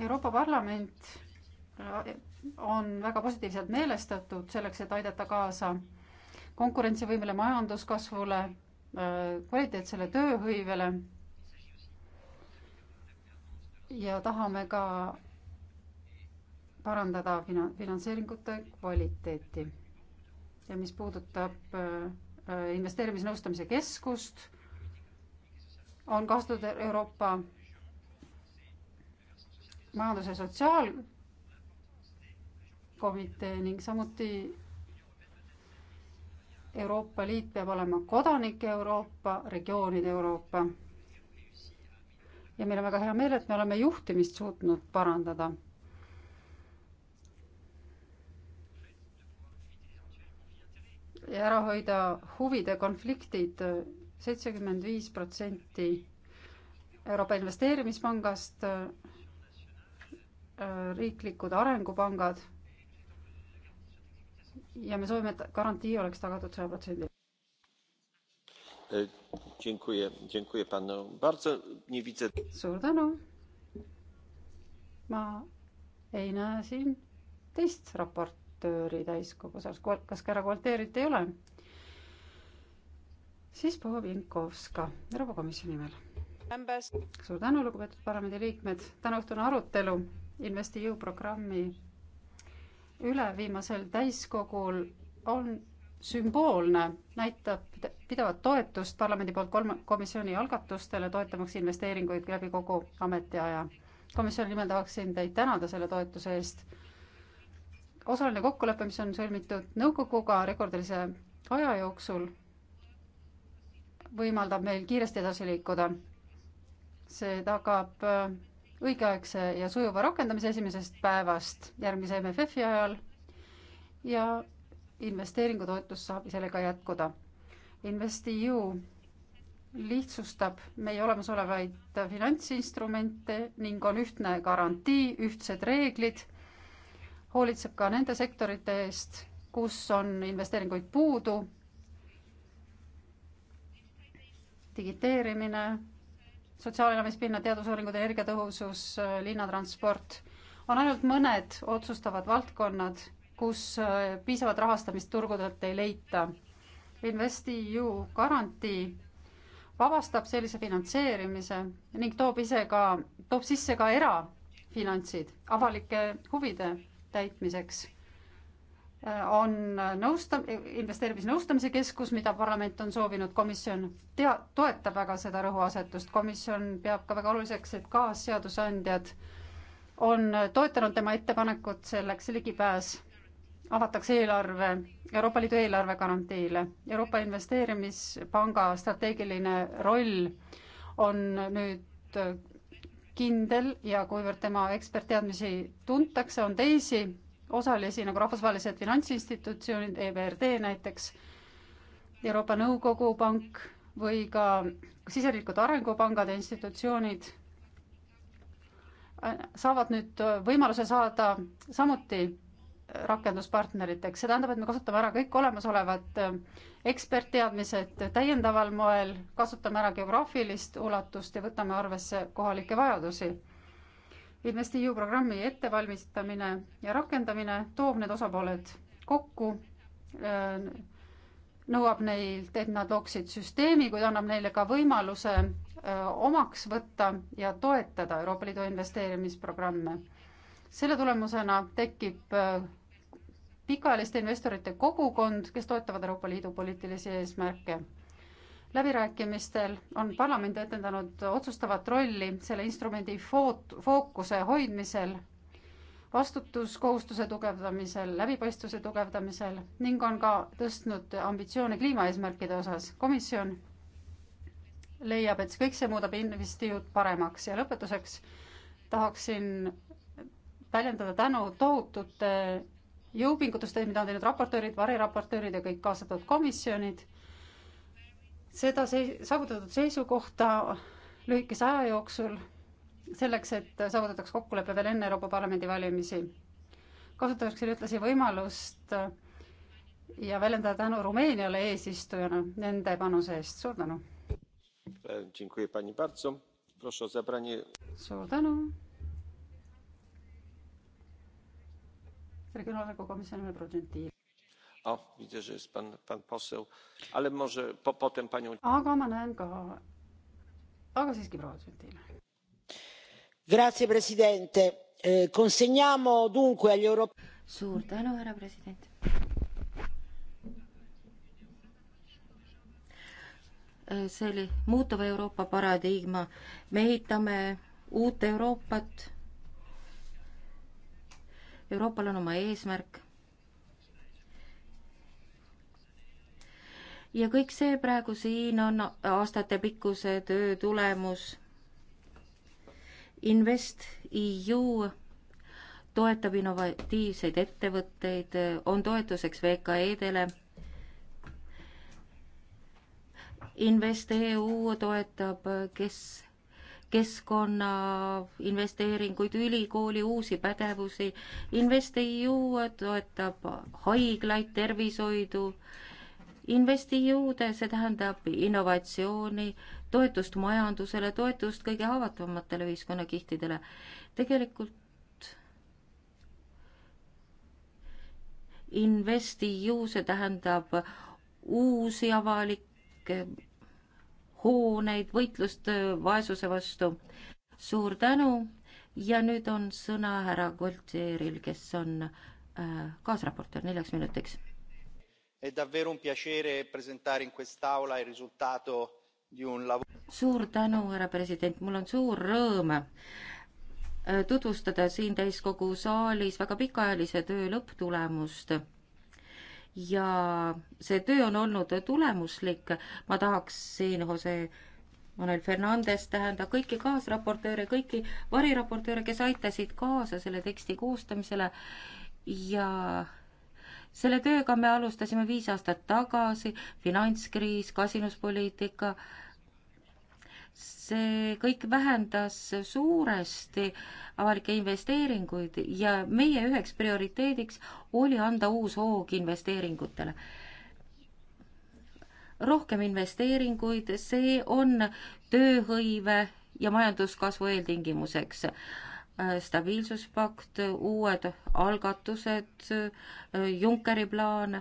Euroopa Parlament äh, on väga positiivselt meelestatud selleks, et aidata kaasa konkurentsivõimele, majanduskasvule, äh, kvaliteetsele tööhõivele. ja tahame ka parandada fina-, finantseeringute kvaliteeti. ja mis puudutab äh, investeerimisnõustamise keskust, on kasutatud Euroopa majandus- ja sotsiaalkomitee ning samuti Euroopa Liit peab olema kodanike Euroopa, regioonide Euroopa. ja meil on väga hea meel, et me oleme juhtimist suutnud parandada. ja ära hoida huvide konfliktid, seitsekümmend viis protsenti Euroopa Investeerimispangast Äh, riiklikud arengupangad ja me soovime, et garantii oleks tagatud saja protsendil. Äh, suur tänu. ma ei näe siin teist raportööri täiskogu seas, kas ka härra Gualterit ei ole? siis proua Vinkovska Euroopa Komisjoni nimel. suur tänu, lugupeetud parlamendiliikmed, tänaõhtune arutelu InvestEU programmi üle viimasel täiskogul on sümboolne, näitab pidevat toetust parlamendi poolt kolm-, komisjoni algatustele, toetamaks investeeringuid läbi kogu ametiaja. komisjoni nimel tahaksin teid tänada selle toetuse eest. osaline kokkulepe, mis on sõlmitud nõukoguga rekordilise aja jooksul, võimaldab meil kiiresti edasi liikuda. see tagab äh, õigeaegse ja sujuva rakendamise esimesest päevast järgmise MFF-i ajal ja investeeringutoetus saab sellega jätkuda. InvestEU lihtsustab meie olemasolevaid finantsinstrumente ning on ühtne garantii, ühtsed reeglid, hoolitseb ka nende sektorite eest, kus on investeeringuid puudu, digiteerimine sotsiaalelamispinna, teadusuuringud, energiatõhusus, linnatransport, on ainult mõned otsustavad valdkonnad, kus äh, piisavat rahastamist turgudelt ei leita. InvestEU garantii vabastab sellise finantseerimise ning toob ise ka, toob sisse ka erafinantsid avalike huvide täitmiseks on nõusta-, investeerimisnõustamise keskus, mida parlament on soovinud, komisjon tea-, toetab väga seda rõhuasetust, komisjon peab ka väga oluliseks, et kaasseadusandjad on toetanud tema ettepanekut, selleks ligipääs avatakse eelarve, Euroopa Liidu eelarve garantiile. Euroopa Investeerimispanga strateegiline roll on nüüd kindel ja kuivõrd tema ekspertteadmisi tuntakse, on teisi osalisi nagu rahvusvahelised finantsinstitutsioonid, EBRD näiteks, Euroopa Nõukogu Pank või ka siseriiklikud arengupangad ja institutsioonid äh, saavad nüüd võimaluse saada samuti rakenduspartneriteks, see tähendab, et me kasutame ära kõik olemasolevad äh, ekspertteadmised täiendaval moel, kasutame ära geograafilist ulatust ja võtame arvesse kohalikke vajadusi InvestEU programmi ettevalmistamine ja rakendamine toob need osapooled kokku, äh, nõuab neilt, et nad looksid süsteemi, kuid annab neile ka võimaluse äh, omaks võtta ja toetada Euroopa Liidu investeerimisprogramme. selle tulemusena tekib äh, pikaajaliste investorite kogukond, kes toetavad Euroopa Liidu poliitilisi eesmärke läbirääkimistel on parlament etendanud otsustavat rolli selle instrumendi foot-, fookuse hoidmisel, vastutuskohustuse tugevdamisel, läbipaistvuse tugevdamisel ning on ka tõstnud ambitsioone kliimaeesmärkide osas. komisjon leiab, et kõik see muudab investiiud paremaks ja lõpetuseks tahaksin väljendada tänu tohutute jõupingutuste, mida on teinud raportöörid, variraportöörid ja kõik kaasatud komisjonid seda se-, saavutatud seisukohta lühikese aja jooksul, selleks, et saavutataks kokkulepe veel enne Euroopa Parlamendi valimisi. kasutatakse ühtlasi võimalust ja väljendada tänu Rumeeniale eesistujana nende panuse eest, suur tänu! suur tänu! regionaalne kogumisjärelevalve protsenti. O, widzę, że jest pan, pan poseł, ale może po, potem panią. aga ma näen ka, aga siiski proua Tsentile. Grazie presidente, eh, consegniamo dunque agli euro-. suur tänu, härra president. Eh, see oli muutuva Euroopa paradigma, me ehitame uut Euroopat. Euroopal on oma eesmärk ja kõik see praegu siin on aastatepikkuse töö tulemus. Invest EU toetab innovatiivseid ettevõtteid, on toetuseks VKE-dele. Invest EU toetab, kes keskkonnainvesteeringuid, ülikooli uusi pädevusi. InvestEU toetab haiglaid, tervishoidu äh, investijõude, see tähendab innovatsiooni, toetust majandusele, toetust kõige haavatavamatele ühiskonnakihtidele. tegelikult investijõu, see tähendab uusi avalikke hooneid, võitlust vaesuse vastu. suur tänu ja nüüd on sõna härra Koltseeril, kes on äh, kaasraportöör neljaks minutiks è davvero un piacere presentare in quest'aula il risultato di un lavoro. suur tänu, härra president, mul on suur rõõm äh, tutvustada siin täiskogu saalis väga pikaajalise töö lõpptulemust ja see töö on olnud tulemuslik. ma tahaksin Jose Manuel Fernandes tähenda kõiki kaasraportööre, kõiki variraportööre, kes aitasid kaasa selle teksti koostamisele ja selle tööga me alustasime viis aastat tagasi, finantskriis, kasinuspoliitika, see kõik vähendas suuresti avalikke investeeringuid ja meie üheks prioriteediks oli anda uus hoog investeeringutele rohkem investeeringuid, see on tööhõive ja majanduskasvu eeltingimuseks. Äh, stabiilsuspakt, uued algatused, äh, Junckeri plaan,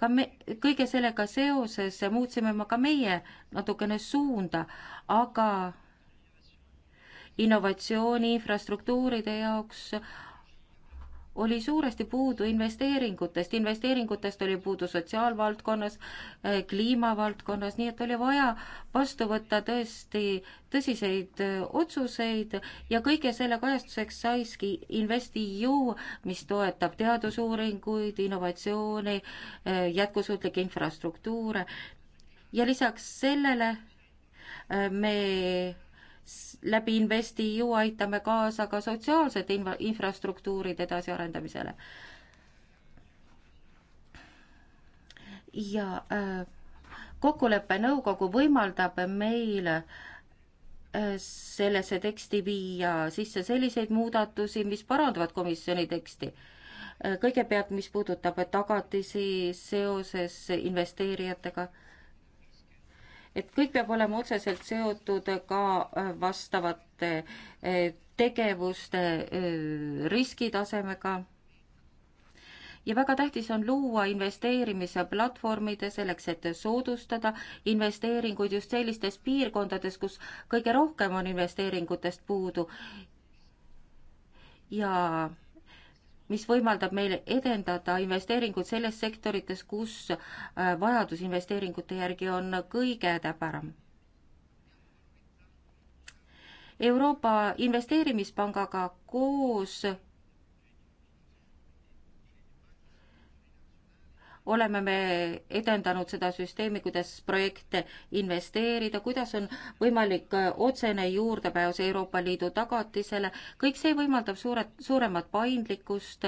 ka me, kõige sellega seoses muutsime me ka meie natukene suunda, aga innovatsiooni infrastruktuuride jaoks oli suuresti puudu investeeringutest, investeeringutest oli puudu sotsiaalvaldkonnas, eh, kliimavaldkonnas, nii et oli vaja vastu võtta tõesti tõsiseid eh, otsuseid ja kõige selle kajastuseks saiski InvestEU, mis toetab teadusuuringuid, innovatsiooni, eh, jätkusuutlikke infrastruktuure ja lisaks sellele me läbi InvestEU aitame kaasa ka sotsiaalsete inv-, infrastruktuuride edasiarendamisele. ja äh, kokkuleppe nõukogu võimaldab meil äh, sellesse teksti viia sisse selliseid muudatusi, mis parandavad komisjoni teksti äh,. kõigepealt, mis puudutab tagatisi seoses investeerijatega et kõik peab olema otseselt seotud ka äh, vastavate äh, tegevuste äh, riskitasemega. ja väga tähtis on luua investeerimise platvormide selleks, et soodustada investeeringuid just sellistes piirkondades, kus kõige rohkem on investeeringutest puudu. ja mis võimaldab meil edendada investeeringuid selles sektorites, kus äh, vajadus investeeringute järgi on kõige täpärem. Euroopa Investeerimispangaga koos oleme me edendanud seda süsteemi, kuidas projekte investeerida, kuidas on võimalik äh, otsene juurdepääs Euroopa Liidu tagatisele, kõik see võimaldab suure, suuremat paindlikkust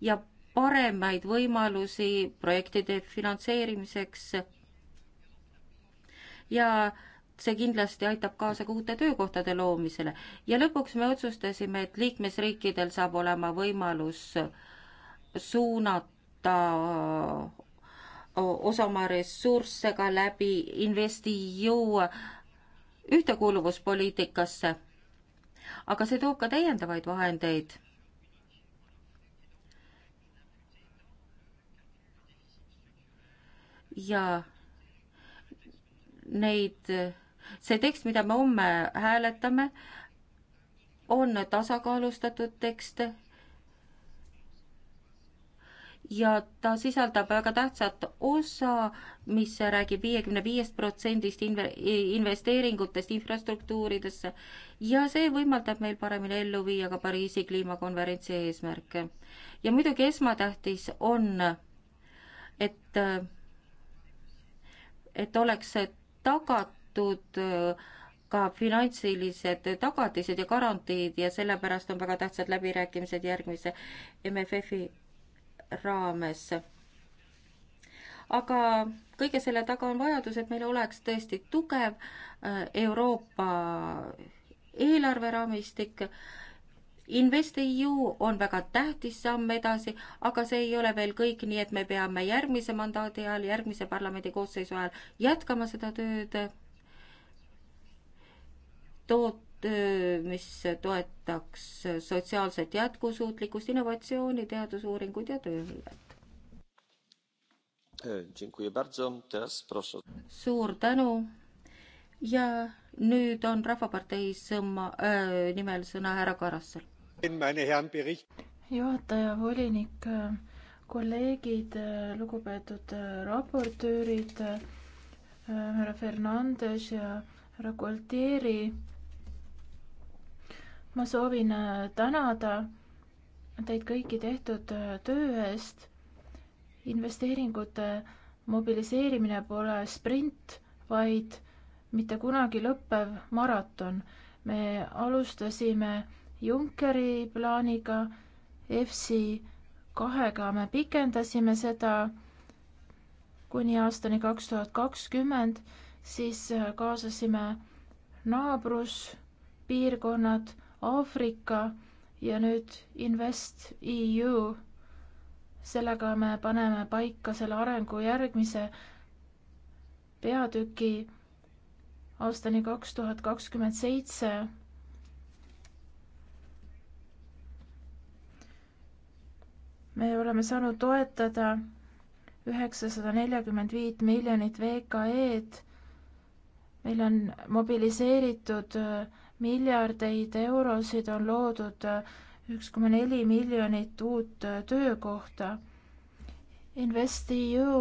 ja paremaid võimalusi projektide finantseerimiseks. ja see kindlasti aitab kaasa ka uute töökohtade loomisele. ja lõpuks me otsustasime, et liikmesriikidel saab olema võimalus suunata võtta osa oma ressursse ka läbi investiiu ühtekuuluvuspoliitikasse. aga see toob ka täiendavaid vahendeid ja neid, see tekst, mida me homme hääletame, on tasakaalustatud tekst ja ta sisaldab väga tähtsat osa, mis räägib viiekümne viiest protsendist investeeringutest infrastruktuuridesse ja see võimaldab meil paremini ellu viia ka Pariisi kliimakonverentsi eesmärke. ja muidugi esmatähtis on, et, et oleks tagatud ka finantsilised tagatised ja garantiid ja sellepärast on väga tähtsad läbirääkimised järgmise MFF-i raames. aga kõige selle taga on vajadus, et meil oleks tõesti tugev äh, Euroopa eelarveraamistik. InvestEU on väga tähtis samm edasi, aga see ei ole veel kõik, nii et me peame järgmise mandaadi ajal, järgmise parlamendi koosseisu ajal jätkama seda tööd. toot-, töö, mis toetaks sotsiaalset jätkusuutlikkust, innovatsiooni, teadusuuringuid ja tööhõivet. Eh, suur tänu ja nüüd on Rahvapartei sõma äh,, eh, nimel sõna härra Karassel. juhataja, volinik, eh, kolleegid, lugupeetud raportöörid, härra Fernandes ja härra Gualtieri ma soovin äh, tänada teid kõiki tehtud äh, töö eest. investeeringute mobiliseerimine pole sprint, vaid mitte kunagi lõppev maraton. me alustasime Junckeri plaaniga, EFSI kahega me pikendasime seda kuni aastani kaks tuhat kakskümmend, siis äh, kaasasime naabruspiirkonnad Aafrika ja nüüd Invest EU. sellega me paneme paika selle arengu järgmise peatüki aastani kaks tuhat kakskümmend seitse. me oleme saanud toetada üheksasada nelikümmend viit miljonit VKE-d. meil on mobiliseeritud kakssada äh, miljardeid eurosid on loodud äh, üks koma neli miljonit uut äh, töökohta. InvestEU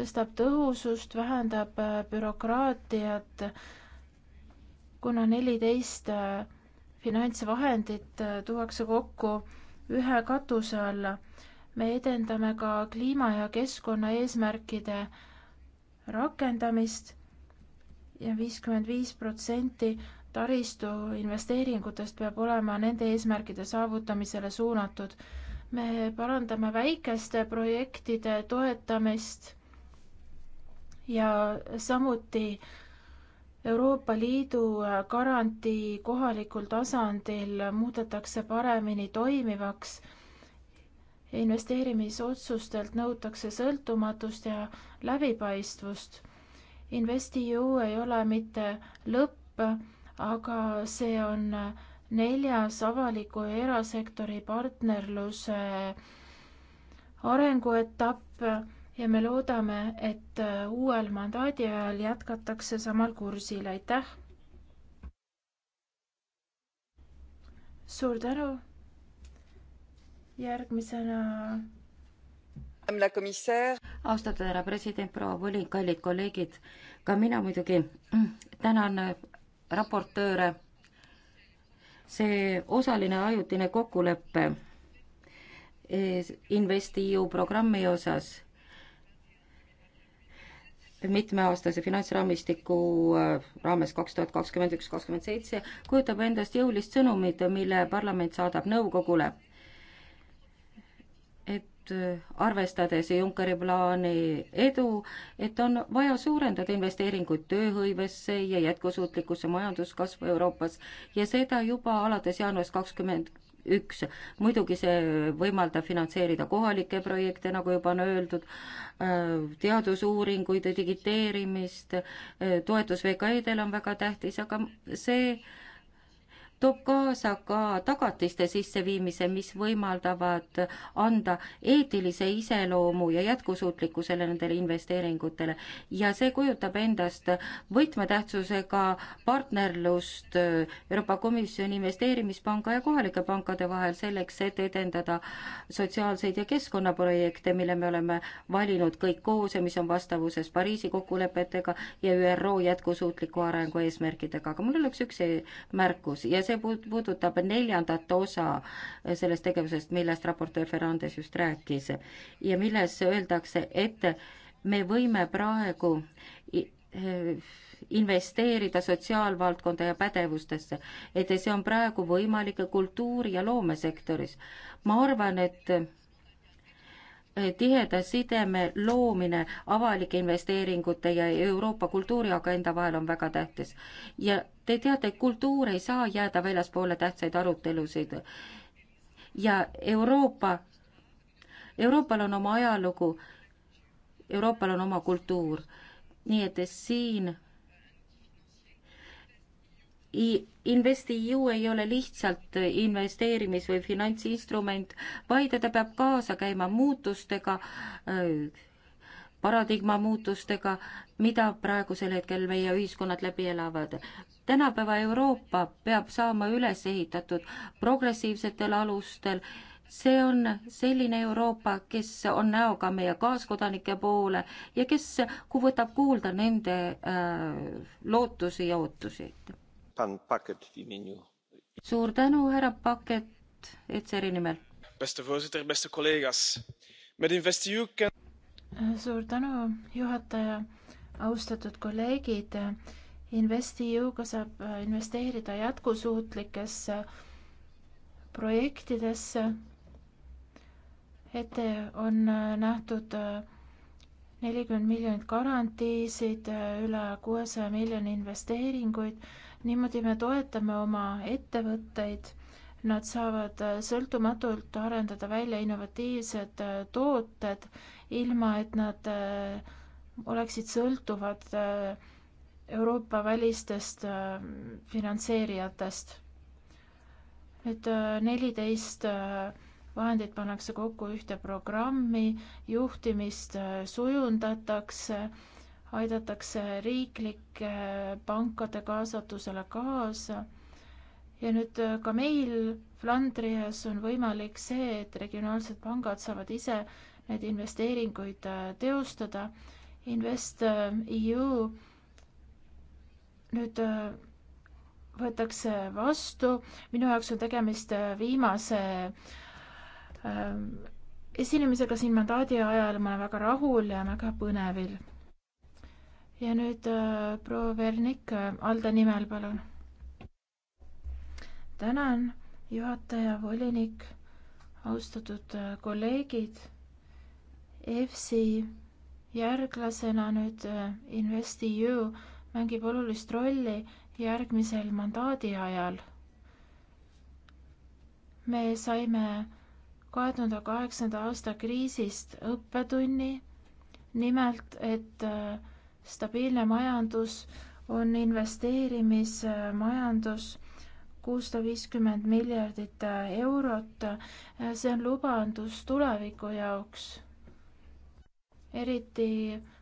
tõstab tõhusust, vähendab äh, bürokraatiat, kuna neliteist finantsvahendit tuuakse kokku ühe katuse alla. me edendame ka kliima ja keskkonnaeesmärkide rakendamist ja viiskümmend viis protsenti taristu investeeringutest peab olema nende eesmärkide saavutamisele suunatud. me parandame väikeste projektide toetamist ja samuti Euroopa Liidu garantii kohalikul tasandil muudetakse paremini toimivaks. investeerimisotsustelt nõutakse sõltumatust ja läbipaistvust. InvestEU ei ole mitte lõpp, aga see on neljas avaliku ja erasektori partnerluse arenguetapp ja me loodame, et uuel mandaadi ajal jätkatakse samal kursil, aitäh! suur tänu! järgmisena austatud härra president, proua voli, kallid kolleegid, ka mina muidugi tänan raportööre. see osaline ajutine kokkulepe InvestEU programmi osas mitmeaastase finantsraamistiku äh, raames kaks tuhat kakskümmend üks, kakskümmend seitse kujutab endast jõulist sõnumit, mille parlament saadab nõukogule arvestades Junckeri plaani edu, et on vaja suurendada investeeringuid tööhõivesse ja jätkusuutlikkusse majanduskasvu Euroopas ja seda juba alates jaanuarist kakskümmend üks, muidugi see võimaldab finantseerida kohalikke projekte, nagu juba on öeldud, äh, teadusuuringuid ja digiteerimist, äh, toetus VKE-del on väga tähtis, aga see toob kaasa ka tagatiste sisseviimise, mis võimaldavad anda eetilise iseloomu ja jätkusuutlikkusele nendele investeeringutele. ja see kujutab endast võtmetähtsusega partnerlust Euroopa Komisjoni investeerimispanga ja kohalike pankade vahel selleks, et edendada sotsiaalseid ja keskkonnaprojekte, mille me oleme valinud kõik koos ja mis on vastavuses Pariisi kokkulepetega ja ÜRO jätkusuutliku arengu eesmärkidega, aga mul oleks üks märkus ja see see puudutab neljandat osa sellest tegevusest, millest raportöör Fernandes just rääkis ja milles öeldakse, et me võime praegu investeerida sotsiaalvaldkonda ja pädevustesse, et see on praegu võimalik kultuuri- ja loomesektoris. ma arvan, et tiheda sideme loomine avalike investeeringute ja Euroopa kultuuriagenda vahel on väga tähtis ja Te teate, kultuur ei saa jääda väljaspoole tähtsaid arutelusid ja Euroopa, Euroopal on oma ajalugu, Euroopal on oma kultuur, nii et siin InvestEU ei ole lihtsalt investeerimis- või finantsinstrument, vaid ta peab kaasa käima muutustega, paradigma muutustega, mida praegusel hetkel meie ühiskonnad läbi elavad tänapäeva Euroopa peab saama üles ehitatud progressiivsetel alustel, see on selline Euroopa, kes on näoga meie kaaskodanike poole ja kes võtab kuulda nende äh, lootusi ja ootusi. suur tänu, härra Paket, Etseri nimel. suur tänu, juhataja, austatud kolleegid InvestEU-ga saab äh, investeerida jätkusuutlikesse projektidesse. ette on äh, nähtud äh, nelikümmend miljonit garantiisid, üle kuuesaja miljoni investeeringuid. niimoodi me toetame oma ettevõtteid. Nad saavad sõltumatult arendada välja innovatiivsed tooted, ilma et nad oleksid sõltuvad äh, Euroopa välistest äh, finantseerijatest. nüüd äh, neliteist äh, vahendid pannakse kokku ühte programmi, juhtimist sujundatakse, aidatakse riiklike pankade kaasatusele kaasa ja nüüd ka meil Flandrias on võimalik see, et regionaalsed pangad saavad ise neid investeeringuid teostada. InvestEU nüüd äh, võetakse vastu, minu jaoks on tegemist äh, viimase äh, esinemisega siin mandaadi ajal, ma olen väga rahul ja väga põnevil. ja nüüd proua Vernik Alde nimel, palun. tänan, juhataja, volinik, austatud kolleegid, EFSi järglasena nüüd InvestEU mängib olulist rolli järgmisel mandaadi ajal. me saime kahe tuhande kaheksanda aasta kriisist õppetunni, nimelt et äh, stabiilne majandus on investeerimismajandus kuussada viiskümmend miljardit äh, eurot, äh, see on lubadus tuleviku jaoks. eriti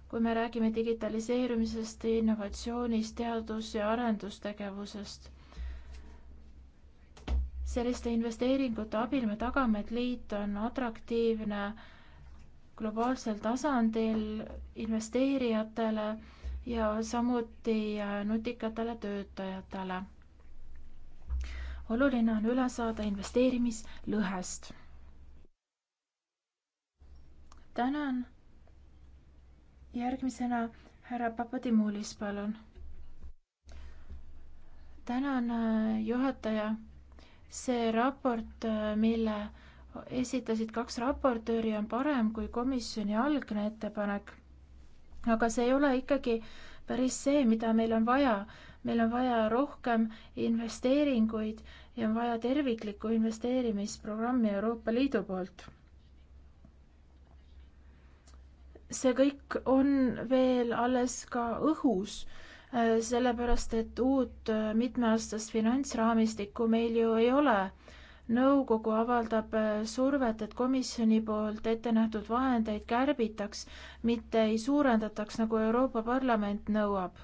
kui me räägime digitaliseerimisest, innovatsioonist, teadus- ja arendustegevusest. selliste investeeringute abil me tagame, et liit on atraktiivne globaalsel tasandil investeerijatele ja samuti äh, nutikatele töötajatele. oluline on üle saada investeerimislõhest. tänan järgmisena härra Papadimulis, palun. tänan, äh, juhataja. see raport, äh, mille esitasid kaks raportööri, on parem kui komisjoni algne ettepanek. aga see ei ole ikkagi päris see, mida meil on vaja. meil on vaja rohkem investeeringuid ja on vaja terviklikku investeerimisprogrammi Euroopa Liidu poolt see kõik on veel alles ka õhus, äh, sellepärast et uut äh, mitmeaastast finantsraamistikku meil ju ei ole. nõukogu avaldab äh, survet, et komisjoni poolt ette nähtud vahendeid kärbitaks, mitte ei suurendataks, nagu Euroopa Parlament nõuab.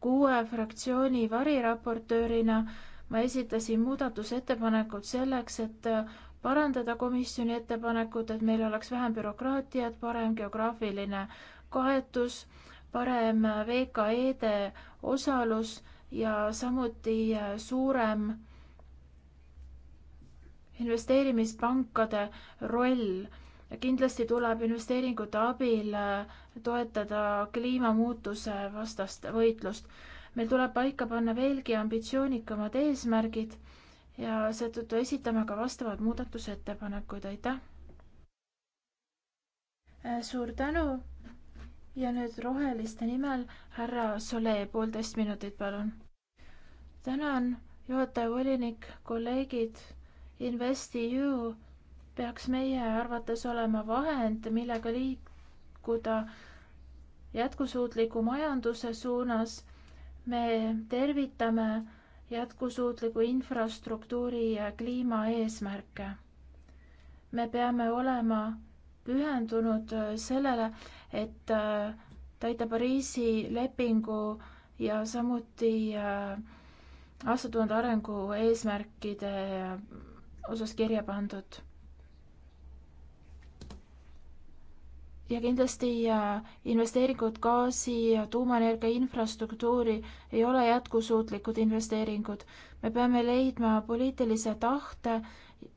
kuue fraktsiooni variraportöörina ma esitasin muudatusettepanekud selleks, et parandada komisjoni ettepanekut, et meil oleks vähem bürokraatiat, parem geograafiline kaetus, parem VKE-de osalus ja samuti äh, suurem investeerimispankade roll. kindlasti tuleb investeeringute abil äh, toetada kliimamuutuse vastast võitlust. meil tuleb paika panna veelgi ambitsioonikamad eesmärgid ja seetõttu esitame ka vastavad muudatusettepanekud, aitäh! Äh, suur tänu ja nüüd roheliste nimel härra Solee, poolteist minutit, palun. tänan, juhataja, volinik, kolleegid. InvestEU peaks meie arvates olema vahend, millega liikuda jätkusuutliku majanduse suunas. me tervitame jätkusuutliku infrastruktuuri ja kliimaeesmärke. me peame olema pühendunud äh, sellele, et äh, täita Pariisi lepingu ja samuti äh, aastatuhande arengu eesmärkide osas kirja pandud ja kindlasti äh, investeeringud gaasi ja tuumaenergia infrastruktuuri ei ole jätkusuutlikud investeeringud. me peame leidma poliitilise tahte,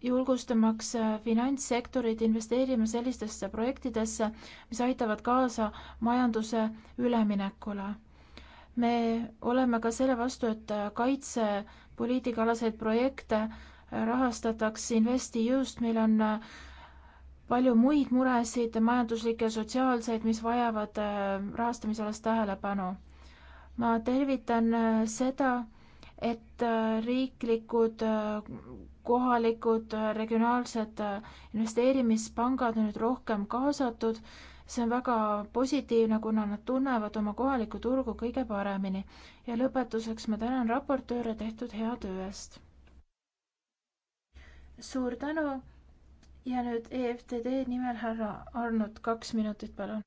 julgustamaks äh, finantssektorit investeerima sellistesse projektidesse, mis aitavad kaasa majanduse üleminekule. me oleme ka selle vastu, et äh, kaitsepoliitikaalaseid projekte rahastatakse InvestEU-st, meil on palju muid muresid, majanduslikke ja sotsiaalseid, mis vajavad äh, rahastamisalast tähelepanu. ma tervitan äh, seda, et äh, riiklikud, kohalikud, regionaalsed investeerimispangad on nüüd rohkem kaasatud. see on väga positiivne, kuna nad tunnevad oma kohalikku turgu kõige paremini. ja lõpetuseks ma tänan raportööre tehtud hea töö eest. suur tänu ja nüüd EFTD nimel härra Arnold, kaks minutit, palun.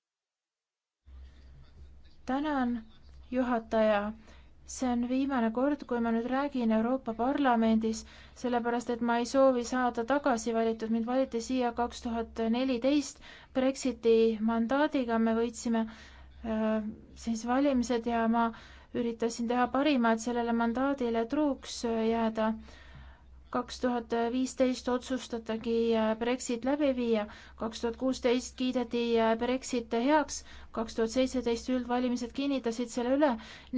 tänan, juhataja. see on viimane kord, kui ma nüüd räägin Euroopa Parlamendis, sellepärast et ma ei soovi saada tagasi valitud, mind valiti siia kaks tuhat neliteist Brexiti mandaadiga, me võitsime äh, siis valimised ja ma üritasin teha parima, et sellele mandaadile truuks jääda kaks tuhat viisteist otsustatagi äh, Brexit läbi viia, kaks tuhat kuusteist kiideti äh, Brexit heaks, kaks tuhat seitseteist üldvalimised kinnitasid selle üle,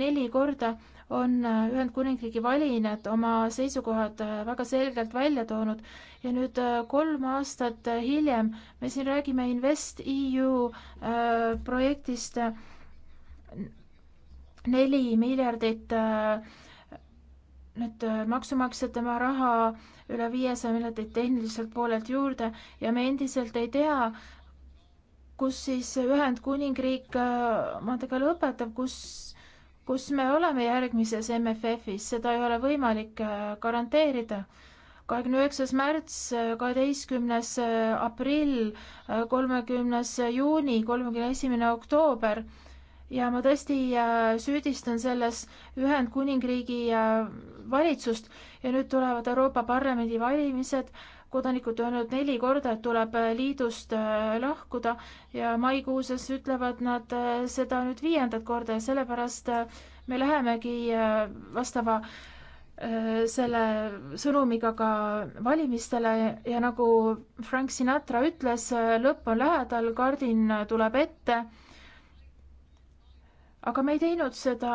neli korda on äh, Ühendkuningriigi valijad oma seisukohad väga selgelt välja toonud ja nüüd kolm aastat hiljem me siin räägime InvestEU projektist neli miljardit äh, nüüd äh, maksumaksjate oma raha üle viiesaja miljardit tehniliselt poolelt juurde ja me endiselt ei tea, kus siis Ühendkuningriik omadega äh, lõpetab, kus, kus me oleme järgmises MFF-is, seda ei ole võimalik äh, garanteerida. kahekümne üheksas märts, kaheteistkümnes aprill, kolmekümnes juuni, kolmekümne esimene oktoober ja ma tõesti äh, süüdistan selles Ühendkuningriigi äh, valitsust ja nüüd tulevad Euroopa Parlamendi valimised, kodanikud on öelnud neli korda, et tuleb äh, liidust lahkuda ja maikuuses ütlevad nad seda nüüd viiendat korda ja sellepärast me lähemegi vastava selle sõnumiga ka valimistele ja nagu Frank Sinatra ütles, lõpp on lähedal, kardin tuleb ette aga me ei teinud seda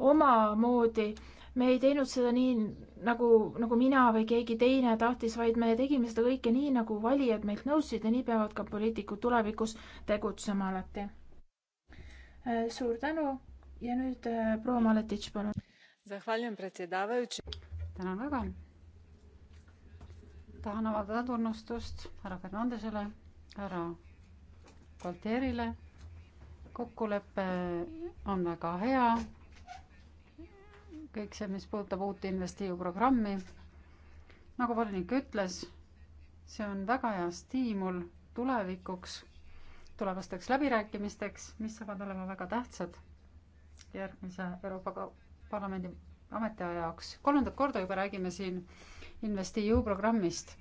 omamoodi, me ei teinud seda nii, nagu, nagu mina või keegi teine tahtis, vaid me tegime seda kõike nii, nagu valijad meilt nõudsid ja nii peavad ka poliitikud tulevikus tegutsema alati. Äh, suur tänu ja nüüd äh, proua Maletitš, palun. tänan väga. tahan avaldada tunnustust härra Fernandesele, härra Valterile kokkulepe on väga hea. kõik see, mis puudutab uut Investiu programmi. nagu volinik ütles, see on väga hea stiimul tulevikuks, tulevasteks läbirääkimisteks, mis saavad olema väga tähtsad järgmise Euroopa Parlamendi ametiaja jaoks. kolmandat korda juba räägime siin Investiu programmist,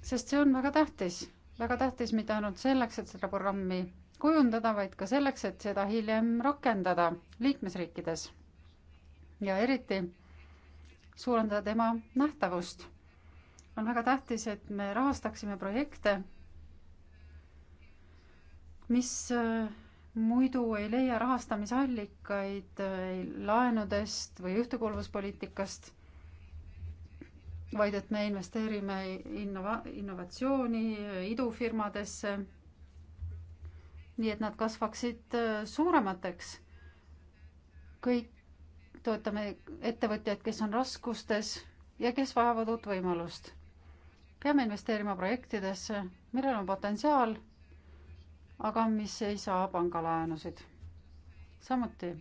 sest see on väga tähtis väga tähtis mitte ainult selleks, et seda programmi kujundada, vaid ka selleks, et seda hiljem rakendada liikmesriikides. ja eriti suurendada tema nähtavust. on väga tähtis, et me rahastaksime projekte, mis äh, muidu ei leia rahastamisallikaid ei äh, laenudest või ühtekuuluvuspoliitikast, vaid et me investeerime innova-, innovatsiooni äh, idufirmadesse nii et nad kasvaksid äh, suuremateks. kõik toetame ettevõtjaid, kes on raskustes ja kes vajavad uut võimalust. peame investeerima projektidesse, millel on potentsiaal, aga mis ei saa pangalaenusid. samuti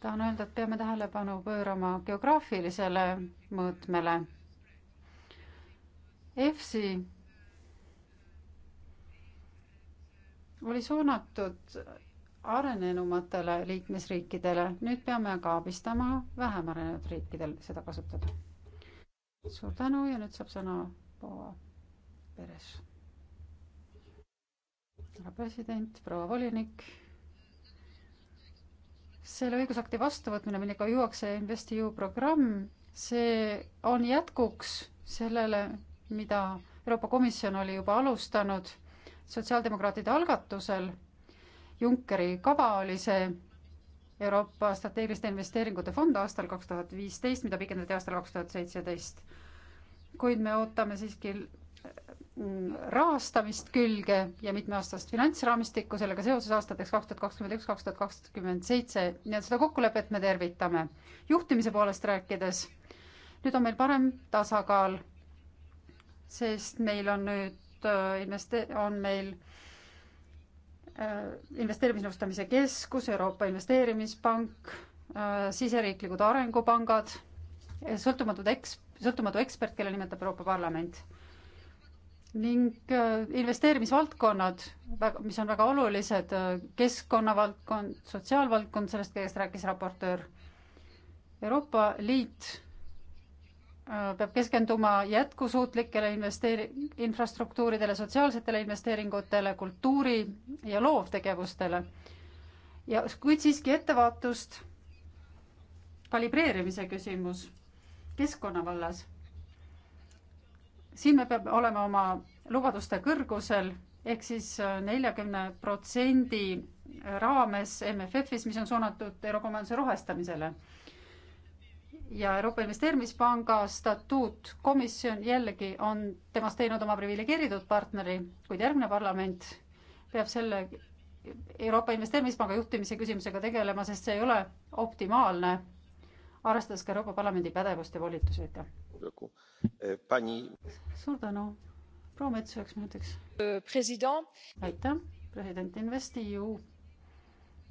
tahan öelda, et peame tähelepanu pöörama geograafilisele mõõtmele. EFSI oli suunatud arenenumatele liikmesriikidele, nüüd peame aga abistama vähem arenenud riikidel seda kasutada. suur tänu ja nüüd saab sõna proua Peres. härra president, proua volinik. selle õigusakti vastuvõtmine, millega juuakse InvestEU programm, see on jätkuks sellele, mida Euroopa Komisjon oli juba alustanud sotsiaaldemokraatide algatusel. Junckeri kava oli see Euroopa strateegiliste investeeringute fond aastal kaks tuhat viisteist, mida pikendati aastal kaks tuhat seitseteist. kuid me ootame siiski mm, rahastamist külge ja mitmeaastast finantsraamistikku sellega seoses aastateks kaks tuhat kakskümmend üks, kaks tuhat kakskümmend seitse, nii et seda kokkulepet me tervitame. juhtimise poolest rääkides, nüüd on meil parem tasakaal, sest meil on nüüd poolt äh, investe-, on meil äh, investeerimisnõustamise keskus, Euroopa Investeerimispank, äh, siseriiklikud arengupangad, sõltumatud eks-, sõltumatu ekspert, kelle nimetab Euroopa Parlament. ning investeerimisvaldkonnad, mis on väga olulised, keskkonnavaldkond, sotsiaalvaldkond, sellest kõigest rääkis raportöör. Euroopa Liit Äh, peab keskenduma jätkusuutlikele investeeri-, infrastruktuuridele, sotsiaalsetele investeeringutele, kultuuri- ja loovtegevustele. ja kuid siiski ettevaatust kalibreerimise küsimus keskkonna vallas. siin me peame olema oma lubaduste kõrgusel, ehk siis äh, neljakümne protsendi raames MFF-is, mis on suunatud Euroopa majanduse rohestamisele ja Euroopa Investeerimispanga statuut, komisjon jällegi on temast teinud oma priviligeeritud partneri, kuid järgmine parlament peab selle Euroopa Investeerimispanga juhtimise küsimusega tegelema, sest see ei ole optimaalne, arvestades ka Euroopa Parlamendi pädevust ja volitusi, aitäh. suur tänu, proua Mets üheks minutiks. aitäh, president InvestEU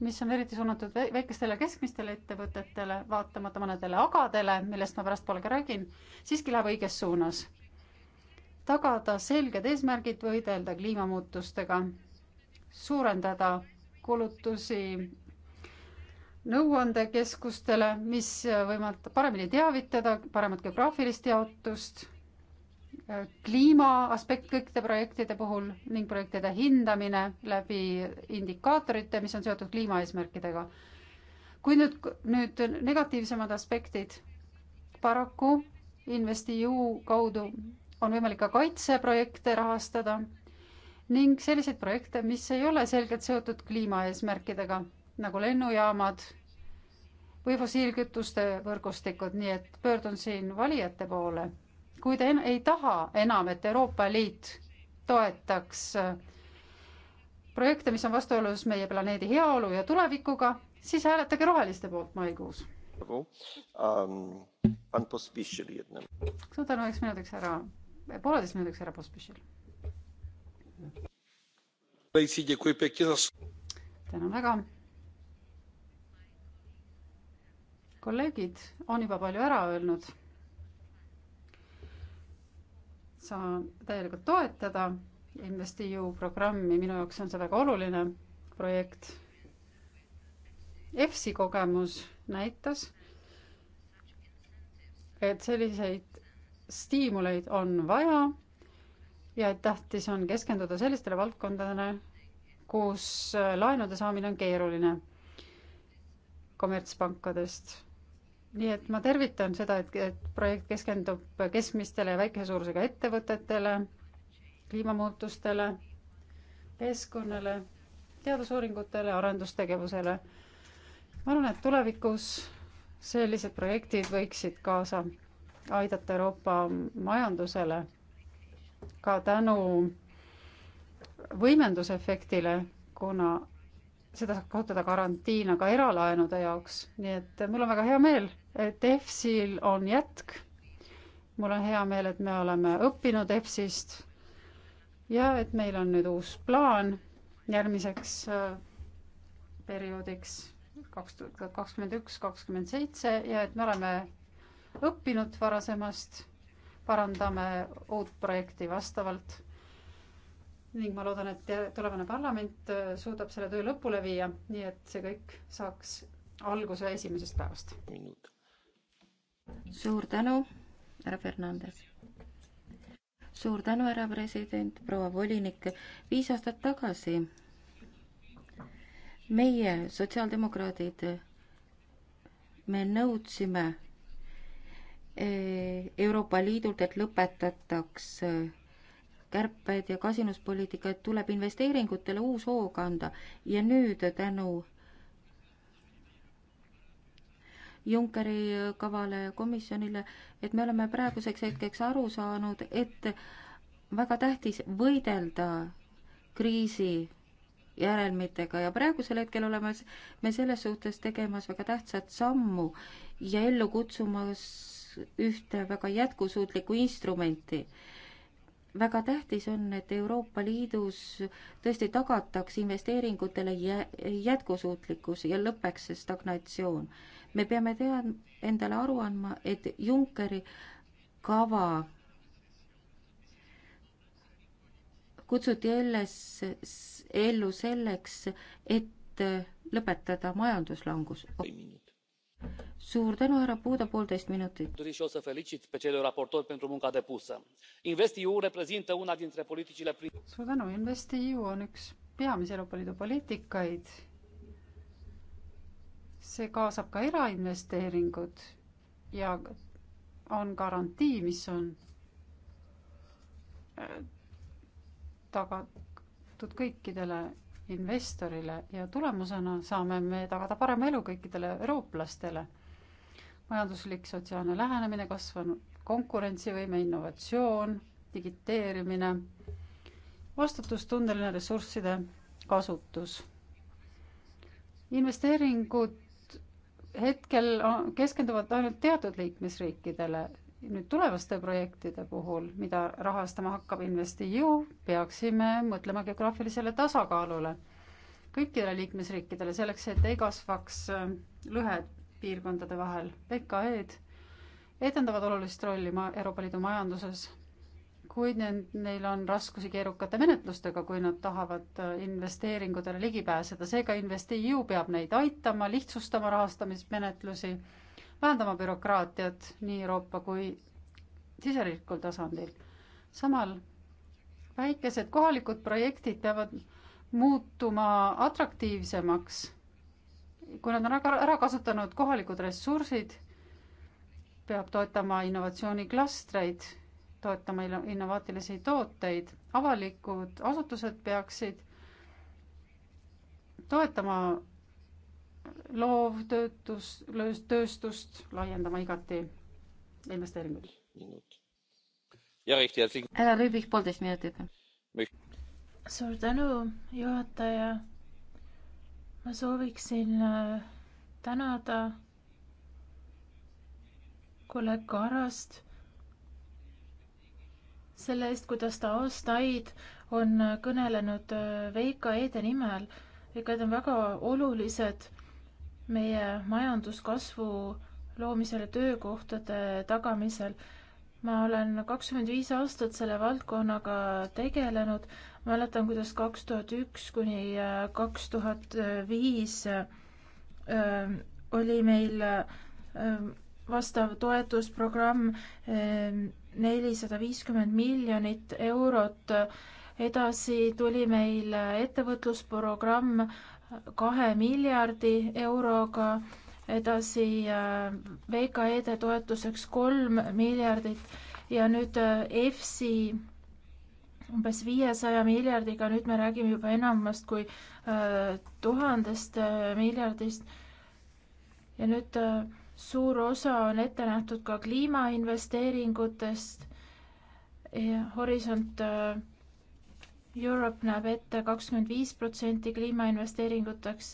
mis on eriti suunatud väikestele keskmistele ettevõtetele, vaatamata mõnedele agadele, millest ma pärast poole ka räägin, siiski läheb õiges suunas. tagada selged eesmärgid võidelda kliimamuutustega, suurendada kulutusi nõuandekeskustele, mis võimaldab paremini teavitada, paremat geograafilist jaotust kliimaaspekt kõikide projektide puhul ning projektide hindamine läbi indikaatorite, mis on seotud kliimaeesmärkidega. kui nüüd, nüüd negatiivsemad aspektid, paraku InvestEU kaudu on võimalik ka kaitseprojekte rahastada ning selliseid projekte, mis ei ole selgelt seotud kliimaeesmärkidega, nagu lennujaamad või fossiilkütuste võrgustikud, nii et pöördun siin valijate poole kui te ei taha enam, et Euroopa Liit toetaks äh, projekte, mis on vastuolus meie planeedi heaolu ja tulevikuga, siis hääletage roheliste poolt maikuus. Nagu, ähm, suur tänu, üks minutiks härra, pooleteist minutiks härra Pospišil. tänan väga. kolleegid on juba palju ära öelnud saan täielikult toetada InvestEU programmi, minu jaoks on see väga oluline projekt. EFSI kogemus näitas, et selliseid stiimuleid on vaja ja et tähtis on keskenduda sellistele valdkondadele, kus laenude saamine on keeruline kommertspankadest nii et ma tervitan seda, et, et projekt keskendub keskmistele ja väikese suurusega ettevõtetele, kliimamuutustele, keskkonnale, teadusuuringutele, arendustegevusele. ma arvan, et tulevikus sellised projektid võiksid kaasa aidata Euroopa majandusele ka tänu võimendusefektile, kuna seda saab kasutada karantiin aga eralaenude jaoks, nii et mul on väga hea meel, et EFSil on jätk. mul on hea meel, et me oleme õppinud EFSist ja et meil on nüüd uus plaan järgmiseks äh, perioodiks kaks tuhat kakskümmend üks, kakskümmend seitse ja et me oleme õppinud varasemast, parandame uut projekti vastavalt ning ma loodan, et tulevane parlament äh, suudab selle töö lõpule viia, nii et see kõik saaks alguse esimesest päevast. suur tänu, härra Fernandes. suur tänu, härra president, proua volinik. viis aastat tagasi meie, sotsiaaldemokraadid, me nõudsime äh, Euroopa Liidult, et lõpetataks äh, kärped ja kasinuspoliitika, et tuleb investeeringutele uus hoog anda ja nüüd tänu Junckeri kavale ja komisjonile, et me oleme praeguseks hetkeks aru saanud, et väga tähtis võidelda kriisi järelmitega ja praegusel hetkel oleme me selles suhtes tegemas väga tähtsat sammu ja ellu kutsumas ühte väga jätkusuutlikku instrumenti väga tähtis on, et Euroopa Liidus tõesti tagataks investeeringutele jätkusuutlikkus ja lõpeks see stagnatsioon. me peame tead-, endale aru andma, et Junckeri kava kutsuti elles, ellu selleks, et lõpetada majanduslangus suur tänu, härra Puuda, poolteist minutit. dori și eu să felicit pe cei doi raportori pentru munca depusă. InvestEU reprezintă una dintre politicile. suur tänu, InvestEU on üks peamisi Euroopa Liidu poliitikaid. see kaasab ka erainvesteeringud ja on garantii, mis on äh, tagatud kõikidele investorile ja tulemusena saame me tagada parema elu kõikidele eurooplastele. majanduslik sotsiaalne lähenemine, kasvanud konkurentsivõime, innovatsioon, digiteerimine, vastutustundeline ressursside kasutus. investeeringud hetkel keskenduvad ainult teatud liikmesriikidele, nüüd tulevaste projektide puhul, mida rahastama hakkab InvestEU, peaksime mõtlema geograafilisele tasakaalule kõikidele liikmesriikidele, selleks et ei kasvaks äh, lõhed piirkondade vahel. VKE-d etendavad olulist rolli ma-, Euroopa Liidu majanduses, kuid neil on raskusi keerukate menetlustega, kui nad tahavad äh, investeeringutele ligi pääseda, seega InvestEU peab neid aitama, lihtsustama rahastamismenetlusi vähendama bürokraatiat nii Euroopa kui siseriiklikul tasandil. samal väikesed kohalikud projektid peavad muutuma atraktiivsemaks, kui nad on ära, ära kasutanud kohalikud ressursid, peab toetama innovatsiooniklastreid, toetama innovaatilisi tooteid, avalikud asutused peaksid toetama loovtöötus, tööstust laiendama igati investeeringuid. härra Rüübik, poolteist minutit. suur tänu, juhataja. ma sooviksin äh, tänada kolleeg Karast selle eest, kuidas ta aastaid on kõnelenud äh, VKE-de nimel. VKE-d on väga olulised meie majanduskasvu loomisel ja töökohtade tagamisel. ma olen kakskümmend viis aastat selle valdkonnaga tegelenud, mäletan, kuidas kaks tuhat üks kuni äh, kaks tuhat viis äh, oli meil äh, vastav toetusprogramm nelisada viiskümmend miljonit eurot edasi tuli meil ettevõtlusprogramm kahe miljardi euroga, edasi äh, VKE-de toetuseks kolm miljardit ja nüüd äh, EFSI umbes viiesaja miljardiga, nüüd me räägime juba enamast kui äh, tuhandest miljardist. ja nüüd suur osa on ette nähtud ka kliimainvesteeringutest. Horisont Europe näeb ette kakskümmend viis protsenti kliimainvesteeringuteks.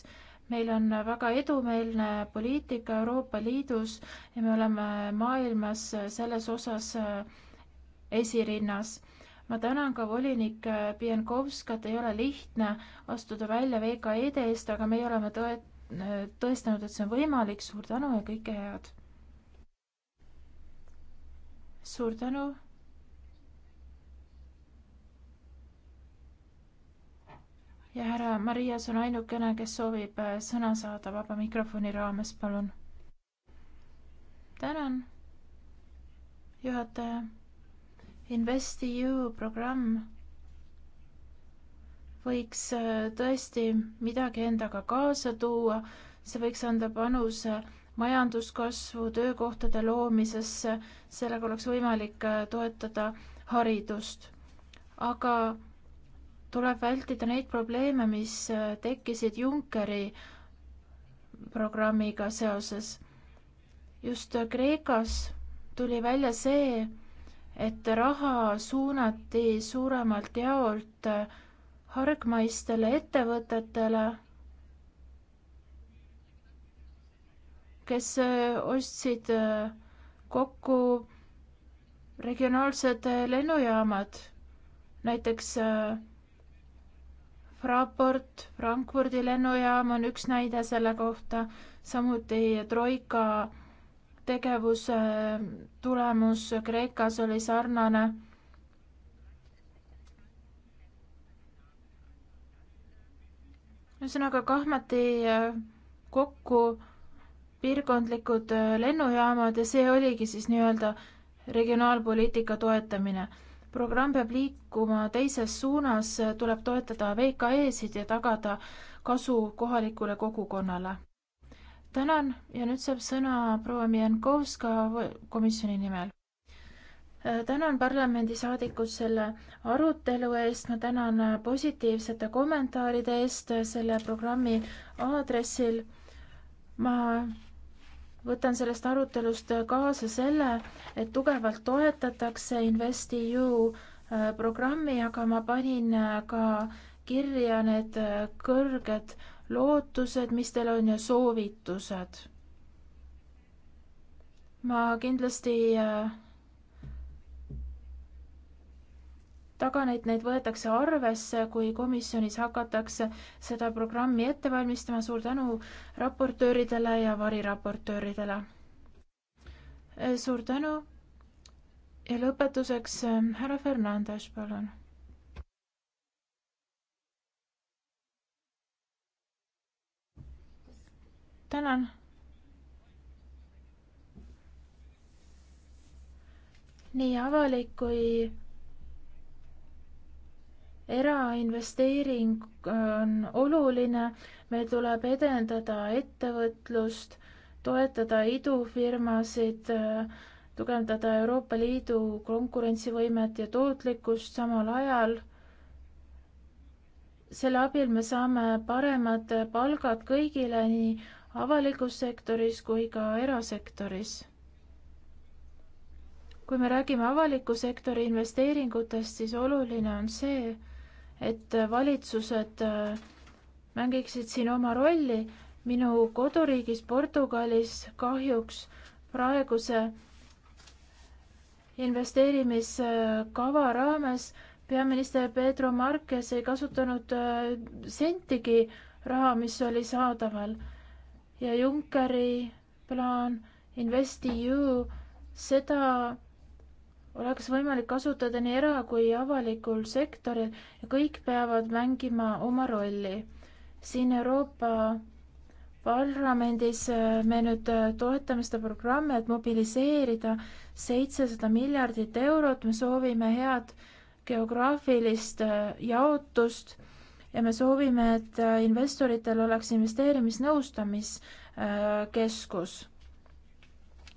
meil on väga edumeelne poliitika Euroopa Liidus ja me oleme maailmas selles osas äh, esirinnas. ma tänan ka volinik äh, Pienkovskat, ei ole lihtne astuda välja VKE-de eest, aga meie oleme tõe-, tõestanud, et see on võimalik, suur tänu ja kõike head! suur tänu! ja härra Marias on ainukene, kes soovib äh, sõna saada vaba mikrofoni raames, palun. tänan, juhataja. InvestEU programm võiks äh, tõesti midagi endaga kaasa tuua, see võiks anda panuse majanduskasvu, töökohtade loomisesse, sellega oleks võimalik äh, toetada haridust. aga tuleb vältida neid probleeme, mis äh, tekkisid Junckeri programmiga seoses. just äh, Kreekas tuli välja see, et raha suunati suuremalt jaolt äh, hargmaistele ettevõtetele, kes ostsid kokku regionaalsed lennujaamad, näiteks raport Frankfurdi lennujaam on üks näide selle kohta, samuti Troika tegevuse äh, tulemus Kreekas oli sarnane. ühesõnaga kahmati äh, kokku piirkondlikud äh, lennujaamad ja see oligi siis nii-öelda regionaalpoliitika toetamine programm peab liikuma teises suunas, tuleb toetada VKE-sid ja tagada kasu kohalikule kogukonnale. tänan ja nüüd saab sõna proua Mienkovska komisjoni nimel. tänan parlamendisaadikud selle arutelu eest, ma tänan positiivsete kommentaaride eest selle programmi aadressil. ma võtan sellest arutelust kaasa selle, et tugevalt toetatakse InvestEU äh, programmi, aga ma panin äh, ka kirja need äh, kõrged lootused, mis teil on ja soovitused. ma kindlasti äh, tagan, et neid võetakse arvesse, kui komisjonis hakatakse seda programmi ette valmistama. suur tänu raportööridele ja variraportööridele. E, suur tänu. ja lõpetuseks e, härra Fernandes, palun. tänan nii avalik kui erainvesteering on oluline, meil tuleb edendada ettevõtlust, toetada idufirmasid, tugevdada Euroopa Liidu konkurentsivõimet ja tootlikkust samal ajal. selle abil me saame paremad palgad kõigile nii avalikus sektoris kui ka erasektoris kui me räägime avaliku sektori investeeringutest, siis oluline on see, et valitsused äh, mängiksid siin oma rolli. minu koduriigis Portugalis kahjuks praeguse investeerimiskava raames peaminister Pedro Marques ei kasutanud äh, sentigi raha, mis oli saadaval. ja Junckeri plaan InvestEU, seda oleks võimalik kasutada nii era- kui avalikul sektoril ja kõik peavad mängima oma rolli. siin Euroopa parlamendis äh, me nüüd äh, toetame seda programmi, et mobiliseerida seitsesada miljardit eurot, me soovime head geograafilist äh, jaotust ja me soovime, et investoritel oleks investeerimisnõustamiskeskus.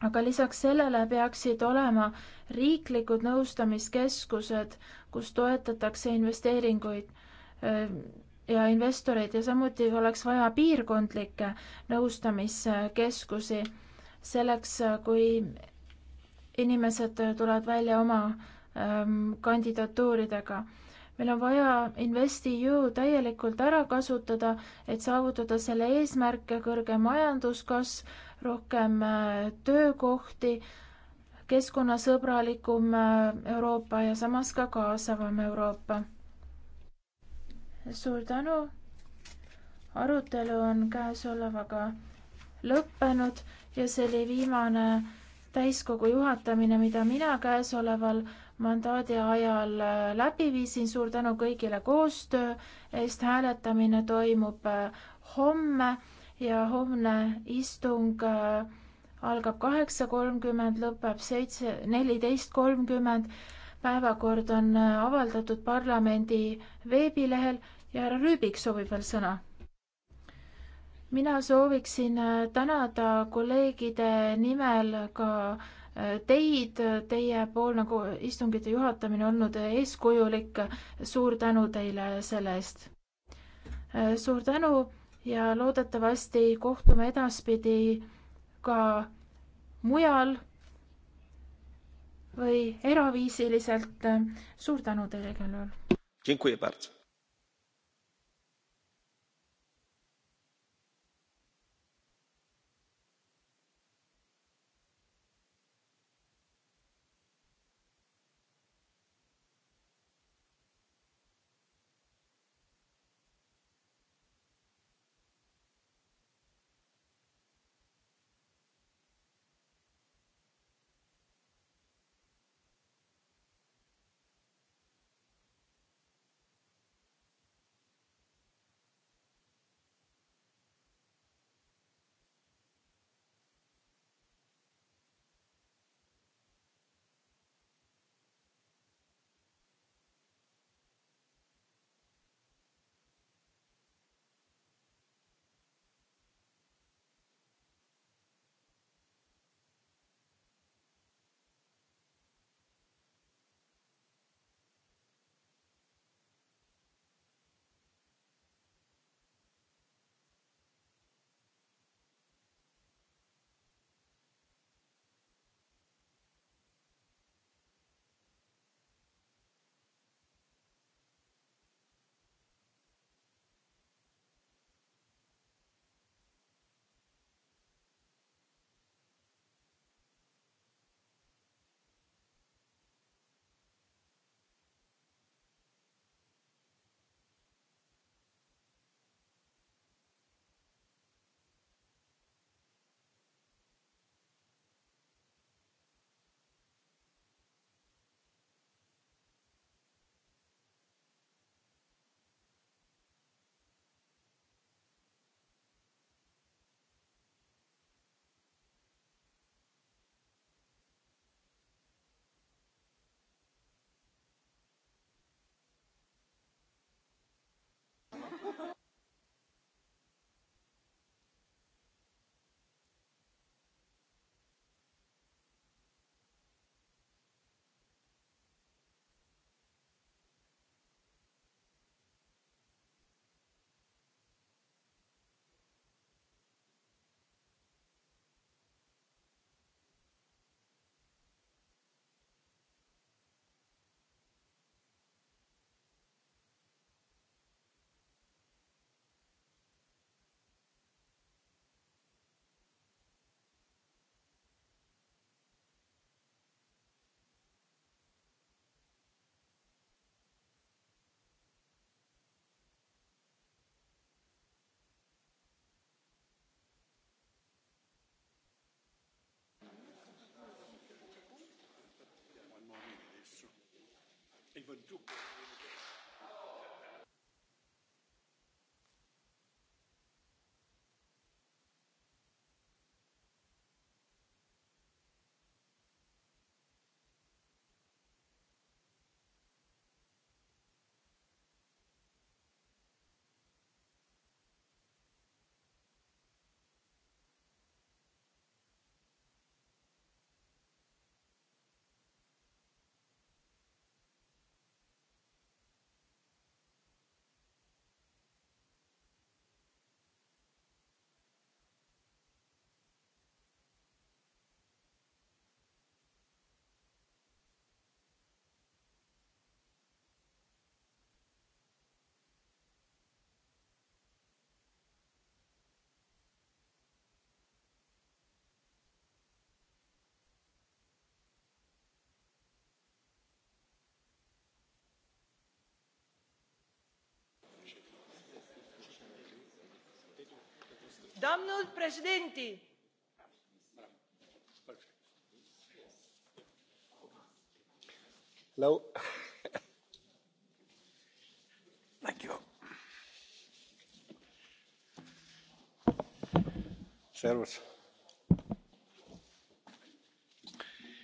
aga lisaks sellele peaksid olema äh, riiklikud nõustamiskeskused, kus toetatakse investeeringuid äh, ja investoreid ja samuti oleks vaja piirkondlikke nõustamiskeskusi selleks, kui inimesed tulevad välja oma ähm, kandidatuuridega. meil on vaja InvestEU täielikult ära kasutada, et saavutada selle eesmärke, kõrge majanduskasv, rohkem äh, töökohti keskkonnasõbralikum äh, Euroopa ja samas ka kaasavam Euroopa. suur tänu. arutelu on käesolevaga lõppenud ja see oli viimane täiskogu juhatamine, mida mina käesoleval mandaadi ajal äh, läbi viisin. suur tänu kõigile koostöö eest. hääletamine toimub äh, homme ja homne istung algab kaheksa kolmkümmend, lõpeb seitse, neliteist kolmkümmend. päevakord on äh, avaldatud parlamendi veebilehel ja härra Rüübik soovib veel sõna. mina sooviksin äh, tänada kolleegide nimel ka äh, teid, teiepoolne nagu istungite juhatamine olnud eeskujulik. suur tänu teile selle eest. suur tänu ja loodetavasti kohtume edaspidi ka mujal või eraviisiliselt. suur tänu teile igal juhul! even took. domnul președinte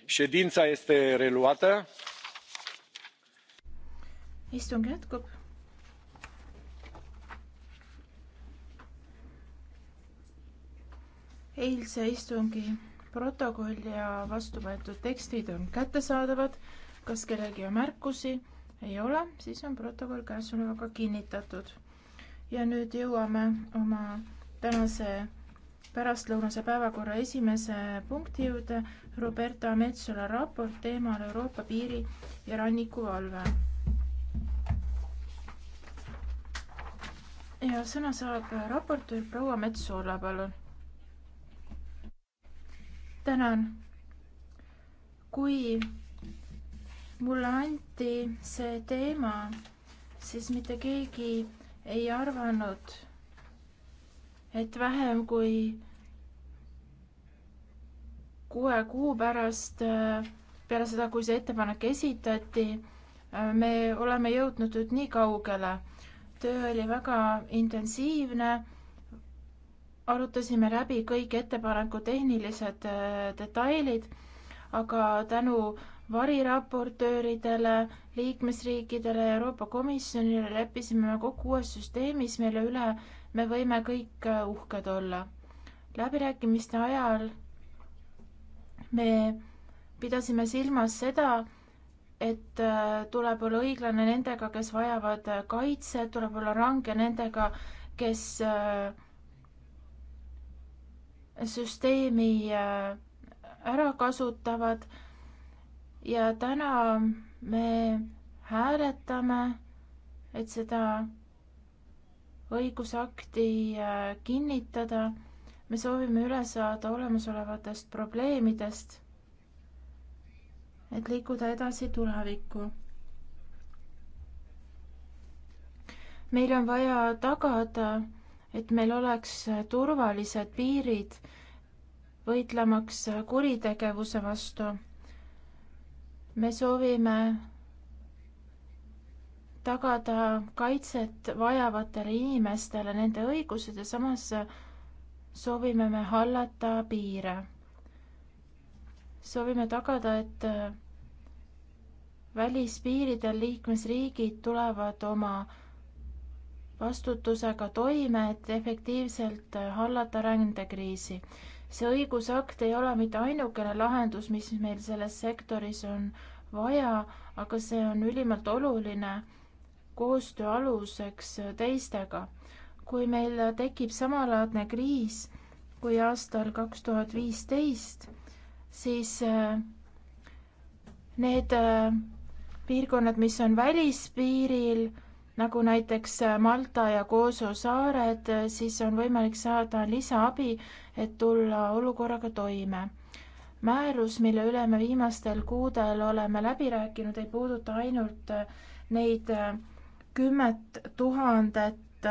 ședința este reluată. istung jätkub. eilse istungi protokoll ja vastu võetud tekstid on kättesaadavad. kas kellelgi on märkusi? ei ole, siis on protokoll käesolevaga kinnitatud. ja nüüd jõuame oma tänase pärastlõunase päevakorra esimese punkti juurde. Roberta Metsola raport teemal Euroopa piiri ja rannikuvalve. ja sõna saab raportöör proua Metsola, palun tänan. kui mulle anti see teema, siis mitte keegi ei arvanud, et vähem kui kuue kuu pärast, äh, peale seda, kui see ettepanek esitati, äh, me oleme jõudnud nüüd nii kaugele. töö oli väga intensiivne arutasime läbi kõik ettepaneku tehnilised äh, detailid, aga tänu variraportööridele, liikmesriikidele ja Euroopa Komisjonile leppisime me kokku uues süsteemis, mille üle me võime kõik äh, uhked olla. läbirääkimiste ajal me pidasime silmas seda, et äh, tuleb olla õiglane nendega, kes vajavad kaitset, tuleb olla range nendega, kes äh, süsteemi äh, ära kasutavad. ja täna me hääletame, et seda õigusakti äh, kinnitada. me soovime üle saada olemasolevatest probleemidest, et liikuda edasi tulevikku. meil on vaja tagada et meil oleks turvalised piirid võitlemaks kuritegevuse vastu. me soovime tagada kaitset vajavatele inimestele nende õigused ja samas soovime me hallata piire. soovime tagada, et välispiiridel liikmesriigid tulevad oma vastutusega toime, et efektiivselt hallata rändekriisi. see õigusakt ei ole mitte ainukene lahendus, mis meil selles sektoris on vaja, aga see on ülimalt oluline koostöö aluseks teistega. kui meil tekib samalaadne kriis kui aastal kaks tuhat viisteist, siis äh, need äh, piirkonnad, mis on välispiiril, nagu näiteks äh, Malta ja Kooso saared, äh, siis on võimalik saada lisaabi, et tulla olukorraga toime. määrus, mille üle me viimastel kuudel oleme läbi rääkinud, ei puuduta ainult äh, neid kümmet tuhandet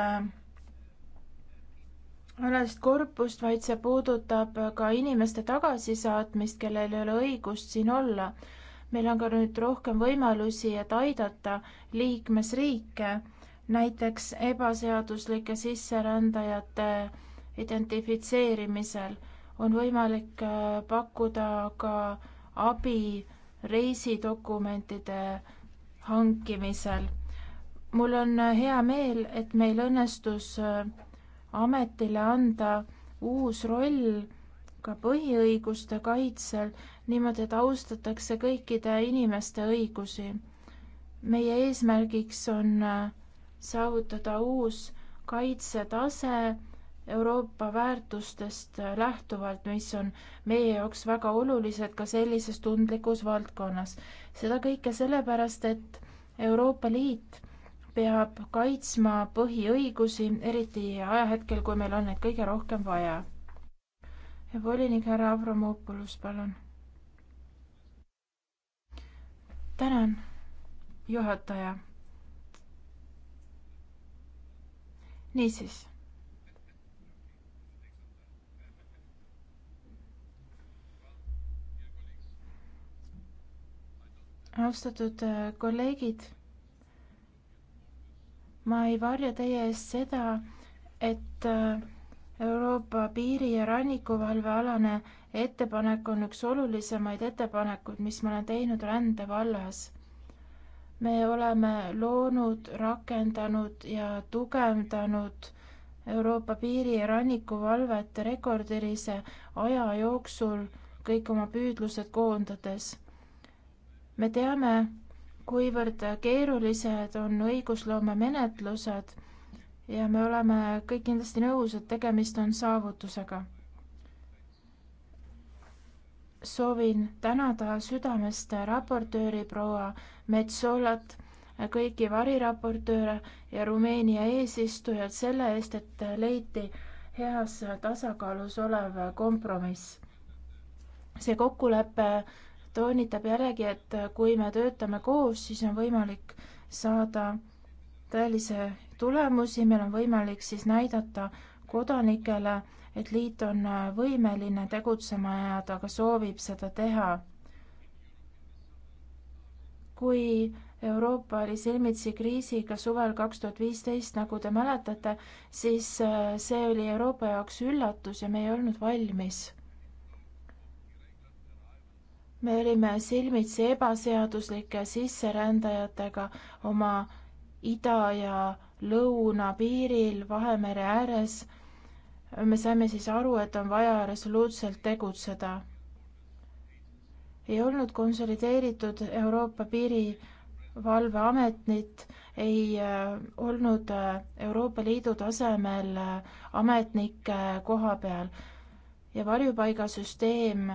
alalist korpust, vaid see puudutab ka inimeste tagasisaatmist, kellel ei ole õigust siin olla meil on ka nüüd rohkem võimalusi, et aidata liikmesriike, näiteks ebaseaduslike sisserändajate identifitseerimisel on võimalik äh, pakkuda ka abi reisidokumentide hankimisel. mul on äh, hea meel, et meil õnnestus äh, ametile anda uus roll ka põhiõiguste kaitsel, niimoodi, et austatakse kõikide inimeste õigusi. meie eesmärgiks on äh, saavutada uus kaitsetase Euroopa väärtustest äh, lähtuvalt, mis on meie jaoks väga olulised ka sellises tundlikus valdkonnas. seda kõike sellepärast, et Euroopa Liit peab kaitsma põhiõigusi, eriti ajahetkel, kui meil on neid kõige rohkem vaja ja volinik härra Avramopoulos, palun. tänan, juhataja. niisiis. austatud äh, kolleegid, ma ei varja teie eest seda, et äh, Euroopa piiri- ja rannikuvalvealane ettepanek on üks olulisemaid ettepanekuid, mis ma olen teinud rände vallas. me oleme loonud, rakendanud ja tugevdanud Euroopa piiri- ja rannikuvalvet rekordilise aja jooksul kõik oma püüdlused koondades. me teame, kuivõrd keerulised on õigusloome menetlused ja me oleme kõik kindlasti nõus, et tegemist on saavutusega. soovin tänada südamest raportööri proua Metsolat, kõiki variraportööre ja Rumeenia eesistujad selle eest, et leiti heas tasakaalus olev kompromiss. see kokkulepe toonitab jällegi, et kui me töötame koos, siis on võimalik saada tõelise tulemusi, meil on võimalik siis näidata kodanikele, et liit on äh, võimeline tegutsema ja ta ka soovib seda teha. kui Euroopa oli silmitsi kriisiga suvel kaks tuhat viisteist, nagu te mäletate, siis äh, see oli Euroopa jaoks üllatus ja me ei olnud valmis. me olime silmitsi ebaseaduslike sisserändajatega oma ida ja lõunapiiril Vahemere ääres, me saime siis aru, et on vaja resoluutselt tegutseda. ei olnud konsolideeritud Euroopa piirivalveametit, ei äh, olnud äh, Euroopa Liidu tasemel äh, ametnikke koha peal ja varjupaigasüsteem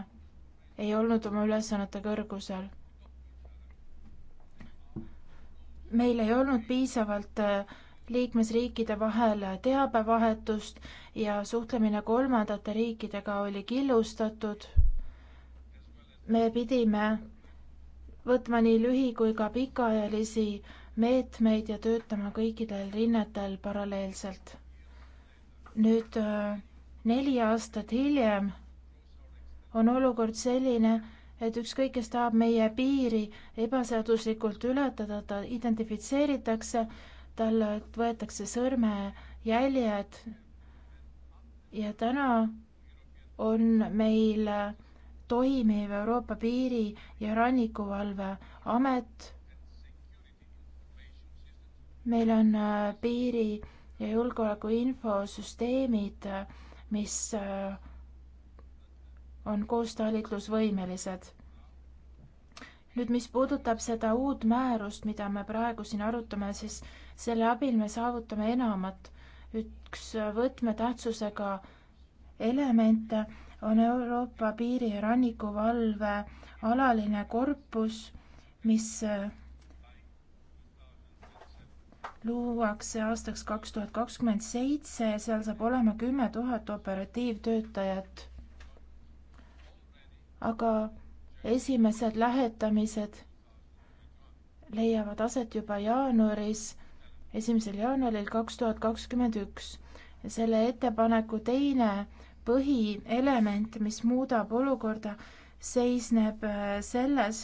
ei olnud oma ülesannete kõrgusel. meil ei olnud piisavalt äh, liikmesriikide vahel teabevahetust ja suhtlemine kolmandate riikidega oli killustatud. me pidime võtma nii lühi kui ka pikaajalisi meetmeid ja töötama kõikidel rinnetel paralleelselt. nüüd äh, neli aastat hiljem on olukord selline, et ükskõik, kes tahab meie piiri ebaseaduslikult ületada, ta identifitseeritakse tallelt võetakse sõrmejäljed ja täna on meil toimiv Euroopa Piiri- ja Rannikuvalveamet. meil on äh, piiri- ja julgeoleku infosüsteemid, äh, mis äh, on koostalitlusvõimelised. nüüd, mis puudutab seda uut määrust, mida me praegu siin arutame, siis selle abil me saavutame enamat. üks võtmetähtsusega elemente on Euroopa piiri ja rannikuvalve alaline korpus, mis äh, luuakse aastaks kaks tuhat kakskümmend seitse ja seal saab olema kümme tuhat operatiivtöötajat. aga esimesed lähetamised leiavad aset juba jaanuaris esimesel jaanuaril kaks tuhat kakskümmend üks. selle ettepaneku teine põhielement, mis muudab olukorda, seisneb äh, selles,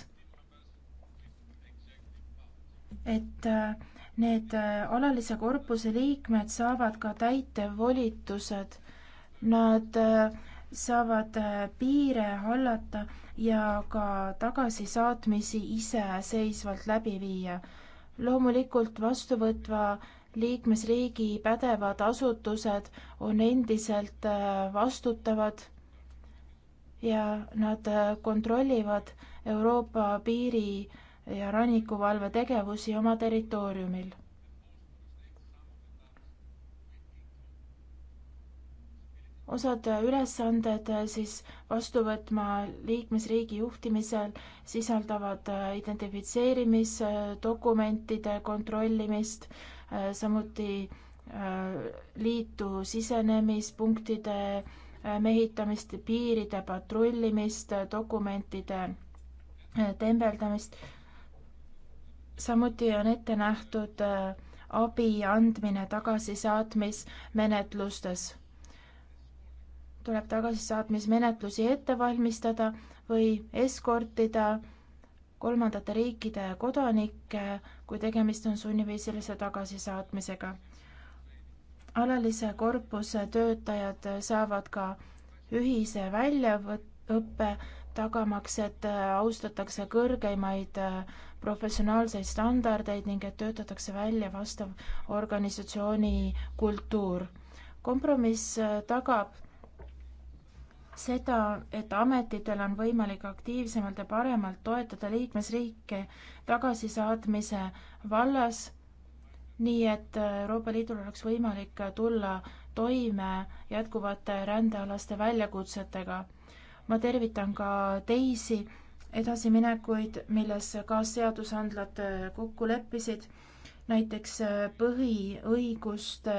et äh, need äh, alalise korpuse liikmed saavad ka täitevvolitused. Nad saavad piire hallata ja ka tagasisaatmisi iseseisvalt läbi viia loomulikult vastuvõtva liikmesriigi pädevad asutused on endiselt äh, vastutavad ja nad äh, kontrollivad Euroopa piiri ja rannikuvalve tegevusi oma territooriumil osad ülesanded äh, siis vastuvõtma liikmesriigi juhtimisel sisaldavad äh, identifitseerimisdokumentide kontrollimist, äh, samuti liitu sisenemispunktide mehitamist, piiride patrullimist, dokumentide tembeldamist. samuti on ette nähtud abi andmine tagasisaatmismenetlustes tuleb tagasisaatmismenetlusi ette valmistada või eskortida kolmandate riikide kodanikke, kui tegemist on sunniviisilise tagasisaatmisega. alalise korpuse töötajad saavad ka ühise väljaõppe, tagamaks, et austatakse kõrgeimaid professionaalseid standardeid ning et töötatakse välja vastav organisatsiooni kultuur. kompromiss tagab seda, et ametitel on võimalik aktiivsemalt ja paremalt toetada liikmesriike tagasisaatmise vallas, nii et Euroopa Liidul oleks võimalik tulla toime jätkuvate rändealaste väljakutsetega. ma tervitan ka teisi edasiminekuid, milles kaasseadusandlad kokku leppisid, näiteks põhiõiguste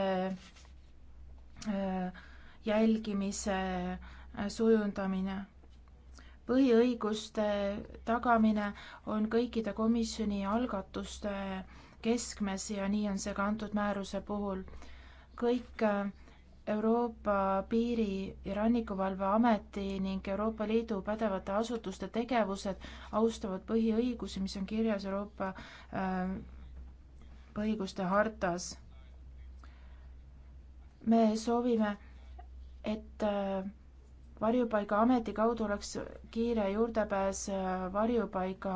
jälgimise äh, sujundamine. põhiõiguste tagamine on kõikide komisjoni algatuste keskmes ja nii on see ka antud määruse puhul. kõik äh, Euroopa Piiri- ja Rannikuvalveameti ning Euroopa Liidu pädevate asutuste tegevused austavad põhiõigusi, mis on kirjas Euroopa äh, põhiõiguste hartas. me soovime, et äh, varjupaigaameti kaudu oleks kiire juurdepääs äh, varjupaiga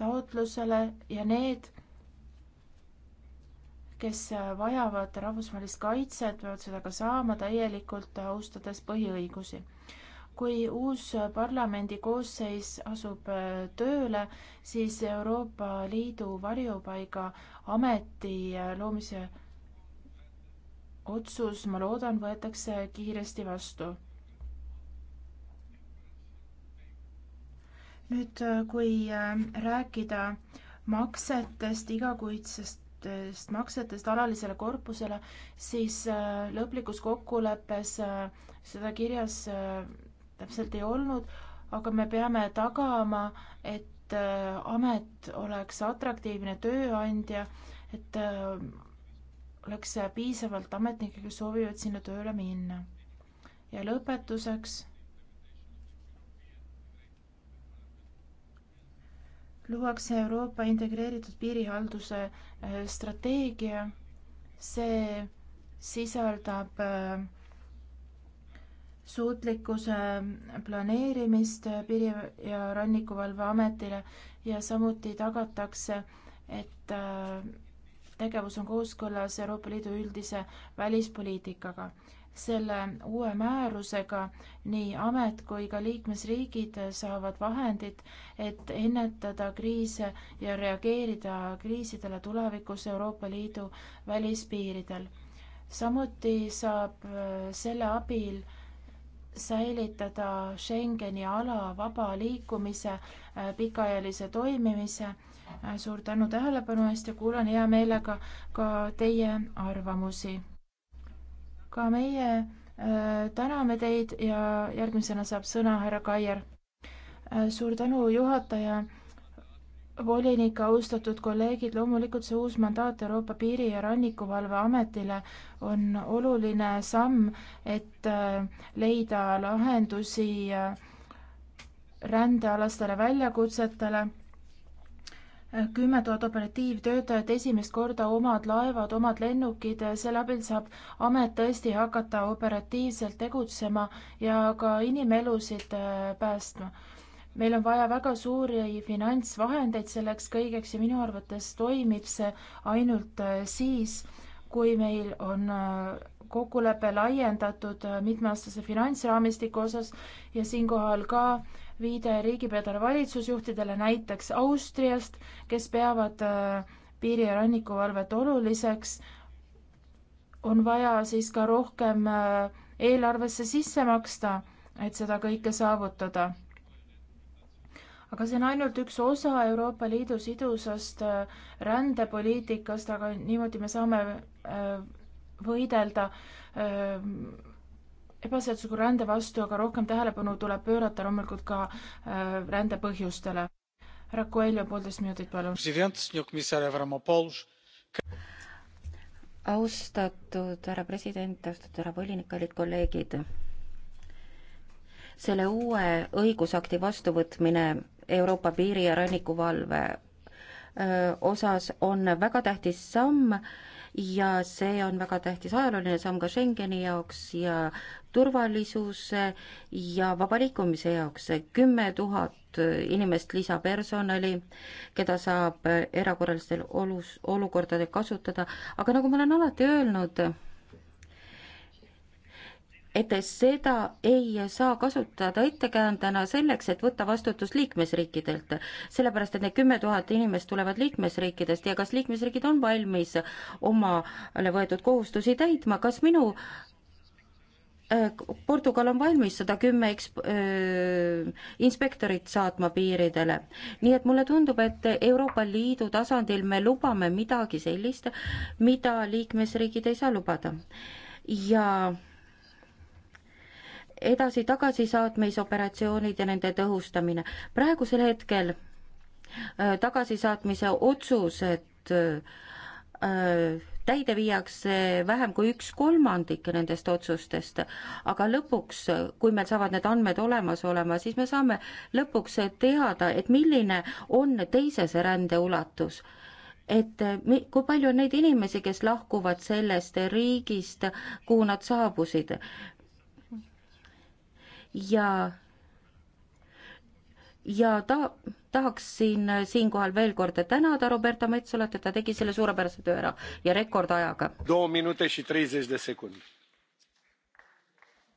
taotlusele ja need, kes äh, vajavad rahvusvahelist kaitset, peavad seda ka saama täielikult, austades põhiõigusi. kui uus parlamendi koosseis asub äh, tööle, siis Euroopa Liidu varjupaigaaameti loomise otsus, ma loodan, võetakse kiiresti vastu. nüüd, äh, kui äh, rääkida maksetest, igakuistest maksetest alalisele korpusele, siis äh, lõplikus kokkuleppes seda kirjas täpselt ei olnud, aga me peame tagama, et amet oleks atraktiivne tööandja, et oleks piisavalt ametnikke, kes soovivad sinna tööle minna. ja lõpetuseks luuakse Euroopa integreeritud piirihalduse eh, strateegia. see sisaldab eh, suutlikkuse eh, planeerimist Piiri- ja Rannikuvalveametile ja samuti tagatakse, et tegevus on kooskõlas Euroopa Liidu üldise välispoliitikaga. selle uue määrusega nii amet kui ka liikmesriigid saavad vahendid, et ennetada kriise ja reageerida kriisidele tulevikus Euroopa Liidu välispiiridel. samuti saab äh, selle abil säilitada Schengeni ala vaba liikumise äh, pikaajalise toimimise Äh, suur tänu tähelepanu eest ja kuulan hea meelega ka teie arvamusi. ka meie äh, täname teid ja järgmisena saab sõna härra Kaier äh,. suur tänu, juhataja, volinik, austatud kolleegid, loomulikult see uus mandaat Euroopa Piiri- ja Rannikuvalveametile on oluline samm, et äh, leida lahendusi äh, rändealastele väljakutsetele kümme tuhat operatiivtöötajat, esimest korda omad laevad, omad lennukid, selle abil saab amet tõesti hakata operatiivselt tegutsema ja ka inimelusid äh, päästma. meil on vaja väga suuri finantsvahendeid selleks kõigeks ja minu arvates toimib see ainult äh, siis, kui meil on äh, kokkulepe laiendatud mitmeaastase finantsraamistiku osas ja siinkohal ka äh, viide riigipeadele valitsusjuhtidele näiteks Austriast, kes peavad äh, piiri- ja rannikuvalvet oluliseks, on vaja siis ka rohkem äh, eelarvesse sisse maksta, et seda kõike saavutada. aga see on ainult üks osa Euroopa Liidu sidusast äh, rändepoliitikast, aga niimoodi me saame võidelda ebaseadusliku rände vastu, aga rohkem tähelepanu tuleb pöörata loomulikult ka äh, rände põhjustele. härra Coelho, poolteist minutit, palun. austatud härra president, austatud härra volinik, kallid kolleegid. selle uue õigusakti vastuvõtmine Euroopa piiri- ja rannikuvalve äh, osas on väga tähtis samm ja see on väga tähtis ajalooline samm ka Schengeni jaoks ja turvalisuse ja vaba liikumise jaoks. kümme tuhat inimest lisapersonali, keda saab erakorralistel olus, olukordadel kasutada, aga nagu ma olen alati öelnud, et seda ei saa kasutada ettekäändena selleks, et võtta vastutus liikmesriikidelt. sellepärast, et need kümme tuhat inimest tulevad liikmesriikidest ja kas liikmesriigid on valmis omale võetud kohustusi täitma, kas minu äh, Portugal on valmis sada kümme eks-, äh, inspektorit saatma piiridele. nii et mulle tundub, et Euroopa Liidu tasandil me lubame midagi sellist, mida liikmesriigid ei saa lubada. ja edasi-tagasi saatmisoperatsioonid ja nende tõhustamine. praegusel hetkel äh, tagasisaatmise otsused äh, täide viiakse vähem kui üks kolmandik nendest otsustest, aga lõpuks, kui meil saavad need andmed olemas olema, siis me saame lõpuks teada, et milline on teisese rände ulatus et äh, kui palju on neid inimesi, kes lahkuvad sellest riigist, kuhu nad saabusid ja ja ta, tahaksin siinkohal veel kord tänada Roberta Metsolat, et ta tegi selle suurepärase töö ära ja rekordajaga.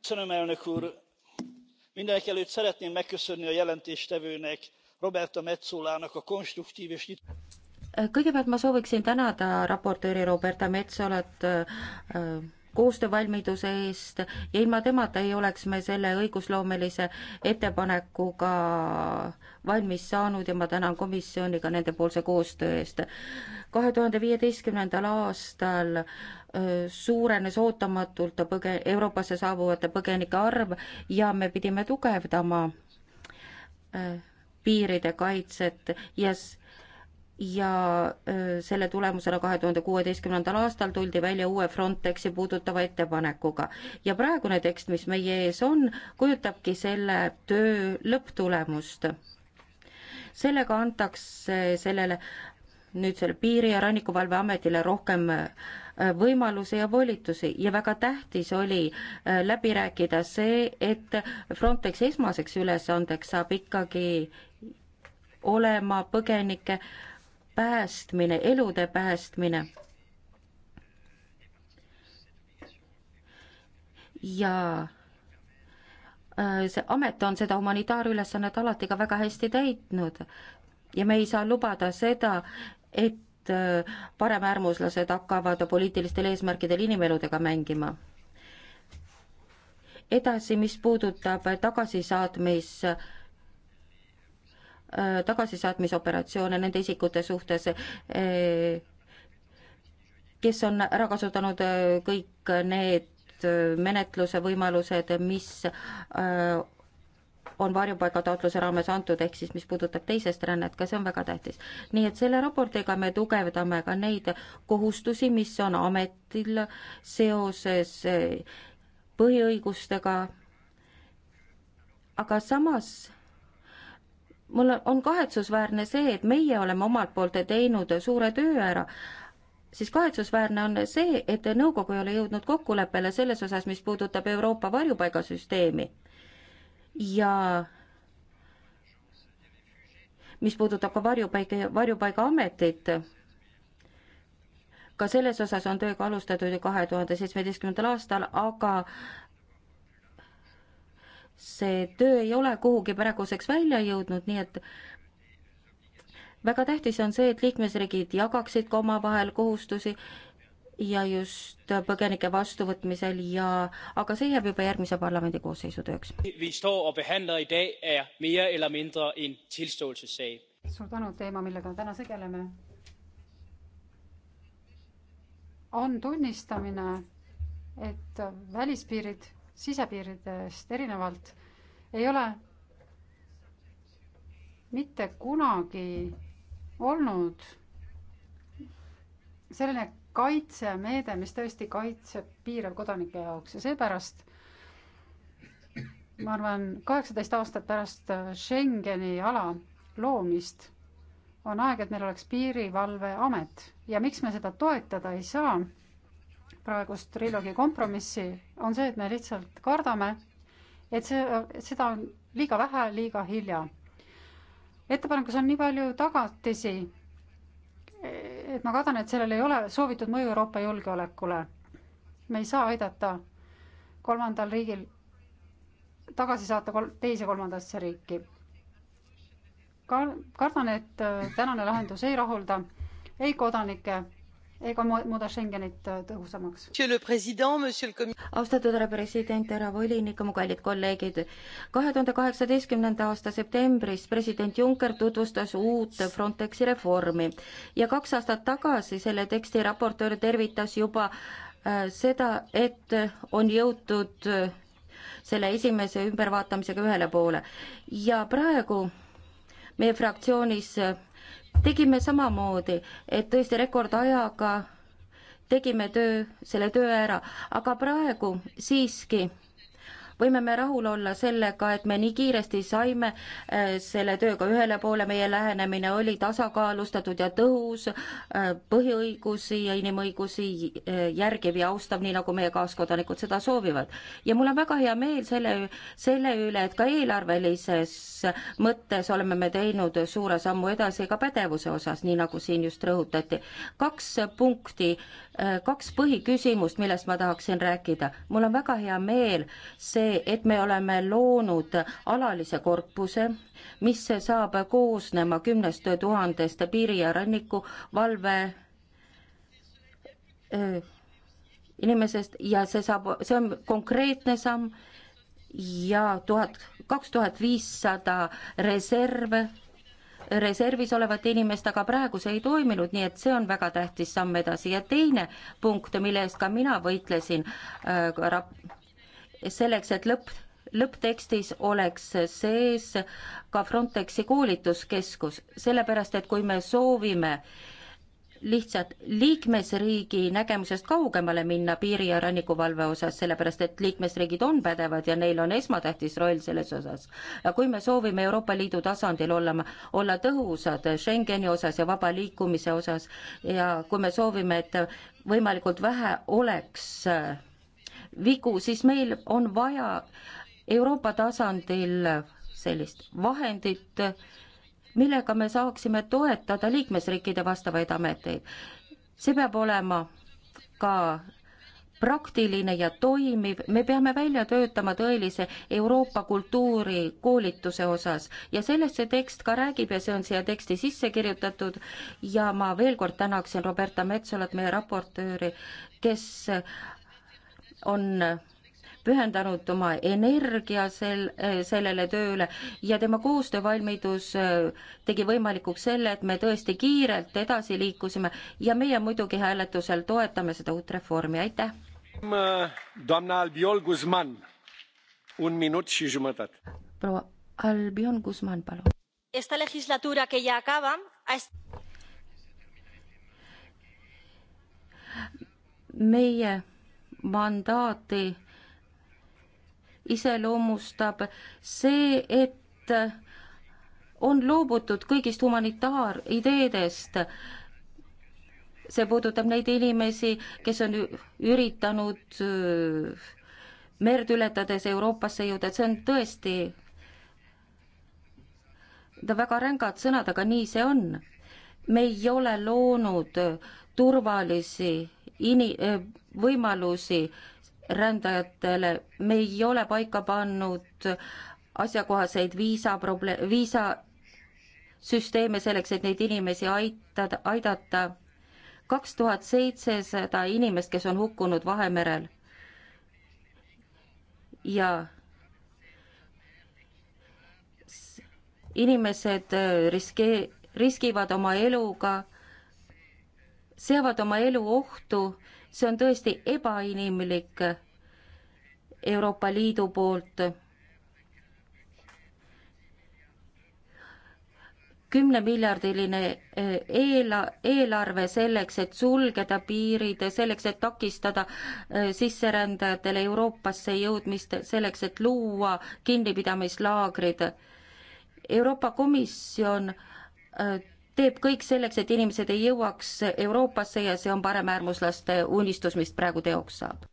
köszönöm elnök úr mindenekelőtt szeretném megköszönni a jelentéstevőnek roberta metsolának a konstruktv és nyitott kõigepealt ma sooviksin tänada raportööri Roberta Metsolat äh, koostöövalmiduse eest ja ilma temata ei oleks me selle õigusloomelise ettepanekuga valmis saanud ja ma tänan komisjoni ka nendepoolse koostöö eest. kahe tuhande viieteistkümnendal aastal suurenes ootamatult põge-, Euroopasse saabuvate põgenike arv ja me pidime tugevdama piiride kaitset ja yes, ja selle tulemusena kahe tuhande kuueteistkümnendal aastal tuldi välja uue Frontexi puudutava ettepanekuga. ja praegune tekst, mis meie ees on, kujutabki selle töö lõpptulemust. sellega antakse sellele, nüüd selle Piiri- ja Rannikuvalveametile rohkem võimalusi ja volitusi ja väga tähtis oli läbi rääkida see, et Frontex esmaseks ülesandeks saab ikkagi olema põgenike äh, päästmine, elude päästmine. ja äh, see amet on seda humanitaarülesannet alati ka väga hästi täitnud ja me ei saa lubada seda, et äh, paremäärmuslased hakkavad poliitilistel eesmärkidel inimeludega mängima edasi, mis puudutab tagasisaatmis Äh, tagasisaatmisoperatsioone nende isikute suhtes, äh, kes on ära kasutanud äh, kõik need menetluse võimalused, mis on varjupaigataotluse raames antud, ehk siis mis puudutab teisest rännet, ka see on väga tähtis. nii et selle raportiga me tugevdame ka neid kohustusi, mis on ametil seoses põhiõigustega, aga samas mul on kahetsusväärne see, et meie oleme omalt poolt teinud suure töö ära, siis kahetsusväärne on see, et nõukogu ei ole jõudnud kokkuleppele selles osas, mis puudutab Euroopa varjupaigasüsteemi. ja mis puudutab ka varjupaiga, varjupaigaametit, ka selles osas on tööga alustatud ju kahe tuhande seitsmeteistkümnendal aastal, aga see töö ei ole kuhugi praeguseks välja jõudnud, nii et väga tähtis on see, et liikmesriigid jagaksid ka omavahel kohustusi ja just põgenike vastuvõtmisel ja, aga see jääb juba järgmise parlamendi koosseisu tööks. Er suur tänu, teema, millega täna tegeleme, on tunnistamine, et välispiirid sisepiiridest erinevalt, ei ole mitte kunagi olnud selline kaitsemeede, mis tõesti kaitseb piirav kodanike jaoks ja seepärast ma arvan, kaheksateist aastat pärast Schengeni ala loomist on aeg, et meil oleks piirivalveamet ja miks me seda toetada ei saa praegust triloogi kompromissi, on see, et me lihtsalt kardame, et see, seda on liiga vähe, liiga hilja. ettepanekus on nii palju tagatisi, et ma kardan, et sellel ei ole soovitud mõju Euroopa julgeolekule. me ei saa aidata kolmandal riigil tagasi saata kol-, teise kolmandasse riiki. Ka-, kardan, et äh, tänane lahendus ei rahulda ei kodanikke ega muuda Schengenit äh, tõhusamaks. austatud härra president, härra volinik, mu kallid kolleegid. kahe tuhande kaheksateistkümnenda aasta septembris president Juncker tutvustas uut Frontexi reformi ja kaks aastat tagasi selle teksti raportöör tervitas juba äh, seda, et on jõutud äh, selle esimese ümbervaatamisega ühele poole ja praegu meie fraktsioonis tegime samamoodi, et tõesti rekordajaga tegime töö, selle töö ära, aga praegu siiski võime me rahul olla sellega, et me nii kiiresti saime äh, selle tööga ühele poole, meie lähenemine oli tasakaalustatud ja tõhus, äh, põhiõigusi ja inimõigusi äh, järgiv ja austav, nii nagu meie kaaskodanikud seda soovivad. ja mul on väga hea meel selle, selle üle, et ka eelarvelises mõttes oleme me teinud suure sammu edasi ka pädevuse osas, nii nagu siin just rõhutati. kaks punkti Äh, kaks põhiküsimust, millest ma tahaksin rääkida. mul on väga hea meel see, et me oleme loonud alalise korpuse, mis saab koosnema kümnest tuhandest piiri- ja rannikuvalve äh, inimesest ja see saab, see on konkreetne samm ja tuhat, kaks tuhat viissada reserve reservis olevate inimestega praegu see ei toiminud, nii et see on väga tähtis samm edasi ja teine punkt, mille eest ka mina võitlesin äh,, selleks, et lõpp, lõpptekstis oleks sees ka Frontexi koolituskeskus, sellepärast et kui me soovime äh, lihtsalt liikmesriigi nägemusest kaugemale minna piiri- ja rannikuvalve osas, sellepärast et liikmesriigid on pädevad ja neil on esmatähtis roll selles osas. ja kui me soovime Euroopa Liidu tasandil olla, olla tõhusad Schengeni osas ja vaba liikumise osas ja kui me soovime, et võimalikult vähe oleks äh, vigu, siis meil on vaja Euroopa tasandil sellist vahendit, millega me saaksime toetada liikmesriikide vastavaid ameteid. see peab olema ka praktiline ja toimiv, me peame välja töötama tõelise Euroopa kultuuri koolituse osas ja sellest see tekst ka räägib ja see on siia teksti sisse kirjutatud ja ma veel kord tänaksin Roberta Metsolat, meie raportööri, kes on pühendanud oma energia sel, eh, sellele tööle ja tema koostöövalmidus eh, tegi võimalikuks selle, et me tõesti kiirelt edasi liikusime ja meie muidugi hääletusel toetame seda uut reformi, aitäh! Eh, proua Albion Guzman, palun. Esta legislatura que ya acaba ha meie mandaati iseloomustab see, et on loobutud kõigist humanitaarideedest. see puudutab neid inimesi, kes on üritanud merd ületades Euroopasse jõuda, et see on tõesti väga rängad sõnad, aga nii see on. me ei ole loonud turvalisi ini-, võimalusi rändajatele, me ei ole paika pannud asjakohaseid viisaproble-, viisasüsteeme selleks, et neid inimesi aitada, aidata. kaks tuhat seitsesada inimest, kes on hukkunud Vahemerel. ja inimesed äh, riske-, riskivad oma eluga, seavad oma elu ohtu see on tõesti ebainimlik Euroopa Liidu poolt. kümnemiljardiline eh, eela-, eelarve selleks, et sulgeda piirid, selleks, et takistada eh, sisserändajatele Euroopasse jõudmist, selleks, et luua kinnipidamislaagrid. Euroopa Komisjon eh, teeb kõik selleks, et inimesed ei jõuaks Euroopasse ja see on paremäärmuslaste unistus, mis praegu teoks saab.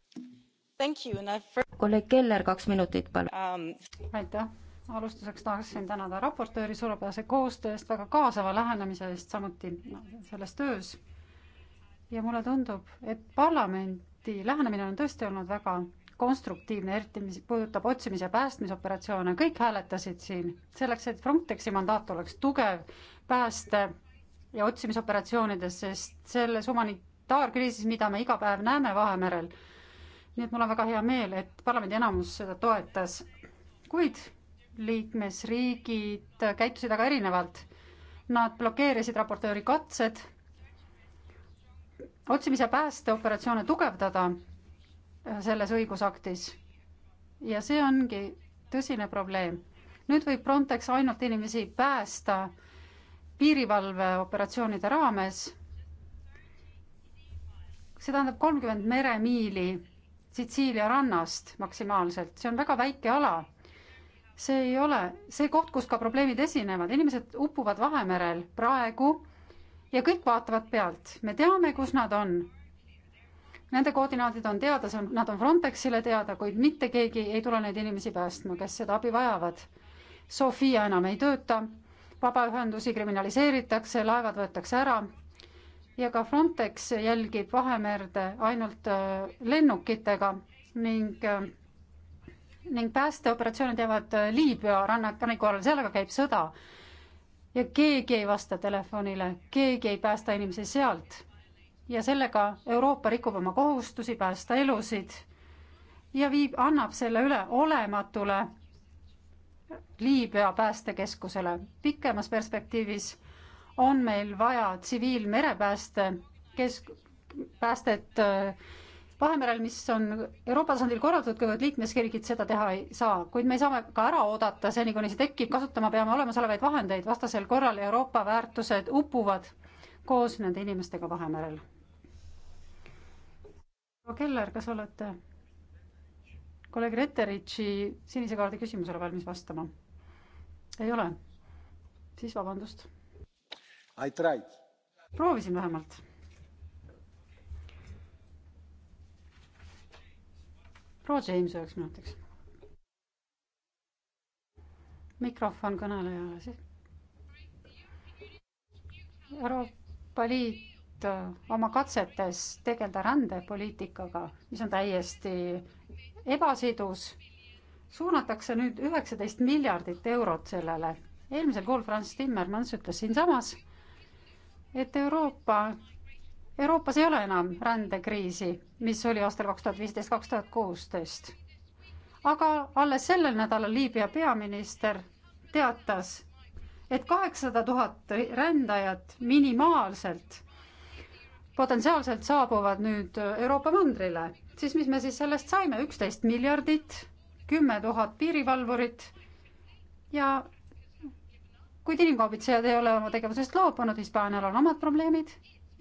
kolleeg Keller, kaks minutit, palun um.... aitäh, alustuseks tahaksin tänada raportööri suurepärase koostöö eest, väga kaasava lähenemise eest samuti no, selles töös. ja mulle tundub, et parlamenti lähenemine on tõesti olnud väga konstruktiivne, eriti mis puudutab otsimis- ja päästmisoperatsioone, kõik hääletasid siin selleks, et Frontexi mandaat oleks tugev pääste- ja otsimisoperatsioonides, sest selles humanitaarkriisis, mida me iga päev näeme Vahemerel, nii et mul on väga hea meel, et parlamendi enamus seda toetas, kuid liikmesriigid käitusid väga erinevalt. Nad blokeerisid raportööri katsed otsimise päästeoperatsioone tugevdada selles õigusaktis. ja see ongi tõsine probleem. nüüd võib Frontex ainult inimesi päästa piirivalveoperatsioonide raames. see tähendab kolmkümmend meremiili Sitsiilia rannast maksimaalselt, see on väga väike ala. see ei ole see koht, kus ka probleemid esinevad, inimesed upuvad Vahemerel praegu ja kõik vaatavad pealt, me teame, kus nad on Nende koordinaadid on teada, see on, nad on Frontexile teada, kuid mitte keegi ei tule neid inimesi päästma, kes seda abi vajavad. Sofia enam ei tööta, vabaühendusi kriminaliseeritakse, laevad võetakse ära ja ka Frontex jälgib Vahemerd ainult äh, lennukitega ning äh, ning päästeoperatsioonid jäävad äh, Liibüa rannakanniku alla, sellega käib sõda. ja keegi ei vasta telefonile, keegi ei päästa inimesi sealt ja sellega Euroopa rikub oma kohustusi päästa elusid ja viib, annab selle üle olematule Liibüa päästekeskusele. pikemas perspektiivis on meil vaja tsiviilmerepääste kesk-, päästet äh, Vahemerel, mis on Euroopa tasandil korraldatud, kõigepealt liikmesriigid seda teha ei saa, kuid me saame ka ära oodata seni, kuni see tekib, kasutama peame olemasolevaid vahendeid, vastasel korral Euroopa väärtused upuvad koos nende inimestega Vahemerel proua Keller, kas olete kolleeg Reteritši sinise kaardi küsimusele valmis vastama? ei ole? siis vabandust. I tried. proovisin vähemalt. proua James üheks minutiks. mikrofon kõnelejale siis. Euroopa Liit et äh, oma katsetes tegeleda rändepoliitikaga, mis on täiesti ebasidus, suunatakse nüüd üheksateist miljardit eurot sellele. eelmisel kuul Franz Timmermans ütles siinsamas, et Euroopa Euroopas ei ole enam rändekriisi, mis oli aastal kaks tuhat viisteist, kaks tuhat kuusteist. aga alles sellel nädalal Liibüa peaminister teatas, et kaheksasada tuhat rändajat minimaalselt potentsiaalselt saabuvad nüüd Euroopa mandrile, siis mis me siis sellest saime, üksteist miljardit, kümme tuhat piirivalvurit ja kuid inimkaubitsejad ei ole oma tegevusest loobunud, Hispaanial on omad probleemid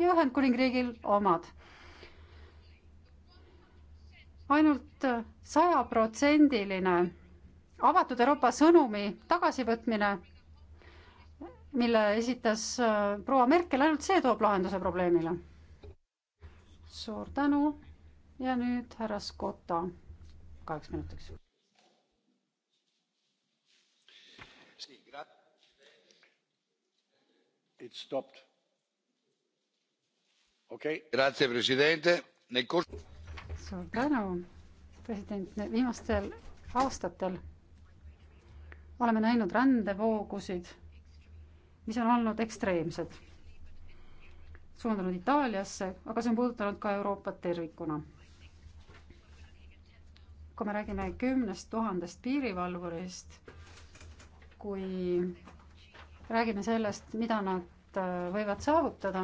ja Ühendkuningriigil omad ainult. ainult sajaprotsendiline avatud Euroopa sõnumi tagasivõtmine, mille esitas äh, proua Merkel, ainult see toob lahenduse probleemile suur tänu ja nüüd härra Skotta kaheks minutiks. Okay. suur tänu, president, viimastel aastatel oleme näinud rändevoogusid, mis on olnud ekstreemsed suundunud Itaaliasse, aga see on puudutanud ka Euroopat tervikuna. kui me räägime kümnest tuhandest piirivalvurist, kui räägime sellest, mida nad äh, võivad saavutada,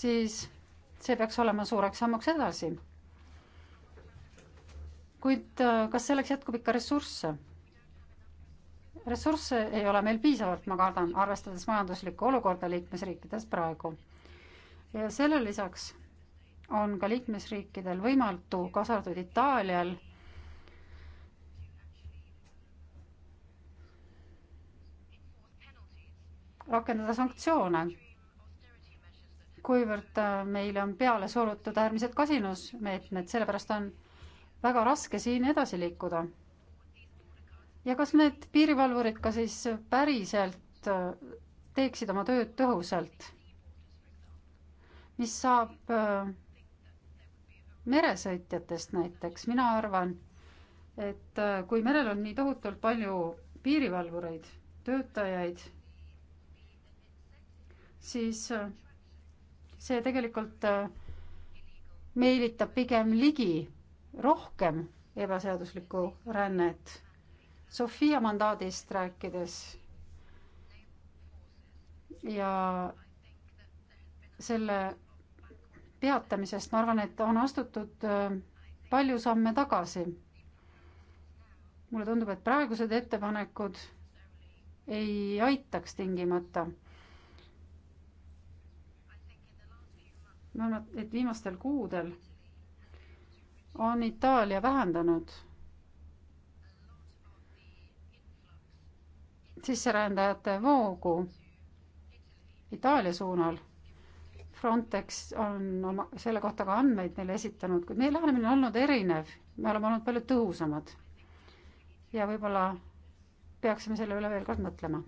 siis see peaks olema suureks sammuks edasi. kuid äh, kas selleks jätkub ikka ressursse? ressursse ei ole meil piisavalt, ma kardan, arvestades majanduslikku olukorda liikmesriikides praegu ja selle lisaks on ka liikmesriikidel võimatu, kaasa arvatud Itaalial, rakendada sanktsioone, kuivõrd äh, meile on peale surutud äärmised kasinusmeetmed, sellepärast on väga raske siin edasi liikuda. ja kas need piirivalvurid ka siis päriselt äh, teeksid oma tööd tõhusalt? mis saab äh, meresõitjatest näiteks, mina arvan, et äh, kui merel on nii tohutult palju piirivalvureid, töötajaid, siis äh, see tegelikult meelitab pigem ligi rohkem ebaseaduslikku rännet. Sofia mandaadist rääkides ja selle peatamisest, ma arvan, et on astutud äh, palju samme tagasi. mulle tundub, et praegused ettepanekud ei aitaks tingimata. ma arvan, et viimastel kuudel on Itaalia vähendanud sisserändajate voogu Itaalia suunal Frontex on oma, selle kohta ka andmeid meile esitanud, kuid meie lähenemine on olnud erinev, me oleme olnud palju tõhusamad. ja võib-olla peaksime selle üle veel kord mõtlema.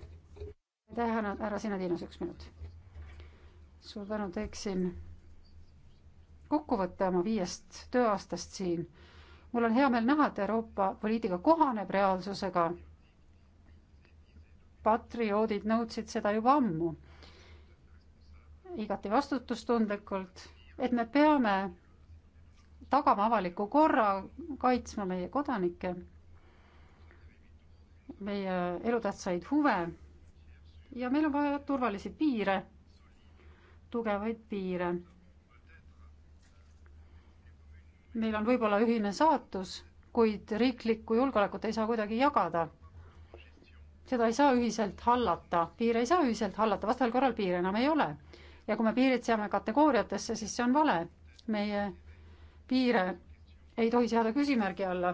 aitäh, härra Sinadinos, üks minut. suur tänu, teeksin kokkuvõtte oma viiest tööaastast siin. mul on hea meel näha, et Euroopa poliitika kohaneb reaalsusega. patrioodid nõudsid seda juba ammu igati vastutustundlikult, et me peame tagama avaliku korra, kaitsma meie kodanikke, meie elutähtsaid huve ja meil on vaja turvalisi piire, tugevaid piire. meil on võib-olla ühine saatus, kuid riiklikku julgeolekut ei saa kuidagi jagada. seda ei saa ühiselt hallata, piire ei saa ühiselt hallata, vastasel korral piire enam ei ole ja kui me piirid seame kategooriatesse, siis see on vale. meie piire ei tohi seada küsimärgi alla.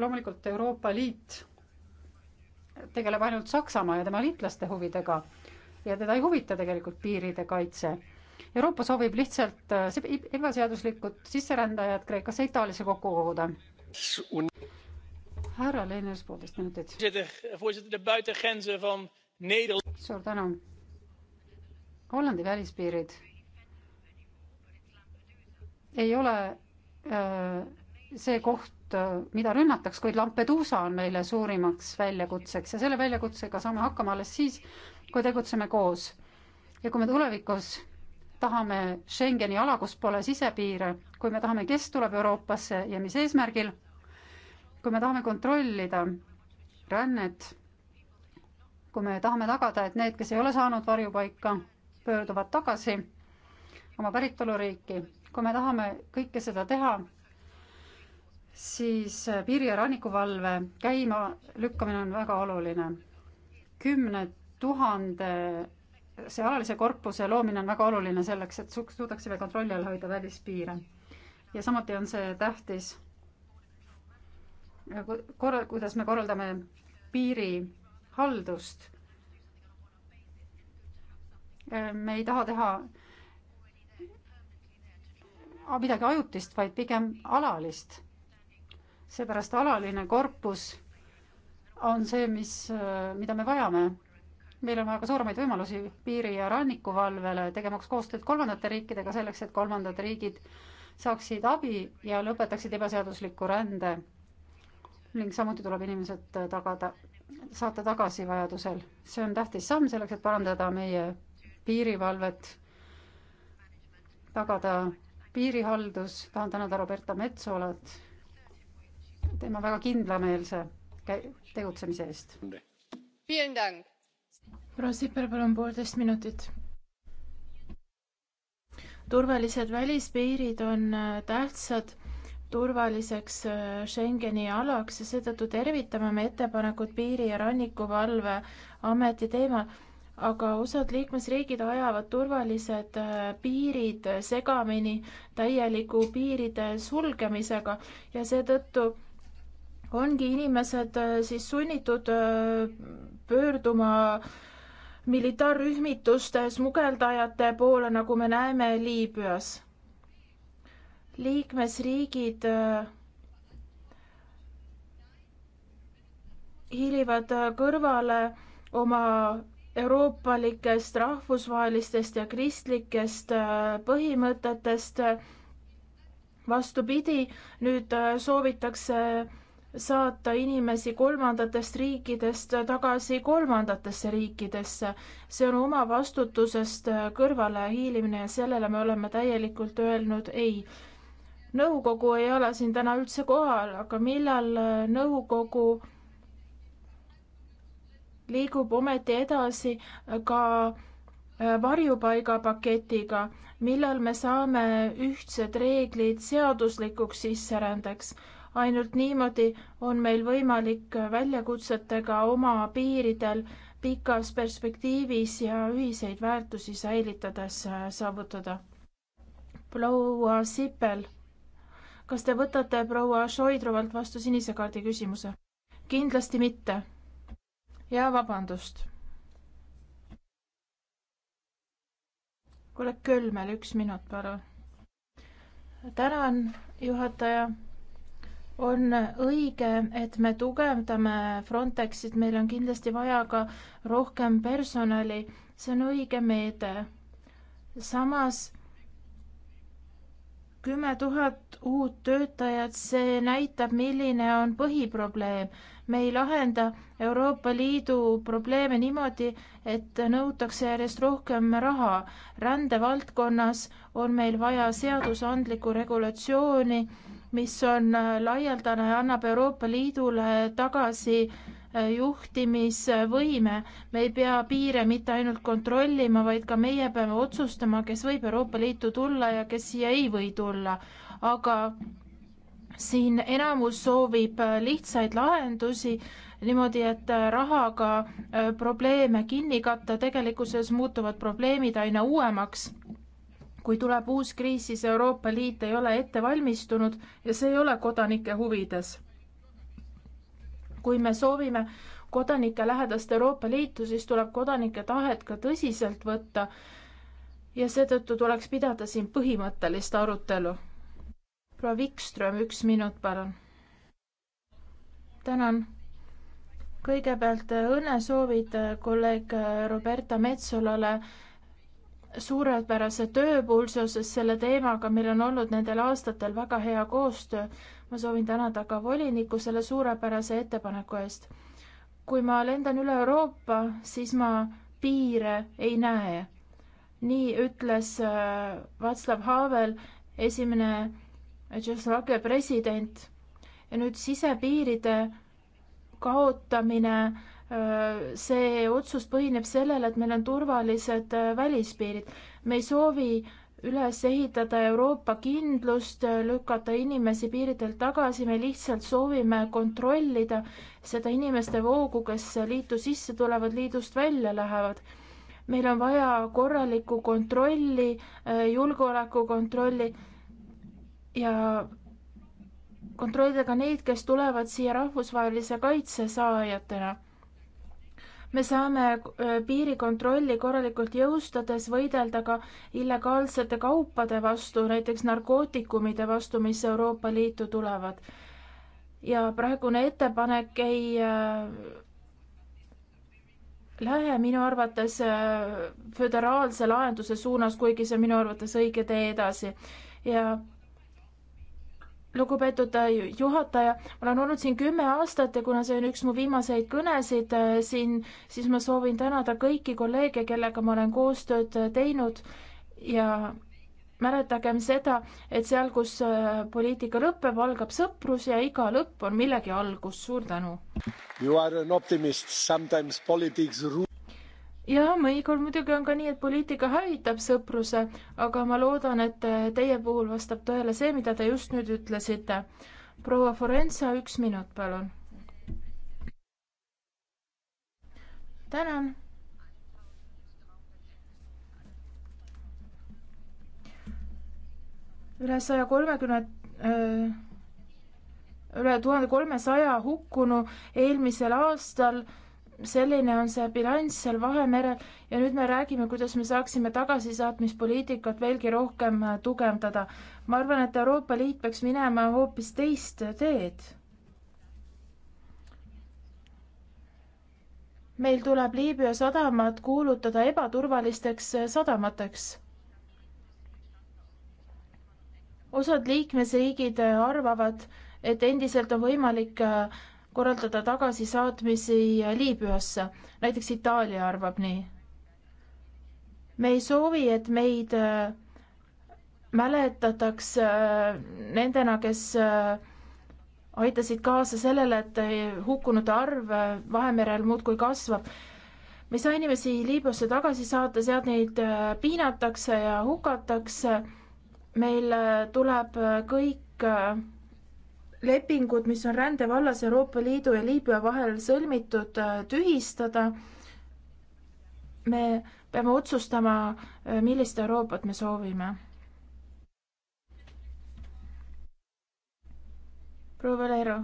loomulikult Euroopa Liit tegeleb ainult Saksamaa ja tema liitlaste huvidega ja teda ei huvita tegelikult piiride kaitse. Euroopa soovib lihtsalt äh, ebaseaduslikud sisserändajad Kreekasse ja Itaaliasse kokku koguda. härra Leeners, poolteist minutit. suur tänu. Hollandi välispiirid ei ole öö, äh, see koht, äh, mida rünnataks, kuid Lampeduusa on meile suurimaks väljakutseks ja selle väljakutsega saame hakkama alles siis, kui tegutseme koos. ja kui me tulevikus tahame Schengeni ala, kus pole sisepiire, kui me tahame, kes tuleb Euroopasse ja mis eesmärgil, kui me tahame kontrollida rännet, kui me tahame tagada, et need, kes ei ole saanud varjupaika, pöörduvad tagasi oma päritoluriiki. kui me tahame kõike seda teha, siis piiri- ja rannikuvalve käima lükkamine on väga oluline. kümne tuhande see alalise korpuse loomine on väga oluline selleks, et suudaksime kontrolli all hoida välispiire. ja samuti on see tähtis äh, korra, kuidas me korraldame piirihaldust Äh, me ei taha teha äh, midagi ajutist, vaid pigem alalist. seepärast alaline korpus on see, mis, äh, mida me vajame. meil on vaja ka suuremaid võimalusi piiri- ja rannikuvalvele, tegemaks koostööd kolmandate riikidega selleks, et kolmandad riigid saaksid abi ja lõpetaksid ebaseadusliku rände. ning samuti tuleb inimesed tagada, saata tagasi vajadusel. see on tähtis samm selleks, et parandada meie piirivalvet, tagada piirihaldus, tahan tänada Roberta Metsolat tema väga kindlameelse tegutsemise eest. proua Sipper, palun poolteist minutit turvalised välispiirid on äh, tähtsad turvaliseks äh, Schengeni alaks ja seetõttu tervitame me ettepanekut Piiri- ja Rannikuvalve Ameti teemal aga osad liikmesriigid ajavad turvalised äh, piirid segamini täieliku piiride sulgemisega ja seetõttu ongi inimesed äh, siis sunnitud äh, pöörduma militaarrühmituste smugeldajate poole, nagu me näeme Liibüas. liikmesriigid hiilivad kõrvale oma euroopalikest, rahvusvahelistest ja kristlikest äh, põhimõtetest. vastupidi, nüüd äh, soovitakse saata inimesi kolmandatest riikidest tagasi kolmandatesse riikidesse. see on oma vastutusest äh, kõrvale hiilimine ja sellele me oleme täielikult öelnud ei. nõukogu ei ole siin täna üldse kohal, aga millal nõukogu liigub ometi edasi ka äh, varjupaigapaketiga, millal me saame ühtsed reeglid seaduslikuks sisserändeks. ainult niimoodi on meil võimalik väljakutsetega oma piiridel pikas perspektiivis ja ühiseid väärtusi säilitades äh, saavutada. proua Sipel, kas te võtate proua Šoidrovalt vastu sinise kaardi küsimuse? kindlasti mitte ja vabandust. kuule, Kölmel üks minut, palun. tänan, juhataja on õige, et me tugevdame Frontexit, meil on kindlasti vaja ka rohkem personali, see on õige meede. samas kümme tuhat uut töötajat, see näitab, milline on põhiprobleem me ei lahenda Euroopa Liidu probleeme niimoodi, et nõutakse järjest rohkem raha. rändevaldkonnas on meil vaja seadusandlikku regulatsiooni, mis on laialdane ja annab Euroopa Liidule tagasi äh, juhtimisvõime. me ei pea piire mitte ainult kontrollima, vaid ka meie peame otsustama, kes võib Euroopa Liitu tulla ja kes siia ei või tulla. aga siin enamus soovib äh, lihtsaid lahendusi niimoodi, et äh, rahaga äh, probleeme kinni katta, tegelikkuses muutuvad probleemid aina uuemaks. kui tuleb uus kriis, siis Euroopa Liit ei ole ette valmistunud ja see ei ole kodanike huvides. kui me soovime kodanike lähedast Euroopa Liitu, siis tuleb kodanike tahet ka tõsiselt võtta ja seetõttu tuleks pidada siin põhimõttelist arutelu proua Vikström, üks minut, palun. tänan. kõigepealt äh, õnnesoovid äh, kolleeg äh, Roberta Metsolale suurepärase tööpulsuses selle teemaga, meil on olnud nendel aastatel väga hea koostöö. ma soovin tänada ka volinikku selle suurepärase ettepaneku eest. kui ma lendan üle Euroopa, siis ma piire ei näe. nii ütles Václav Havel, esimene Tšehhoslovakkia president ja nüüd sisepiiride kaotamine, äh, see otsus põhineb sellele, et meil on turvalised äh, välispiirid. me ei soovi üles ehitada Euroopa kindlust, äh, lükata inimesi piiridelt tagasi, me lihtsalt soovime kontrollida seda inimeste voogu, kes liitu sisse tulevad, liidust välja lähevad. meil on vaja korralikku kontrolli, julgeolekukontrolli ja kontrollida ka neid, kes tulevad siia rahvusvahelise kaitse saajatena. me saame äh, piirikontrolli korralikult jõustades võidelda ka illegaalsete kaupade vastu, näiteks narkootikumide vastu, mis Euroopa Liitu tulevad. ja praegune ettepanek ei äh, lähe minu arvates äh, föderaalse lahenduse suunas, kuigi see on minu arvates õige tee edasi ja lugupeetud äh, juhataja, ma olen olnud siin kümme aastat ja kuna see on üks mu viimaseid kõnesid äh, siin, siis ma soovin tänada kõiki kolleege, kellega ma olen koostööd äh, teinud ja mäletagem seda, et seal, kus poliitika lõpeb, algab sõprus ja iga lõpp on millegi algus. suur tänu! You are an optimist, sometimes politics ja mõnikord muidugi on ka nii, et poliitika hävitab sõpruse, aga ma loodan, et teie puhul vastab tõele see, mida te just nüüd ütlesite. proua Forenza, üks minut, palun. tänan. üle saja kolmekümne äh, üle tuhande kolmesaja hukkunu eelmisel aastal selline on see bilanss seal Vahemerel ja nüüd me räägime, kuidas me saaksime tagasisaatmispoliitikat veelgi rohkem äh, tugevdada. ma arvan, et Euroopa Liit peaks minema hoopis teist teed. meil tuleb Liibüa sadamad kuulutada ebaturvalisteks äh, sadamateks osad liikmesriigid äh, arvavad, et endiselt on võimalik korraldada tagasisaatmisi Liibüasse, näiteks Itaalia arvab nii. me ei soovi, et meid äh, mäletatakse äh, nendena, kes äh, aitasid kaasa sellele, et hukkunute arv Vahemerel muudkui kasvab. me ei saa inimesi Liibüasse tagasi saata, sealt neid piinatakse ja hukatakse. meil tuleb kõik lepingud, mis on rände vallas Euroopa Liidu ja Liibüa vahel sõlmitud, äh, tühistada. me peame otsustama, äh, millist Euroopat me soovime. proua Valero.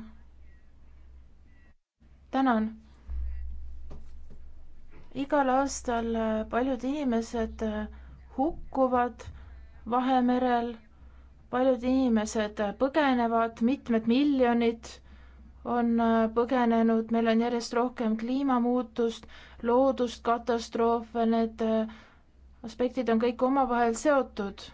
tänan. igal aastal äh, paljud inimesed hukkuvad Vahemerel paljud inimesed põgenevad, mitmed miljonid on äh, põgenenud, meil on järjest rohkem kliimamuutust, loodust, katastroofe, need äh, aspektid on kõik omavahel seotud.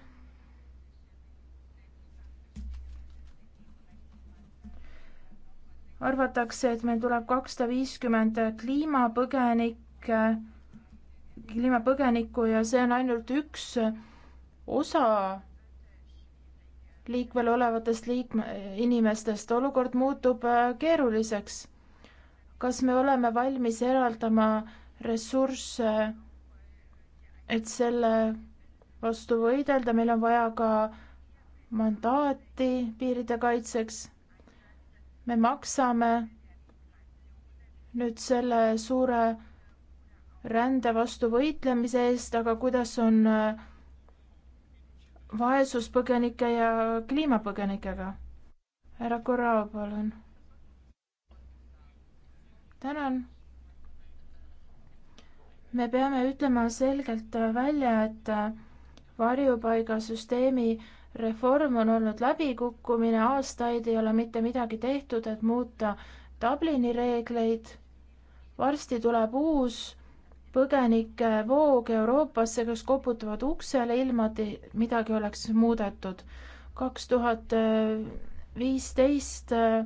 arvatakse, et meil tuleb kakssada viiskümmend kliimapõgenikke, kliimapõgenikku ja see on ainult üks osa liikvel olevatest liikme, inimestest, olukord muutub äh, keeruliseks. kas me oleme valmis eraldama ressursse, et selle vastu võidelda, meil on vaja ka mandaati piiride kaitseks. me maksame nüüd selle suure rände vastu võitlemise eest, aga kuidas on äh, vaesuspõgenike ja kliimapõgenikega. härra Korrao, palun. tänan. me peame ütlema selgelt välja, et varjupaigasüsteemi reform on olnud läbikukkumine, aastaid ei ole mitte midagi tehtud, et muuta Dublini reegleid. varsti tuleb uus põgenike voog Euroopasse, kes koputavad uksele, ilma et midagi oleks muudetud. kaks tuhat viisteist äh,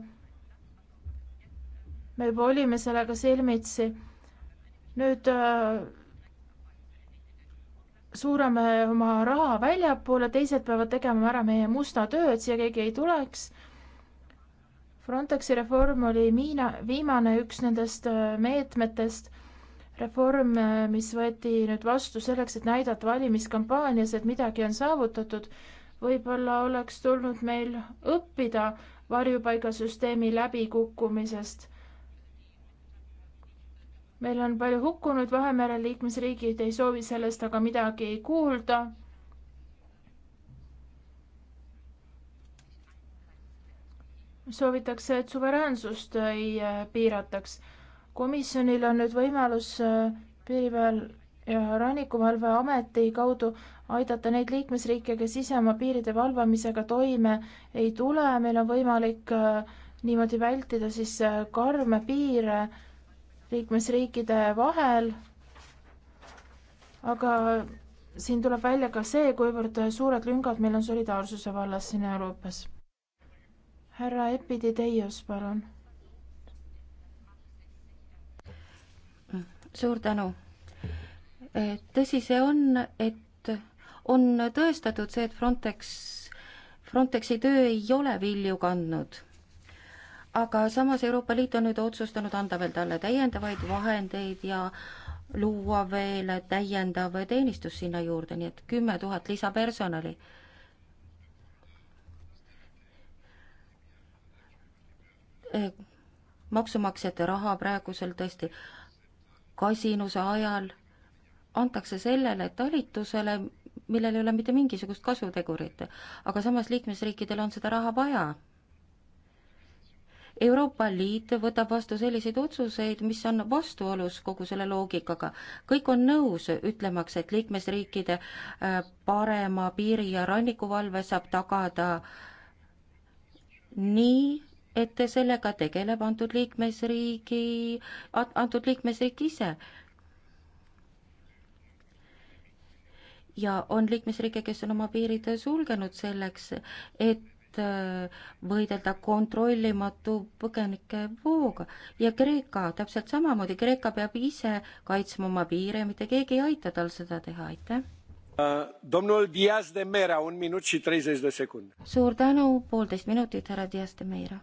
me juba olime sellega silmitsi. nüüd äh, suurame oma raha väljapoole, teised peavad tegema ära meie musta töö, et siia keegi ei tuleks. Frontexi reform oli miina, viimane üks nendest äh, meetmetest reform, äh, mis võeti nüüd vastu selleks, et näidata valimiskampaanias, et midagi on saavutatud, võib-olla oleks tulnud meil õppida varjupaigasüsteemi läbikukkumisest. meil on palju hukkunud, Vahemere liikmesriigid ei soovi sellest aga midagi kuulda soovitakse, et suveräänsust ei äh, piirataks komisjonil on nüüd võimalus äh, piirivalve ja Rannikuvalveameti kaudu aidata neid liikmesriike, kes ise oma piiride valvamisega toime ei tule, meil on võimalik äh, niimoodi vältida siis äh, karme piire liikmesriikide vahel. aga siin tuleb välja ka see, kuivõrd suured lüngad meil on solidaarsuse vallas siin Euroopas. härra Epideios, palun suur tänu. E, tõsi see on, et on tõestatud see, et Frontex, Frontexi töö ei ole vilju kandnud. aga samas Euroopa Liit on nüüd otsustanud anda veel talle täiendavaid vahendeid ja luua veel täiendav teenistus sinna juurde, nii et kümme tuhat lisapersonali. E, maksumaksjate raha praegusel tõesti kasinuse ajal antakse sellele talitusele, millel ei ole mitte mingisugust kasutegurit, aga samas liikmesriikidel on seda raha vaja. Euroopa Liit võtab vastu selliseid otsuseid, mis on vastuolus kogu selle loogikaga. kõik on nõus ütlemaks, et liikmesriikide äh, parema piiri- ja rannikuvalve saab tagada nii et sellega tegeleb antud liikmesriigi, antud liikmesriik ise. ja on liikmesriike, kes on oma piirid sulgenud selleks, et äh, võidelda kontrollimatu põgenike vooga. ja Kreeka täpselt samamoodi, Kreeka peab ise kaitsma oma piire, mitte keegi ei aita tal seda teha, aitäh. Domnul Diaz de Mera, un minut și 30 de secunde. suur tänu, poolteist minutit, härra Diaz de Mera.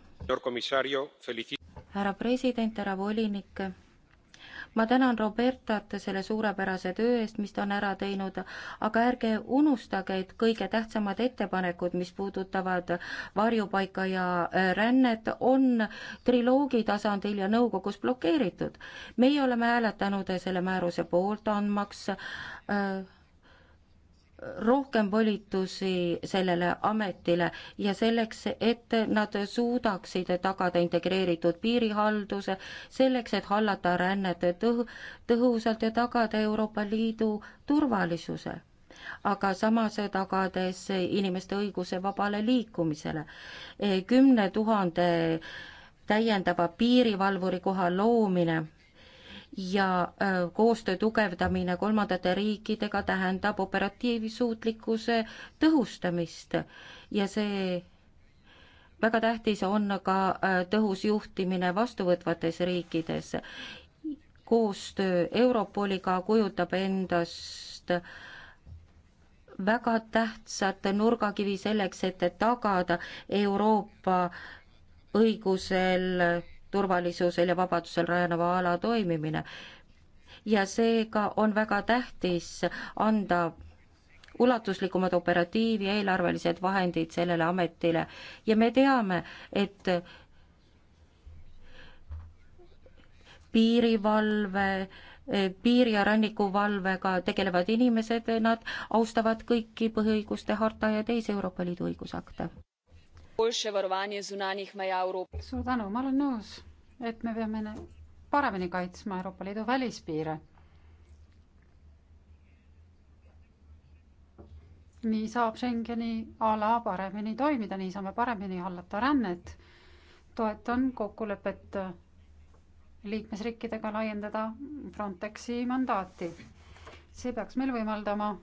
härra president, härra volinik, ma tänan Robertat selle suurepärase töö eest, mis ta on ära teinud, aga ärge unustage, et kõige tähtsamad ettepanekud, mis puudutavad varjupaika ja äh, rännet, on triloogi tasandil ja nõukogus blokeeritud. meie oleme hääletanud selle määruse poolt, andmaks äh, rohkem volitusi sellele ametile ja selleks, et nad suudaksid tagada integreeritud piirihalduse, selleks, et hallata rännet tõh-, tõhusalt ja tagada Euroopa Liidu turvalisuse aga samas tagades inimeste õiguse vabale liikumisele. kümne tuhande täiendava piirivalvuri koha loomine ja äh, koostöö tugevdamine kolmandate riikidega tähendab operatiivsuutlikkuse tõhustamist ja see väga tähtis on ka äh, tõhus juhtimine vastuvõtvates riikides. koostöö Europoliga kujutab endast väga tähtsat nurgakivi selleks, et tagada Euroopa õigusel turvalisusel ja vabadusel rajaneva ala toimimine. ja seega on väga tähtis anda ulatuslikumad operatiiv- ja eelarvelised vahendid sellele ametile ja me teame, et piirivalve piiri- ja rannikuvalvega tegelevad inimesed, nad austavad kõiki põhiõiguste harta ja teisi Euroopa Liidu õigusakte suur tänu, ma olen nõus, et me peame paremini kaitsma Euroopa Liidu välispiire. nii saab Schengeni ala paremini toimida, nii saame paremini hallata rännet. toetan kokkulepet liikmesriikidega laiendada Frontexi mandaati. see peaks meil võimaldama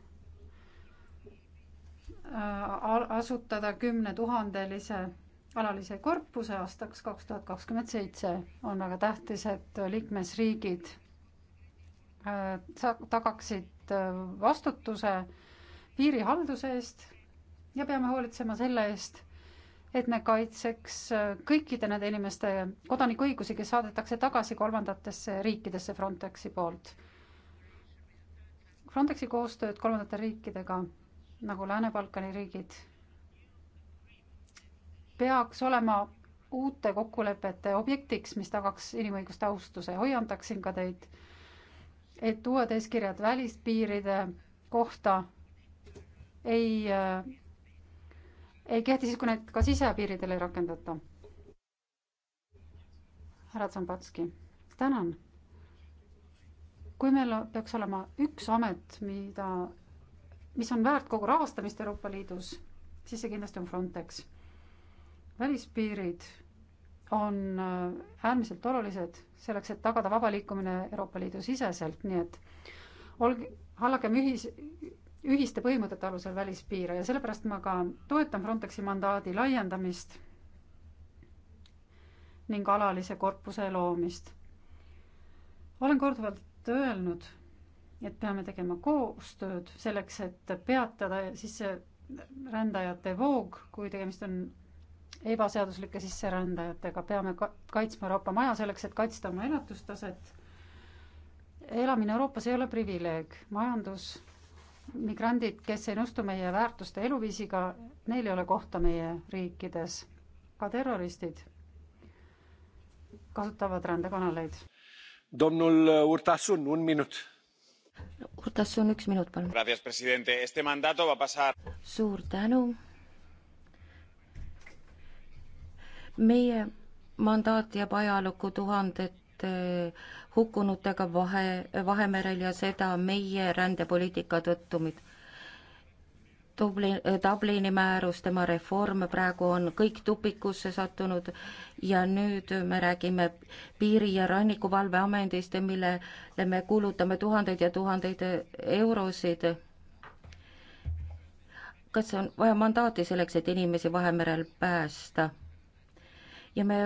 Äh, asutada kümnetuhandelise alalise korpuse aastaks kaks tuhat kakskümmend seitse. on väga tähtis, et liikmesriigid äh, tagaksid äh, vastutuse piirihalduse eest ja peame hoolitsema selle eest, et me kaitseks kõikide nende inimeste kodanikuõigusi, kes saadetakse tagasi kolmandatesse riikidesse Frontexi poolt. Frontexi koostööd kolmandate riikidega nagu Lääne-Balkani riigid, peaks olema uute kokkulepete objektiks, mis tagaks inimõiguste austuse. hoiandaksin ka teid, et uued eeskirjad välispiiride kohta ei, ei kehti siis, kui neid ka sisepiiridel ei rakendata. härra Zambatski, tänan. kui meil peaks olema üks amet, mida mis on väärt kogu rahastamist Euroopa Liidus, siis see kindlasti on Frontex. välispiirid on äh, äärmiselt olulised selleks, et tagada vaba liikumine Euroopa Liidu siseselt, nii et olge, hallakem ühis, ühiste põhimõtete alusel välispiire ja sellepärast ma ka toetan Frontexi mandaadi laiendamist ning alalise korpuse loomist. olen korduvalt öelnud et peame tegema koostööd selleks, et peatada sisserändajate voog, kui tegemist on ebaseaduslike sisserändajatega, peame ka-, kaitsma Euroopa maja selleks, et kaitsta oma elatustaset. elamine Euroopas ei ole privileeg, majandus, migrandid, kes ei nõustu meie väärtuste eluviisiga, neil ei ole kohta meie riikides. ka terroristid kasutavad rändekanaleid. Domnul Urtasun, un minut Urtasun, üks minut, palun. suur tänu. meie mandaat jääb ajalukku tuhandete hukkunutega vahe, Vahemerel ja seda meie rändepoliitika tõttu, mida Dublin, äh, Dublini määrus, tema reform praegu on kõik tupikusse sattunud ja nüüd me räägime Piiri- ja Rannikuvalveametist, millele me kulutame tuhandeid ja tuhandeid äh, eurosid. kas on vaja mandaati selleks, et inimesi Vahemerel päästa? ja me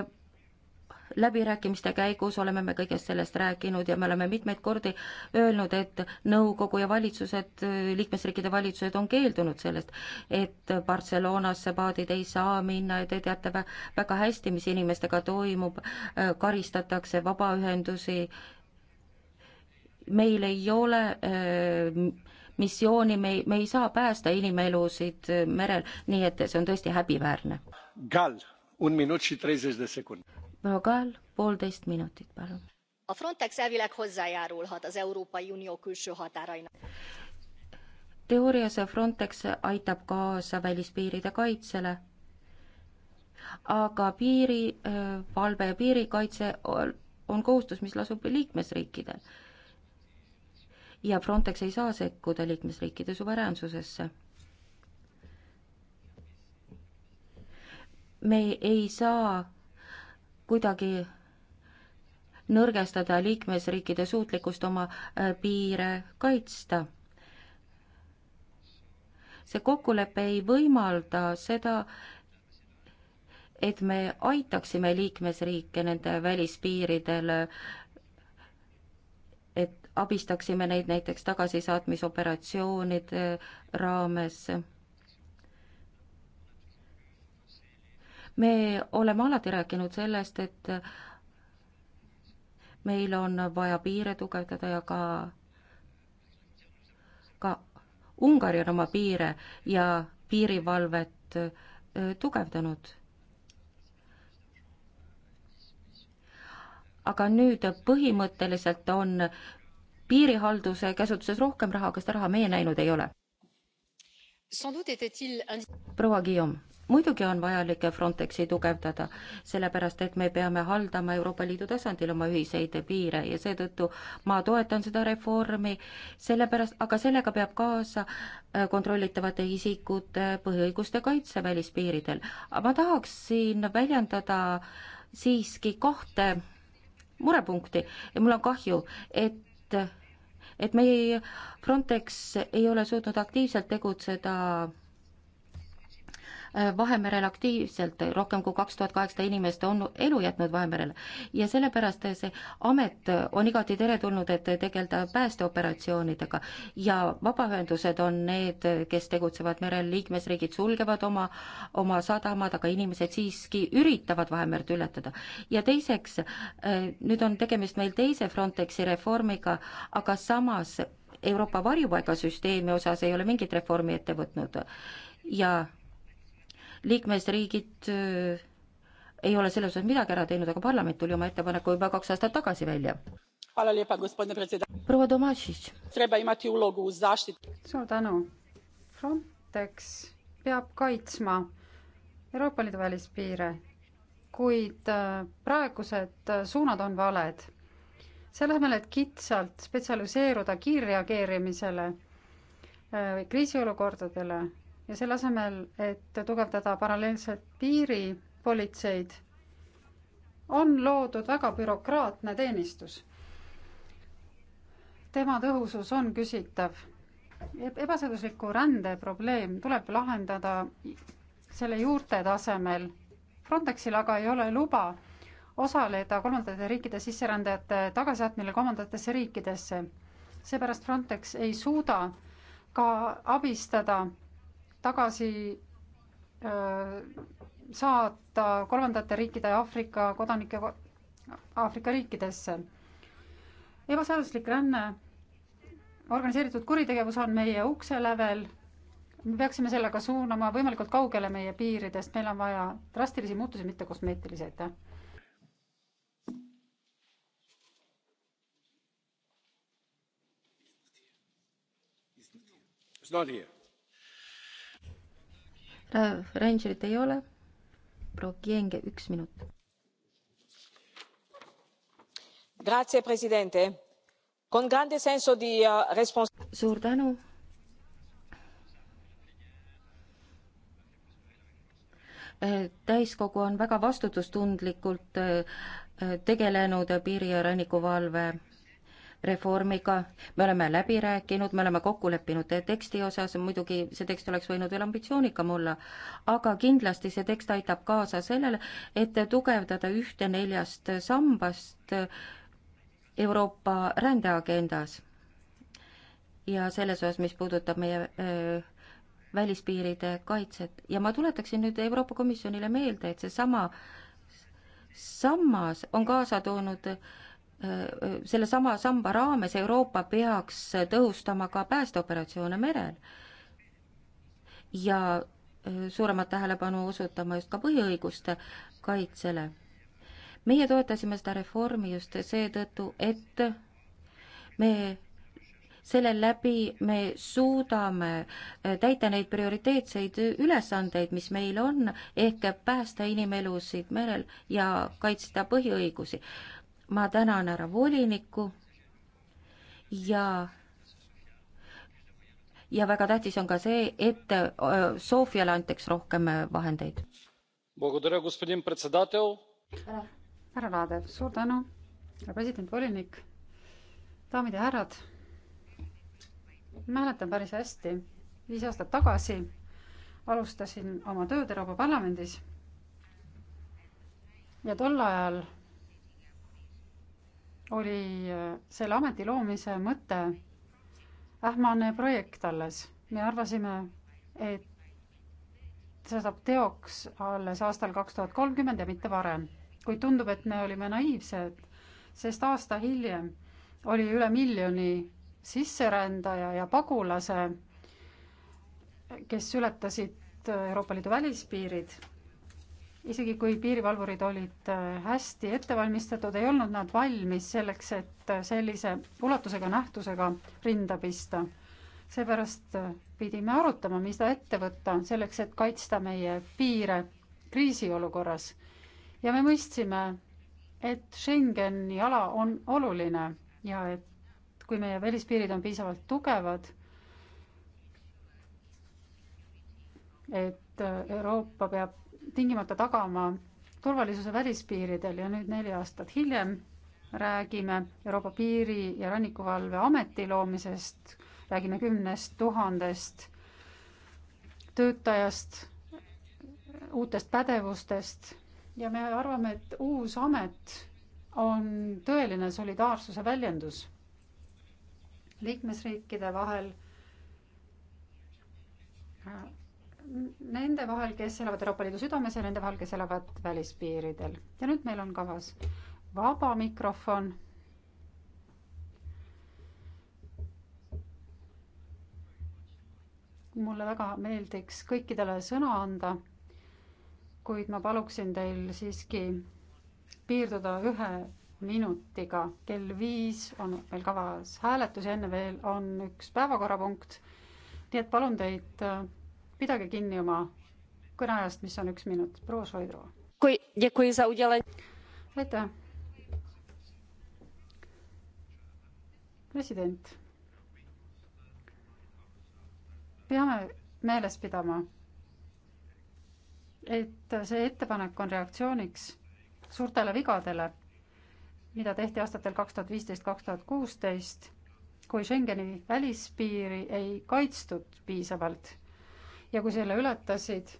läbirääkimiste käigus oleme me kõigest sellest rääkinud ja me oleme mitmeid kordi öelnud, et nõukogu ja valitsused, liikmesriikide valitsused on keeldunud sellest, et Barcelonasse paadid ei saa minna ja te teate väga hästi, mis inimestega toimub, karistatakse vabaühendusi, meil ei ole öö, äh, missiooni, me ei, me ei saa päästa inimelusid äh, merel, nii et see on tõesti häbiväärne. Gal, un minut și treizeci de secunde Rogal, poolteist minutit, palun. A Frontex elvileg hozzájárulhat az Európai Unió külső határainak teoorias Frontex aitab kaasa välispiiride kaitsele, aga piirivalve ja piirikaitse on kohustus, mis lasub liikmesriikidel. ja Frontex ei saa sekkuda liikmesriikide suveräänsusesse. me ei saa kuidagi nõrgestada liikmesriikide suutlikkust oma äh, piire kaitsta. see kokkulepe ei võimalda seda, et me aitaksime liikmesriike nende välispiiridel, et abistaksime neid näiteks tagasisaatmisoperatsioonide raames me oleme alati rääkinud sellest, et meil on vaja piire tugevdada ja ka, ka Ungari on oma piire ja piirivalvet tugevdanud aga nüüd põhimõtteliselt on piirihalduse käsutuses rohkem raha, aga seda raha meie näinud ei ole. proua Guillaume muidugi on vajalik Frontexi tugevdada, sellepärast et me peame haldama Euroopa Liidu tasandil oma ühiseid piire ja seetõttu ma toetan seda reformi, sellepärast, aga sellega peab kaasa äh, kontrollitavate isikute põhiõiguste kaitse välispiiridel. ma tahaksin väljendada siiski kahte murepunkti ja mul on kahju, et et meie Frontex ei ole suutnud aktiivselt tegutseda Vahemerel aktiivselt, rohkem kui kaks tuhat kaheksasada inimest on elu jätnud Vahemerele. ja sellepärast see amet on igati teretulnud, et tegeleda päästeoperatsioonidega ja vabaühendused on need, kes tegutsevad merel, liikmesriigid sulgevad oma, oma sadamad, aga inimesed siiski üritavad Vahemerd ületada. ja teiseks, nüüd on tegemist meil teise Frontexi reformiga, aga samas Euroopa varjupaigasüsteemi osas ei ole mingit reformi ette võtnud ja liikmesriigid äh, ei ole selles osas midagi ära teinud, aga parlament tuli oma ettepaneku juba kaks aastat tagasi välja. proua Tomašič. suur tänu. Frontex peab kaitsma Euroopa Liidu välispiire, kuid äh, praegused äh, suunad on valed. selle asemel, et kitsalt spetsialiseeruda kiirreageerimisele või kriisiolukordadele ja selle asemel, et tugevdada paralleelselt piiripolitseid, on loodud väga bürokraatne teenistus. tema tõhusus on küsitav e. ebaseadusliku rände probleem tuleb lahendada selle juurte tasemel. Frontexil aga ei ole luba osaleda kolmandate riikide sisserändajate tagasisaatmine kolmandatesse riikidesse. seepärast Frontex ei suuda ka abistada tagasi äh, saata kolmandate riikide ja Aafrika kodanike Aafrika riikidesse. ebaseaduslik ränne, organiseeritud kuritegevus on meie ukse lävel, me peaksime sellega suunama võimalikult kaugele meie piiridest, meil on vaja drastilisi muutusi, mitte kosmeetilisi, aitäh. It's not here. Äh, Rangerit ei ole. proua Kienge, üks minut. Äh, suur tänu. Äh, täiskogu on väga vastutustundlikult tegelenud piiri ja rannikuvalve reformiga, me oleme läbi rääkinud, me oleme kokku leppinud teksti osas, muidugi see tekst oleks võinud veel ambitsioonikam olla, aga kindlasti see tekst aitab kaasa sellele, et tugevdada ühte neljast sambast Euroopa rändeagendas. ja selles osas, mis puudutab meie öö, äh, välispiiride kaitset ja ma tuletaksin nüüd Euroopa Komisjonile meelde, et seesama sammas on kaasa toonud sellesama samba raames Euroopa peaks tõhustama ka päästeoperatsioone merel ja suuremat tähelepanu osutama just ka põhiõiguste kaitsele. meie toetasime seda reformi just seetõttu, et me selle läbi me suudame täita neid prioriteetseid ülesandeid, mis meil on, ehk päästa inimelusid merel ja kaitsta põhiõigusi ma tänan härra volinikku ja ja väga tähtis on ka see, et Sofiale antaks rohkem vahendeid. härra Laadev, suur tänu, härra president, volinik, daamid ja härrad. mäletan päris hästi, viis aastat tagasi alustasin oma tööd Euroopa Parlamendis ja tol ajal oli äh, selle ameti loomise mõte ähmane projekt alles. me arvasime, et see saab teoks alles aastal kaks tuhat kolmkümmend ja mitte varem. kuid tundub, et me olime naiivsed, sest aasta hiljem oli üle miljoni sisserändaja ja pagulase, kes ületasid äh, Euroopa Liidu välispiirid isegi kui piirivalvurid olid äh, hästi ettevalmistatud, ei olnud nad valmis selleks, et äh, sellise ulatusega nähtusega rinda pista. seepärast äh, pidime arutama, mida ette võtta selleks, et kaitsta meie piire kriisiolukorras. ja me mõistsime, et Schengeni ala on oluline ja et kui meie välispiirid on piisavalt tugevad, et Euroopa peab tingimata tagama turvalisuse välispiiridel ja nüüd neli aastat hiljem räägime Euroopa Piiri- ja Rannikuvalve Ameti loomisest, räägime kümnest tuhandest töötajast, uutest pädevustest ja me arvame, et uus amet on tõeline solidaarsuse väljendus liikmesriikide vahel nende vahel, kes elavad Euroopa Liidu südames ja nende vahel, kes elavad välispiiridel. ja nüüd meil on kavas vaba mikrofon. mulle väga meeldiks kõikidele sõna anda, kuid ma paluksin teil siiski piirduda ühe minutiga. kell viis on meil kavas hääletus ja enne veel on üks päevakorrapunkt. nii et palun teid äh, pidage kinni oma kõneajast, mis on üks minut. proua Šoidrova. aitäh. president. peame meeles pidama, et see ettepanek on reaktsiooniks suurtele vigadele, mida tehti aastatel kaks tuhat viisteist, kaks tuhat kuusteist, kui Schengeni välispiiri ei kaitstud piisavalt ja kui selle ületasid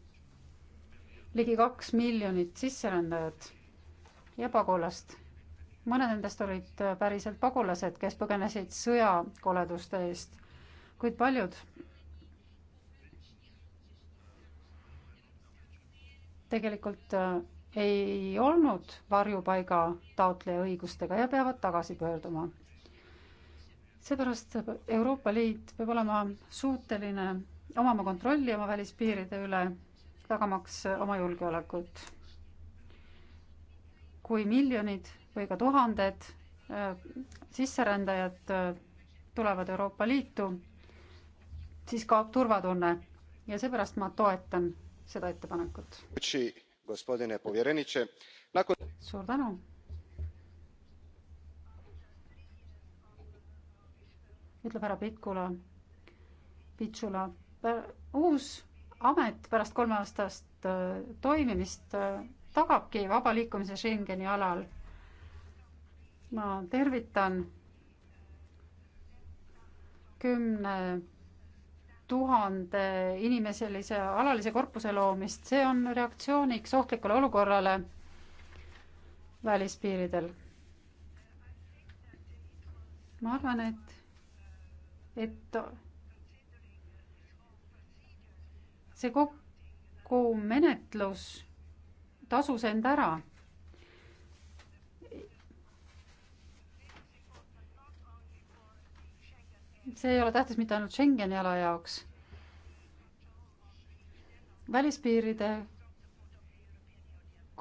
ligi kaks miljonit sisserändajat ja pagulast. mõned nendest olid päriselt pagulased, kes põgenesid sõjakoleduste eest, kuid paljud tegelikult äh, ei olnud varjupaiga taotleja õigustega ja peavad tagasi pöörduma. seepärast Euroopa Liit peab olema suuteline omama kontrolli oma välispiiride üle, tagamaks oma julgeolekut. kui miljonid või ka tuhanded äh, sisserändajad äh, tulevad Euroopa Liitu, siis kaob turvatunne ja seepärast ma toetan seda ettepanekut. suur tänu. ütleb härra Pikula, Pitsula uus amet pärast kolmeaastast äh, toimimist äh, tagabki vaba liikumise Schengeni alal. ma tervitan kümne tuhande inimeselise alalise korpuse loomist, see on reaktsiooniks ohtlikule olukorrale välispiiridel. ma arvan, et, et see kokku menetlus tasus end ära. see ei ole tähtis mitte ainult Schengeni ala jaoks. välispiiride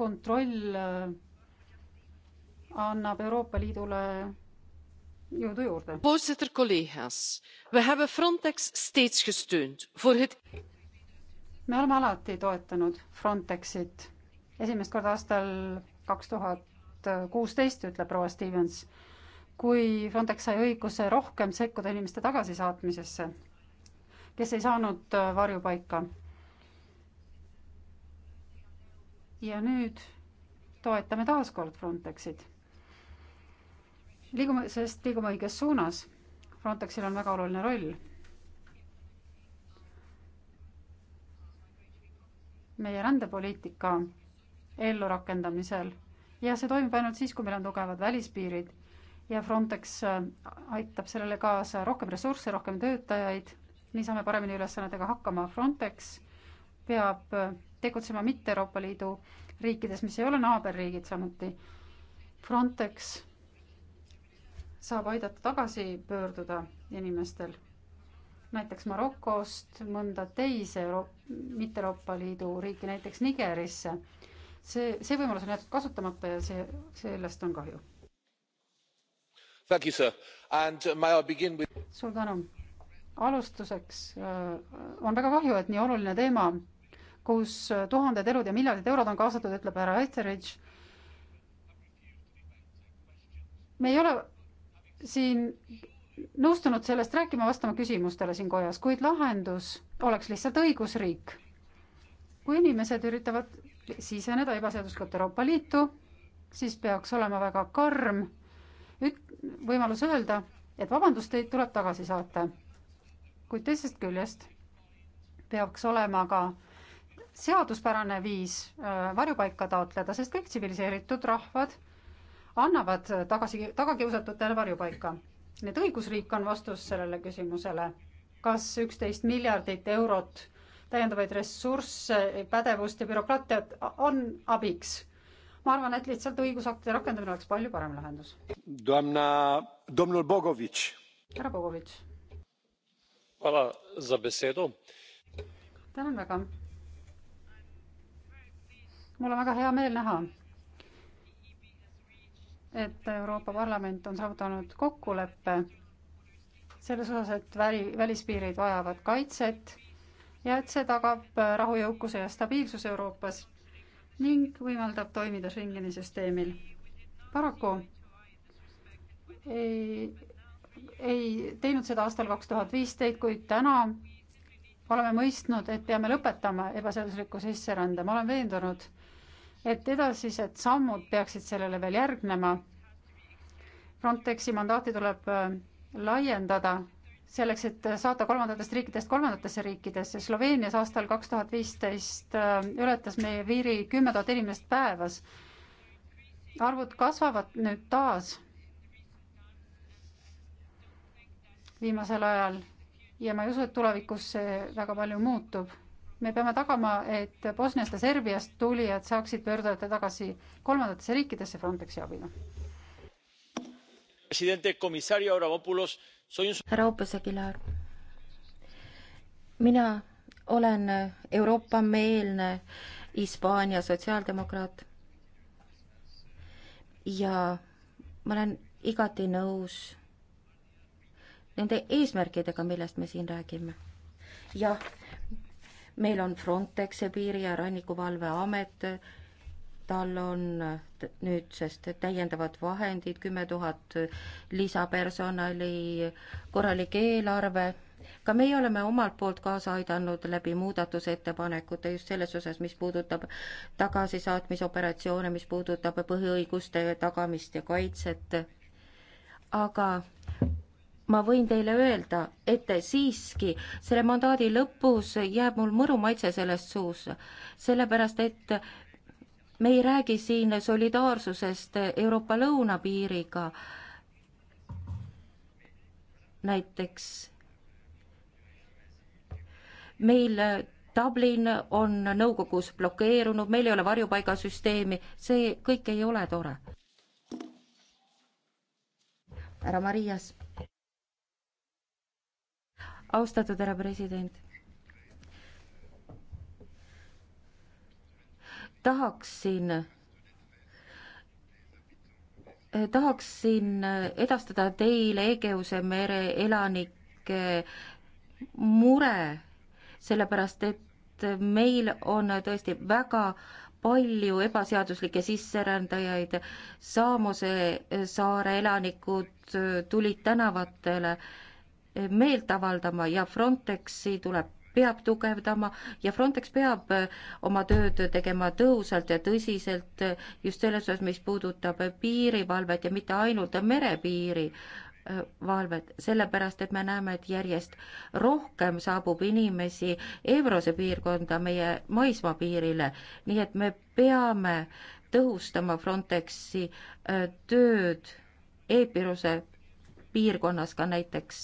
kontroll äh, annab Euroopa Liidule voorzitter collega's we hebben frontex steeds gesteund voor het me oleme alati toetanud Frontexit. esimest korda aastal kaks tuhat kuusteist, ütleb proua Stevens, kui Frontex sai õiguse rohkem sekkuda inimeste tagasisaatmisesse, kes ei saanud äh, varjupaika. ja nüüd toetame taas kord Frontexit. liigume, sest liigume õiges suunas. Frontexil on väga oluline roll meie rändepoliitika ellurakendamisel ja see toimub ainult siis, kui meil on tugevad välispiirid ja Frontex äh, aitab sellele kaasa rohkem ressursse, rohkem töötajaid, nii saame paremini ülesannetega hakkama. Frontex peab äh, tegutsema mitte Euroopa Liidu riikides, mis ei ole naaberriigid samuti. Frontex saab aidata tagasi pöörduda inimestel näiteks Marokost mõnda teise Euro-, mitte Euroopa Liidu riiki, näiteks Nigerisse. see, see võimalus on jäetud kasutamata ja see, sellest on kahju. Uh, with... suur tänu. alustuseks äh, on väga kahju, et nii oluline teema, kus äh, tuhanded elud ja miljardid eurod on kaasatud, ütleb härra Etheridge. me ei ole siin nõustunud sellest rääkima, vastama küsimustele siin kojas, kuid lahendus oleks lihtsalt õigusriik. kui inimesed üritavad siseneda ebaseaduslikult Euroopa Liitu, siis peaks olema väga karm üt-, võimalus öelda, et vabandust, teid tuleb tagasi saata. kuid teisest küljest peaks olema ka seaduspärane viis äh, varjupaika taotleda, sest kõik tsiviliseeritud rahvad annavad tagasi, tagakiusatutele varjupaika nii et õigusriik on vastus sellele küsimusele. kas üksteist miljardit eurot täiendavaid ressursse, pädevust ja bürokraatiat on abiks? ma arvan, et lihtsalt õigusaktide rakendamine oleks palju parem lahendus. härra Bogovitš. tänan väga. mul on väga hea meel näha et Euroopa Parlament on saavutanud kokkuleppe selles osas, et väli, välispiirid vajavad kaitset ja et see tagab rahu, jõukuse ja stabiilsuse Euroopas ning võimaldab toimida Schengeni süsteemil. paraku ei, ei teinud seda aastal kaks tuhat viisteist, kuid täna oleme mõistnud, et peame lõpetama ebaseadusliku sisserände, ma olen veendunud et edasised sammud peaksid sellele veel järgnema. Frontexi mandaati tuleb äh, laiendada selleks, et saata kolmandatest riikidest kolmandatesse riikidesse. Sloveenias aastal kaks tuhat viisteist äh, ületas meie piiri kümme tuhat inimest päevas. arvud kasvavad nüüd taas viimasel ajal ja ma ei usu, et tulevikus see väga palju muutub me peame tagama, et Bosniast ja Serbiast tulijad saaksid pöörduda tagasi kolmandatesse riikidesse Frontexi abil. härra Opus-Aguilar, mina olen Euroopa-meelne Hispaania sotsiaaldemokraat ja ma olen igati nõus nende eesmärkidega, millest me siin räägime. jah meil on Frontex ja Piiri- ja Rannikuvalveamet, tal on nüüdsest täiendavad vahendid, kümme tuhat lisapersonali, korralik eelarve, ka meie oleme omalt poolt kaasa aidanud läbi muudatusettepanekute just selles osas, mis puudutab tagasisaatmisoperatsioone, mis puudutab põhiõiguste tagamist ja kaitset, aga ma võin teile öelda, et siiski selle mandaadi lõpus jääb mul mõru maitse sellest suus, sellepärast et me ei räägi siin solidaarsusest Euroopa lõunapiiriga. näiteks meil Dublin on nõukogus blokeerunud, meil ei ole varjupaigasüsteemi, see kõik ei ole tore. härra Marias austatud härra president. tahaksin tahaksin edastada teile Egeuse mere elanike mure, sellepärast et meil on tõesti väga palju ebaseaduslikke sisserändajaid, Saamose saare elanikud tulid tänavatele meelt avaldama ja Frontexi tuleb peab tugevdama ja Frontex peab äh, oma tööd tegema tõhusalt ja tõsiselt äh, just selles osas, mis puudutab äh, piirivalvet ja mitte ainult merepiiri valvet, sellepärast et me näeme, et järjest rohkem saabub inimesi Evrose piirkonda meie maismaapiirile, nii et me peame tõhustama Frontexi tööd e-piruse piirkonnas ka näiteks